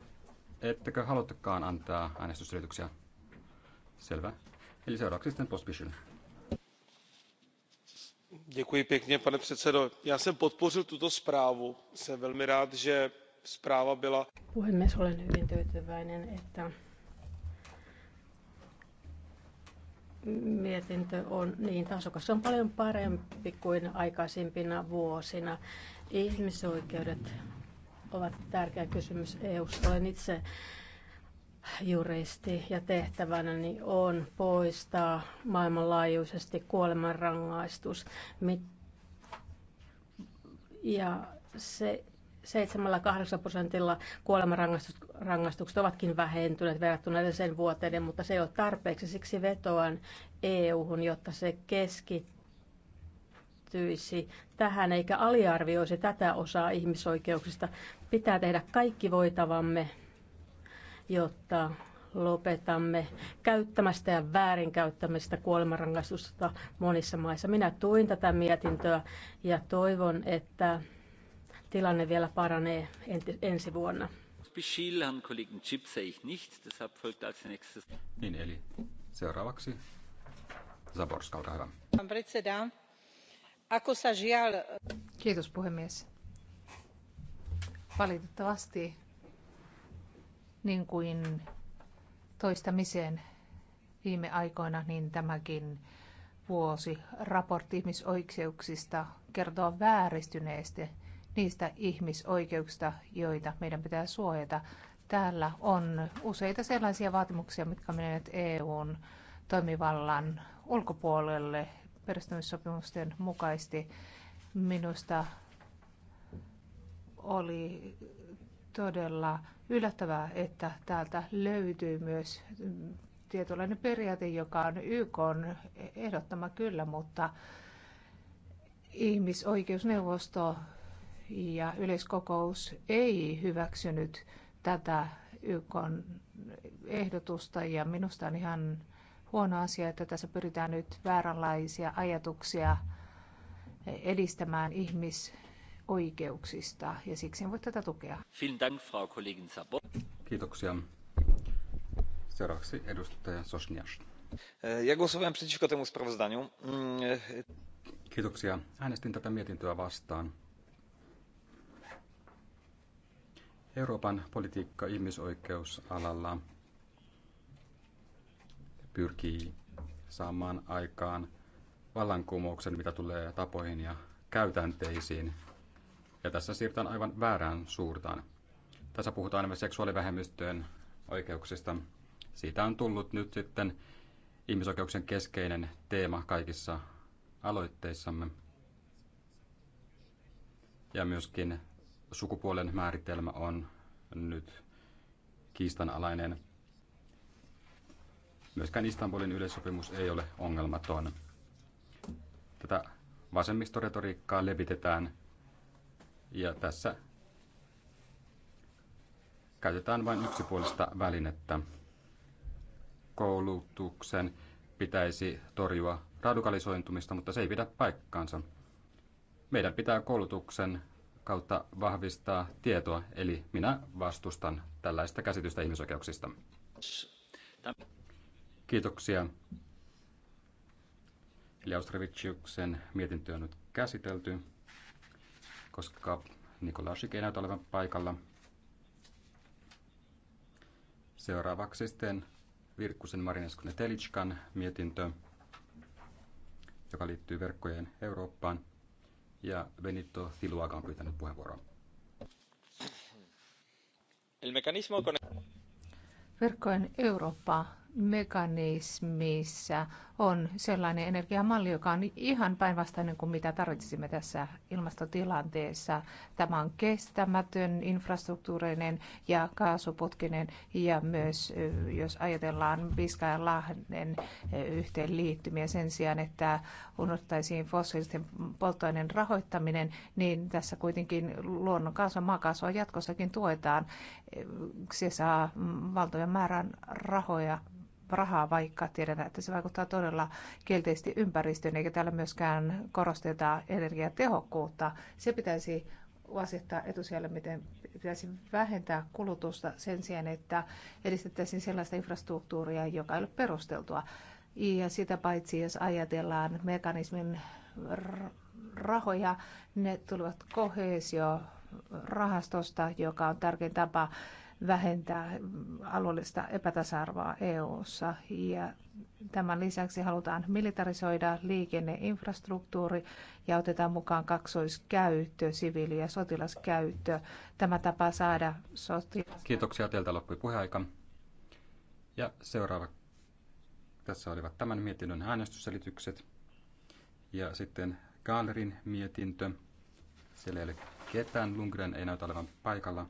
Ettekö haluttakaan antaa äänestysselityksiä? Selvä. Eli seuraavaksi sitten Postvision. Děkuji pěkně, pane předsedo. Já jsem podpořil tuto zprávu. Jsem velmi rád, že zpráva byla... Puhemies, olen hyvin tyytyväinen, että mietintö on niin tasokas. Se on paljon parempi kuin aikaisempina vuosina. Ihmisoikeudet ovat tärkeä kysymys EU:ssa. Olen itse juristi ja tehtävänäni on poistaa maailmanlaajuisesti kuolemanrangaistus. Ja se 7-8 prosentilla kuolemanrangaistukset ovatkin vähentyneet verrattuna edelliseen vuoteen, mutta se ei ole tarpeeksi. Siksi vetoan EU-hun, jotta se keskittyy keskittyisi tähän eikä aliarvioisi tätä osaa ihmisoikeuksista. Pitää tehdä kaikki voitavamme, jotta lopetamme käyttämästä ja väärinkäyttämistä kuolemanrangaistusta monissa maissa. Minä tuin tätä mietintöä ja toivon, että tilanne vielä paranee ensi vuonna. Niin, eli seuraavaksi Zaborska, olkaa hyvä. Kiitos puhemies. Valitettavasti niin kuin toistamiseen viime aikoina, niin tämäkin vuosi raportti ihmisoikeuksista kertoo vääristyneesti niistä ihmisoikeuksista, joita meidän pitää suojata. Täällä on useita sellaisia vaatimuksia, mitkä menevät EUn toimivallan ulkopuolelle perustamissopimusten mukaisesti. Minusta oli todella yllättävää, että täältä löytyy myös tietynlainen periaate, joka on YK on ehdottama kyllä, mutta ihmisoikeusneuvosto ja yleiskokous ei hyväksynyt tätä YK ehdotusta ja minusta on ihan huono asia, että tässä pyritään nyt vääränlaisia ajatuksia edistämään ihmisoikeuksista ja siksi en voi tätä tukea. Kiitoksia. Seuraavaksi edustaja Sosniasz. E, ja głosowałem przeciwko temu sprawozdaniu. E, Kiitoksia. Äänestin tätä mietintöä vastaan. Euroopan politiikka ihmisoikeusalalla pyrkii saamaan aikaan vallankumouksen, mitä tulee tapoihin ja käytänteisiin. Ja tässä siirrytään aivan väärään suurtaan. Tässä puhutaan myös seksuaalivähemmistöjen oikeuksista. Siitä on tullut nyt sitten ihmisoikeuksien keskeinen teema kaikissa aloitteissamme. Ja myöskin sukupuolen määritelmä on nyt kiistanalainen. Myöskään Istanbulin yleissopimus ei ole ongelmaton. Tätä vasemmistoretoriikkaa levitetään ja tässä käytetään vain yksipuolista välinettä. Koulutuksen pitäisi torjua radikalisointumista, mutta se ei pidä paikkaansa. Meidän pitää koulutuksen kautta vahvistaa tietoa, eli minä vastustan tällaista käsitystä ihmisoikeuksista. Kiitoksia. Eli Austravitsiuksen mietintö on nyt käsitelty, koska Nikolasik ei näytä olevan paikalla. Seuraavaksi sitten Virkkusen Marineskun ja Telitskan mietintö, joka liittyy verkkojen Eurooppaan. Ja Benito Siluaga on pyytänyt puheenvuoroa. Verkkojen Eurooppaa mekanismissa on sellainen energiamalli, joka on ihan päinvastainen kuin mitä tarvitsisimme tässä ilmastotilanteessa. Tämä on kestämätön, infrastruktuurinen ja kaasuputkinen ja myös jos ajatellaan Viska ja Lahden yhteenliittymiä sen sijaan, että unohtaisiin fossiilisten polttoaineen rahoittaminen, niin tässä kuitenkin kaasua, maakaasua jatkossakin tuetaan. Se saa valtavan määrän rahoja rahaa, vaikka tiedetään, että se vaikuttaa todella kielteisesti ympäristöön, eikä täällä myöskään korosteta energiatehokkuutta. Se pitäisi asettaa etusijalle, miten pitäisi vähentää kulutusta sen sijaan, että edistettäisiin sellaista infrastruktuuria, joka ei ole perusteltua. Ja sitä paitsi, jos ajatellaan mekanismin rahoja, ne tulevat kohesio rahastosta, joka on tärkein tapa vähentää alueellista epätasa-arvoa EU:ssa ja tämän lisäksi halutaan militarisoida liikenneinfrastruktuuri ja otetaan mukaan kaksoiskäyttö, siviili- ja sotilaskäyttö. Tämä tapa saada sotilas... Kiitoksia, teiltä loppui puheaika. Ja seuraava. Tässä olivat tämän mietinnön äänestysselitykset. Ja sitten Gallerin mietintö. Siellä ei ole ketään. Lundgren ei näytä olevan paikalla.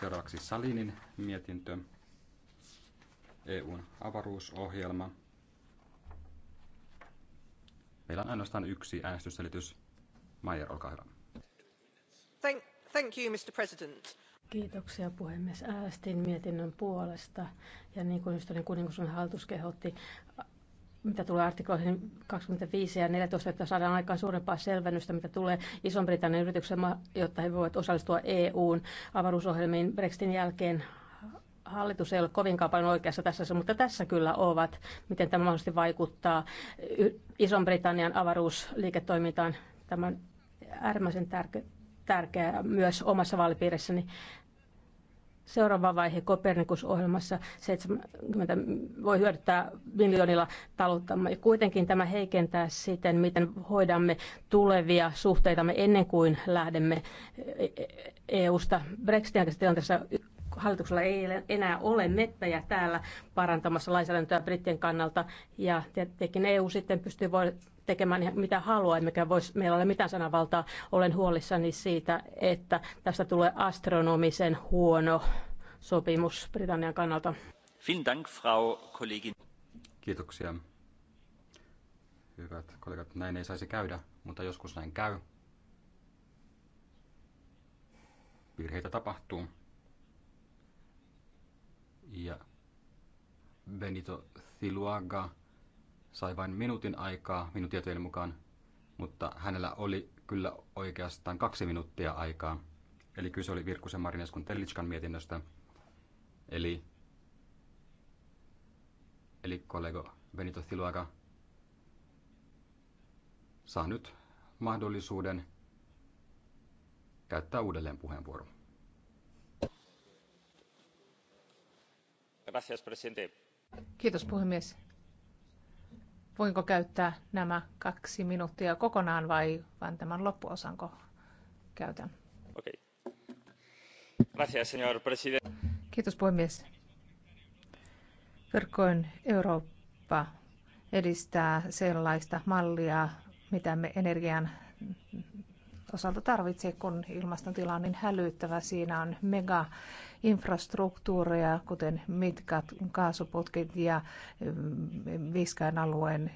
Seuraavaksi Salinin mietintö, EUn avaruusohjelma. Meillä on ainoastaan yksi äänestysselitys. Maier, olkaa hyvä. Thank, thank you, Mr. President. Kiitoksia puhemies. Äänestin mietinnön puolesta ja niin kuin ystäväni kuningas on hallitus kehotti mitä tulee artikloihin 25 ja 14, että saadaan aikaan suurempaa selvennystä, mitä tulee iso britannian yrityksen, jotta he voivat osallistua EUn avaruusohjelmiin Brexitin jälkeen. Hallitus ei ole kovinkaan paljon oikeassa tässä, mutta tässä kyllä ovat, miten tämä mahdollisesti vaikuttaa iso britannian avaruusliiketoimintaan. Tämä on äärimmäisen tärkeä tärkeää myös omassa vaalipiirissäni. Seuraava vaihe Kopernikus-ohjelmassa 70 voi hyödyttää miljoonilla talouttamme. Kuitenkin tämä heikentää siten, miten hoidamme tulevia suhteitamme ennen kuin lähdemme EU-sta. Brexitin tilanteessa hallituksella ei enää ole meppejä täällä parantamassa lainsäädäntöä brittien kannalta ja tietenkin EU sitten pystyy tekemään mitä haluaa, emmekä voisi, meillä ole mitään sananvaltaa. Olen huolissani siitä, että tästä tulee astronomisen huono sopimus Britannian kannalta. Dank, Frau Kiitoksia. Hyvät kollegat, näin ei saisi käydä, mutta joskus näin käy. Virheitä tapahtuu. Ja Benito Ziluaga sai vain minuutin aikaa minun tietojeni mukaan, mutta hänellä oli kyllä oikeastaan kaksi minuuttia aikaa. Eli kyse oli Virkkusen Marineskun Tellitskan mietinnöstä. Eli, eli kollego Benito Thiluaga saa nyt mahdollisuuden käyttää uudelleen puheenvuoro. Kiitos puhemies voinko käyttää nämä kaksi minuuttia kokonaan vai vain tämän loppuosanko käytän? Okei. Okay. Kiitos puhemies. Verkkoin Eurooppa edistää sellaista mallia, mitä me energian osalta tarvitsee, kun ilmastontila on niin hälyttävä. Siinä on mega infrastruktuureja, kuten mitkat, kaasuputket ja mm, Viskain alueen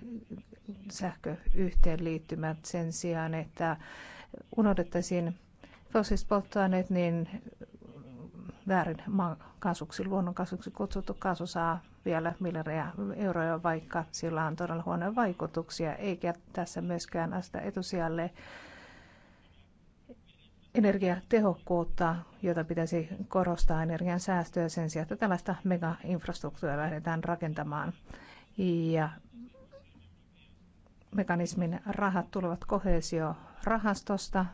sähköyhteenliittymät sen sijaan, että unohdettaisiin fossiiliset polttoaineet, niin väärin luonnon luonnonkasuksi kutsuttu kaasu saa vielä miljardia euroja, vaikka sillä on todella huonoja vaikutuksia, eikä tässä myöskään asta etusijalle energiatehokkuutta, jota pitäisi korostaa energian säästöä sen sijaan, että tällaista megainfrastruktuuria lähdetään rakentamaan. Ja mekanismin rahat tulevat kohesiorahastosta,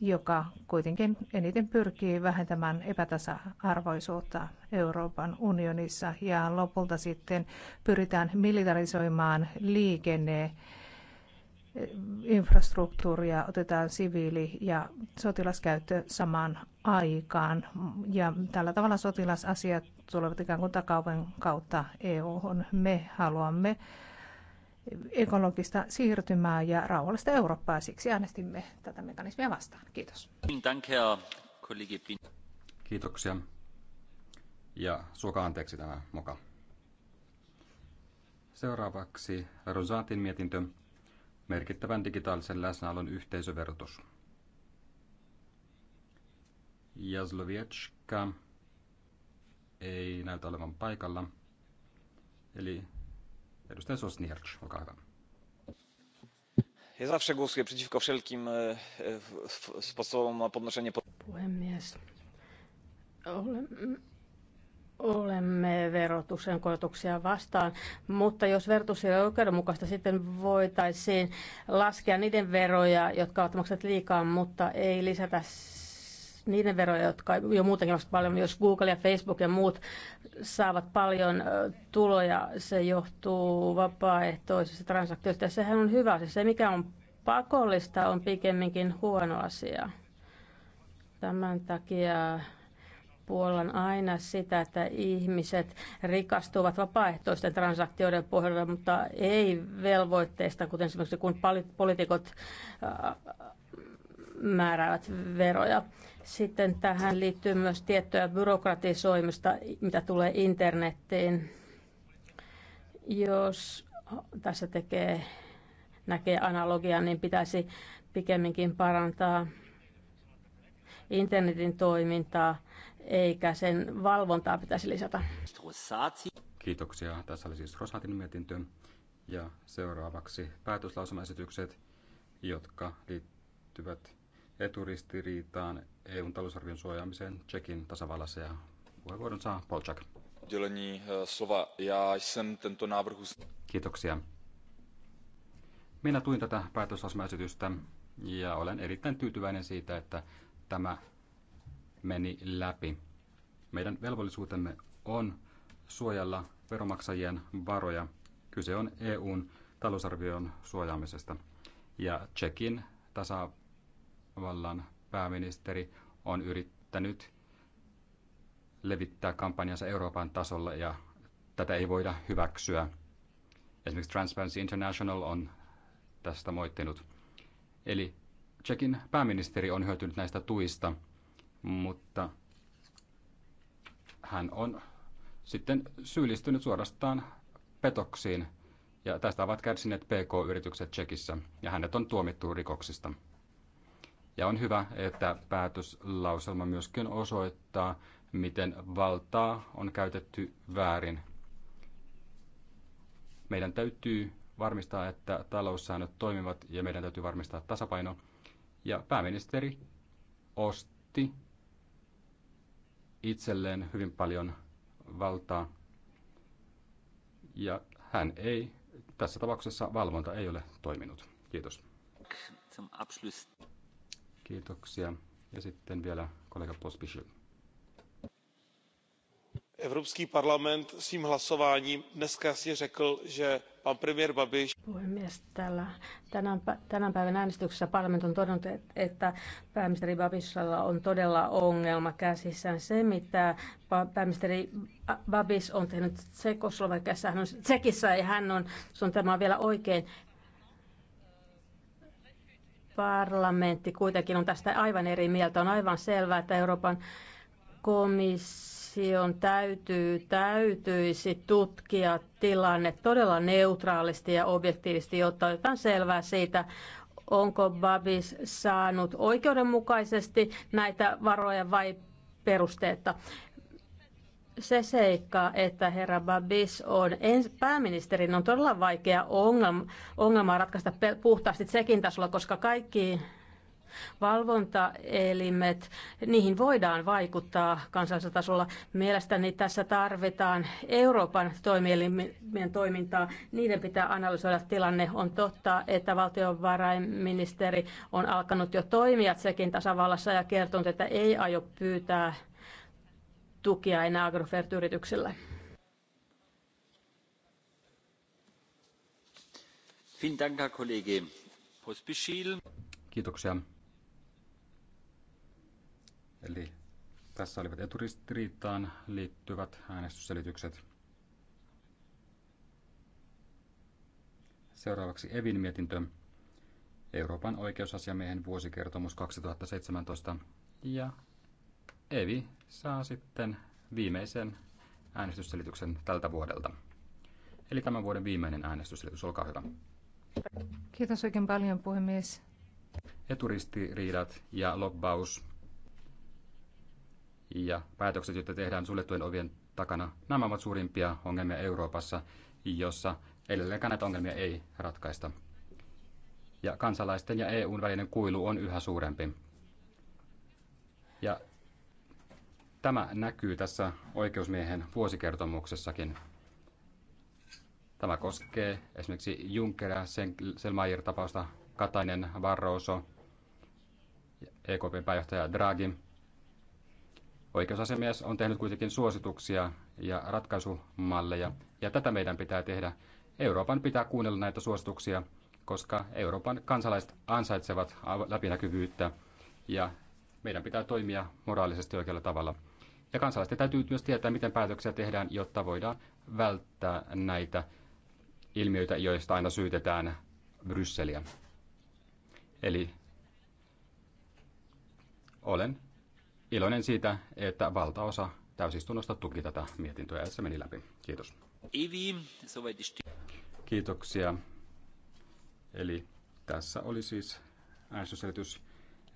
joka kuitenkin eniten pyrkii vähentämään epätasa-arvoisuutta Euroopan unionissa ja lopulta sitten pyritään militarisoimaan liikenne infrastruktuuria otetaan siviili- ja sotilaskäyttö samaan aikaan. Ja tällä tavalla sotilasasiat tulevat ikään kuin takauven kautta EU-hun. Me haluamme ekologista siirtymää ja rauhallista Eurooppaa. Siksi äänestimme tätä mekanismia vastaan. Kiitos. Kiitoksia. Ja suoka anteeksi tämä moka. Seuraavaksi Rosatin mietintö merkittävän digitaalisen läsnäolon yhteisöverotus. Jaslovietska ei näytä olevan paikalla. Eli edustaja Sosnierc, olkaa hyvä. Ja zawsze głosuję przeciwko wszelkim e, e, sposobom na podnoszenie... Puhemies, olen olemme verotuksen korotuksia vastaan, mutta jos verotus ei ole oikeudenmukaista, sitten voitaisiin laskea niiden veroja, jotka ovat maksaneet liikaa, mutta ei lisätä niiden veroja, jotka jo muutenkin maksavat paljon. Jos Google ja Facebook ja muut saavat paljon tuloja, se johtuu vapaaehtoisista transaktioista. Ja sehän on hyvä asia. Se, mikä on pakollista, on pikemminkin huono asia. Tämän takia puollan aina sitä, että ihmiset rikastuvat vapaaehtoisten transaktioiden pohjalta, mutta ei velvoitteista, kuten esimerkiksi kun poliitikot äh, määräävät veroja. Sitten tähän liittyy myös tiettyä byrokratisoimista, mitä tulee internettiin. Jos tässä tekee, näkee analogian, niin pitäisi pikemminkin parantaa internetin toimintaa eikä sen valvontaa pitäisi lisätä. Kiitoksia. Tässä oli siis Rosatin mietintö. Ja seuraavaksi päätöslausumaesitykset, jotka liittyvät eturistiriitaan EUn talousarvion suojaamiseen Tsekin tasavallassa ja puheenvuoron saa Polčak. Eh, Kiitoksia. Minä tuin tätä päätöslausumaesitystä ja olen erittäin tyytyväinen siitä, että tämä meni läpi. Meidän velvollisuutemme on suojella veromaksajien varoja. Kyse on EUn talousarvion suojaamisesta. Ja Tsekin tasavallan pääministeri on yrittänyt levittää kampanjansa Euroopan tasolla ja tätä ei voida hyväksyä. Esimerkiksi Transparency International on tästä moittinut. Eli Tsekin pääministeri on hyötynyt näistä tuista – mutta hän on sitten syyllistynyt suorastaan petoksiin ja tästä ovat kärsineet PK-yritykset Tsekissä ja hänet on tuomittu rikoksista. Ja on hyvä, että päätöslauselma myöskin osoittaa, miten valtaa on käytetty väärin. Meidän täytyy varmistaa, että taloussäännöt toimivat ja meidän täytyy varmistaa tasapaino. Ja pääministeri osti itselleen hyvin paljon valtaa. Ja hän ei, tässä tapauksessa valvonta ei ole toiminut. Kiitos. Kiitoksia. Ja sitten vielä kollega Pospisil evropský parlament svým hlasováním dnes jasně řekl že pan premiér babiš Puhemies, tällä, tänään, tänään päivän äänestyksessä parlament on todennut, että pääministeri Babisilla on todella ongelma käsissään. Se, mitä pääministeri Babis on tehnyt Tsekoslovakiassa, hän on Tsekissä ja hän on, se on tämä vielä oikein, parlamentti kuitenkin on tästä aivan eri mieltä. On aivan selvää, että Euroopan komissio komission täytyy, täytyisi tutkia tilanne todella neutraalisti ja objektiivisesti, jotta otetaan selvää siitä, onko Babis saanut oikeudenmukaisesti näitä varoja vai perusteetta. Se seikka, että herra Babis on pääministerin, on todella vaikea ongelma, ongelma ratkaista puhtaasti sekin tasolla, koska kaikki valvontaelimet, niihin voidaan vaikuttaa kansallisella tasolla. Mielestäni tässä tarvitaan Euroopan toimielimien toimintaa. Niiden pitää analysoida tilanne. On totta, että valtiovarainministeri on alkanut jo toimia sekin tasavallassa ja kertonut, että ei aio pyytää tukia enää Agrofert-yrityksille. Kiitoksia. Eli tässä olivat eturistiriitaan liittyvät äänestysselitykset. Seuraavaksi Evin mietintö. Euroopan oikeusasiamiehen vuosikertomus 2017. Ja Evi saa sitten viimeisen äänestysselityksen tältä vuodelta. Eli tämän vuoden viimeinen äänestysselitys, olkaa hyvä. Kiitos oikein paljon puhemies. Eturistiriidat ja lobbaus ja päätökset, joita tehdään suljettujen ovien takana, nämä ovat suurimpia ongelmia Euroopassa, jossa edelleenkään näitä ongelmia ei ratkaista. Ja kansalaisten ja EUn välinen kuilu on yhä suurempi. Ja tämä näkyy tässä oikeusmiehen vuosikertomuksessakin. Tämä koskee esimerkiksi Junckera, Selmayr-tapausta, Katainen, Varroso, ekp pääjohtaja Draghi – Oikeusasemies on tehnyt kuitenkin suosituksia ja ratkaisumalleja, ja tätä meidän pitää tehdä. Euroopan pitää kuunnella näitä suosituksia, koska Euroopan kansalaiset ansaitsevat läpinäkyvyyttä, ja meidän pitää toimia moraalisesti oikealla tavalla. Ja kansalaisten täytyy myös tietää, miten päätöksiä tehdään, jotta voidaan välttää näitä ilmiöitä, joista aina syytetään Brysseliä. Eli olen iloinen siitä, että valtaosa täysistunnosta tuki tätä mietintöä ja se meni läpi. Kiitos. Kiitoksia. Eli tässä oli siis äänestysselitys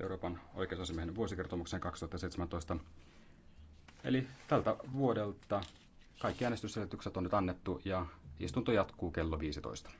Euroopan oikeusasiamiehen vuosikertomuksen 2017. Eli tältä vuodelta kaikki äänestysselitykset on nyt annettu ja istunto jatkuu kello 15.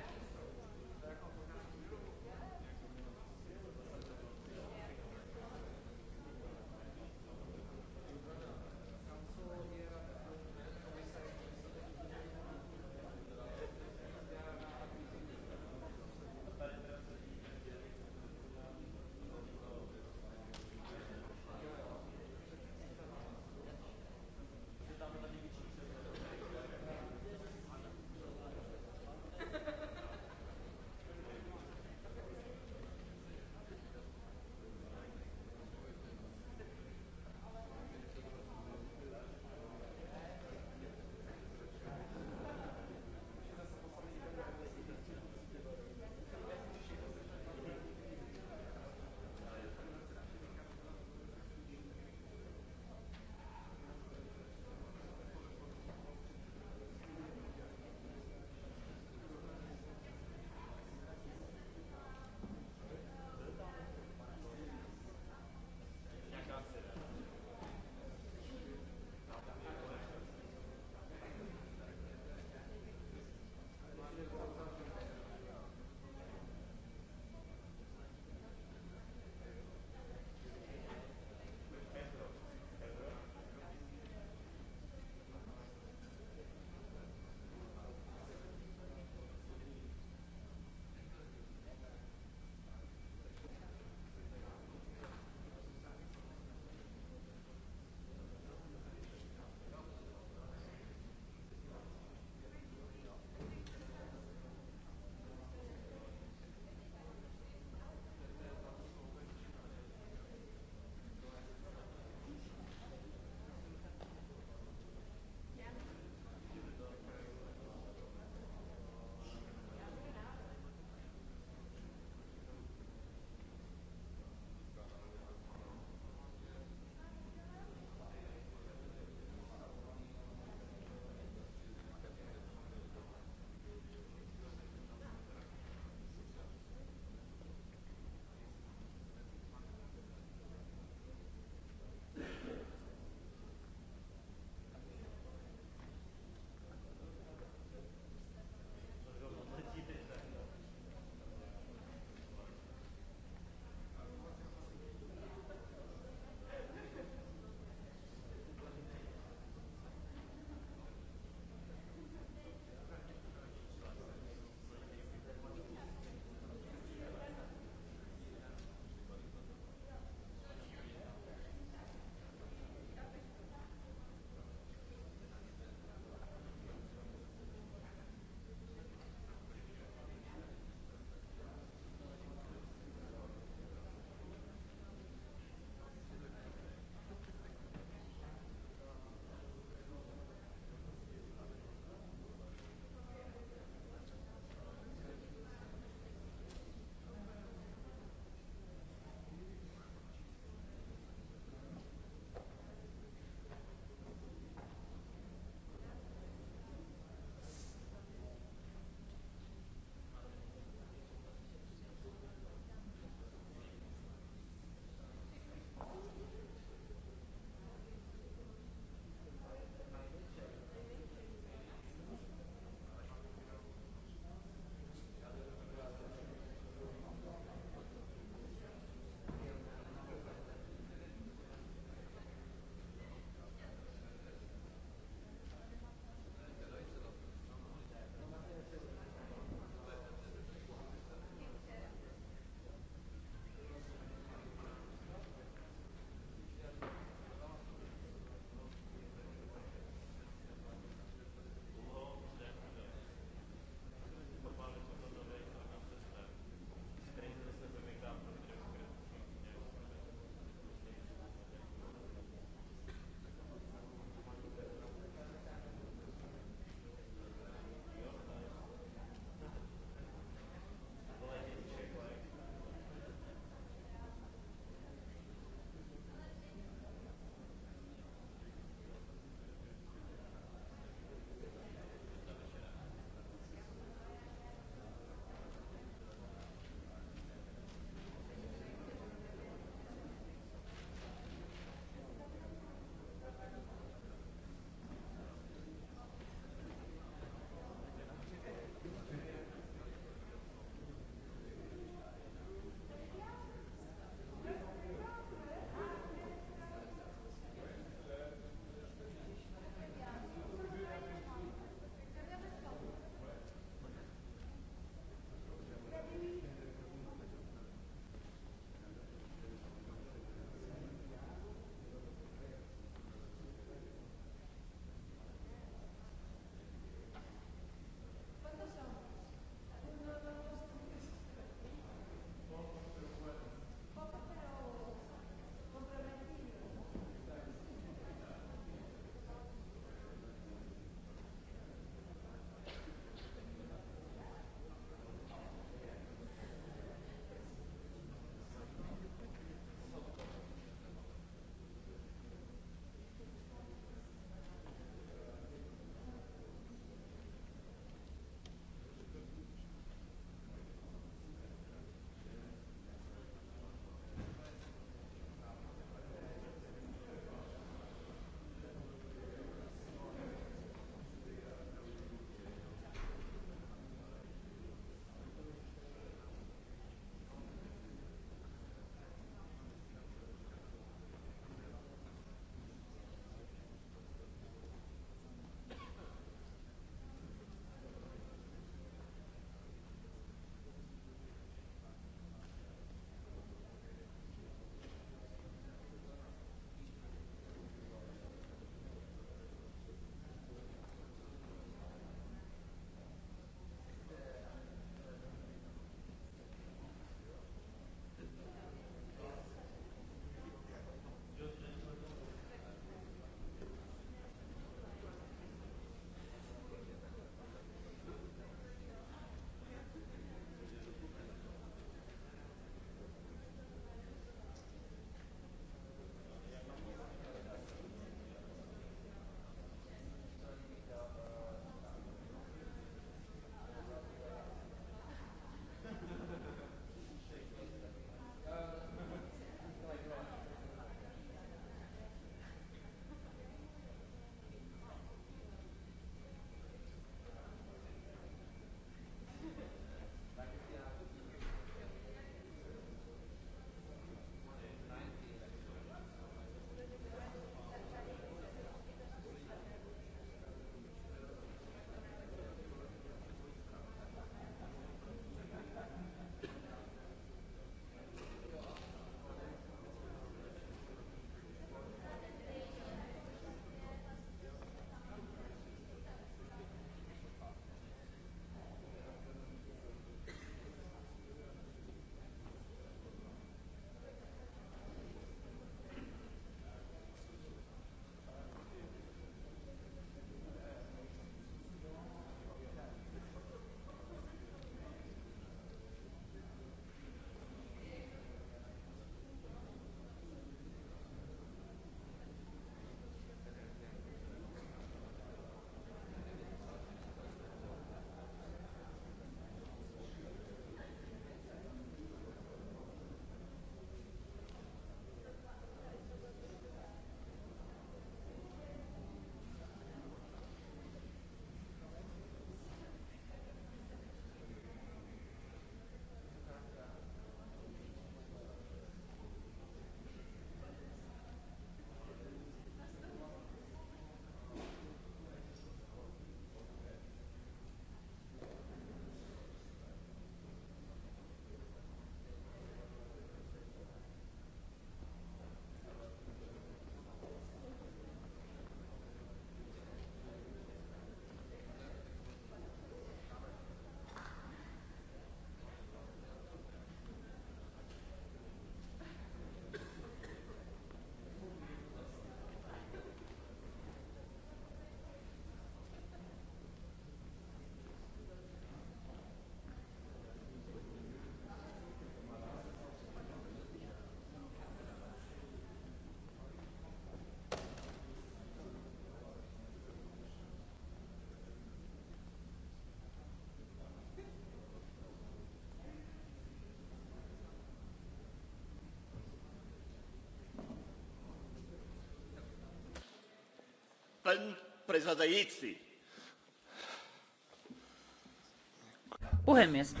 puhemies uh,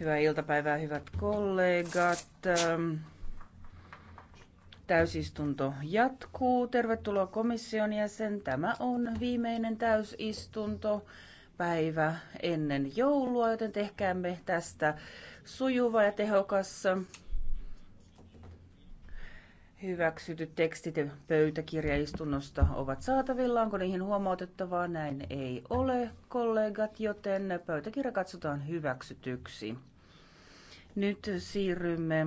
hyvää iltapäivää hyvät kollegat ähm, täysistunto jatkuu tervetuloa komission jäsen tämä on viimeinen täysistunto päivä ennen joulua joten tehkäämme tästä sujuva ja tehokas Hyväksytyt tekstit pöytäkirjaistunnosta ovat saatavilla. Onko niihin huomautettavaa? Näin ei ole, kollegat, joten pöytäkirja katsotaan hyväksytyksi. Nyt siirrymme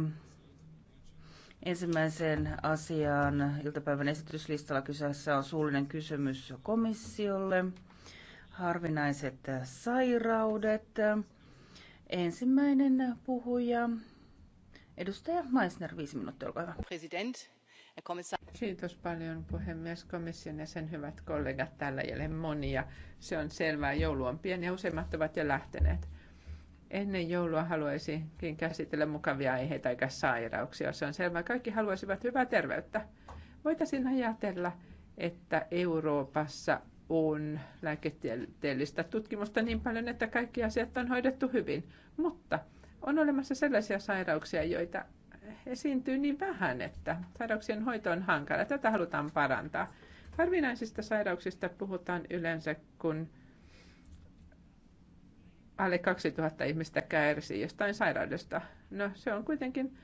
ensimmäiseen asiaan. Iltapäivän esityslistalla kyseessä on suullinen kysymys komissiolle. Harvinaiset sairaudet. Ensimmäinen puhuja Edustaja Meissner, viisi minuuttia, olkaa hyvä. President. Kiitos paljon puhemies komission ja sen hyvät kollegat. Täällä ei ole monia. Se on selvää. Joulu on pieni ja useimmat ovat jo lähteneet. Ennen joulua haluaisinkin käsitellä mukavia aiheita eikä sairauksia. Se on selvää. Kaikki haluaisivat hyvää terveyttä. Voitaisiin ajatella, että Euroopassa on lääketieteellistä tutkimusta niin paljon, että kaikki asiat on hoidettu hyvin. Mutta – on olemassa sellaisia sairauksia, joita esiintyy niin vähän, että sairauksien hoito on hankala. Tätä halutaan parantaa. Harvinaisista sairauksista puhutaan yleensä, kun alle 2000 ihmistä kärsii jostain sairaudesta. No se on kuitenkin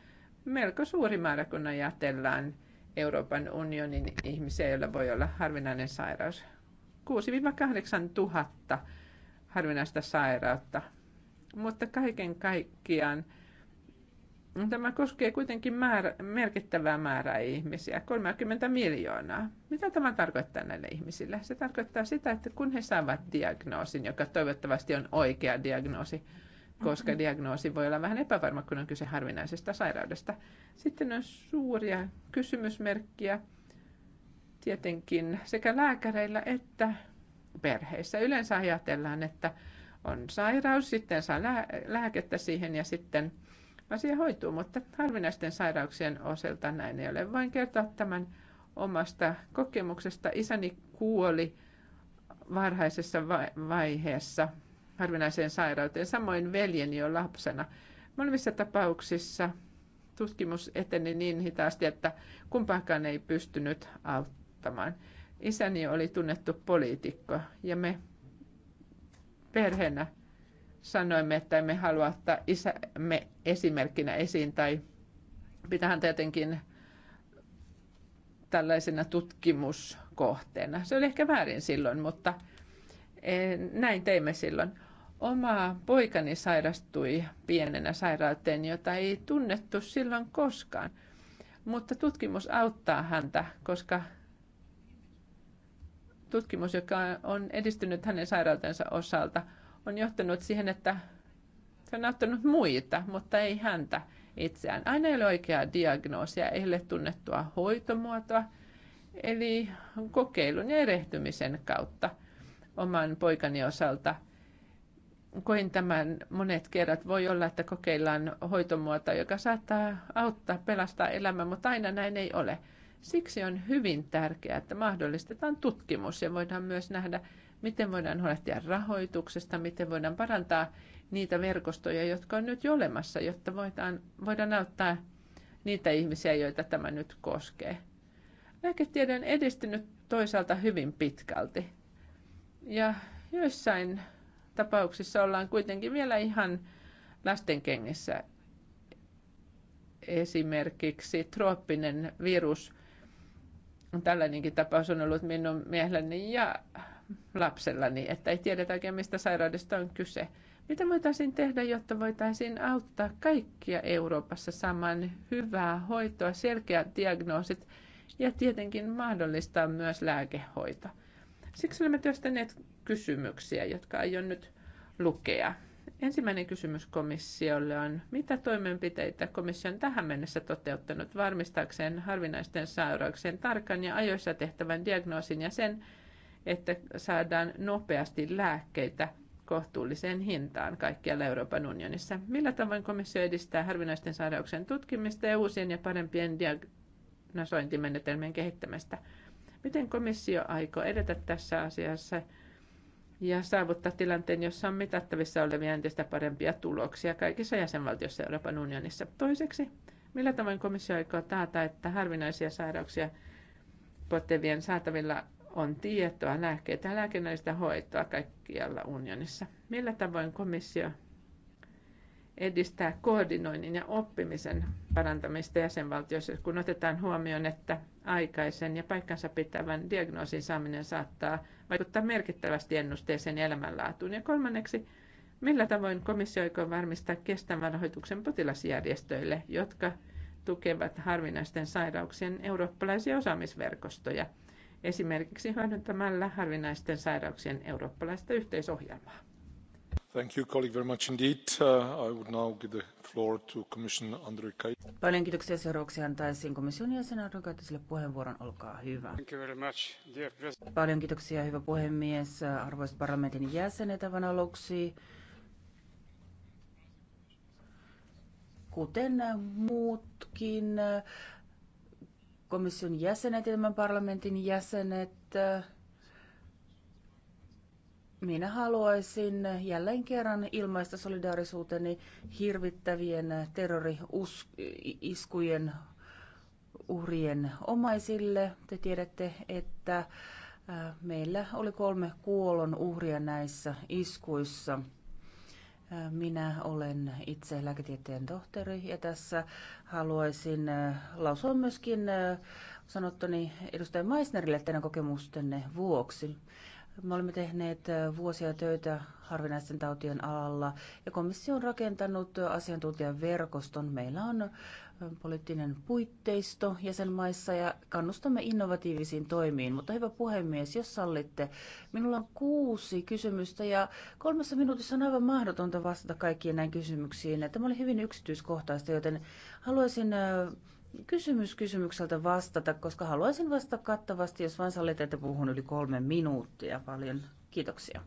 melko suuri määrä, kun ajatellaan Euroopan unionin ihmisiä, joilla voi olla harvinainen sairaus. 6-8 tuhatta harvinaista sairautta mutta kaiken kaikkiaan tämä koskee kuitenkin määrä, merkittävää määrää ihmisiä, 30 miljoonaa. Mitä tämä tarkoittaa näille ihmisille? Se tarkoittaa sitä, että kun he saavat diagnoosin, joka toivottavasti on oikea diagnoosi, koska diagnoosi voi olla vähän epävarma, kun on kyse harvinaisesta sairaudesta. Sitten on suuria kysymysmerkkiä tietenkin sekä lääkäreillä että perheissä. Yleensä ajatellaan, että on sairaus, sitten saa lääkettä siihen ja sitten asia hoituu, mutta harvinaisten sairauksien osalta näin ei ole. Voin kertoa tämän omasta kokemuksesta. Isäni kuoli varhaisessa vaiheessa harvinaiseen sairauteen, samoin veljeni jo lapsena. Molemmissa tapauksissa tutkimus eteni niin hitaasti, että kumpaakaan ei pystynyt auttamaan. Isäni oli tunnettu poliitikko ja me perheenä sanoimme, että emme halua ottaa isämme esimerkkinä esiin tai pitähän tietenkin tällaisena tutkimuskohteena. Se oli ehkä väärin silloin, mutta e, näin teimme silloin. Oma poikani sairastui pienenä sairauteen, jota ei tunnettu silloin koskaan. Mutta tutkimus auttaa häntä, koska tutkimus, joka on edistynyt hänen sairautensa osalta, on johtanut siihen, että se on auttanut muita, mutta ei häntä itseään. Aina ei ole oikeaa diagnoosia, ei ole tunnettua hoitomuotoa, eli kokeilun ja erehtymisen kautta oman poikani osalta – koin tämän monet kerrat. Voi olla, että kokeillaan hoitomuotoa, joka saattaa auttaa, pelastaa elämää, mutta aina näin ei ole. Siksi on hyvin tärkeää, että mahdollistetaan tutkimus ja voidaan myös nähdä, miten voidaan huolehtia rahoituksesta, miten voidaan parantaa niitä verkostoja, jotka on nyt jo olemassa, jotta voidaan, voidaan auttaa niitä ihmisiä, joita tämä nyt koskee. Lääketiede on edistynyt toisaalta hyvin pitkälti. Ja joissain tapauksissa ollaan kuitenkin vielä ihan lastenkengissä. Esimerkiksi trooppinen virus Tällainenkin tapaus on ollut minun miehelläni ja lapsellani, että ei tiedetä oikein mistä sairaudesta on kyse. Mitä voitaisiin tehdä, jotta voitaisiin auttaa kaikkia Euroopassa saman hyvää hoitoa, selkeät diagnoosit ja tietenkin mahdollistaa myös lääkehoito? Siksi olemme työstäneet kysymyksiä, jotka aion nyt lukea. Ensimmäinen kysymys komissiolle on, mitä toimenpiteitä komissio on tähän mennessä toteuttanut varmistaakseen harvinaisten sairauksien tarkan ja ajoissa tehtävän diagnoosin ja sen, että saadaan nopeasti lääkkeitä kohtuulliseen hintaan kaikkialla Euroopan unionissa. Millä tavoin komissio edistää harvinaisten sairauksien tutkimista ja uusien ja parempien diagnosointimenetelmien kehittämistä? Miten komissio aikoo edetä tässä asiassa ja saavuttaa tilanteen, jossa on mitattavissa olevia entistä parempia tuloksia kaikissa jäsenvaltioissa Euroopan unionissa. Toiseksi, millä tavoin komissio aikoo taata, että harvinaisia sairauksia potevien saatavilla on tietoa, lääkkeitä ja lääkinnällistä hoitoa kaikkialla unionissa? Millä tavoin komissio edistää koordinoinnin ja oppimisen parantamista jäsenvaltioissa, kun otetaan huomioon, että aikaisen ja paikkansa pitävän diagnoosin saaminen saattaa vaikuttaa merkittävästi ennusteeseen ja elämänlaatuun? Ja kolmanneksi, millä tavoin komissio aikoo varmistaa kestävän rahoituksen potilasjärjestöille, jotka tukevat harvinaisten sairauksien eurooppalaisia osaamisverkostoja, esimerkiksi hyödyntämällä harvinaisten sairauksien eurooppalaista yhteisohjelmaa? Uh, Paljon kiitoksia. Seuraavaksi antaisin komission jäsenen Andrukaitiselle puheenvuoron. Olkaa hyvä. Much, Paljon kiitoksia, hyvä puhemies. Arvoisat parlamentin jäsenet, aivan aluksi. Kuten muutkin komission jäsenet ja tämän parlamentin jäsenet, minä haluaisin jälleen kerran ilmaista solidaarisuuteni hirvittävien terroriiskujen uhrien omaisille. Te tiedätte, että äh, meillä oli kolme kuolon uhria näissä iskuissa. Äh, minä olen itse lääketieteen tohtori ja tässä haluaisin äh, lausua myöskin sanottoni edustaja Meissnerille teidän kokemustenne vuoksi. Me olemme tehneet vuosia töitä harvinaisten tautien alalla ja komissio on rakentanut asiantuntijan verkoston. Meillä on poliittinen puitteisto jäsenmaissa ja kannustamme innovatiivisiin toimiin. Mutta hyvä puhemies, jos sallitte, minulla on kuusi kysymystä ja kolmessa minuutissa on aivan mahdotonta vastata kaikkiin näin kysymyksiin. Tämä oli hyvin yksityiskohtaista, joten haluaisin kysymys kysymykseltä vastata, koska haluaisin vastata kattavasti, jos vain sallit, että puhun yli kolme minuuttia. Paljon kiitoksia.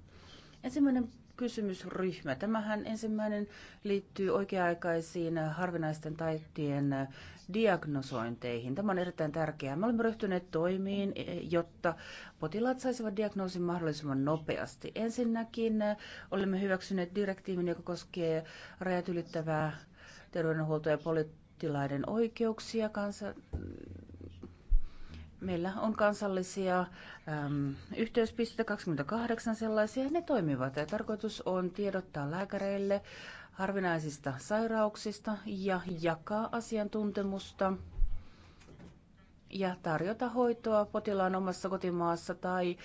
Ensimmäinen kysymysryhmä. Tämähän ensimmäinen liittyy oikea-aikaisiin harvinaisten taittien diagnosointeihin. Tämä on erittäin tärkeää. Me olemme ryhtyneet toimiin, jotta potilaat saisivat diagnoosin mahdollisimman nopeasti. Ensinnäkin olemme hyväksyneet direktiivin, joka koskee rajat ylittävää terveydenhuoltoa ja poli- potilaiden oikeuksia. Kansa- Meillä on kansallisia äm, yhteyspisteitä 28 sellaisia, ja ne toimivat. Ja tarkoitus on tiedottaa lääkäreille harvinaisista sairauksista ja jakaa asiantuntemusta ja tarjota hoitoa potilaan omassa kotimaassa tai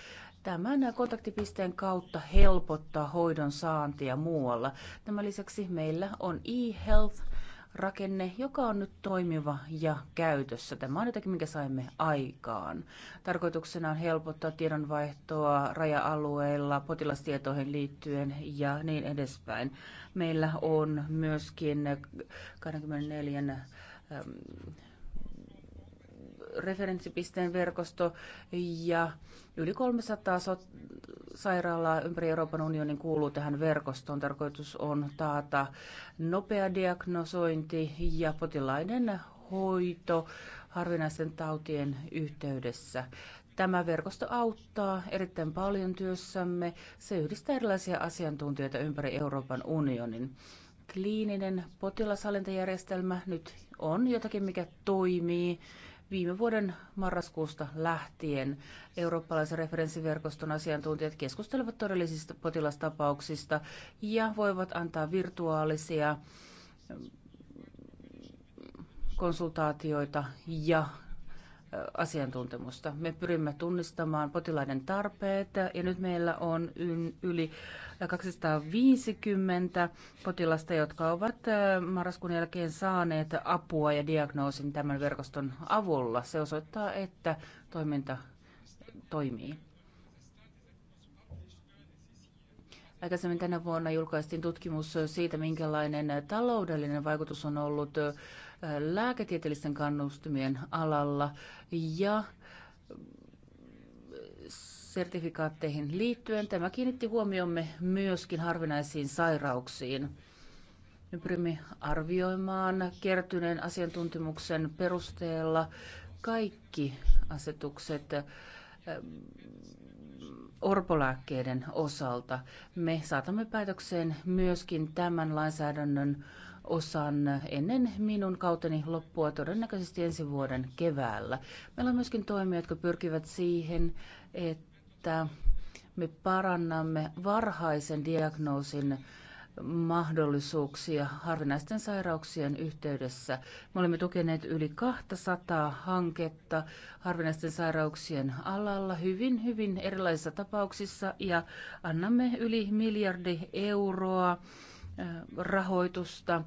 tämän kontaktipisteen kautta helpottaa hoidon saantia muualla. Tämän lisäksi meillä on e-health rakenne, joka on nyt toimiva ja käytössä. Tämä on jotakin, minkä saimme aikaan. Tarkoituksena on helpottaa tiedonvaihtoa raja-alueilla, potilastietoihin liittyen ja niin edespäin. Meillä on myöskin 24 referenssipisteen verkosto ja yli 300 so- sairaalaa ympäri Euroopan unionin kuuluu tähän verkostoon. Tarkoitus on taata nopea diagnosointi ja potilaiden hoito harvinaisten tautien yhteydessä. Tämä verkosto auttaa erittäin paljon työssämme. Se yhdistää erilaisia asiantuntijoita ympäri Euroopan unionin. Kliininen potilashallintajärjestelmä nyt on jotakin, mikä toimii. Viime vuoden marraskuusta lähtien eurooppalaisen referenssiverkoston asiantuntijat keskustelevat todellisista potilastapauksista ja voivat antaa virtuaalisia mm, konsultaatioita ja asiantuntemusta. Me pyrimme tunnistamaan potilaiden tarpeet ja nyt meillä on yli 250 potilasta, jotka ovat äh, marraskuun jälkeen saaneet apua ja diagnoosin tämän verkoston avulla. Se osoittaa, että toiminta toimii. Aikaisemmin tänä vuonna julkaistiin tutkimus siitä, minkälainen taloudellinen vaikutus on ollut äh, lääketieteellisten kannustimien alalla ja sertifikaatteihin liittyen. Tämä kiinnitti huomiomme myöskin harvinaisiin sairauksiin. Me pyrimme arvioimaan kertyneen asiantuntemuksen perusteella kaikki asetukset ähm, orpolääkkeiden osalta. Me saatamme päätökseen myöskin tämän lainsäädännön osan ennen minun kauteni loppua todennäköisesti ensi vuoden keväällä. Meillä on myöskin toimia, jotka pyrkivät siihen, että että me parannamme varhaisen diagnoosin mahdollisuuksia harvinaisten sairauksien yhteydessä. Me olemme tukeneet yli 200 hanketta harvinaisten sairauksien alalla hyvin, hyvin erilaisissa tapauksissa ja annamme yli miljardi euroa äh, rahoitusta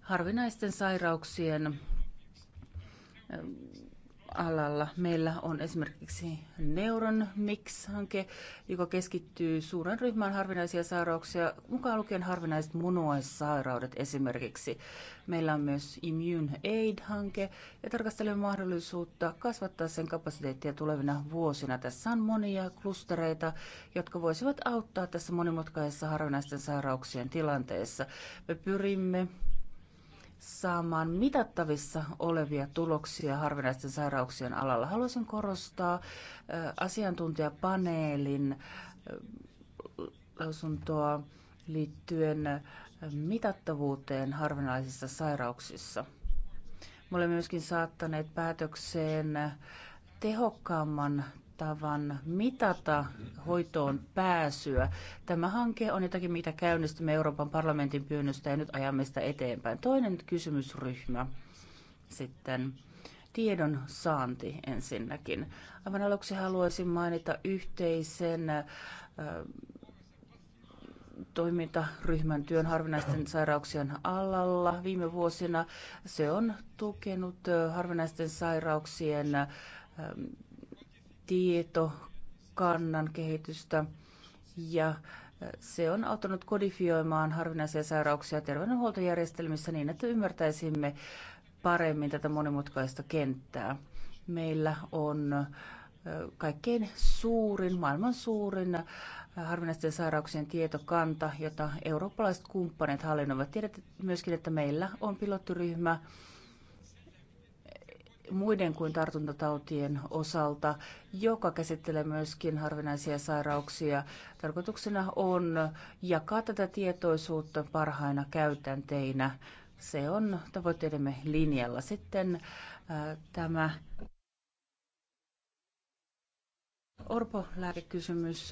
harvinaisten sairauksien äh, alalla. Meillä on esimerkiksi Neuron Mix-hanke, joka keskittyy suuren ryhmään harvinaisia sairauksia, mukaan lukien harvinaiset munuaissairaudet esimerkiksi. Meillä on myös Immune Aid-hanke ja tarkastelemme mahdollisuutta kasvattaa sen kapasiteettia tulevina vuosina. Tässä on monia klustereita, jotka voisivat auttaa tässä monimutkaisessa harvinaisten sairauksien tilanteessa. Me pyrimme saamaan mitattavissa olevia tuloksia harvinaisten sairauksien alalla. Haluaisin korostaa asiantuntijapaneelin lausuntoa liittyen mitattavuuteen harvinaisissa sairauksissa. Me olemme myöskin saattaneet päätökseen tehokkaamman tavan mitata hoitoon pääsyä. Tämä hanke on jotakin, mitä käynnistimme Euroopan parlamentin pyynnöstä ja nyt ajamme sitä eteenpäin. Toinen kysymysryhmä sitten tiedon saanti ensinnäkin. Aivan aluksi haluaisin mainita yhteisen äh, toimintaryhmän työn harvinaisten sairauksien alalla viime vuosina. Se on tukenut harvinaisten sairauksien tietokannan kehitystä ja äh, se on auttanut kodifioimaan harvinaisia sairauksia terveydenhuoltojärjestelmissä niin, että ymmärtäisimme paremmin tätä monimutkaista kenttää. Meillä on äh, kaikkein suurin, maailman suurin äh, harvinaisten sairauksien tietokanta, jota eurooppalaiset kumppanit hallinnoivat. Tiedätte myöskin, että meillä on pilottiryhmä muiden kuin tartuntatautien osalta, joka käsittelee myöskin harvinaisia sairauksia. Tarkoituksena on jakaa tätä tietoisuutta parhaina käytänteinä. Se on tavoitteidemme linjalla. Sitten ää, äh, tämä Orpo-lääkekysymys.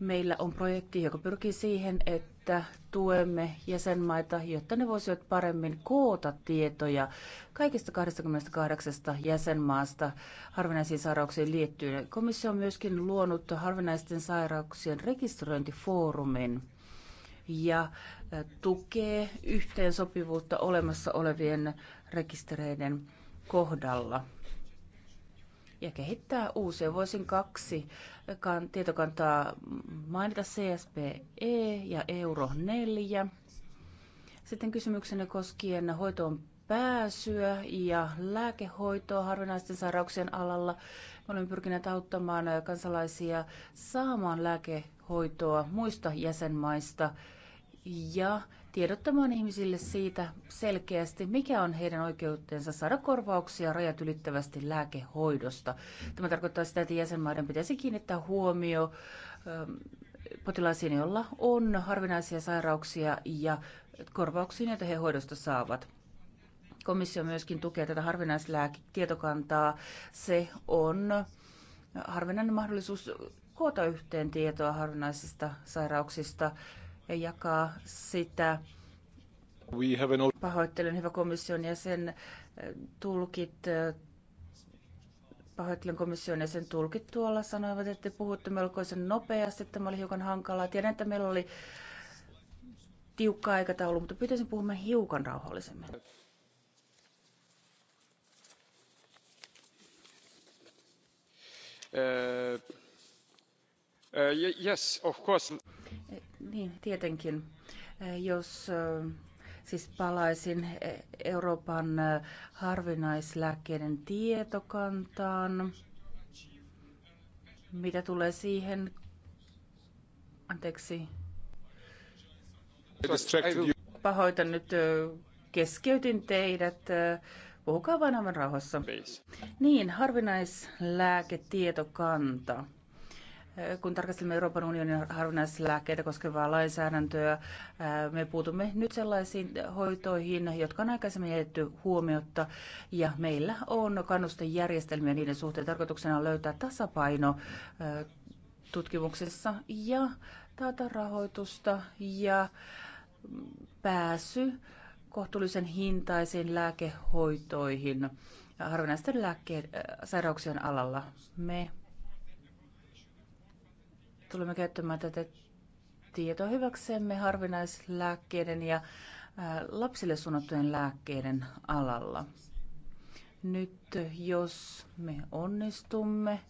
Meillä on projekti, joka pyrkii siihen, että että tuemme jäsenmaita, jotta ne voisivat paremmin koota tietoja kaikista 28 jäsenmaasta harvinaisiin sairauksiin liittyen. Komissio on myöskin luonut harvinaisten sairauksien rekisteröintifoorumin ja tukee yhteensopivuutta olemassa olevien rekistereiden kohdalla ja kehittää uusia. Voisin kaksi kan, tietokantaa mainita CSPE ja Euro 4. Sitten kysymyksenä koskien hoitoon pääsyä ja lääkehoitoa harvinaisten sairauksien alalla. Me olemme pyrkineet auttamaan kansalaisia saamaan lääkehoitoa muista jäsenmaista ja tiedottamaan ihmisille siitä selkeästi, mikä on heidän oikeutensa saada korvauksia rajat ylittävästi lääkehoidosta. Tämä tarkoittaa sitä, että jäsenmaiden pitäisi kiinnittää huomio ähm, potilaisiin, joilla on harvinaisia sairauksia ja korvauksiin, joita he hoidosta saavat. Komissio myöskin tukee tätä harvinaislääketietokantaa. Se on harvinainen mahdollisuus koota yhteen tietoa harvinaisista sairauksista ja jakaa sitä. Pahoittelen, hyvä komission jäsen, äh, tulkit äh, pahoittelen komission jäsen tulkit tuolla sanoivat, että puhutte melkoisen nopeasti. Tämä oli hiukan hankalaa. Tiedän, että meillä oli tiukka aikataulu, mutta pyytäisin puhumaan hiukan rauhallisemmin. Uh, uh, yes, of course. Niin, tietenkin. Äh, jos äh, siis palaisin äh, Euroopan harvinaislääkkeiden tietokantaan, mitä tulee siihen, anteeksi, pahoitan nyt, keskeytin teidät, puhukaa vain aivan rauhassa. Niin, harvinaislääketietokanta kun tarkastelemme Euroopan unionin harvinaislääkkeitä koskevaa lainsäädäntöä, me puutumme nyt sellaisiin hoitoihin, jotka on aikaisemmin jätetty huomiota. ja meillä on kannustejärjestelmiä niiden suhteen. Tarkoituksena on löytää tasapaino tutkimuksessa ja taata rahoitusta ja pääsy kohtuullisen hintaisiin lääkehoitoihin harvinaisten lääkkeen, sairauksien alalla. Me tulemme käyttämään tätä tietoa hyväksemme harvinaislääkkeiden ja lapsille suunnattujen lääkkeiden alalla. Nyt jos me onnistumme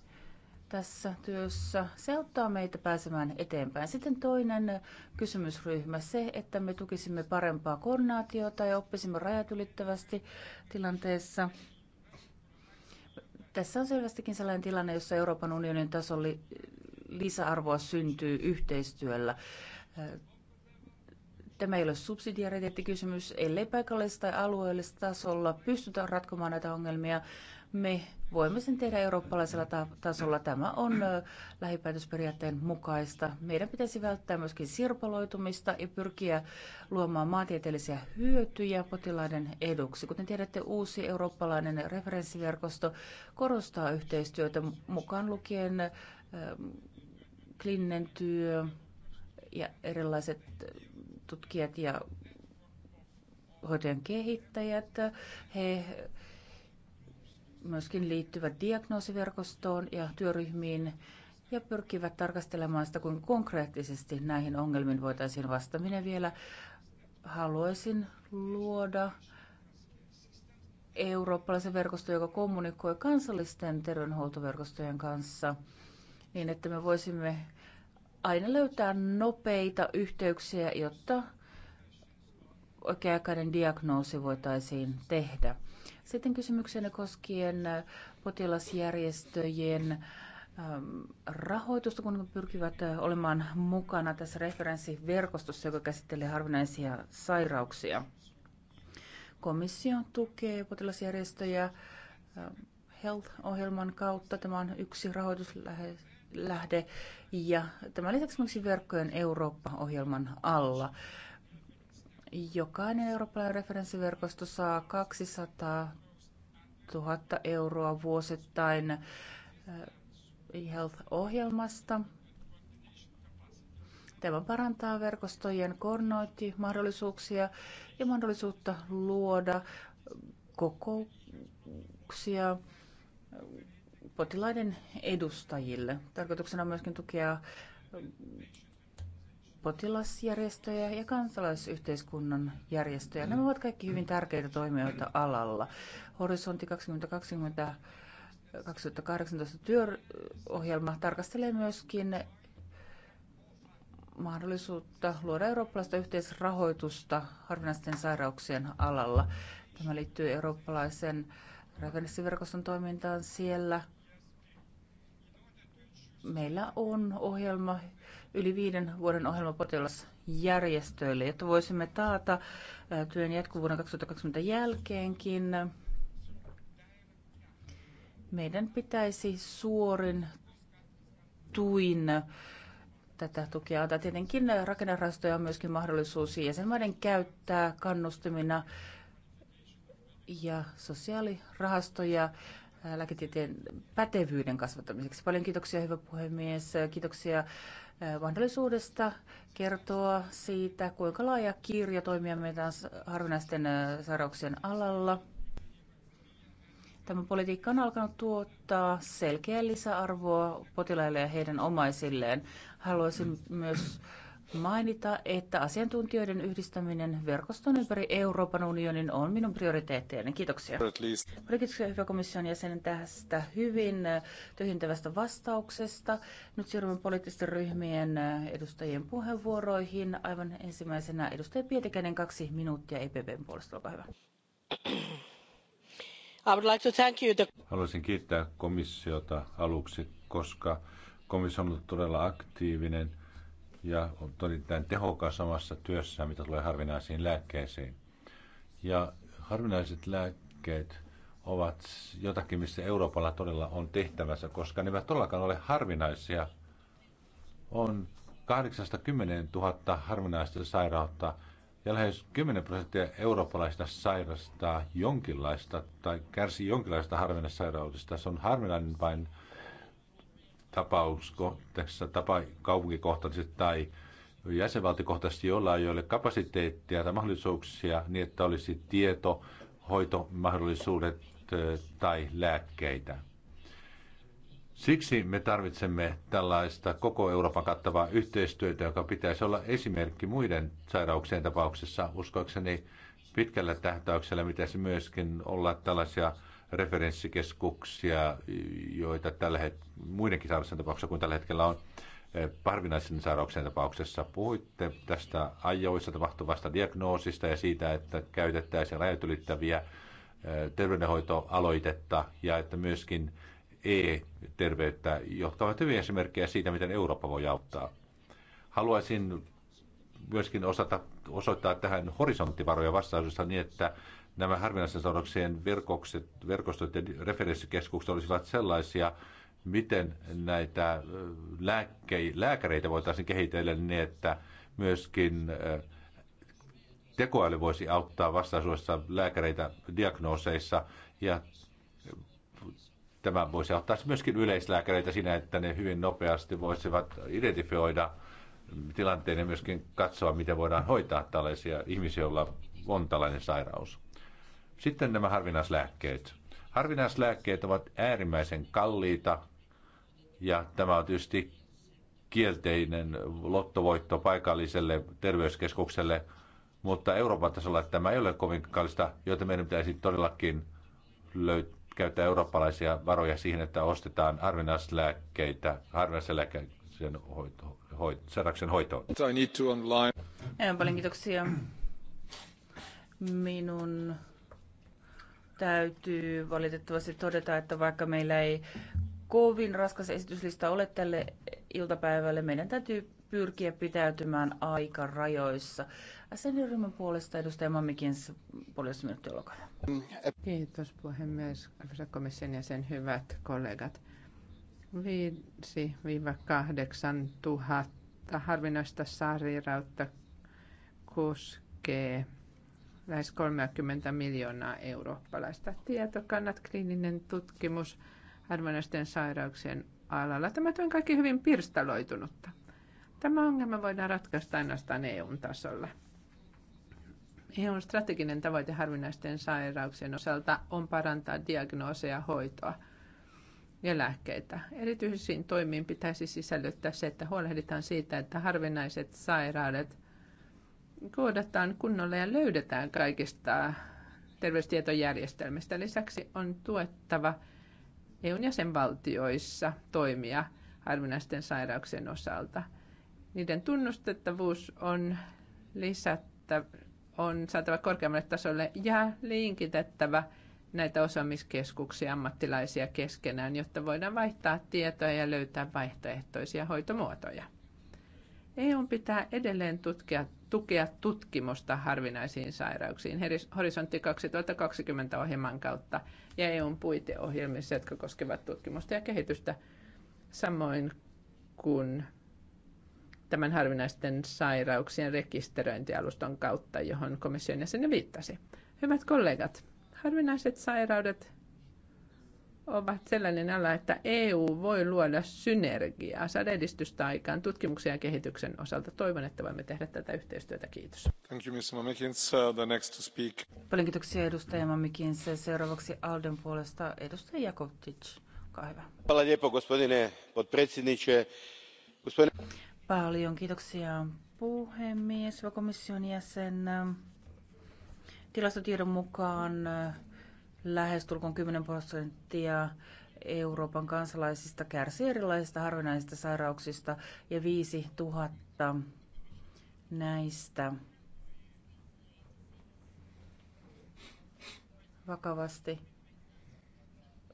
tässä työssä, se auttaa meitä pääsemään eteenpäin. Sitten toinen kysymysryhmä, se, että me tukisimme parempaa koordinaatiota ja oppisimme rajat ylittävästi tilanteessa. Tässä on selvästikin sellainen tilanne, jossa Euroopan unionin tasolla lisäarvoa syntyy yhteistyöllä. Tämä ei ole subsidiariteettikysymys, ellei paikallisella tai alueellisella tasolla pystytä ratkomaan näitä ongelmia. Me voimme sen tehdä eurooppalaisella ta- tasolla. Tämä on ö, lähipäätösperiaatteen mukaista. Meidän pitäisi välttää myöskin sirpaloitumista ja pyrkiä luomaan maantieteellisiä hyötyjä potilaiden eduksi. Kuten tiedätte, uusi eurooppalainen referenssiverkosto korostaa yhteistyötä mukaan lukien ö, kliininen työ ja erilaiset tutkijat ja hoitojen kehittäjät. He myöskin liittyvät diagnoosiverkostoon ja työryhmiin ja pyrkivät tarkastelemaan sitä, kuinka konkreettisesti näihin ongelmiin voitaisiin vastata. Minä vielä haluaisin luoda eurooppalaisen verkoston, joka kommunikoi kansallisten terveydenhuoltoverkostojen kanssa – niin että me voisimme aina löytää nopeita yhteyksiä, jotta oikea-aikainen diagnoosi voitaisiin tehdä. Sitten kysymyksenä koskien äh, potilasjärjestöjen ähm, rahoitusta, kun ne pyrkivät äh, olemaan mukana tässä referenssiverkostossa, joka käsittelee harvinaisia sairauksia. Komissio tukee potilasjärjestöjä ähm, Health-ohjelman kautta. Tämä on yksi rahoituslähestymistapa lähde. Ja tämä lisäksi myös verkkojen Eurooppa-ohjelman alla. Jokainen eurooppalainen referenssiverkosto saa 200 000 euroa vuosittain eh, Health-ohjelmasta. Tämä parantaa verkostojen koordinointimahdollisuuksia ja mahdollisuutta luoda kokouksia potilaiden edustajille. Tarkoituksena on myöskin tukea potilasjärjestöjä ja kansalaisyhteiskunnan järjestöjä. Nämä ovat kaikki hyvin tärkeitä toimijoita alalla. Horisontti 2020 2018 työohjelma tarkastelee myöskin mahdollisuutta luoda eurooppalaista yhteisrahoitusta harvinaisten sairauksien alalla. Tämä liittyy eurooppalaisen referenssiverkoston toimintaan siellä – meillä on ohjelma, yli viiden vuoden ohjelma potilasjärjestöille, jotta voisimme taata työn jatkuvuuden 2020 jälkeenkin. Meidän pitäisi suorin tuin tätä tukea antaa. Tietenkin rakennerahastoja on myöskin mahdollisuus jäsenmaiden käyttää kannustimina ja sosiaalirahastoja lääketieteen pätevyyden kasvattamiseksi. Paljon kiitoksia, hyvä puhemies. Kiitoksia mahdollisuudesta kertoa siitä, kuinka laaja kirja toimia meitä harvinaisten sairauksien alalla. Tämä politiikka on alkanut tuottaa selkeää lisäarvoa potilaille ja heidän omaisilleen. Haluaisin myös mainita, että asiantuntijoiden yhdistäminen verkoston ympäri Euroopan unionin on minun prioriteetteeni. Kiitoksia. Kiitoksia hyvä komission jäsen tästä hyvin tyhjentävästä vastauksesta. Nyt siirrymme poliittisten ryhmien edustajien puheenvuoroihin. Aivan ensimmäisenä edustaja Pietikäinen kaksi minuuttia EPPn puolesta. Olkaa hyvä. Haluaisin kiittää komissiota aluksi, koska komissio on ollut todella aktiivinen – ja on erittäin tehokas omassa työssä, mitä tulee harvinaisiin lääkkeisiin. Ja harvinaiset lääkkeet ovat jotakin, missä Euroopalla todella on tehtävänsä, koska ne eivät todellakaan ole harvinaisia. On 80 000 harvinaista sairautta ja lähes 10 prosenttia eurooppalaisista sairastaa jonkinlaista tai kärsii jonkinlaista harvinaista sairaudesta. Se on harvinainen vain tapauskohtaisessa, tapa, kaupunkikohtaisessa tai jäsenvaltiokohtaisesti, jolla ei ole kapasiteettia tai mahdollisuuksia niin, että olisi tieto, hoitomahdollisuudet eh, tai lääkkeitä. Siksi me tarvitsemme tällaista koko Euroopan kattavaa yhteistyötä, joka pitäisi olla esimerkki muiden sairauksien tapauksessa. Uskoakseni pitkällä tähtäyksellä pitäisi myöskin olla tällaisia referenssikeskuksia, joita tällä het- muidenkin sairauksien tapauksessa kuin tällä hetkellä on, parvinaisen eh, sairauksien tapauksessa puhuitte tästä ajoissa tapahtuvasta diagnoosista ja siitä, että käytettäisiin rajat ylittäviä eh, terveydenhoitoaloitetta ja että myöskin e-terveyttä, jotka ovat hyviä esimerkkejä siitä, miten Eurooppa voi auttaa. Haluaisin myöskin osata, osoittaa tähän horisonttivaroja vastaisuudessa niin, että nämä harvinaisen sairauksien verkokset, verkostot ja referenssikeskukset olisivat sellaisia, miten näitä lääkkei, lääkäreitä voitaisiin kehitellä niin, että myöskin tekoäly voisi auttaa vastaisuudessa lääkäreitä diagnooseissa ja tämä voisi auttaa myöskin yleislääkäreitä siinä, että ne hyvin nopeasti voisivat identifioida tilanteen ja myöskin katsoa, miten voidaan hoitaa tällaisia ihmisiä, joilla on tällainen sairaus. Sitten nämä harvinaislääkkeet. Harvinaislääkkeet ovat äärimmäisen kalliita ja tämä on tietysti kielteinen lottovoitto paikalliselle terveyskeskukselle, mutta Euroopan tasolla tämä ei ole kovin kallista, joten meidän pitäisi todellakin löytää käyttää eurooppalaisia varoja siihen, että ostetaan harvinaislääkkeitä, harvinaislääkkeiden hoito, hoito, hoitoon. I need to online. Paljon kiitoksia. Minun täytyy valitettavasti todeta, että vaikka meillä ei kovin raskas esityslista ole tälle iltapäivälle, meidän täytyy pyrkiä pitäytymään rajoissa. SND-ryhmän puolesta edustaja Mammikin puolesta minuuttia olkaa. Kiitos puhemies, arvoisa komission jäsen, hyvät kollegat. 5-8 tuhatta harvinaista sairautta koskee lähes 30 miljoonaa eurooppalaista. Tietokannat, kliininen tutkimus harvinaisten sairauksien alalla. Tämä on kaikki hyvin pirstaloitunutta. Tämä ongelma voidaan ratkaista ainoastaan EU-tasolla. EUn strateginen tavoite harvinaisten sairauksien osalta on parantaa diagnooseja, hoitoa ja lääkkeitä. Erityisiin toimiin pitäisi sisällyttää se, että huolehditaan siitä, että harvinaiset sairaudet – koodataan kunnolla ja löydetään kaikista terveystietojärjestelmistä. Lisäksi on tuettava EUn jäsenvaltioissa toimia harvinaisten sairauksien osalta. Niiden tunnustettavuus on lisättä, on saatava korkeammalle tasolle ja linkitettävä näitä osaamiskeskuksia ammattilaisia keskenään, jotta voidaan vaihtaa tietoa ja löytää vaihtoehtoisia hoitomuotoja. EU pitää edelleen tutkia tukea tutkimusta harvinaisiin sairauksiin Horisontti 2020 ohjelman kautta ja EUn puiteohjelmissa, jotka koskevat tutkimusta ja kehitystä, samoin kuin tämän harvinaisten sairauksien rekisteröintialuston kautta, johon komission jäsen viittasi. Hyvät kollegat, harvinaiset sairaudet ovat sellainen ala, että EU voi luoda synergiaa, saada edistystä aikaan tutkimuksen ja kehityksen osalta. Toivon, että voimme tehdä tätä yhteistyötä. Kiitos. Thank you, Mamikins. Uh, the next to speak. Paljon kiitoksia edustaja Mamikins. Seuraavaksi Alden puolesta edustaja Jakovic. Hyvä. gospodine Gospodine... Paljon kiitoksia puhemies, komission jäsen. Tilastotiedon mukaan lähestulkoon 10 prosenttia Euroopan kansalaisista kärsii erilaisista harvinaisista sairauksista ja 5 000 näistä vakavasti.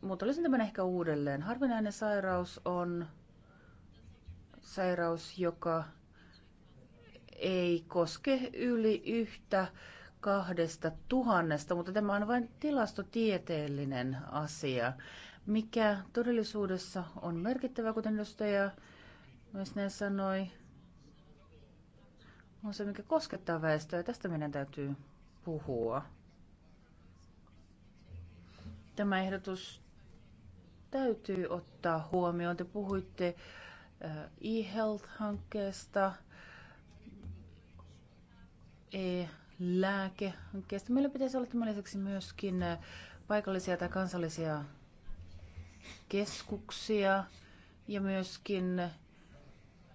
Mutta olisin tämän ehkä uudelleen. Harvinainen sairaus on sairaus, joka ei koske yli yhtä kahdesta tuhannesta, mutta tämä on vain tilastotieteellinen asia, mikä todellisuudessa on merkittävä, kuten edustaja Vesneen sanoi, on se, mikä koskettaa väestöä. Tästä meidän täytyy puhua. Tämä ehdotus täytyy ottaa huomioon. Te puhuitte äh, e-health-hankkeesta, e health hankkeesta lääkehankkeesta. Meillä pitäisi olla tämän lisäksi myöskin äh, paikallisia tai kansallisia keskuksia ja myöskin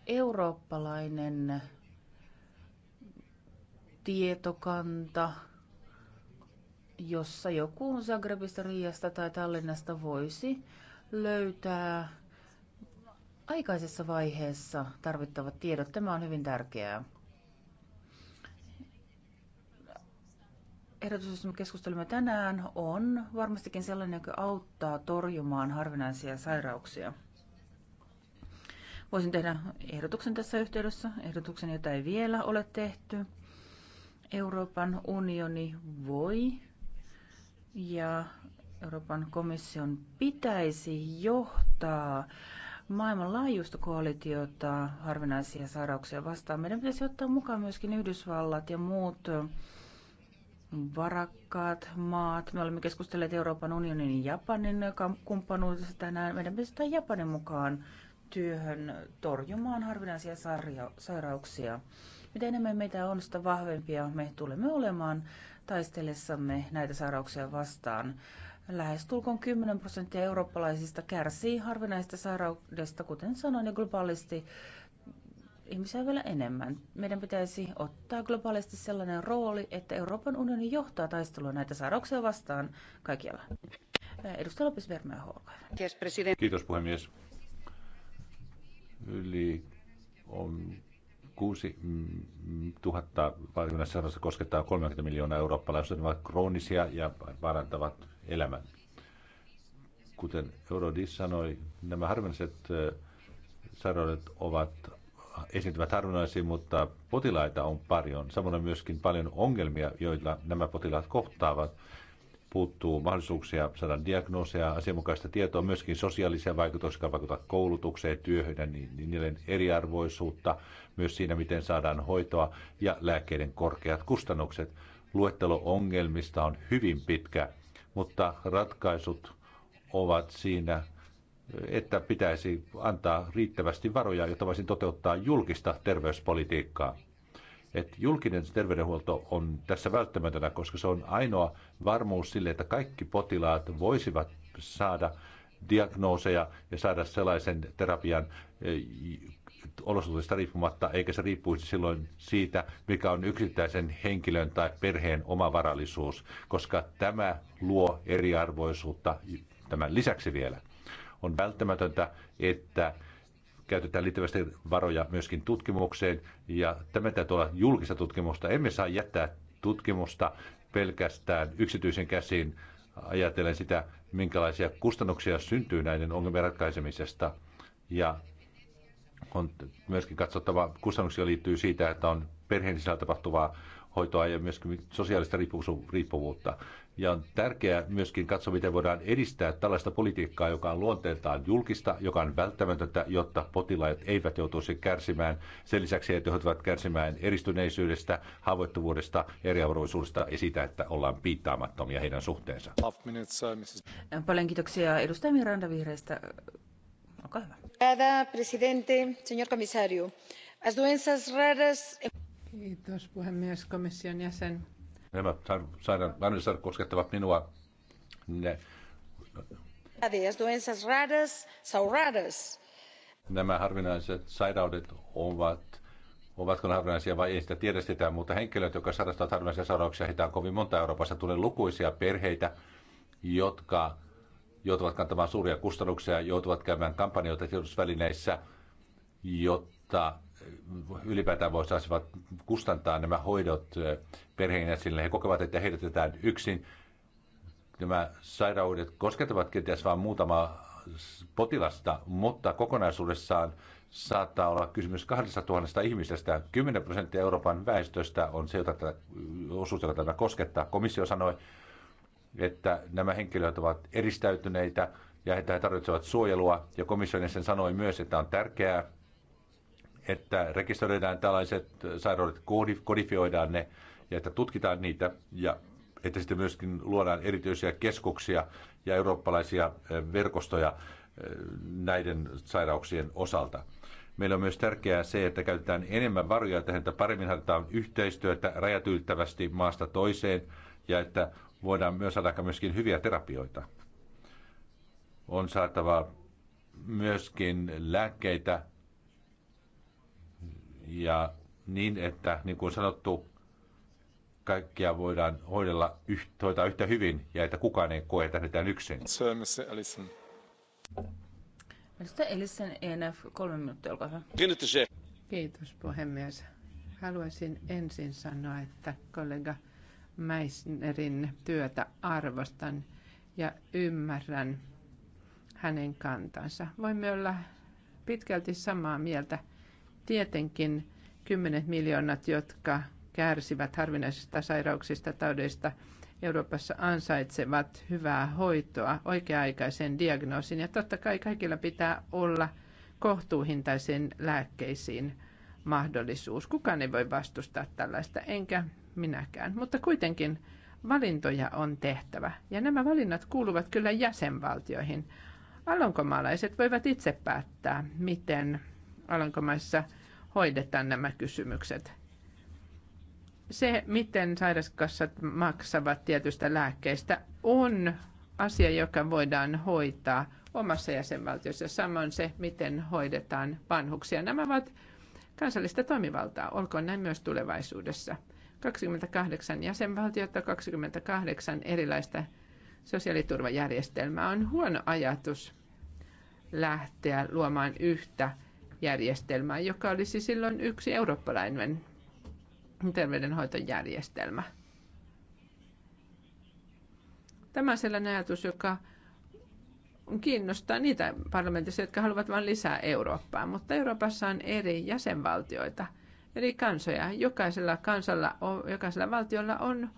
eurooppalainen tietokanta, jossa joku Zagrebista, Riasta tai Tallinnasta voisi löytää aikaisessa vaiheessa tarvittavat tiedot. Tämä on hyvin tärkeää. ehdotus, josta me keskustelemme tänään, on varmastikin sellainen, joka auttaa torjumaan harvinaisia sairauksia. Voisin tehdä ehdotuksen tässä yhteydessä, ehdotuksen, jota ei vielä ole tehty. Euroopan unioni voi ja Euroopan komission pitäisi johtaa maailmanlaajuista koalitiota harvinaisia sairauksia vastaan. Meidän pitäisi ottaa mukaan myöskin Yhdysvallat ja muut varakkaat maat. Me olemme keskustelleet Euroopan unionin ja Japanin kumppanuudesta tänään. Meidän pistää Japanin mukaan työhön torjumaan harvinaisia sairauksia. Mitä enemmän meitä on, sitä vahvempia me tulemme olemaan taistellessamme näitä sairauksia vastaan. Lähestulkoon 10 prosenttia eurooppalaisista kärsii harvinaista sairaudesta, kuten sanoin, ja globaalisti ihmisiä vielä enemmän. Meidän pitäisi ottaa globaalisti sellainen rooli, että Euroopan unioni johtaa taistelua näitä sairauksia vastaan kaikkialla. Edustaja Lopis Vermeer, Kiitos puhemies. Yli on 6 mm, tuhatta valtakunnassa sairaasta koskettaa 30 miljoonaa eurooppalaista, ne ovat kroonisia ja vaarantavat elämän. Kuten Eurodis sanoi, nämä harvinaiset sairaudet ovat esiintyvät harvinaisia, mutta potilaita on paljon. Samoin myöskin paljon ongelmia, joilla nämä potilaat kohtaavat. Puuttuu mahdollisuuksia saada diagnooseja, asianmukaista tietoa, myöskin sosiaalisia vaikutuksia, jotka vaikuttavat koulutukseen, työhön ja niiden niin eriarvoisuutta, myös siinä, miten saadaan hoitoa ja lääkkeiden korkeat kustannukset. Luettelo ongelmista on hyvin pitkä, mutta ratkaisut ovat siinä – että pitäisi antaa riittävästi varoja, jotta voisin toteuttaa julkista terveyspolitiikkaa. Et julkinen terveydenhuolto on tässä välttämätöntä, koska se on ainoa varmuus sille, että kaikki potilaat voisivat saada diagnooseja ja saada sellaisen terapian eh, olosuhteista riippumatta, eikä se riippuisi silloin siitä, mikä on yksittäisen henkilön tai perheen oma varallisuus, koska tämä luo eriarvoisuutta tämän lisäksi vielä. On välttämätöntä, että käytetään liittyvästi varoja myöskin tutkimukseen, ja tämä täytyy olla julkista tutkimusta. Emme saa jättää tutkimusta pelkästään yksityisen käsiin ajatellen sitä, minkälaisia kustannuksia syntyy näiden ongelmien ratkaisemisesta. Ja on myöskin katsottava kustannuksia liittyy siitä, että on perheen sisällä tapahtuvaa hoitoa ja myöskin sosiaalista riippuvuutta. Ja on tärkeää myöskin katsoa, miten voidaan edistää tällaista politiikkaa, joka on luonteeltaan julkista, joka on välttämätöntä, jotta potilaat eivät joutuisi kärsimään. Sen lisäksi, he joutuvat kärsimään eristyneisyydestä, haavoittuvuudesta, eriarvoisuudesta ja siitä, että ollaan piittaamattomia heidän suhteensa. Uh, Paljon kiitoksia edustaja Miranda Vihreistä. Olkaa hyvä. Presidente, señor komisario. As raras... Kiitos puhemies komission jäsen Nämä sairaan vanhemmat koskettavat minua. Ne, Nämä harvinaiset sairaudet ovat, ovatko ne harvinaisia vai ei sitä tiedä sitä, mutta henkilöt, jotka sairastavat harvinaisia sairauksia, heitä on kovin monta Euroopassa. Tulee lukuisia perheitä, jotka joutuvat kantamaan suuria kustannuksia, joutuvat käymään kampanjoita tiedotusvälineissä, jotta ylipäätään voisivat kustantaa nämä hoidot eh, perheenä sillä he kokevat, että heidät jätetään yksin. Nämä sairaudet koskettavat kenties vain muutama potilasta, mutta kokonaisuudessaan saattaa olla kysymys 2000 ihmisestä. 10 prosenttia Euroopan väestöstä on se, jota tätä, osuus, joka tämä koskettaa. Komissio sanoi, että nämä henkilöt ovat eristäytyneitä ja että he tarvitsevat suojelua. Ja komission sen sanoi myös, että on tärkeää, että rekisteröidään tällaiset sairaudet, kodifioidaan ne ja että tutkitaan niitä ja että sitten myöskin luodaan erityisiä keskuksia ja eurooppalaisia verkostoja näiden sairauksien osalta. Meillä on myös tärkeää se, että käytetään enemmän varoja tähän, että paremmin harjoitetaan yhteistyötä rajat ylittävästi maasta toiseen ja että voidaan myös saada myöskin hyviä terapioita. On saatava myöskin lääkkeitä ja niin, että niin kuin sanottu, kaikkia voidaan hoidella yht, yhtä hyvin ja että kukaan ei koe, että tehdään yksin. Mr. Ellison, ENF, e kolme minuuttia, olkaa hyvä. Kiitos puhemies. Haluaisin ensin sanoa, että kollega Meissnerin työtä arvostan ja ymmärrän hänen kantansa. Voimme olla pitkälti samaa mieltä Tietenkin kymmenet miljoonat, jotka kärsivät harvinaisista sairauksista, taudeista Euroopassa ansaitsevat hyvää hoitoa, oikea-aikaisen diagnoosin ja totta kai kaikilla pitää olla kohtuuhintaisiin lääkkeisiin mahdollisuus. Kukaan ei voi vastustaa tällaista, enkä minäkään. Mutta kuitenkin valintoja on tehtävä. Ja nämä valinnat kuuluvat kyllä jäsenvaltioihin. Alankomaalaiset voivat itse päättää, miten Alankomaissa – hoidetaan nämä kysymykset. Se, miten sairaskassat maksavat tietystä lääkkeistä, on asia, joka voidaan hoitaa omassa jäsenvaltiossa. Samoin se, miten hoidetaan vanhuksia. Nämä ovat kansallista toimivaltaa, olkoon näin myös tulevaisuudessa. 28 jäsenvaltiota, 28 erilaista sosiaaliturvajärjestelmää on huono ajatus lähteä luomaan yhtä järjestelmää, joka olisi silloin yksi eurooppalainen terveydenhoitojärjestelmä. Tämä on sellainen ajatus, joka kiinnostaa niitä parlamentissa, jotka haluavat vain lisää Eurooppaa, mutta Euroopassa on eri jäsenvaltioita, eri kansoja. Jokaisella kansalla, jokaisella valtiolla on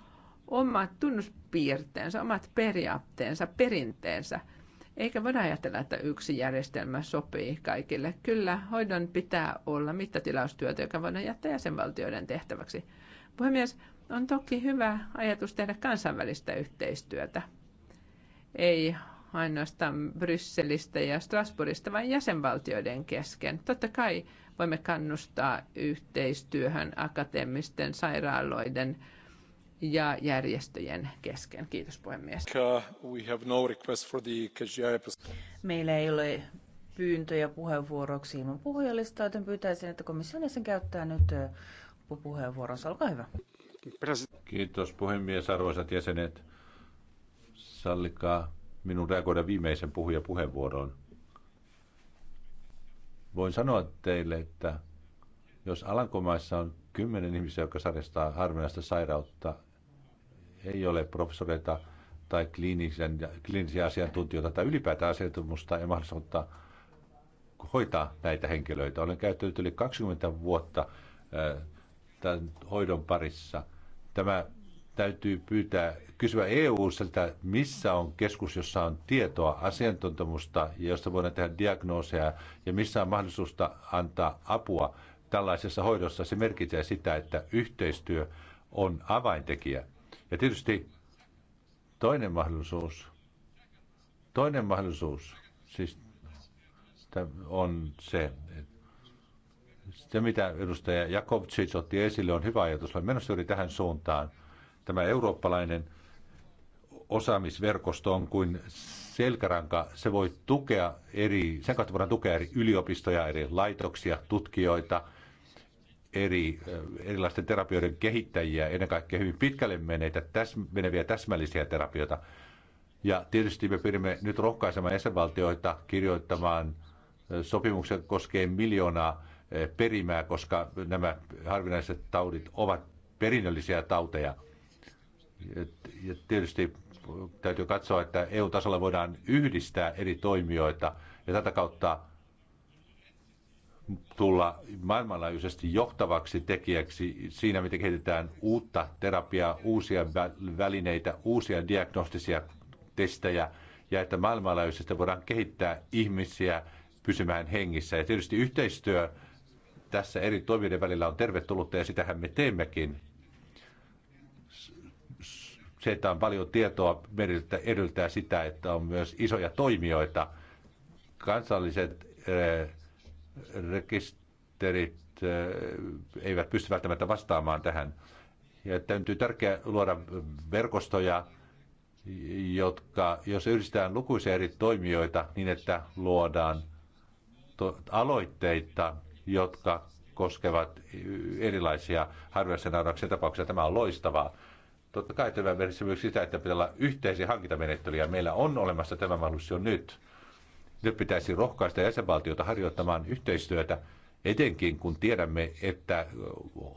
omat tunnuspiirteensä, omat periaatteensa, perinteensä – eikä voida ajatella, että yksi järjestelmä sopii kaikille. Kyllä, hoidon pitää olla mittatilaustyötä, joka voidaan jättää jäsenvaltioiden tehtäväksi. Puhemies, on toki hyvä ajatus tehdä kansainvälistä yhteistyötä. Ei ainoastaan Brysselistä ja Strasbourgista, vaan jäsenvaltioiden kesken. Totta kai voimme kannustaa yhteistyöhön akateemisten sairaaloiden ja järjestöjen kesken. Kiitos puhemies. No Meillä ei ole pyyntöjä puheenvuoroksi ilman puhujalistaa, joten pyytäisin, että komission jäsen käyttää nyt puheenvuoronsa. Olkaa hyvä. Kiitos puhemies, arvoisat jäsenet. Sallikaa minun reagoida viimeisen puhujan puheenvuoroon. Voin sanoa teille, että jos Alankomaissa on kymmenen ihmisiä, jotka sairastaa harvinaista sairautta, ei ole professoreita tai kliinisen, kliinisiä asiantuntijoita tai ylipäätään asiantuntemusta ja mahdollisuutta hoitaa näitä henkilöitä. Olen käyttänyt yli 20 vuotta äh, tämän hoidon parissa. Tämä täytyy pyytää, kysyä eu että missä on keskus, jossa on tietoa, asiantuntemusta ja josta voidaan tehdä diagnooseja ja missä on mahdollisuutta antaa apua tällaisessa hoidossa. Se merkitsee sitä, että yhteistyö on avaintekijä. Ja tietysti toinen mahdollisuus, toinen mahdollisuus, siis on se, se mitä edustaja Jakovcic otti esille on hyvä ajatus, on menossa juuri tähän suuntaan. Tämä eurooppalainen osaamisverkosto on kuin selkäranka. Se voi tukea eri, sen kautta voidaan tukea eri yliopistoja, eri laitoksia, tutkijoita – eri, erilaisten terapioiden kehittäjiä, ennen kaikkea hyvin pitkälle meneitä, täs, meneviä täsmällisiä terapioita. Ja tietysti me pyrimme nyt rohkaisemaan jäsenvaltioita kirjoittamaan sopimuksen koskee miljoonaa perimää, koska nämä harvinaiset taudit ovat perinnöllisiä tauteja. Ja tietysti täytyy katsoa, että EU-tasolla voidaan yhdistää eri toimijoita ja tätä kautta tulla maailmanlaajuisesti johtavaksi tekijäksi siinä, miten kehitetään uutta terapiaa, uusia välineitä, uusia diagnostisia testejä ja että maailmanlaajuisesti voidaan kehittää ihmisiä pysymään hengissä. Ja tietysti yhteistyö tässä eri toimijoiden välillä on tervetullutta ja sitähän me teemmekin. Se, että on paljon tietoa, edellyttää sitä, että on myös isoja toimijoita. Kansalliset eh, rekisterit eh, eivät pysty välttämättä vastaamaan tähän. Ja täytyy tärkeää luoda verkostoja, jotka, jos yhdistetään lukuisia eri toimijoita niin, että luodaan to- aloitteita, jotka koskevat erilaisia harvinaisen nauraksen tapauksia. Tämä on loistavaa. Totta kai tämä merkitsee myös sitä, että pitää olla yhteisiä hankintamenettelyjä. Meillä on olemassa tämä mahdollisuus jo nyt. Nyt pitäisi rohkaista jäsenvaltiota harjoittamaan yhteistyötä, etenkin kun tiedämme, että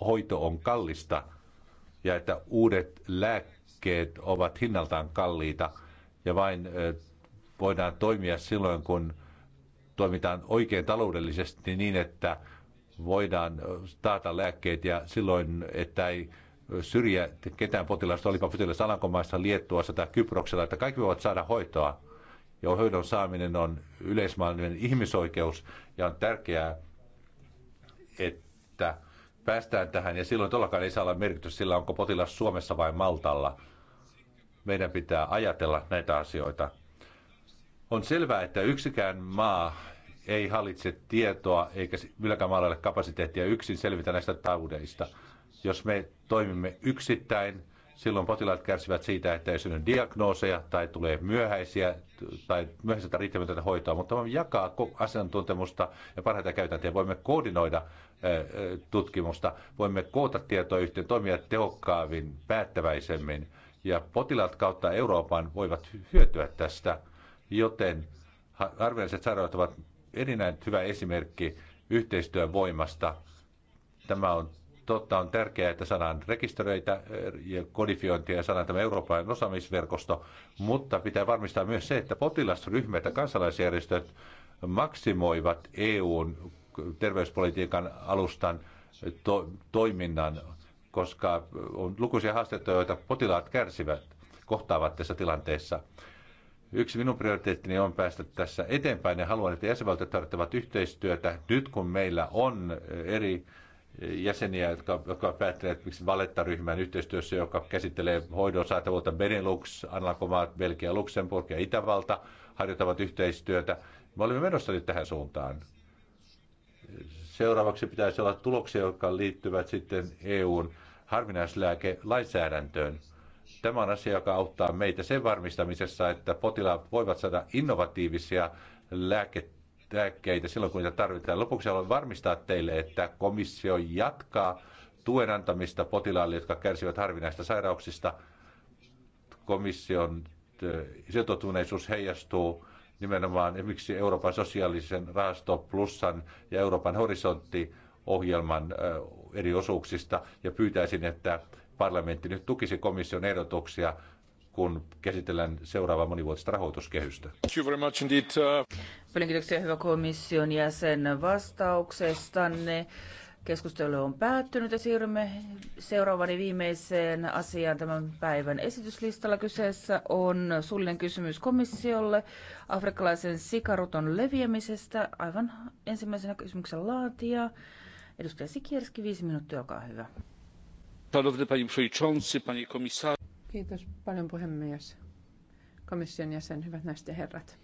hoito on kallista ja että uudet lääkkeet ovat hinnaltaan kalliita ja vain voidaan toimia silloin, kun toimitaan oikein taloudellisesti niin, että voidaan taata lääkkeet ja silloin, että ei syrjä ketään potilasta, olipa potilas Alankomaissa, Liettuassa tai Kyproksella, että kaikki voivat saada hoitoa ja hoidon saaminen on yleismaailman ihmisoikeus ja on tärkeää, että päästään tähän ja silloin todellakaan ei saa olla merkitys sillä, onko potilas Suomessa vai Maltalla. Meidän pitää ajatella näitä asioita. On selvää, että yksikään maa ei hallitse tietoa eikä milläkään maalla ole kapasiteettia yksin selvitä näistä taudeista. Jos me toimimme yksittäin, Silloin potilaat kärsivät siitä, että ei synny diagnooseja tai tulee myöhäisiä tai myöhäiseltä riittämätöntä hoitoa, mutta voimme jakaa asiantuntemusta ja parhaita käytäntöjä. Voimme koordinoida tutkimusta, voimme koota tietoa yhteen, toimia tehokkaammin, päättäväisemmin ja potilaat kautta Euroopan voivat hyötyä tästä, joten arvioiset sairaudet ovat erinäin hyvä esimerkki yhteistyön voimasta. Tämä on Totta on tärkeää, että saadaan rekisteröitä eh, ja kodifiointia ja saadaan tämä Euroopan osaamisverkosto, mutta pitää varmistaa myös se, että potilasryhmät ja kansalaisjärjestöt maksimoivat EUn terveyspolitiikan alustan to- toiminnan, koska on lukuisia haasteita, joita potilaat kärsivät, kohtaavat tässä tilanteessa. Yksi minun prioriteettini on päästä tässä eteenpäin ja haluan, että jäsenvaltiot tarvittavat yhteistyötä nyt, kun meillä on eri jäseniä, jotka, jotka ovat päättäneet miksi Valettaryhmän yhteistyössä, joka käsittelee hoidon saatavuutta Benelux, Anlankomaat, Belgia, Luxemburg ja Itävalta harjoittavat yhteistyötä. Me olemme menossa nyt tähän suuntaan. Seuraavaksi pitäisi olla tuloksia, jotka liittyvät sitten EUn harvinaislääkelainsäädäntöön. Tämä on asia, joka auttaa meitä sen varmistamisessa, että potilaat voivat saada innovatiivisia lääke, tärkeitä silloin, kun niitä tarvitaan. Lopuksi haluan varmistaa teille, että komissio jatkaa tuen antamista potilaille, jotka kärsivät harvinaista sairauksista. Komission äh, sitoutuneisuus heijastuu nimenomaan esimerkiksi Euroopan sosiaalisen rahasto plussan ja Euroopan horisontti ohjelman äh, eri osuuksista ja pyytäisin, että parlamentti nyt tukisi komission ehdotuksia kun käsitellään seuraavaa monivuotista rahoituskehystä. Uh, Paljon kiitoksia hyvä komission jäsen vastauksestanne. Keskustelu on päättynyt ja siirrymme seuraavani viimeiseen asiaan tämän päivän esityslistalla. Kyseessä on suullinen kysymys komissiolle afrikkalaisen sikaruton leviämisestä. Aivan ensimmäisenä kysymyksen laatia. Edustaja Sikierski, viisi minuuttia, olkaa hyvä. panie przewodniczący, panie komisarzu. Kiitos paljon puhemies. Komission jäsen, hyvät naiset ja herrat.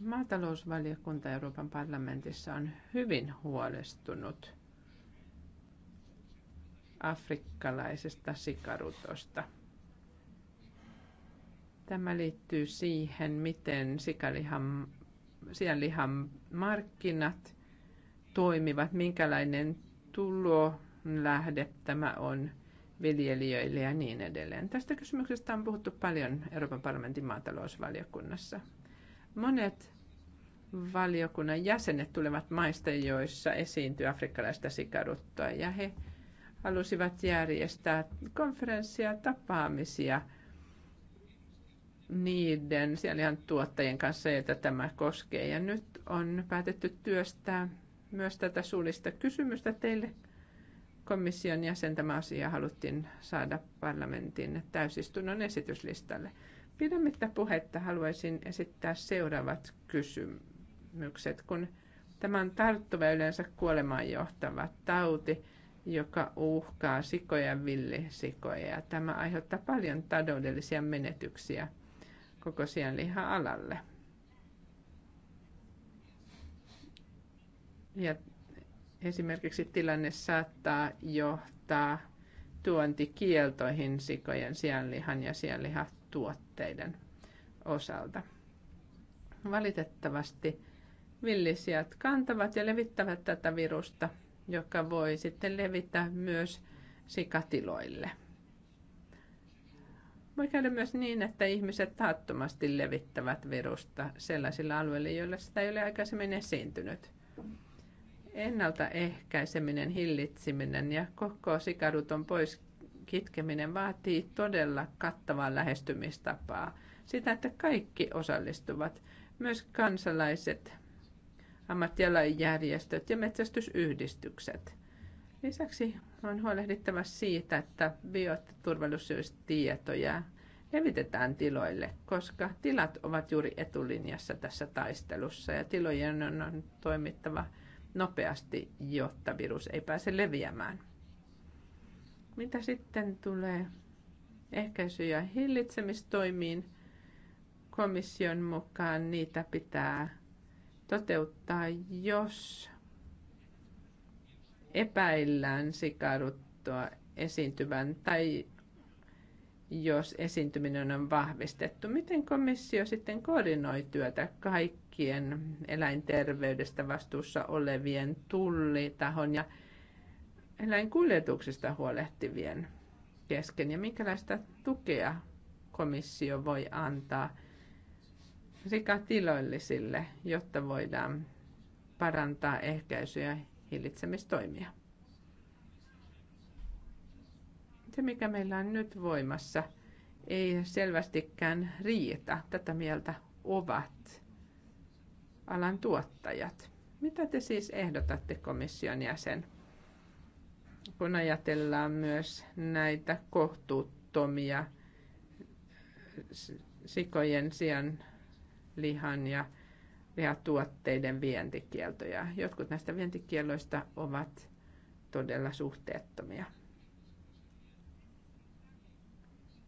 Maatalousvaliokunta Euroopan parlamentissa on hyvin huolestunut afrikkalaisesta sikarutosta. Tämä liittyy siihen, miten sikalihan, sianlihan markkinat toimivat, minkälainen tulo lähde tämä on viljelijöille ja niin edelleen. Tästä kysymyksestä on puhuttu paljon Euroopan parlamentin maatalousvaliokunnassa. Monet valiokunnan jäsenet tulevat maista, joissa esiintyy afrikkalaista sikaruttoa, ja he halusivat järjestää konferenssia, tapaamisia niiden ihan tuottajien kanssa, joita tämä koskee. Ja nyt on päätetty työstää myös tätä suullista kysymystä teille komission jäsen tämä asia haluttiin saada parlamentin täysistunnon esityslistalle. Pidemmittä puhetta haluaisin esittää seuraavat kysymykset, kun tämä on tarttuva yleensä kuolemaan johtava tauti, joka uhkaa sikoja ja villisikoja. Ja tämä aiheuttaa paljon taloudellisia menetyksiä koko sianliha-alalle. Ja Esimerkiksi tilanne saattaa johtaa tuontikieltoihin sikojen sianlihan ja sianlihatuotteiden osalta. Valitettavasti villisijat kantavat ja levittävät tätä virusta, joka voi sitten levitä myös sikatiloille. Voi käydä myös niin, että ihmiset taattomasti levittävät virusta sellaisilla alueilla, joilla sitä ei ole aikaisemmin esiintynyt. Ennaltaehkäiseminen, hillitseminen ja koko sikaruton pois kitkeminen vaatii todella kattavaa lähestymistapaa. Sitä, että kaikki osallistuvat, myös kansalaiset, ammattialajärjestöt ja metsästysyhdistykset. Lisäksi on huolehdittava siitä, että bioturvallisuustietoja levitetään tiloille, koska tilat ovat juuri etulinjassa tässä taistelussa ja tilojen on toimittava – nopeasti, jotta virus ei pääse leviämään. Mitä sitten tulee ehkäisy- ja hillitsemistoimiin? Komission mukaan niitä pitää toteuttaa, jos epäillään sikaruttua esiintyvän tai jos esiintyminen on vahvistettu. Miten komissio sitten koordinoi työtä kaikki? kaikkien eläinterveydestä vastuussa olevien tullitahon ja eläinkuljetuksista huolehtivien kesken ja minkälaista tukea komissio voi antaa sikatiloillisille, jotta voidaan parantaa ehkäisyä ja hillitsemistoimia. Se, mikä meillä on nyt voimassa, ei selvästikään riitä. Tätä mieltä ovat alan tuottajat. Mitä te siis ehdotatte komission jäsen, kun ajatellaan myös näitä kohtuuttomia sikojen sian lihan ja lihatuotteiden vientikieltoja. Jotkut näistä vientikieloista ovat todella suhteettomia.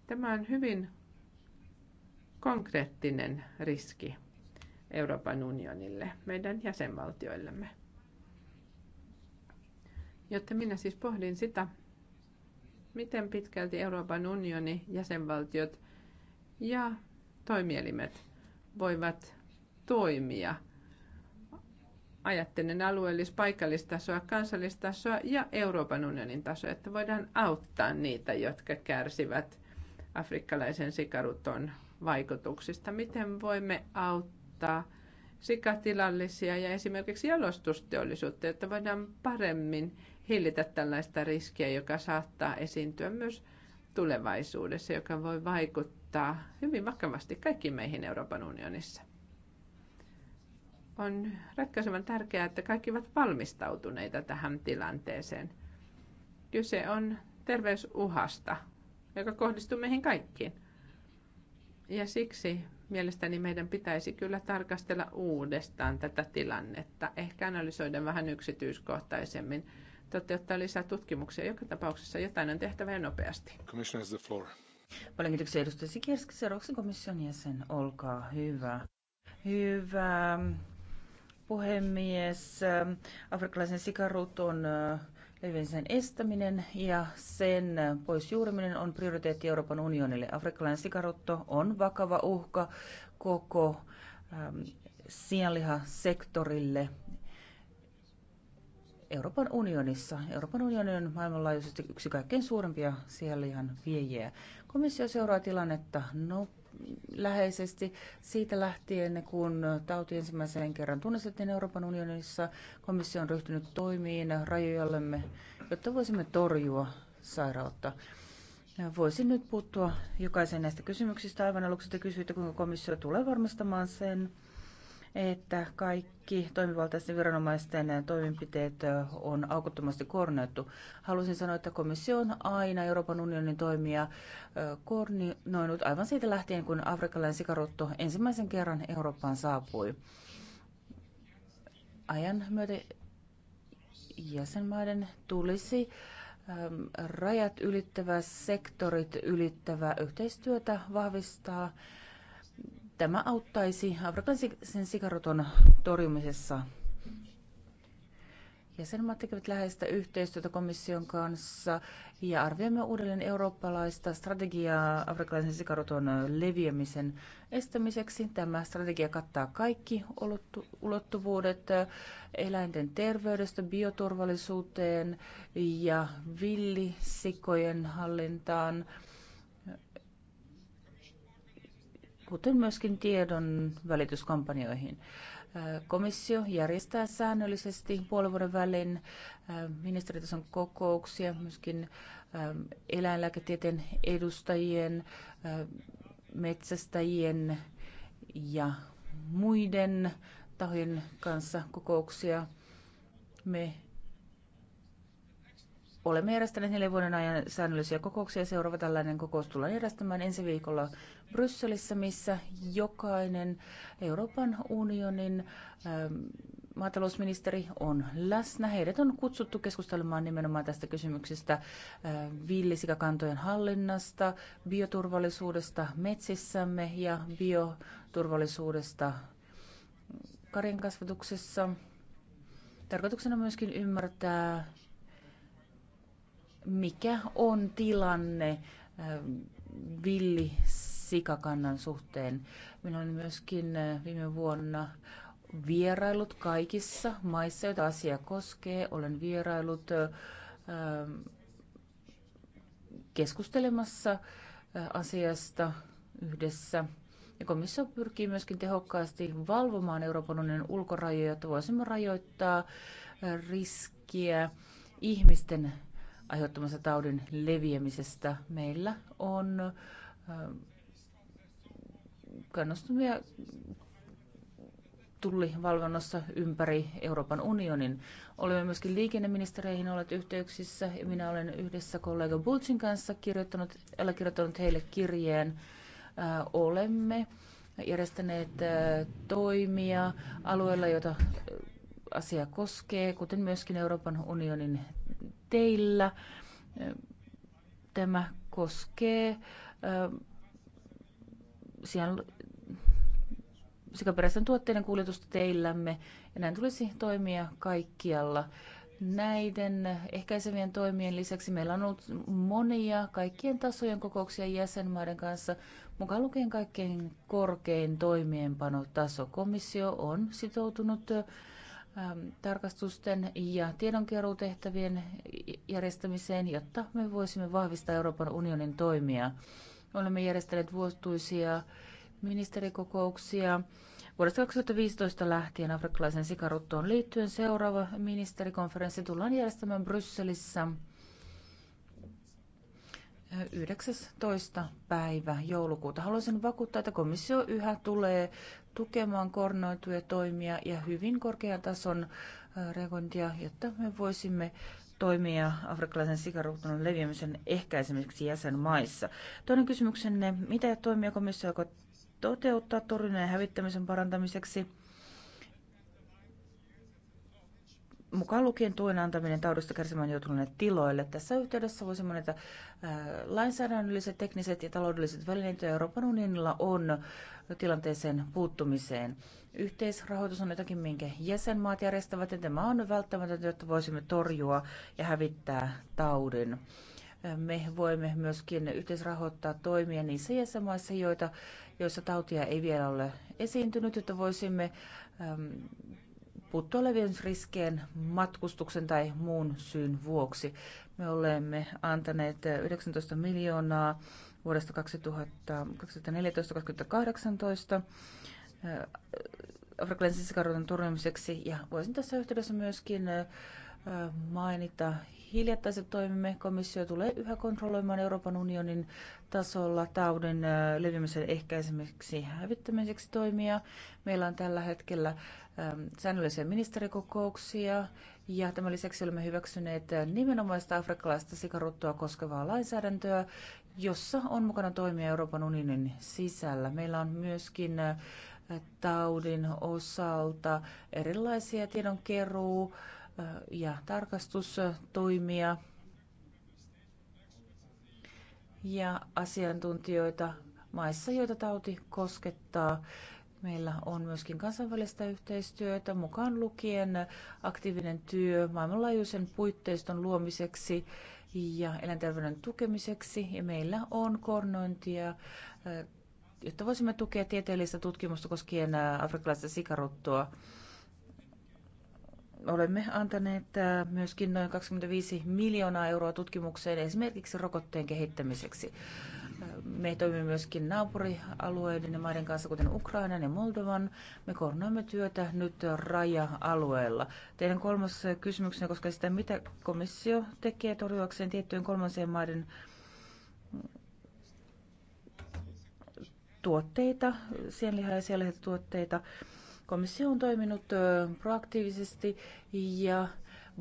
Tämä on hyvin konkreettinen riski Euroopan unionille, meidän jäsenvaltioillemme. Jotta minä siis pohdin sitä, miten pitkälti Euroopan unioni, jäsenvaltiot ja toimielimet voivat toimia. Ajattelen alueellis-, paikallistasoa, kansallistasoa ja Euroopan unionin tasoa, että voidaan auttaa niitä, jotka kärsivät afrikkalaisen sikaruton vaikutuksista. Miten voimme auttaa? auttaa sikatilallisia ja esimerkiksi jalostusteollisuutta, jotta voidaan paremmin hillitä tällaista riskiä, joka saattaa esiintyä myös tulevaisuudessa, joka voi vaikuttaa hyvin vakavasti kaikkiin meihin Euroopan unionissa. On ratkaisevan tärkeää, että kaikki ovat valmistautuneita tähän tilanteeseen. Kyse on terveysuhasta, joka kohdistuu meihin kaikkiin. Ja siksi mielestäni meidän pitäisi kyllä tarkastella uudestaan tätä tilannetta, ehkä analysoida vähän yksityiskohtaisemmin, toteuttaa lisää tutkimuksia. Joka tapauksessa jotain on tehtävä ja nopeasti. Paljon kiitoksia edustaja Sikerski, seuraavaksi komission jäsen. Olkaa hyvä. Hyvä ähm, puhemies. Ähm, afrikkalaisen sikaruton äh, leviämisen estäminen ja sen pois juuriminen on prioriteetti Euroopan unionille. Afrikkalainen sikarutto on vakava uhka koko äm, sianlihasektorille Euroopan unionissa. Euroopan unioni on maailmanlaajuisesti yksi kaikkein suurimpia sianlihan viejiä. Komissio seuraa tilannetta nopeasti läheisesti siitä lähtien, kun tauti ensimmäisen kerran tunnistettiin Euroopan unionissa. Komissio on ryhtynyt toimiin rajojallemme, jotta voisimme torjua sairautta. Voisin nyt puuttua jokaisen näistä kysymyksistä. Aivan aluksi te kysyitte, kuinka komissio tulee varmistamaan sen, että kaikki toimivaltaisten viranomaisten toimenpiteet on aukottomasti koordinoitu. Haluaisin sanoa, että komissio on aina Euroopan unionin toimia koordinoinut aivan siitä lähtien, kun afrikkalainen sikarutto ensimmäisen kerran Eurooppaan saapui. Ajan myötä jäsenmaiden tulisi rajat ylittävä, sektorit ylittävä yhteistyötä vahvistaa Tämä auttaisi afrikkalaisen sikaruton torjumisessa. Jäsenmaat tekevät läheistä yhteistyötä komission kanssa ja arvioimme uudelleen eurooppalaista strategiaa afrikkalaisen sikaruton leviämisen estämiseksi. Tämä strategia kattaa kaikki ulottuvuudet eläinten terveydestä, bioturvallisuuteen ja villisikojen hallintaan kuten myöskin tiedon välityskampanjoihin. Äh, komissio järjestää säännöllisesti puolen vuoden välin äh, ministeritason kokouksia, myöskin äh, eläinlääketieteen edustajien, metsästäjien ja muiden tahojen kanssa kokouksia. Me Olemme järjestäneet neljän vuoden ajan säännöllisiä kokouksia. Seuraava tällainen kokous tullaan järjestämään ensi viikolla Brysselissä, missä jokainen Euroopan unionin ähm, maatalousministeri on läsnä. Heidät on kutsuttu keskustelemaan nimenomaan tästä kysymyksestä äh, villisikakantojen hallinnasta, bioturvallisuudesta metsissämme ja bioturvallisuudesta karjankasvatuksessa. Tarkoituksena on myöskin ymmärtää mikä on tilanne ähm, villi sikakannan suhteen. Minä olen myöskin äh, viime vuonna vierailut kaikissa maissa, joita asia koskee. Olen vierailut äh, ähm, keskustelemassa äh, asiasta yhdessä. Ja komissio pyrkii myöskin tehokkaasti valvomaan Euroopan unionin ulkorajoja, jotta voisimme rajoittaa riskiä ihmisten aiheuttamassa taudin leviämisestä. Meillä on kannustumia tullivalvonnassa ympäri Euroopan unionin. Olemme myöskin liikenneministereihin olleet yhteyksissä ja minä olen yhdessä kollega Bulcin kanssa kirjoittanut, kirjoittanut heille kirjeen. olemme järjestäneet toimia alueilla, jota asia koskee, kuten myöskin Euroopan unionin teillä. Tämä koskee siellä sikaperäisten tuotteiden kuljetusta teillämme, ja näin tulisi toimia kaikkialla. Näiden ehkäisevien toimien lisäksi meillä on ollut monia kaikkien tasojen kokouksia jäsenmaiden kanssa, mukaan lukien kaikkein korkein toimienpanotaso. Komissio on sitoutunut Ähm, tarkastusten ja tiedonkeruutehtävien järjestämiseen, jotta me voisimme vahvistaa Euroopan unionin toimia. Olemme järjestäneet vuotuisia ministerikokouksia. Vuodesta 2015 lähtien afrikkalaisen sikaruttoon liittyen seuraava ministerikonferenssi tullaan järjestämään Brysselissä 19. päivä joulukuuta. Haluaisin vakuuttaa, että komissio yhä tulee tukemaan koordinoituja toimia ja hyvin korkean tason äh, reagointia, jotta me voisimme toimia afrikkalaisen sikaruutunan leviämisen ehkäisemiseksi jäsenmaissa. Toinen kysymyksenne, mitä toimia komissio aikoo toteuttaa torjunnan ja hävittämisen parantamiseksi? mukaan lukien tuen antaminen taudista kärsimään joutuneille tiloille. Tässä yhteydessä voisi mainita lainsäädännölliset, tekniset ja taloudelliset välineet, Euroopan unionilla on tilanteeseen puuttumiseen. Yhteisrahoitus on jotakin, minkä jäsenmaat järjestävät, ja tämä on välttämätöntä, jotta voisimme torjua ja hävittää taudin. Me voimme myöskin yhteisrahoittaa toimia niissä jäsenmaissa, joita, joissa tautia ei vielä ole esiintynyt, jotta voisimme puuttuoleviusriskien matkustuksen tai muun syyn vuoksi. Me olemme antaneet 19 miljoonaa vuodesta 2014-2018 äh, afrikan sisikaruton turvimiseksi. Ja voisin tässä yhteydessä myöskin äh, mainita hiljattaiset toimimme. Komissio tulee yhä kontrolloimaan Euroopan unionin tasolla taudin äh, leviämisen ehkäisemiseksi ja hävittämiseksi toimia. Meillä on tällä hetkellä Ähm, säännöllisiä ministerikokouksia ja tämän lisäksi olemme hyväksyneet äh, nimenomaista afrikkalaista sikaruttoa koskevaa lainsäädäntöä, jossa on mukana toimia Euroopan unionin sisällä. Meillä on myöskin äh, taudin osalta erilaisia tiedonkeruu- äh, ja tarkastustoimia ja asiantuntijoita maissa, joita tauti koskettaa. Meillä on myöskin kansainvälistä yhteistyötä, mukaan lukien aktiivinen työ maailmanlaajuisen puitteiston luomiseksi ja eläinterveyden tukemiseksi. Ja meillä on koordinointia, eh, jotta voisimme tukea tieteellistä tutkimusta koskien eh, afrikkalaista sikaruttua. Olemme antaneet eh, myöskin noin 25 miljoonaa euroa tutkimukseen esimerkiksi rokotteen kehittämiseksi. Me toimimme myöskin naapurialueiden ja maiden kanssa, kuten Ukrainan ja Moldovan. Me koordinoimme työtä nyt raja-alueella. Teidän kolmas kysymyksenä koskee sitä, mitä komissio tekee torjuakseen tiettyjen kolmansien maiden tuotteita, sienliha- ja tuotteita. Komissio on toiminut proaktiivisesti ja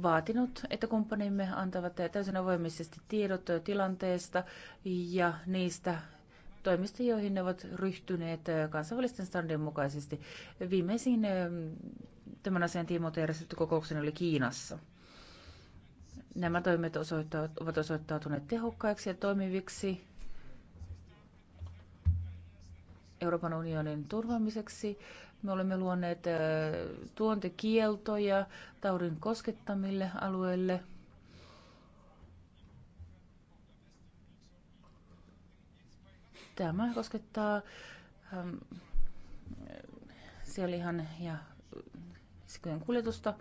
vaatinut, että kumppanimme antavat täysin avoimisesti tiedot tilanteesta ja niistä toimista, joihin ne ovat ryhtyneet kansainvälisten standien mukaisesti. Viimeisin eh, tämän asian tiimoilta järjestetty kokouksen oli Kiinassa. Nämä toimet ovat osoittautuneet tehokkaiksi ja toimiviksi Euroopan unionin turvaamiseksi me olemme luoneet tuontikieltoja taudin koskettamille alueille. Tämä koskettaa sielihan ja sikojen kuljetusta.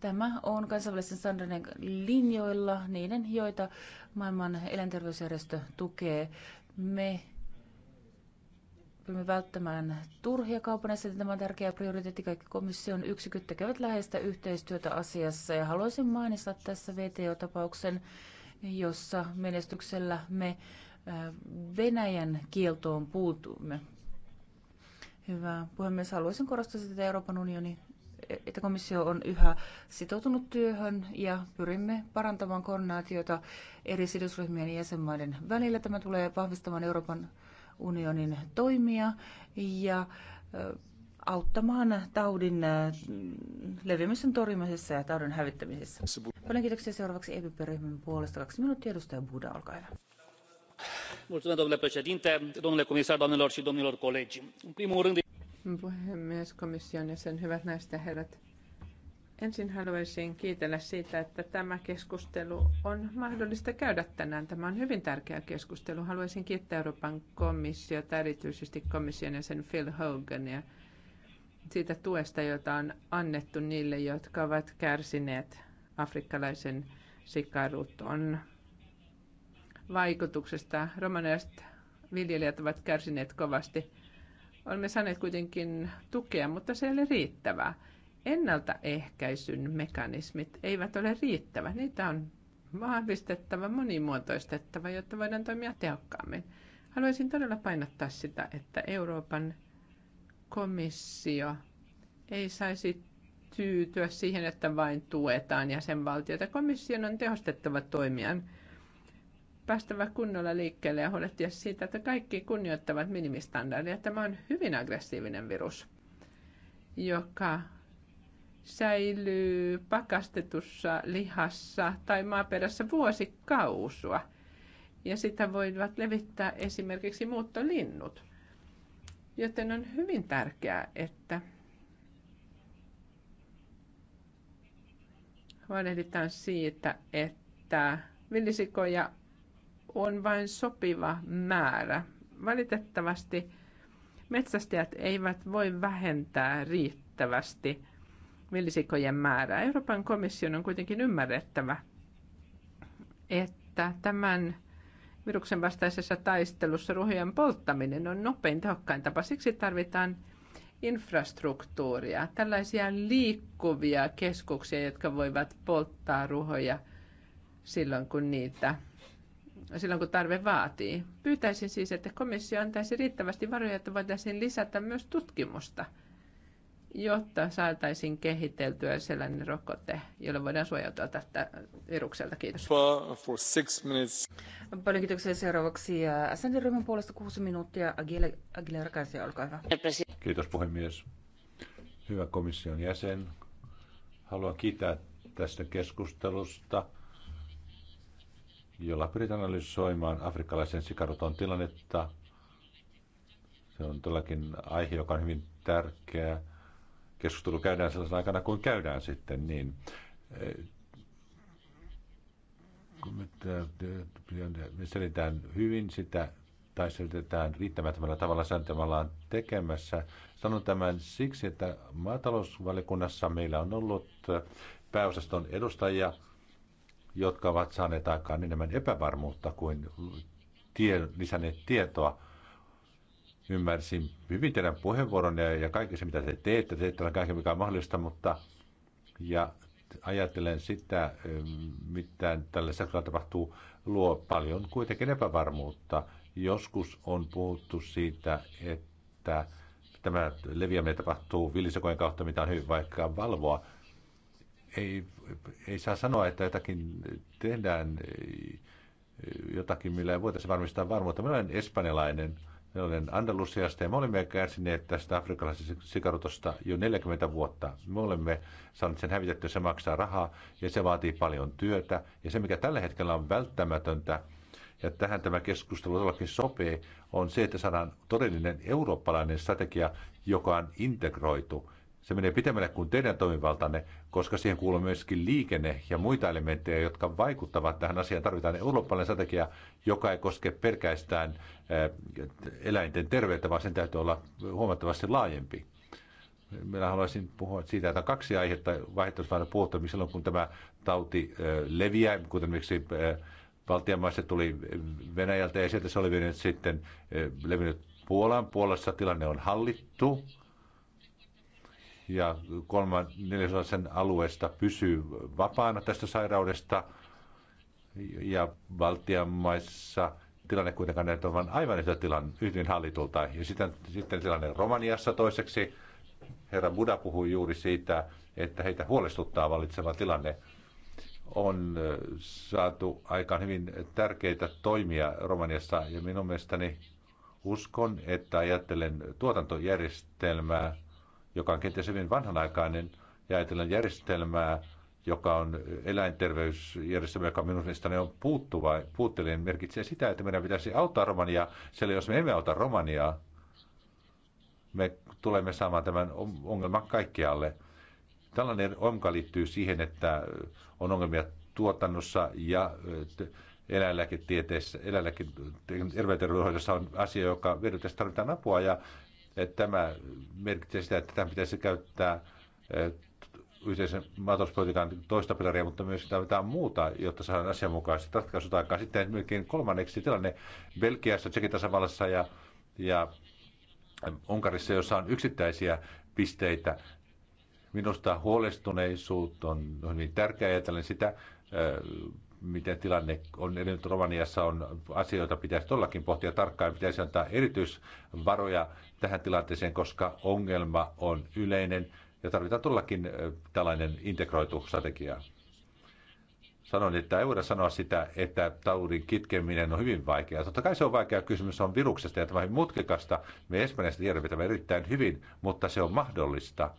Tämä on kansainvälisten standardien linjoilla niiden, joita maailman eläinterveysjärjestö tukee. Me pyrimme välttämään turhia kaupaneissa. Niin tämä on tärkeä prioriteetti. Kaikki komission yksiköt tekevät läheistä yhteistyötä asiassa. Ja haluaisin mainita tässä VTO-tapauksen, jossa menestyksellä me Venäjän kieltoon puutumme. Hyvä puhemies, haluaisin korostaa sitä, että Euroopan unioni että komissio on yhä sitoutunut työhön ja pyrimme parantamaan koordinaatiota eri sidosryhmien ja jäsenmaiden välillä. Tämä tulee vahvistamaan Euroopan unionin toimia ja auttamaan taudin leviämisen torjumisessa ja taudin hävittämisessä. Paljon kiitoksia seuraavaksi EPP-ryhmän puolesta. Kaksi minuuttia edustaja Buda, olkaa hyvä. Mulțumesc, domnule președinte, domnule comisar, doamnelor și domnilor colegi. În primul rând... Puhemies, komission jäsen, hyvät naiset ja herrat. Ensin haluaisin kiitellä siitä, että tämä keskustelu on mahdollista käydä tänään. Tämä on hyvin tärkeä keskustelu. Haluaisin kiittää Euroopan komissiota, erityisesti komission ja sen Phil Hogania siitä tuesta, jota on annettu niille, jotka ovat kärsineet afrikkalaisen sikaruton vaikutuksesta. Romanialaiset viljelijät ovat kärsineet kovasti. Olemme saaneet kuitenkin tukea, mutta se ei ole riittävää ennaltaehkäisyn mekanismit eivät ole riittävät. Niitä on vahvistettava, monimuotoistettava, jotta voidaan toimia tehokkaammin. Haluaisin todella painottaa sitä, että Euroopan komissio ei saisi tyytyä siihen, että vain tuetaan jäsenvaltioita. Komission on tehostettava toimiaan, päästävä kunnolla liikkeelle ja huolehtia siitä, että kaikki kunnioittavat minimistandardia. Tämä on hyvin aggressiivinen virus, joka säilyy pakastetussa lihassa tai maaperässä vuosikausua. ja sitä voivat levittää esimerkiksi muuttolinnut. Joten on hyvin tärkeää, että huolehditaan siitä, että villisikoja on vain sopiva määrä. Valitettavasti metsästäjät eivät voi vähentää riittävästi villisikojen määrää. Euroopan komission on kuitenkin ymmärrettävä, että tämän viruksen vastaisessa taistelussa ruhojen polttaminen on nopein tehokkain tapa. Siksi tarvitaan infrastruktuuria, tällaisia liikkuvia keskuksia, jotka voivat polttaa ruhoja silloin, kun niitä silloin kun tarve vaatii. Pyytäisin siis, että komissio antaisi riittävästi varoja, että voitaisiin lisätä myös tutkimusta – jotta saataisiin kehiteltyä sellainen rokote, jolla voidaan suojautua tältä virukselta. Kiitos. For, for six minutes. Paljon kiitoksia seuraavaksi. Asenteryhmän ryhmän puolesta kuusi minuuttia. Agile, Agile Rakaisia, olkaa hyvä. Kiitos puhemies. Hyvä komission jäsen. Haluan kiittää tästä keskustelusta, jolla pyritään analysoimaan afrikkalaisen sikaruton tilannetta. Se on todellakin aihe, joka on hyvin tärkeä keskustelu käydään sellaisena aikana kuin käydään sitten, niin eh, me selitään hyvin sitä, tai selitetään riittämättömällä tavalla sääntöä tekemässä. Sanon tämän siksi, että maatalousvaliokunnassa meillä on ollut eh, pääosaston edustajia, jotka ovat saaneet aikaan enemmän epävarmuutta kuin tie, lisänneet tietoa Ymmärsin hyvin teidän puheenvuoron ja kaikki se, mitä te teette, teette kaiken mikä on mahdollista, mutta ja ajattelen sitä, mitä tällä sektorilla tapahtuu, luo paljon kuitenkin epävarmuutta. Joskus on puhuttu siitä, että tämä leviäminen tapahtuu villisekojen kautta, mitä on hyvin vaikka valvoa. Ei, ei saa sanoa, että jotakin tehdään jotakin, millä ei voitaisiin varmistaa varmuutta. Minä olen espanjalainen, minä olen Andalusiasta ja me olemme kärsineet tästä afrikkalaisesta sikarutosta jo 40 vuotta. Me olemme saaneet sen hävitettyä, se maksaa rahaa ja se vaatii paljon työtä. Ja se, mikä tällä hetkellä on välttämätöntä, ja tähän tämä keskustelu todellakin sopii, on se, että saadaan todellinen eurooppalainen strategia, joka on integroitu. Se menee pitemmälle kuin teidän toimivaltanne, koska siihen kuuluu myöskin liikenne ja muita elementtejä, jotka vaikuttavat tähän asiaan. Tarvitaan eurooppalainen strategia, joka ei koske pelkästään eh, eläinten terveyttä, vaan sen täytyy olla huomattavasti laajempi. Minä haluaisin puhua siitä, että on kaksi aihetta vaihtoehtoisvaiheen puhuttamista silloin, kun tämä tauti eh, leviää, kuten miksi eh, Baltian tuli Venäjältä ja sieltä se oli sitten levinnyt Puolaan. Puolassa tilanne on hallittu ja kolman neljäsosa alueesta pysyy vapaana tästä sairaudesta. Ja Baltian maissa tilanne kuitenkaan näyttää olevan aivan yhtä tilan yhden hallitulta. Ja sitten, sitten tilanne Romaniassa toiseksi. Herra Buda puhui juuri siitä, että heitä huolestuttaa valitseva tilanne. On saatu aikaan hyvin tärkeitä toimia Romaniassa ja minun mielestäni uskon, että ajattelen tuotantojärjestelmää – joka on kenties hyvin vanhanaikainen ja ajatellaan järjestelmää, joka on eläinterveysjärjestelmä, joka minun mielestäni on puuttuva, puutteellinen, merkitsee sitä, että meidän pitäisi auttaa Romaniaa, sillä jos me emme auta Romaniaa, me tulemme saamaan tämän ongelman kaikkialle. Tällainen ongelma liittyy siihen, että on ongelmia tuotannossa ja eläinlääketieteessä, eläinlääketieteessä, on asia, joka vedettäisiin tarvitaan apua ja Tämä merkitsee sitä, että tämä pitäisi käyttää eh, yhteisen maatalouspolitiikan toista pilaria, mutta myös tarvitaan muuta, jotta saadaan asianmukaiset ratkaisut aikaan. Sitten melkein kolmanneksi tilanne Belgiassa, Tsekin tasavallassa ja, ja Unkarissa, jossa on yksittäisiä pisteitä. Minusta huolestuneisuus on hyvin tärkeää ajatellen sitä, eh, miten tilanne on edennyt Romaniassa, on asioita pitäisi todellakin pohtia tarkkaan. Pitäisi antaa erityisvaroja tähän tilanteeseen, koska ongelma on yleinen ja tarvitaan tullakin tällainen integroitu strategia. Sanoin, että ei voida sanoa sitä, että taudin kitkeminen on hyvin vaikeaa. Totta kai se on vaikea kysymys, on viruksesta ja tämä on hyvin mutkikasta. Me Espanjasta tiedämme tämä erittäin hyvin, mutta se on mahdollista.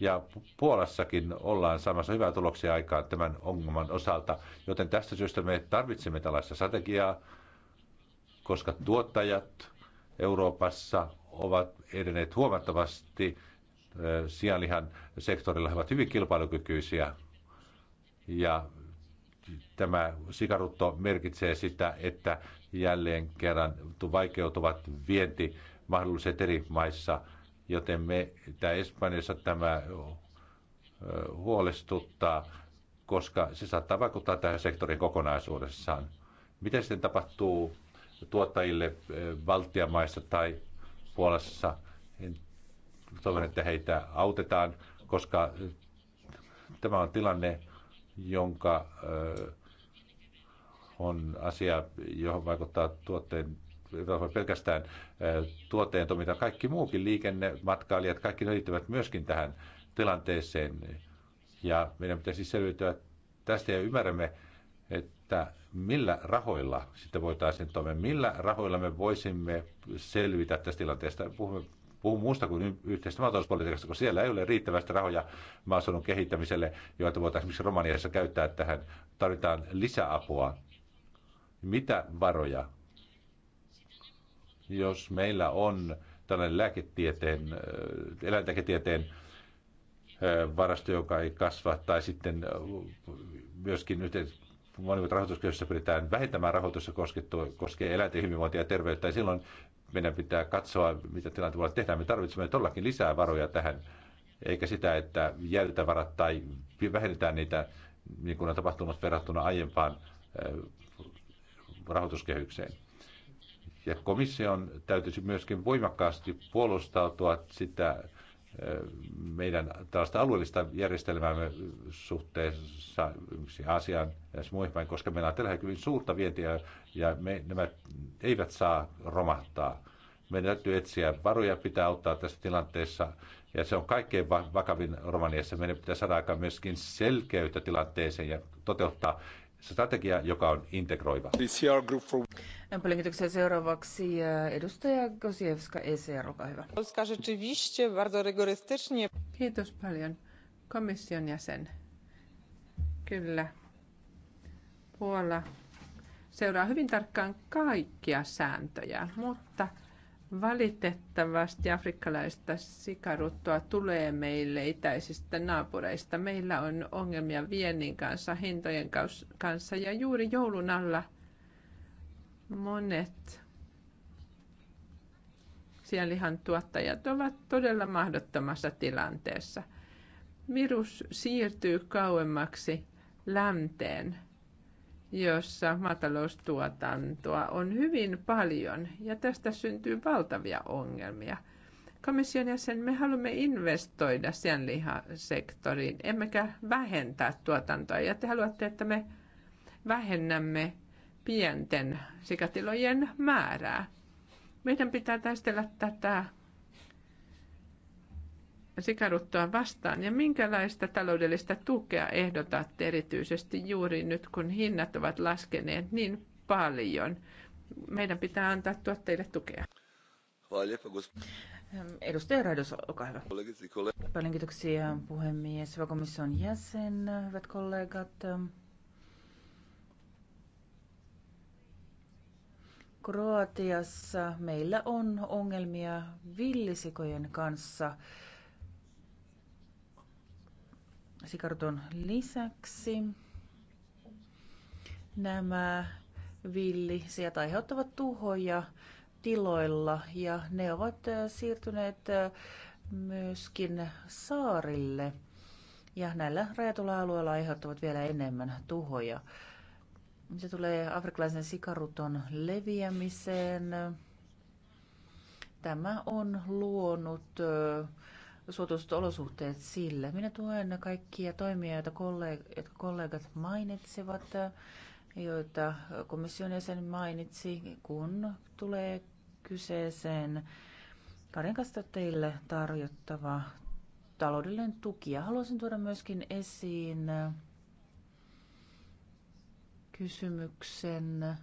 Ja Puolassakin ollaan saamassa hyvää tuloksia aikaan tämän ongelman osalta, joten tästä syystä me tarvitsemme tällaista strategiaa, koska tuottajat Euroopassa ovat edenneet huomattavasti. Sianlihan sektorilla he ovat hyvin kilpailukykyisiä. Ja tämä sikarutto merkitsee sitä, että jälleen kerran vaikeutuvat vienti mahdolliset eri maissa, joten me tämä Espanjassa tämä huolestuttaa, koska se saattaa vaikuttaa tähän sektorin kokonaisuudessaan. Miten sitten tapahtuu tuottajille Baltian maissa tai Puolassa. Toivon, että heitä autetaan, koska tämä on tilanne, jonka on asia, johon vaikuttaa tuotteen pelkästään tuotteen toiminta. Kaikki muukin liikenne, matkailijat, kaikki ne liittyvät myöskin tähän tilanteeseen. Ja meidän pitäisi selviytyä tästä ja ymmärrämme, että millä rahoilla sitten voitaisiin toimia, millä rahoilla me voisimme selvitä tästä tilanteesta. Puhumme puhun muusta kuin yhteistä maatalouspolitiikasta, kun siellä ei ole riittävästi rahoja maaseudun kehittämiselle, joita voitaisiin esimerkiksi Romaniassa käyttää tähän. Tarvitaan lisäapua. Mitä varoja, jos meillä on tällainen lääketieteen, äh, eläintäketieteen äh, varasto, joka ei kasva, tai sitten äh, myöskin nyt monivuotisessa rahoituskysymyksessä pyritään vähentämään rahoitusta koskee eläinten hyvinvointia ja terveyttä, ja silloin meidän pitää katsoa, mitä voidaan tehdä. Me tarvitsemme todellakin lisää varoja tähän, eikä sitä, että jäljitä varat tai vähennetään niitä, niin kuin on tapahtunut verrattuna aiempaan äh, rahoituskehykseen. Ja komission täytyisi myöskin voimakkaasti puolustautua sitä meidän tällaista alueellista järjestelmäämme suhteessa Aasiaan ja muihin päin, koska meillä on tällä hetkellä suurta vientiä ja me, nämä eivät saa romahtaa. Meidän täytyy etsiä varoja, pitää auttaa tässä tilanteessa ja se on kaikkein vakavin Romaniassa. Meidän pitää saada aikaan myöskin selkeyttä tilanteeseen ja toteuttaa strategia, joka on integroiva. Paljon kiitoksia seuraavaksi. Äh, edustaja Gosiewska, ECR, olkaa hyvä. Polska rzeczywiście bardzo Kiitos paljon. Komission jäsen. Kyllä. Puola seuraa hyvin tarkkaan kaikkia sääntöjä, mutta – Valitettavasti afrikkalaista sikaruttoa tulee meille itäisistä naapureista. Meillä on ongelmia viennin kanssa, hintojen kanssa ja juuri joulun alla monet sianlihan tuottajat ovat todella mahdottomassa tilanteessa. Virus siirtyy kauemmaksi länteen jossa maataloustuotantoa on hyvin paljon ja tästä syntyy valtavia ongelmia. Komission jäsen, me haluamme investoida sen lihasektoriin, emmekä vähentää tuotantoa. Ja te haluatte, että me vähennämme pienten sikatilojen määrää. Meidän pitää taistella tätä sikaruttoa vastaan ja minkälaista taloudellista tukea ehdotatte erityisesti juuri nyt, kun hinnat ovat laskeneet niin paljon? Meidän pitää antaa tuotteille tukea. Edustaja Raidos, olkaa hyvä. Paljon kiitoksia puhemies, hyvä komission jäsen, hyvät kollegat. Kroatiassa meillä on ongelmia villisikojen kanssa. Sikaruton lisäksi nämä villisijat aiheuttavat tuhoja tiloilla ja ne ovat äh, siirtyneet äh, myöskin saarille. Ja näillä rajatulla alueella aiheuttavat vielä enemmän tuhoja. Se tulee afrikkalaisen sikaruton leviämiseen. Tämä on luonut äh, suotuiset olosuhteet sille, Minä tuen kaikkia toimia, joita kollega, jotka kollegat mainitsevat, joita komission jäsen mainitsi, kun tulee kyseeseen Karin kanssa teille tarjottava taloudellinen tuki. Ja haluaisin tuoda myöskin esiin kysymyksen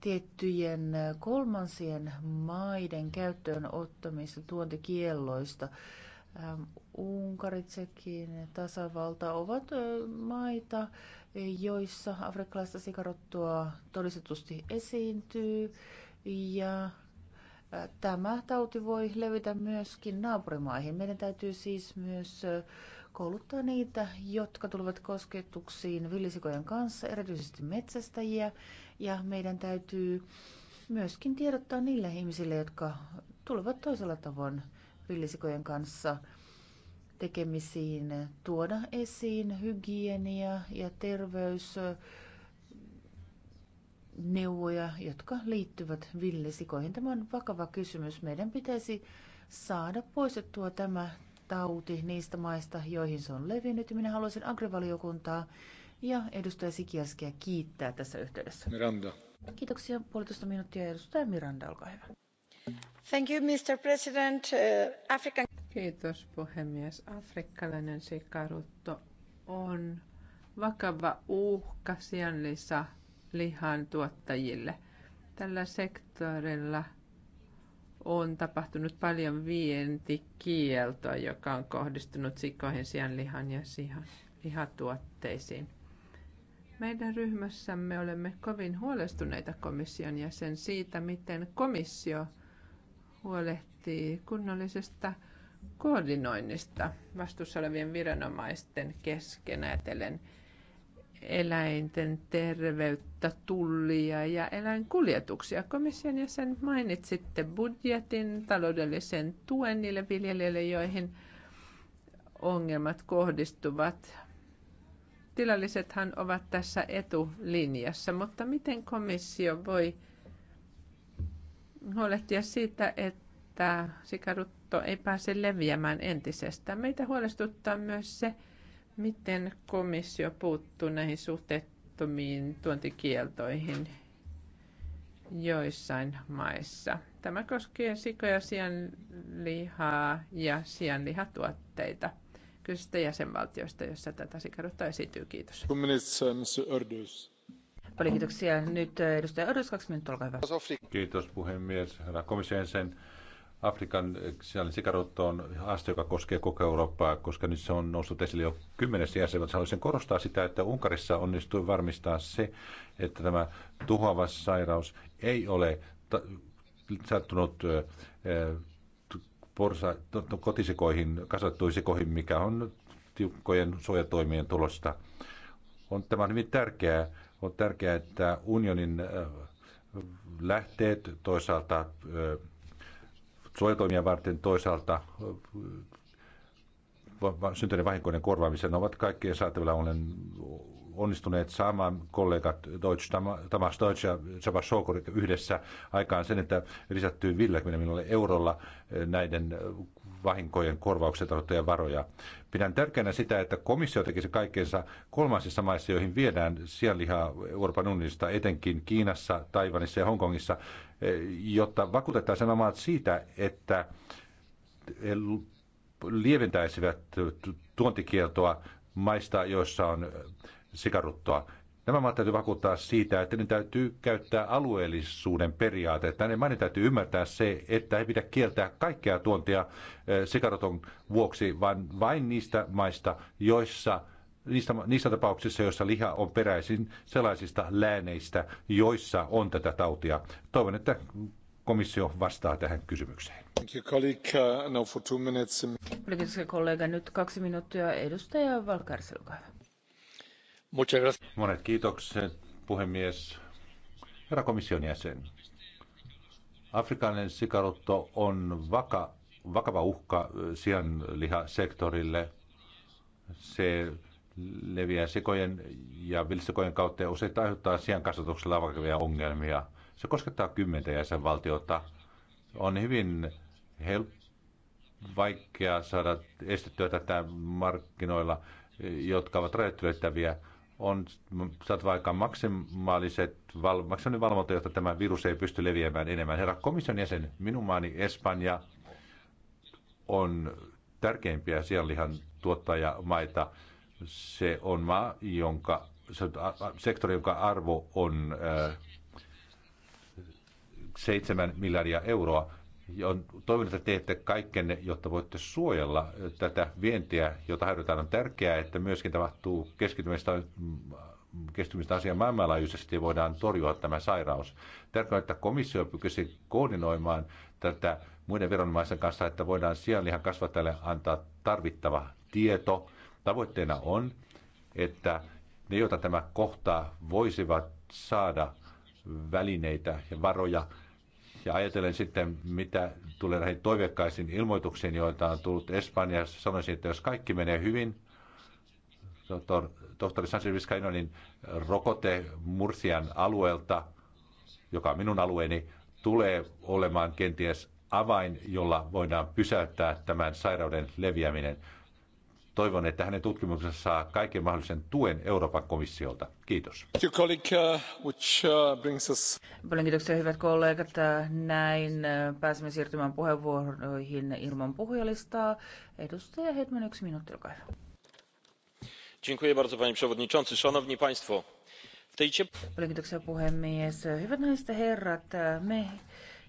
tiettyjen kolmansien maiden käyttöön ottamista tuontikielloista. Ähm, Unkari, Tsekin, tasavalta ovat äh, maita, joissa afrikkalaista sikarottua todistetusti esiintyy ja äh, tämä tauti voi levitä myöskin naapurimaihin. Meidän täytyy siis myös äh, kouluttaa niitä, jotka tulevat kosketuksiin villisikojen kanssa, erityisesti metsästäjiä, ja meidän täytyy myöskin tiedottaa niille ihmisille, jotka tulevat toisella tavoin villisikojen kanssa tekemisiin, tuoda esiin hygienia ja terveysneuvoja, jotka liittyvät villisikoihin. Tämä on vakava kysymys. Meidän pitäisi saada poistettua tämä tauti niistä maista, joihin se on levinnyt. Minä haluaisin agrivaliokuntaa ja edustaja Sikiäskeä kiittää tässä yhteydessä. Miranda. Kiitoksia. Puolitoista minuuttia edustaja Miranda, olkaa hyvä. Thank you, Mr. President. Uh, African... Kiitos puhemies. Afrikkalainen sikarutto on vakava uhka sianlisa lihan tuottajille. Tällä sektorilla on tapahtunut paljon vientikieltoa, joka on kohdistunut sikoihin, sianlihan ja sihan, lihatuotteisiin. Meidän ryhmässämme olemme kovin huolestuneita komission jäsen siitä, miten komissio huolehtii kunnollisesta koordinoinnista vastuussa olevien viranomaisten kesken ajatellen eläinten terveyttä, tullia ja eläinkuljetuksia. Komission jäsen mainitsitte budjetin, taloudellisen tuen niille viljelijöille, joihin ongelmat kohdistuvat Tilallisethan ovat tässä etulinjassa, mutta miten komissio voi huolehtia siitä, että sikarutto ei pääse leviämään entisestään? Meitä huolestuttaa myös se, miten komissio puuttuu näihin suhteettomiin tuontikieltoihin joissain maissa. Tämä koskee sikoja, sianlihaa ja sianlihatuotteita nykyisistä jäsenvaltioista, joissa tätä sikaruutta esiintyy. Kiitos. Äh, Paljon kiitoksia. Nyt äh, edustaja Ördys, kaksi minuuttia, olkaa hyvä. Kiitos puhemies. Herra komission sen Afrikan sisäinen sikarutto on haaste, joka koskee koko Eurooppaa, koska nyt se on noussut esille jo kymmenessä jäsenvaltiossa. Haluaisin korostaa sitä, että Unkarissa onnistui varmistaa se, että tämä tuhoava sairaus ei ole sattunut äh, porsa, kotisikoihin, kasvattuisikoihin, mikä on tiukkojen suojatoimien tulosta. On, tämä on hyvin tärkeää. On tärkeää, että unionin lähteet toisaalta suojatoimia varten, toisaalta syntyneiden vahinkoiden korvaamisen ovat kaikkien saatavilla. Olen onnistuneet saamaan kollegat Deutsch, Tamas Deutsch ja Csaba Sokor yhdessä aikaan sen, että lisättyy 50 miljoonalla eurolla eh, näiden vahinkojen korvaukset ja varoja. Pidän tärkeänä sitä, että komissio tekisi kaikkeensa kolmansissa maissa, joihin viedään sianlihaa Euroopan unionista, etenkin Kiinassa, Taivanissa ja Hongkongissa, eh, jotta vakuutetaan sen maat siitä, että lieventäisivät tuontikieltoa maista, joissa on sikaruttoa. Nämä maat täytyy vakuuttaa siitä, että ne täytyy käyttää alueellisuuden periaatetta. Ne maiden täytyy ymmärtää se, että ei pidä kieltää kaikkea tuontia eh, sikaroton vuoksi, vaan vain niistä maista, joissa Niistä, niissä tapauksissa, joissa liha on peräisin sellaisista lääneistä, joissa on tätä tautia. Toivon, että komissio vastaa tähän kysymykseen. Uh, Kiitoksia kollega. Nyt kaksi minuuttia edustaja Valkarsi, Monet kiitokset, puhemies. Herra komission jäsen, afrikkalainen sikarutto on vaka, vakava uhka sianlihasektorille. Se leviää sikojen ja vilsikojen kautta ja usein aiheuttaa sian kasvatuksella vakavia ongelmia. Se koskettaa kymmentä jäsenvaltiota. On hyvin helppo vaikea saada estettyä tätä markkinoilla, jotka ovat rajoitteleviä on saat vaikka maksimaaliset val, maksimaalinen valvonta, jotta tämä virus ei pysty leviämään enemmän. Herra komission jäsen, minun maani Espanja on tärkeimpiä sianlihan tuottajamaita. Se on maa, jonka se, sektori, jonka arvo on äh, 7 miljardia euroa. Ja on, toivon, että teette kaikkenne, jotta voitte suojella tätä vientiä, jota harjoitetaan. On tärkeää, että myöskin tapahtuu keskittymistä kestymistä asiaa maailmanlaajuisesti ja voidaan torjua tämä sairaus. Tärkeää, että komissio pykyisi koordinoimaan tätä muiden veronmaisen kanssa, että voidaan sianlihan kasvattajalle antaa tarvittava tieto. Tavoitteena on, että ne, joita tämä kohtaa, voisivat saada välineitä ja varoja ja ajatellen sitten, mitä tulee näihin toivekkaisiin ilmoituksiin, joita on tullut Espanjassa, sanoisin, että jos kaikki menee hyvin, tohtor, tohtori Sanchez Vizcainonin rokote Mursian alueelta, joka on minun alueeni, tulee olemaan kenties avain, jolla voidaan pysäyttää tämän sairauden leviäminen. Toivon, että hänen tutkimuksensa saa kaiken mahdollisen tuen Euroopan komissiolta. Kiitos. Uh, uh, Paljon kiitoksia, hyvät kollegat. Näin uh, pääsemme siirtymään puheenvuoroihin ilman puhujalistaa. Edustaja Hetman, yksi minuutti, olkaa hyvä. Dziękuję bardzo, panie przewodniczący. Szanowni państwo, w tej ciep- Paljon kiitoksia, puhemies. Hyvät naiset herrat, me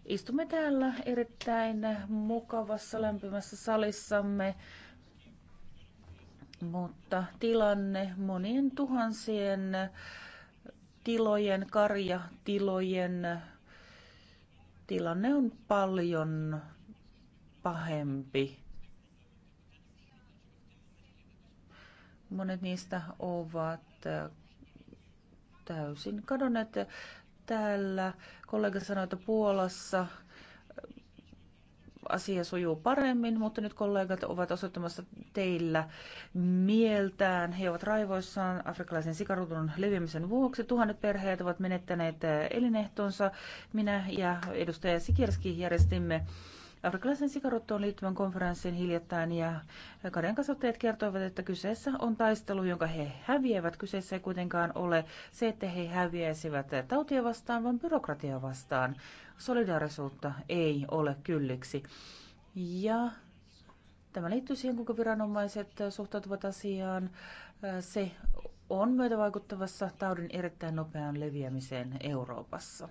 istumme täällä erittäin mukavassa lämpimässä salissamme mutta tilanne monien tuhansien tilojen, karjatilojen tilanne on paljon pahempi. Monet niistä ovat täysin kadonneet. Täällä kollega sanoi, että Puolassa asia sujuu paremmin, mutta nyt kollegat ovat osoittamassa teillä mieltään. He ovat raivoissaan afrikkalaisen sikaruton leviämisen vuoksi. Tuhannet perheet ovat menettäneet elinehtonsa. Minä ja edustaja Sikirski järjestimme Afrikkalaisen sikaruttoon liittyvän konferenssin hiljattain ja karjan kasvattajat kertoivat, että kyseessä on taistelu, jonka he häviävät. Kyseessä ei kuitenkaan ole se, että he häviäisivät tautia vastaan, vaan byrokratia vastaan solidaarisuutta ei ole kylliksi. Ja tämä liittyy siihen, kuinka viranomaiset suhtautuvat asiaan. Se on myötävaikuttavassa taudin erittäin nopeaan leviämiseen Euroopassa.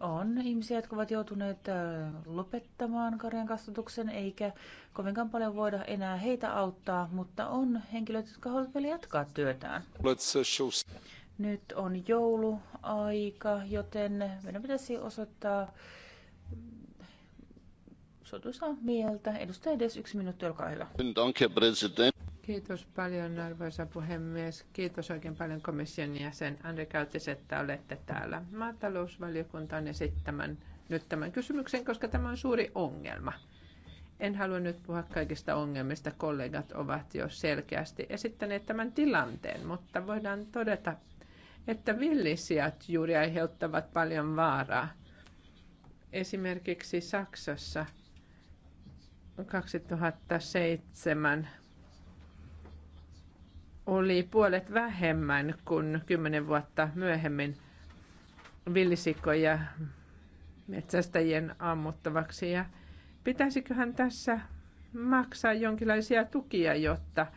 On ihmisiä, jotka ovat joutuneet lopettamaan karjan kasvatuksen, eikä kovinkaan paljon voida enää heitä auttaa, mutta on henkilöt, jotka haluavat vielä jatkaa työtään. Nyt on jouluaika, joten meidän pitäisi osoittaa sotusa mieltä. Edustaja edes yksi minuutti, olkaa hyvä. Kiitos paljon arvoisa puhemies. Kiitos oikein paljon komission jäsen Andre Kautis, että olette täällä. Maatalousvaliokunta on esittämän nyt tämän kysymyksen, koska tämä on suuri ongelma. En halua nyt puhua kaikista ongelmista. Kollegat ovat jo selkeästi esittäneet tämän tilanteen, mutta voidaan todeta että villisiat juuri aiheuttavat paljon vaaraa. Esimerkiksi Saksassa 2007 oli puolet vähemmän kuin kymmenen vuotta myöhemmin villisikoja metsästäjien ammuttavaksi. Ja pitäisiköhän tässä maksaa jonkinlaisia tukia, jotta –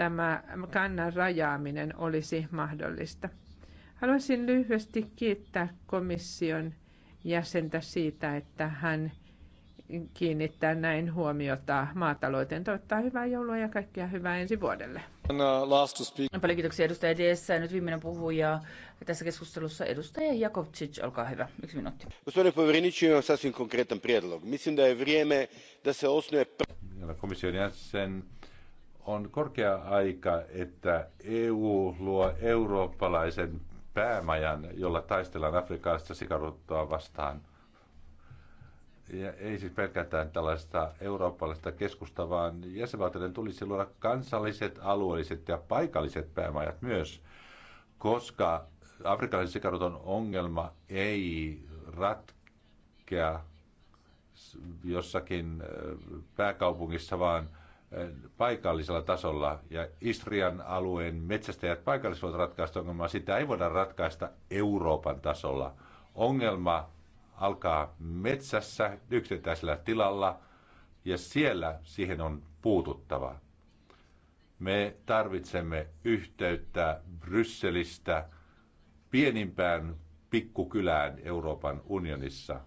tämä kannan rajaaminen olisi mahdollista. Haluaisin lyhyesti kiittää komission jäsentä siitä, että hän kiinnittää näin huomiota maatalouteen. Toivottaa hyvää joulua ja kaikkea hyvää ensi vuodelle. Uh, Paljon kiitoksia edustaja Diessa. Nyt viimeinen puhuja tässä keskustelussa edustaja Jakovcic. olkaa hyvä. Yksi minuutti. Gospodine Poverenić, imam sasvim konkretan prijedlog. Mislim da je vrijeme da se osnuje... Komission jäsen, on korkea aika, että EU luo eurooppalaisen päämajan, jolla taistellaan Afrikasta sikaruttoa vastaan. Ja ei siis pelkästään tällaista eurooppalaista keskusta, vaan jäsenvaltioiden tulisi luoda kansalliset, alueelliset ja paikalliset päämajat myös, koska afrikkalaisen sikaruton ongelma ei ratkea jossakin äh, pääkaupungissa, vaan – paikallisella tasolla ja Istrian alueen metsästäjät paikallisella ratkaista ongelmaa, sitä ei voida ratkaista Euroopan tasolla. Ongelma alkaa metsässä yksittäisellä tilalla ja siellä siihen on puututtava. Me tarvitsemme yhteyttä Brysselistä pienimpään pikkukylään Euroopan unionissa.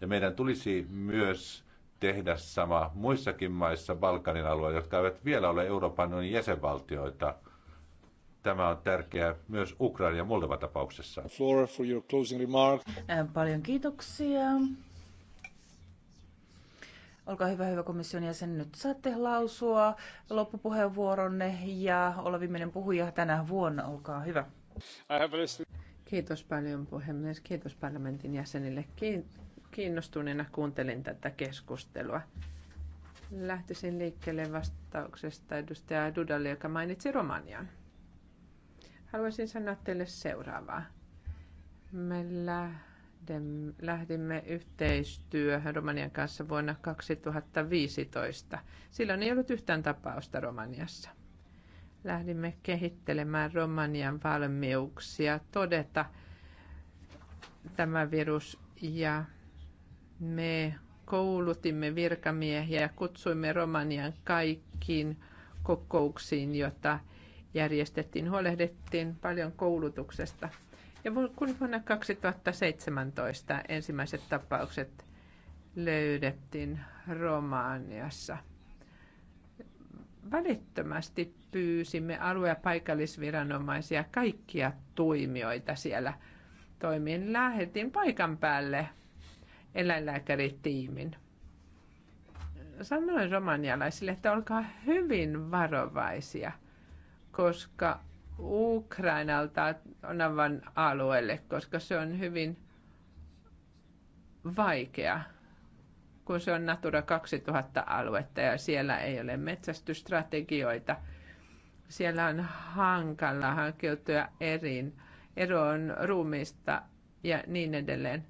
Ja meidän tulisi myös tehdä sama muissakin maissa Balkanin alueella, jotka eivät vielä ole Euroopan unionin jäsenvaltioita. Tämä on tärkeää myös Ukraina ja Moldova tapauksessa. Flora, for your closing remark. Äh, paljon kiitoksia. Olkaa hyvä, hyvä komission jäsen. Nyt saatte lausua loppupuheenvuoronne ja olla viimeinen puhuja tänä vuonna. Olkaa hyvä. Kiitos paljon puhemies. Kiitos parlamentin jäsenille. Kiitos kiinnostuneena kuuntelin tätä keskustelua. Lähtisin liikkeelle vastauksesta edustaja Dudalle, joka mainitsi Romanian. Haluaisin sanoa teille seuraavaa. Me lähdimme yhteistyöhön Romanian kanssa vuonna 2015. Silloin ei ollut yhtään tapausta Romaniassa. Lähdimme kehittelemään Romanian valmiuksia todeta tämä virus ja me koulutimme virkamiehiä ja kutsuimme Romanian kaikkiin kokouksiin, joita järjestettiin. Huolehdettiin paljon koulutuksesta. Ja kun vuonna 2017 ensimmäiset tapaukset löydettiin Romaniassa, välittömästi pyysimme alue- ja paikallisviranomaisia, kaikkia toimijoita siellä toimiin. Lähdettiin paikan päälle eläinlääkäritiimin. Sanoin romanialaisille, että olkaa hyvin varovaisia, koska Ukrainalta on aivan alueelle, koska se on hyvin vaikea, kun se on Natura 2000-aluetta ja siellä ei ole metsästysstrategioita. Siellä on hankala hankeutua eriin, eroon ruumiista ja niin edelleen.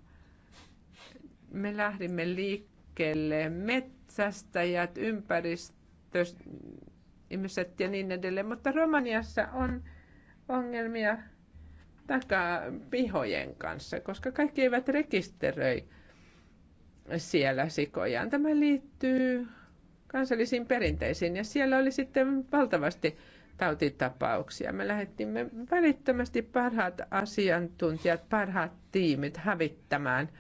Me lähdimme liikkeelle metsästäjät, ympäristöihmiset ja niin edelleen, mutta Romaniassa on ongelmia takapihojen kanssa, koska kaikki eivät rekisteröi siellä sikojaan. Tämä liittyy kansallisiin perinteisiin ja siellä oli sitten valtavasti tautitapauksia. Me lähettimme välittömästi parhaat asiantuntijat, parhaat tiimit hävittämään –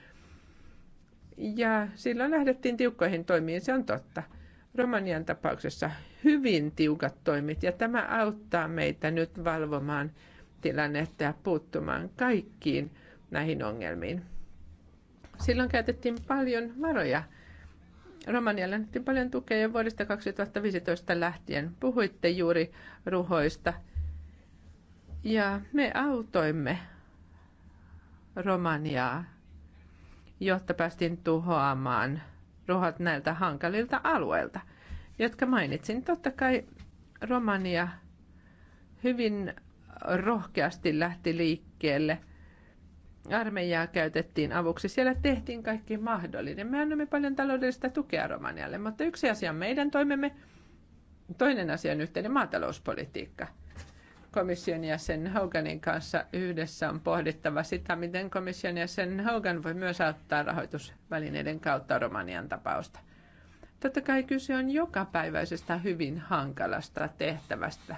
ja silloin lähdettiin tiukkoihin toimiin, se on totta. Romanian tapauksessa hyvin tiukat toimit ja tämä auttaa meitä nyt valvomaan tilannetta ja puuttumaan kaikkiin näihin ongelmiin. Silloin käytettiin paljon varoja. Romanialle annettiin paljon tukea jo vuodesta 2015 lähtien. Puhuitte juuri ruhoista. Ja me autoimme Romaniaa jotta päästiin tuhoamaan ruhat näiltä hankalilta alueilta, jotka mainitsin. Totta kai Romania hyvin rohkeasti lähti liikkeelle. Armeijaa käytettiin avuksi. Siellä tehtiin kaikki mahdollinen. Me annamme paljon taloudellista tukea Romanialle, mutta yksi asia on meidän toimemme, toinen asia on yhteinen maatalouspolitiikka – komission jäsen Hoganin kanssa yhdessä on pohdittava sitä, miten komission jäsen Hogan voi myös auttaa rahoitusvälineiden kautta Romanian tapausta. Totta kai kyse on jokapäiväisestä hyvin hankalasta tehtävästä.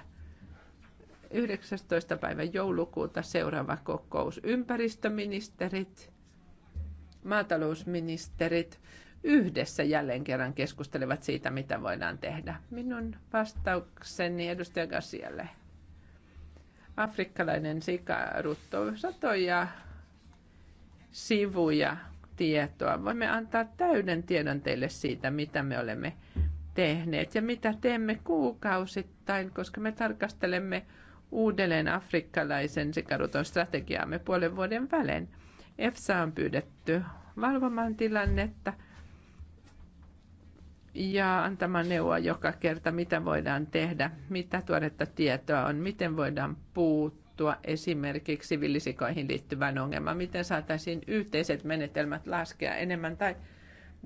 19. päivä joulukuuta seuraava kokous. Ympäristöministerit, maatalousministerit yhdessä jälleen kerran keskustelevat siitä, mitä voidaan tehdä. Minun vastaukseni edustaja Gassialle afrikkalainen sikarutto, satoja sivuja tietoa. Voimme antaa täyden tiedon teille siitä, mitä me olemme tehneet ja mitä teemme kuukausittain, koska me tarkastelemme uudelleen afrikkalaisen sikaruton strategiaamme puolen vuoden välein. EFSA on pyydetty valvomaan tilannetta – ja antamaan neuvoa joka kerta, mitä voidaan tehdä, mitä tuoretta tietoa on, miten voidaan puuttua esimerkiksi villisikoihin liittyvään ongelmaan, miten saataisiin yhteiset menetelmät laskea enemmän tai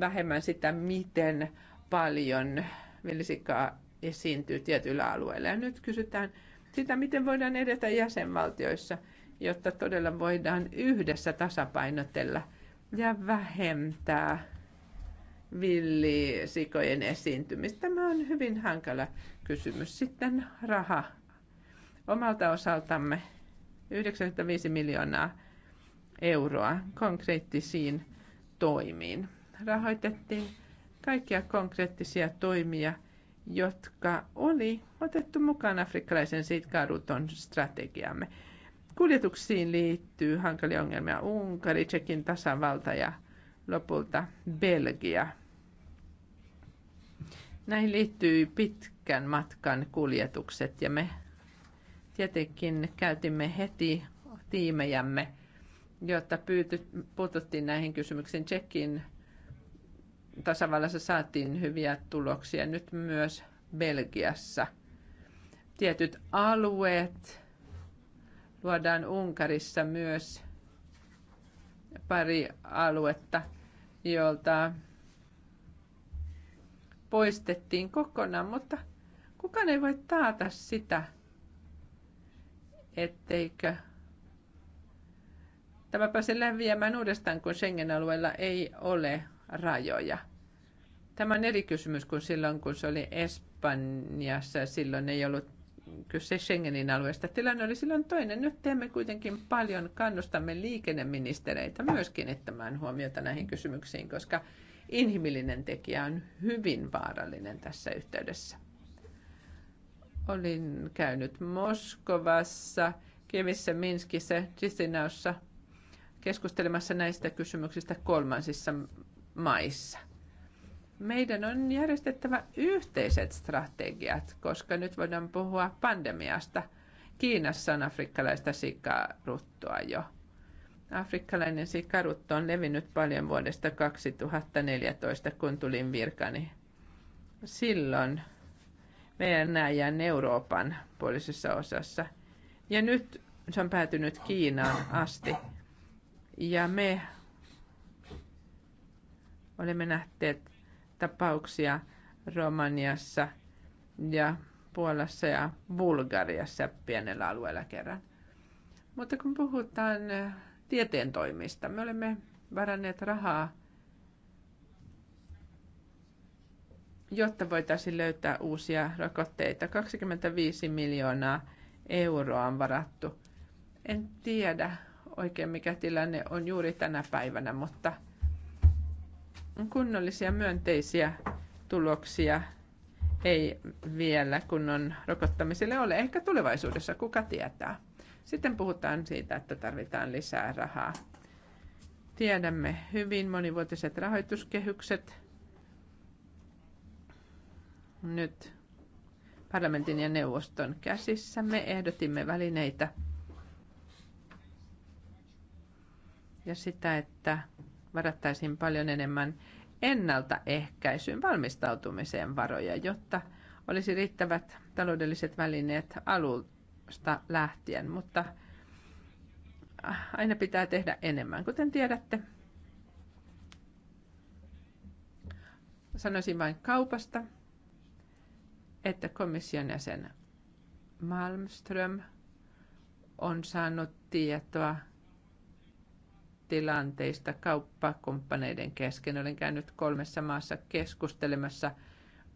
vähemmän sitä, miten paljon villisikaa esiintyy tietyillä alueilla. Ja nyt kysytään sitä, miten voidaan edetä jäsenvaltioissa, jotta todella voidaan yhdessä tasapainotella ja vähentää villisikojen esiintymistä. Tämä on hyvin hankala kysymys. Sitten raha. Omalta osaltamme 95 miljoonaa euroa konkreettisiin toimiin. Rahoitettiin kaikkia konkreettisia toimia, jotka oli otettu mukaan afrikkalaisen sitkaruton strategiamme. Kuljetuksiin liittyy hankalia ongelmia Unkari, Tsekin tasavalta ja lopulta Belgia – Näihin liittyy pitkän matkan kuljetukset ja me tietenkin käytimme heti tiimejämme, jotta pyyty, puututtiin näihin kysymyksiin. Tsekin tasavallassa saatiin hyviä tuloksia, nyt myös Belgiassa. Tietyt alueet luodaan Unkarissa myös pari aluetta, jolta poistettiin kokonaan, mutta kukaan ei voi taata sitä, etteikö tämä pääse leviämään uudestaan, kun Schengen-alueella ei ole rajoja. Tämä on eri kysymys kuin silloin, kun se oli Espanjassa. Silloin ei ollut kyse Schengenin alueesta. Tilanne oli silloin toinen. Nyt teemme kuitenkin paljon, kannustamme liikenneministereitä myös kiinnittämään huomiota näihin kysymyksiin, koska inhimillinen tekijä on hyvin vaarallinen tässä yhteydessä. Olin käynyt Moskovassa, Kievissä, Minskissä, Chisinaussa keskustelemassa näistä kysymyksistä kolmansissa maissa. Meidän on järjestettävä yhteiset strategiat, koska nyt voidaan puhua pandemiasta. Kiinassa on afrikkalaista sikaruttoa jo Afrikkalainen sikarutto on levinnyt paljon vuodesta 2014, kun tulin virkani. Silloin meidän näijään Euroopan puolisessa osassa. Ja nyt se on päätynyt Kiinaan asti. Ja me olemme nähneet tapauksia Romaniassa ja Puolassa ja Bulgariassa pienellä alueella kerran. Mutta kun puhutaan tieteen toimista. Me olemme varanneet rahaa, jotta voitaisiin löytää uusia rokotteita. 25 miljoonaa euroa on varattu. En tiedä oikein mikä tilanne on juuri tänä päivänä, mutta on kunnollisia myönteisiä tuloksia ei vielä, kun on rokottamiselle ole. Ehkä tulevaisuudessa, kuka tietää. Sitten puhutaan siitä, että tarvitaan lisää rahaa. Tiedämme hyvin monivuotiset rahoituskehykset. Nyt parlamentin ja neuvoston käsissä me ehdotimme välineitä ja sitä, että varattaisiin paljon enemmän ennaltaehkäisyyn valmistautumiseen varoja, jotta olisi riittävät taloudelliset välineet alu- 2014 lähtien, mutta äh, aina pitää tehdä enemmän, kuten tiedätte. Sanoisin vain kaupasta, että komission jäsen Malmström on saanut tietoa tilanteista kauppakumppaneiden kesken. Olen käynyt kolmessa maassa keskustelemassa –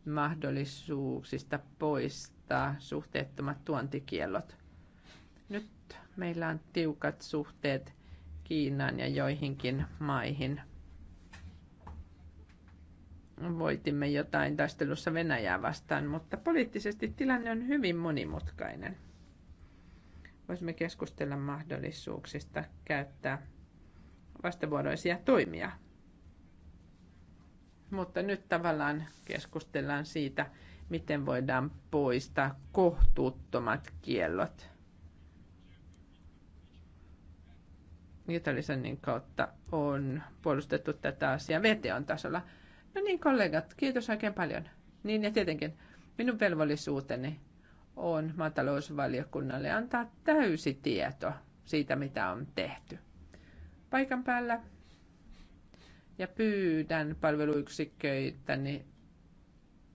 mahdollisuuksista poistaa suhteettomat tuontikiellot. Nyt meillä on tiukat suhteet Kiinaan ja joihinkin maihin. Voitimme jotain taistelussa Venäjää vastaan, mutta poliittisesti tilanne on hyvin monimutkainen. Voisimme keskustella mahdollisuuksista käyttää vastavuoroisia toimia mutta nyt tavallaan keskustellaan siitä, miten voidaan poistaa kohtuuttomat kiellot. Italisannin kautta on puolustettu tätä asiaa VTOn tasolla. No niin, kollegat, kiitos oikein paljon. Niin ja tietenkin minun velvollisuuteni on maatalousvaliokunnalle antaa täysi tieto siitä, mitä on tehty. Paikan päällä ja pyydän palveluyksiköitäni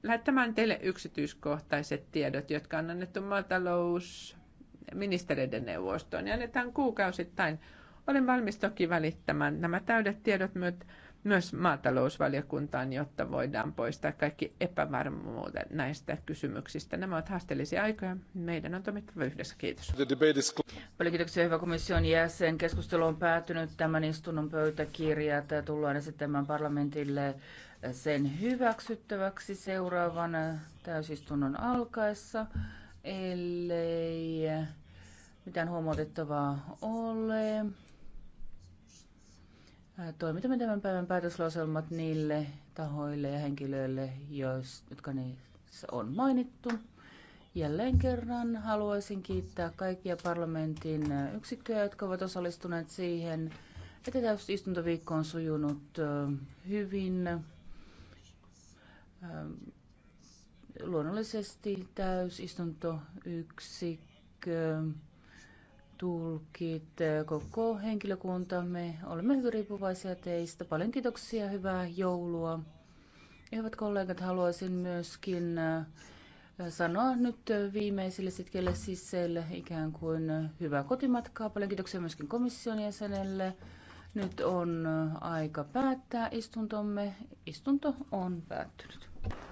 lähettämään teille yksityiskohtaiset tiedot, jotka on annettu maatalousministeriöiden neuvostoon ja annetaan kuukausittain. Olen valmis toki välittämään nämä täydet tiedot myös myös maatalousvaliokuntaan, jotta voidaan poistaa kaikki epävarmuudet näistä kysymyksistä. Nämä ovat haasteellisia aikoja. Meidän on toimittava yhdessä. Kiitos. Paljon kiitoksia, hyvä komission jäsen. Keskustelu on päätynyt. Tämän istunnon pöytäkirjat tullaan esittämään parlamentille sen hyväksyttäväksi seuraavan täysistunnon alkaessa, ellei mitään huomautettavaa ole toimitamme tämän päivän päätöslauselmat niille tahoille ja henkilöille, jotka niissä on mainittu. Jälleen kerran haluaisin kiittää kaikkia parlamentin yksikköjä, jotka ovat osallistuneet siihen, että täysistuntoviikko on sujunut hyvin. Luonnollisesti yksikkö tulkit, eh, koko henkilökunta. Me olemme hyvin riippuvaisia teistä. Paljon kiitoksia, hyvää joulua. Hyvät kollegat, haluaisin myöskin eh, sanoa nyt viimeisille sitkeille sisseille ikään kuin hyvää kotimatkaa. Paljon kiitoksia myöskin komission jäsenelle. Nyt on eh, aika päättää istuntomme. Istunto on päättynyt.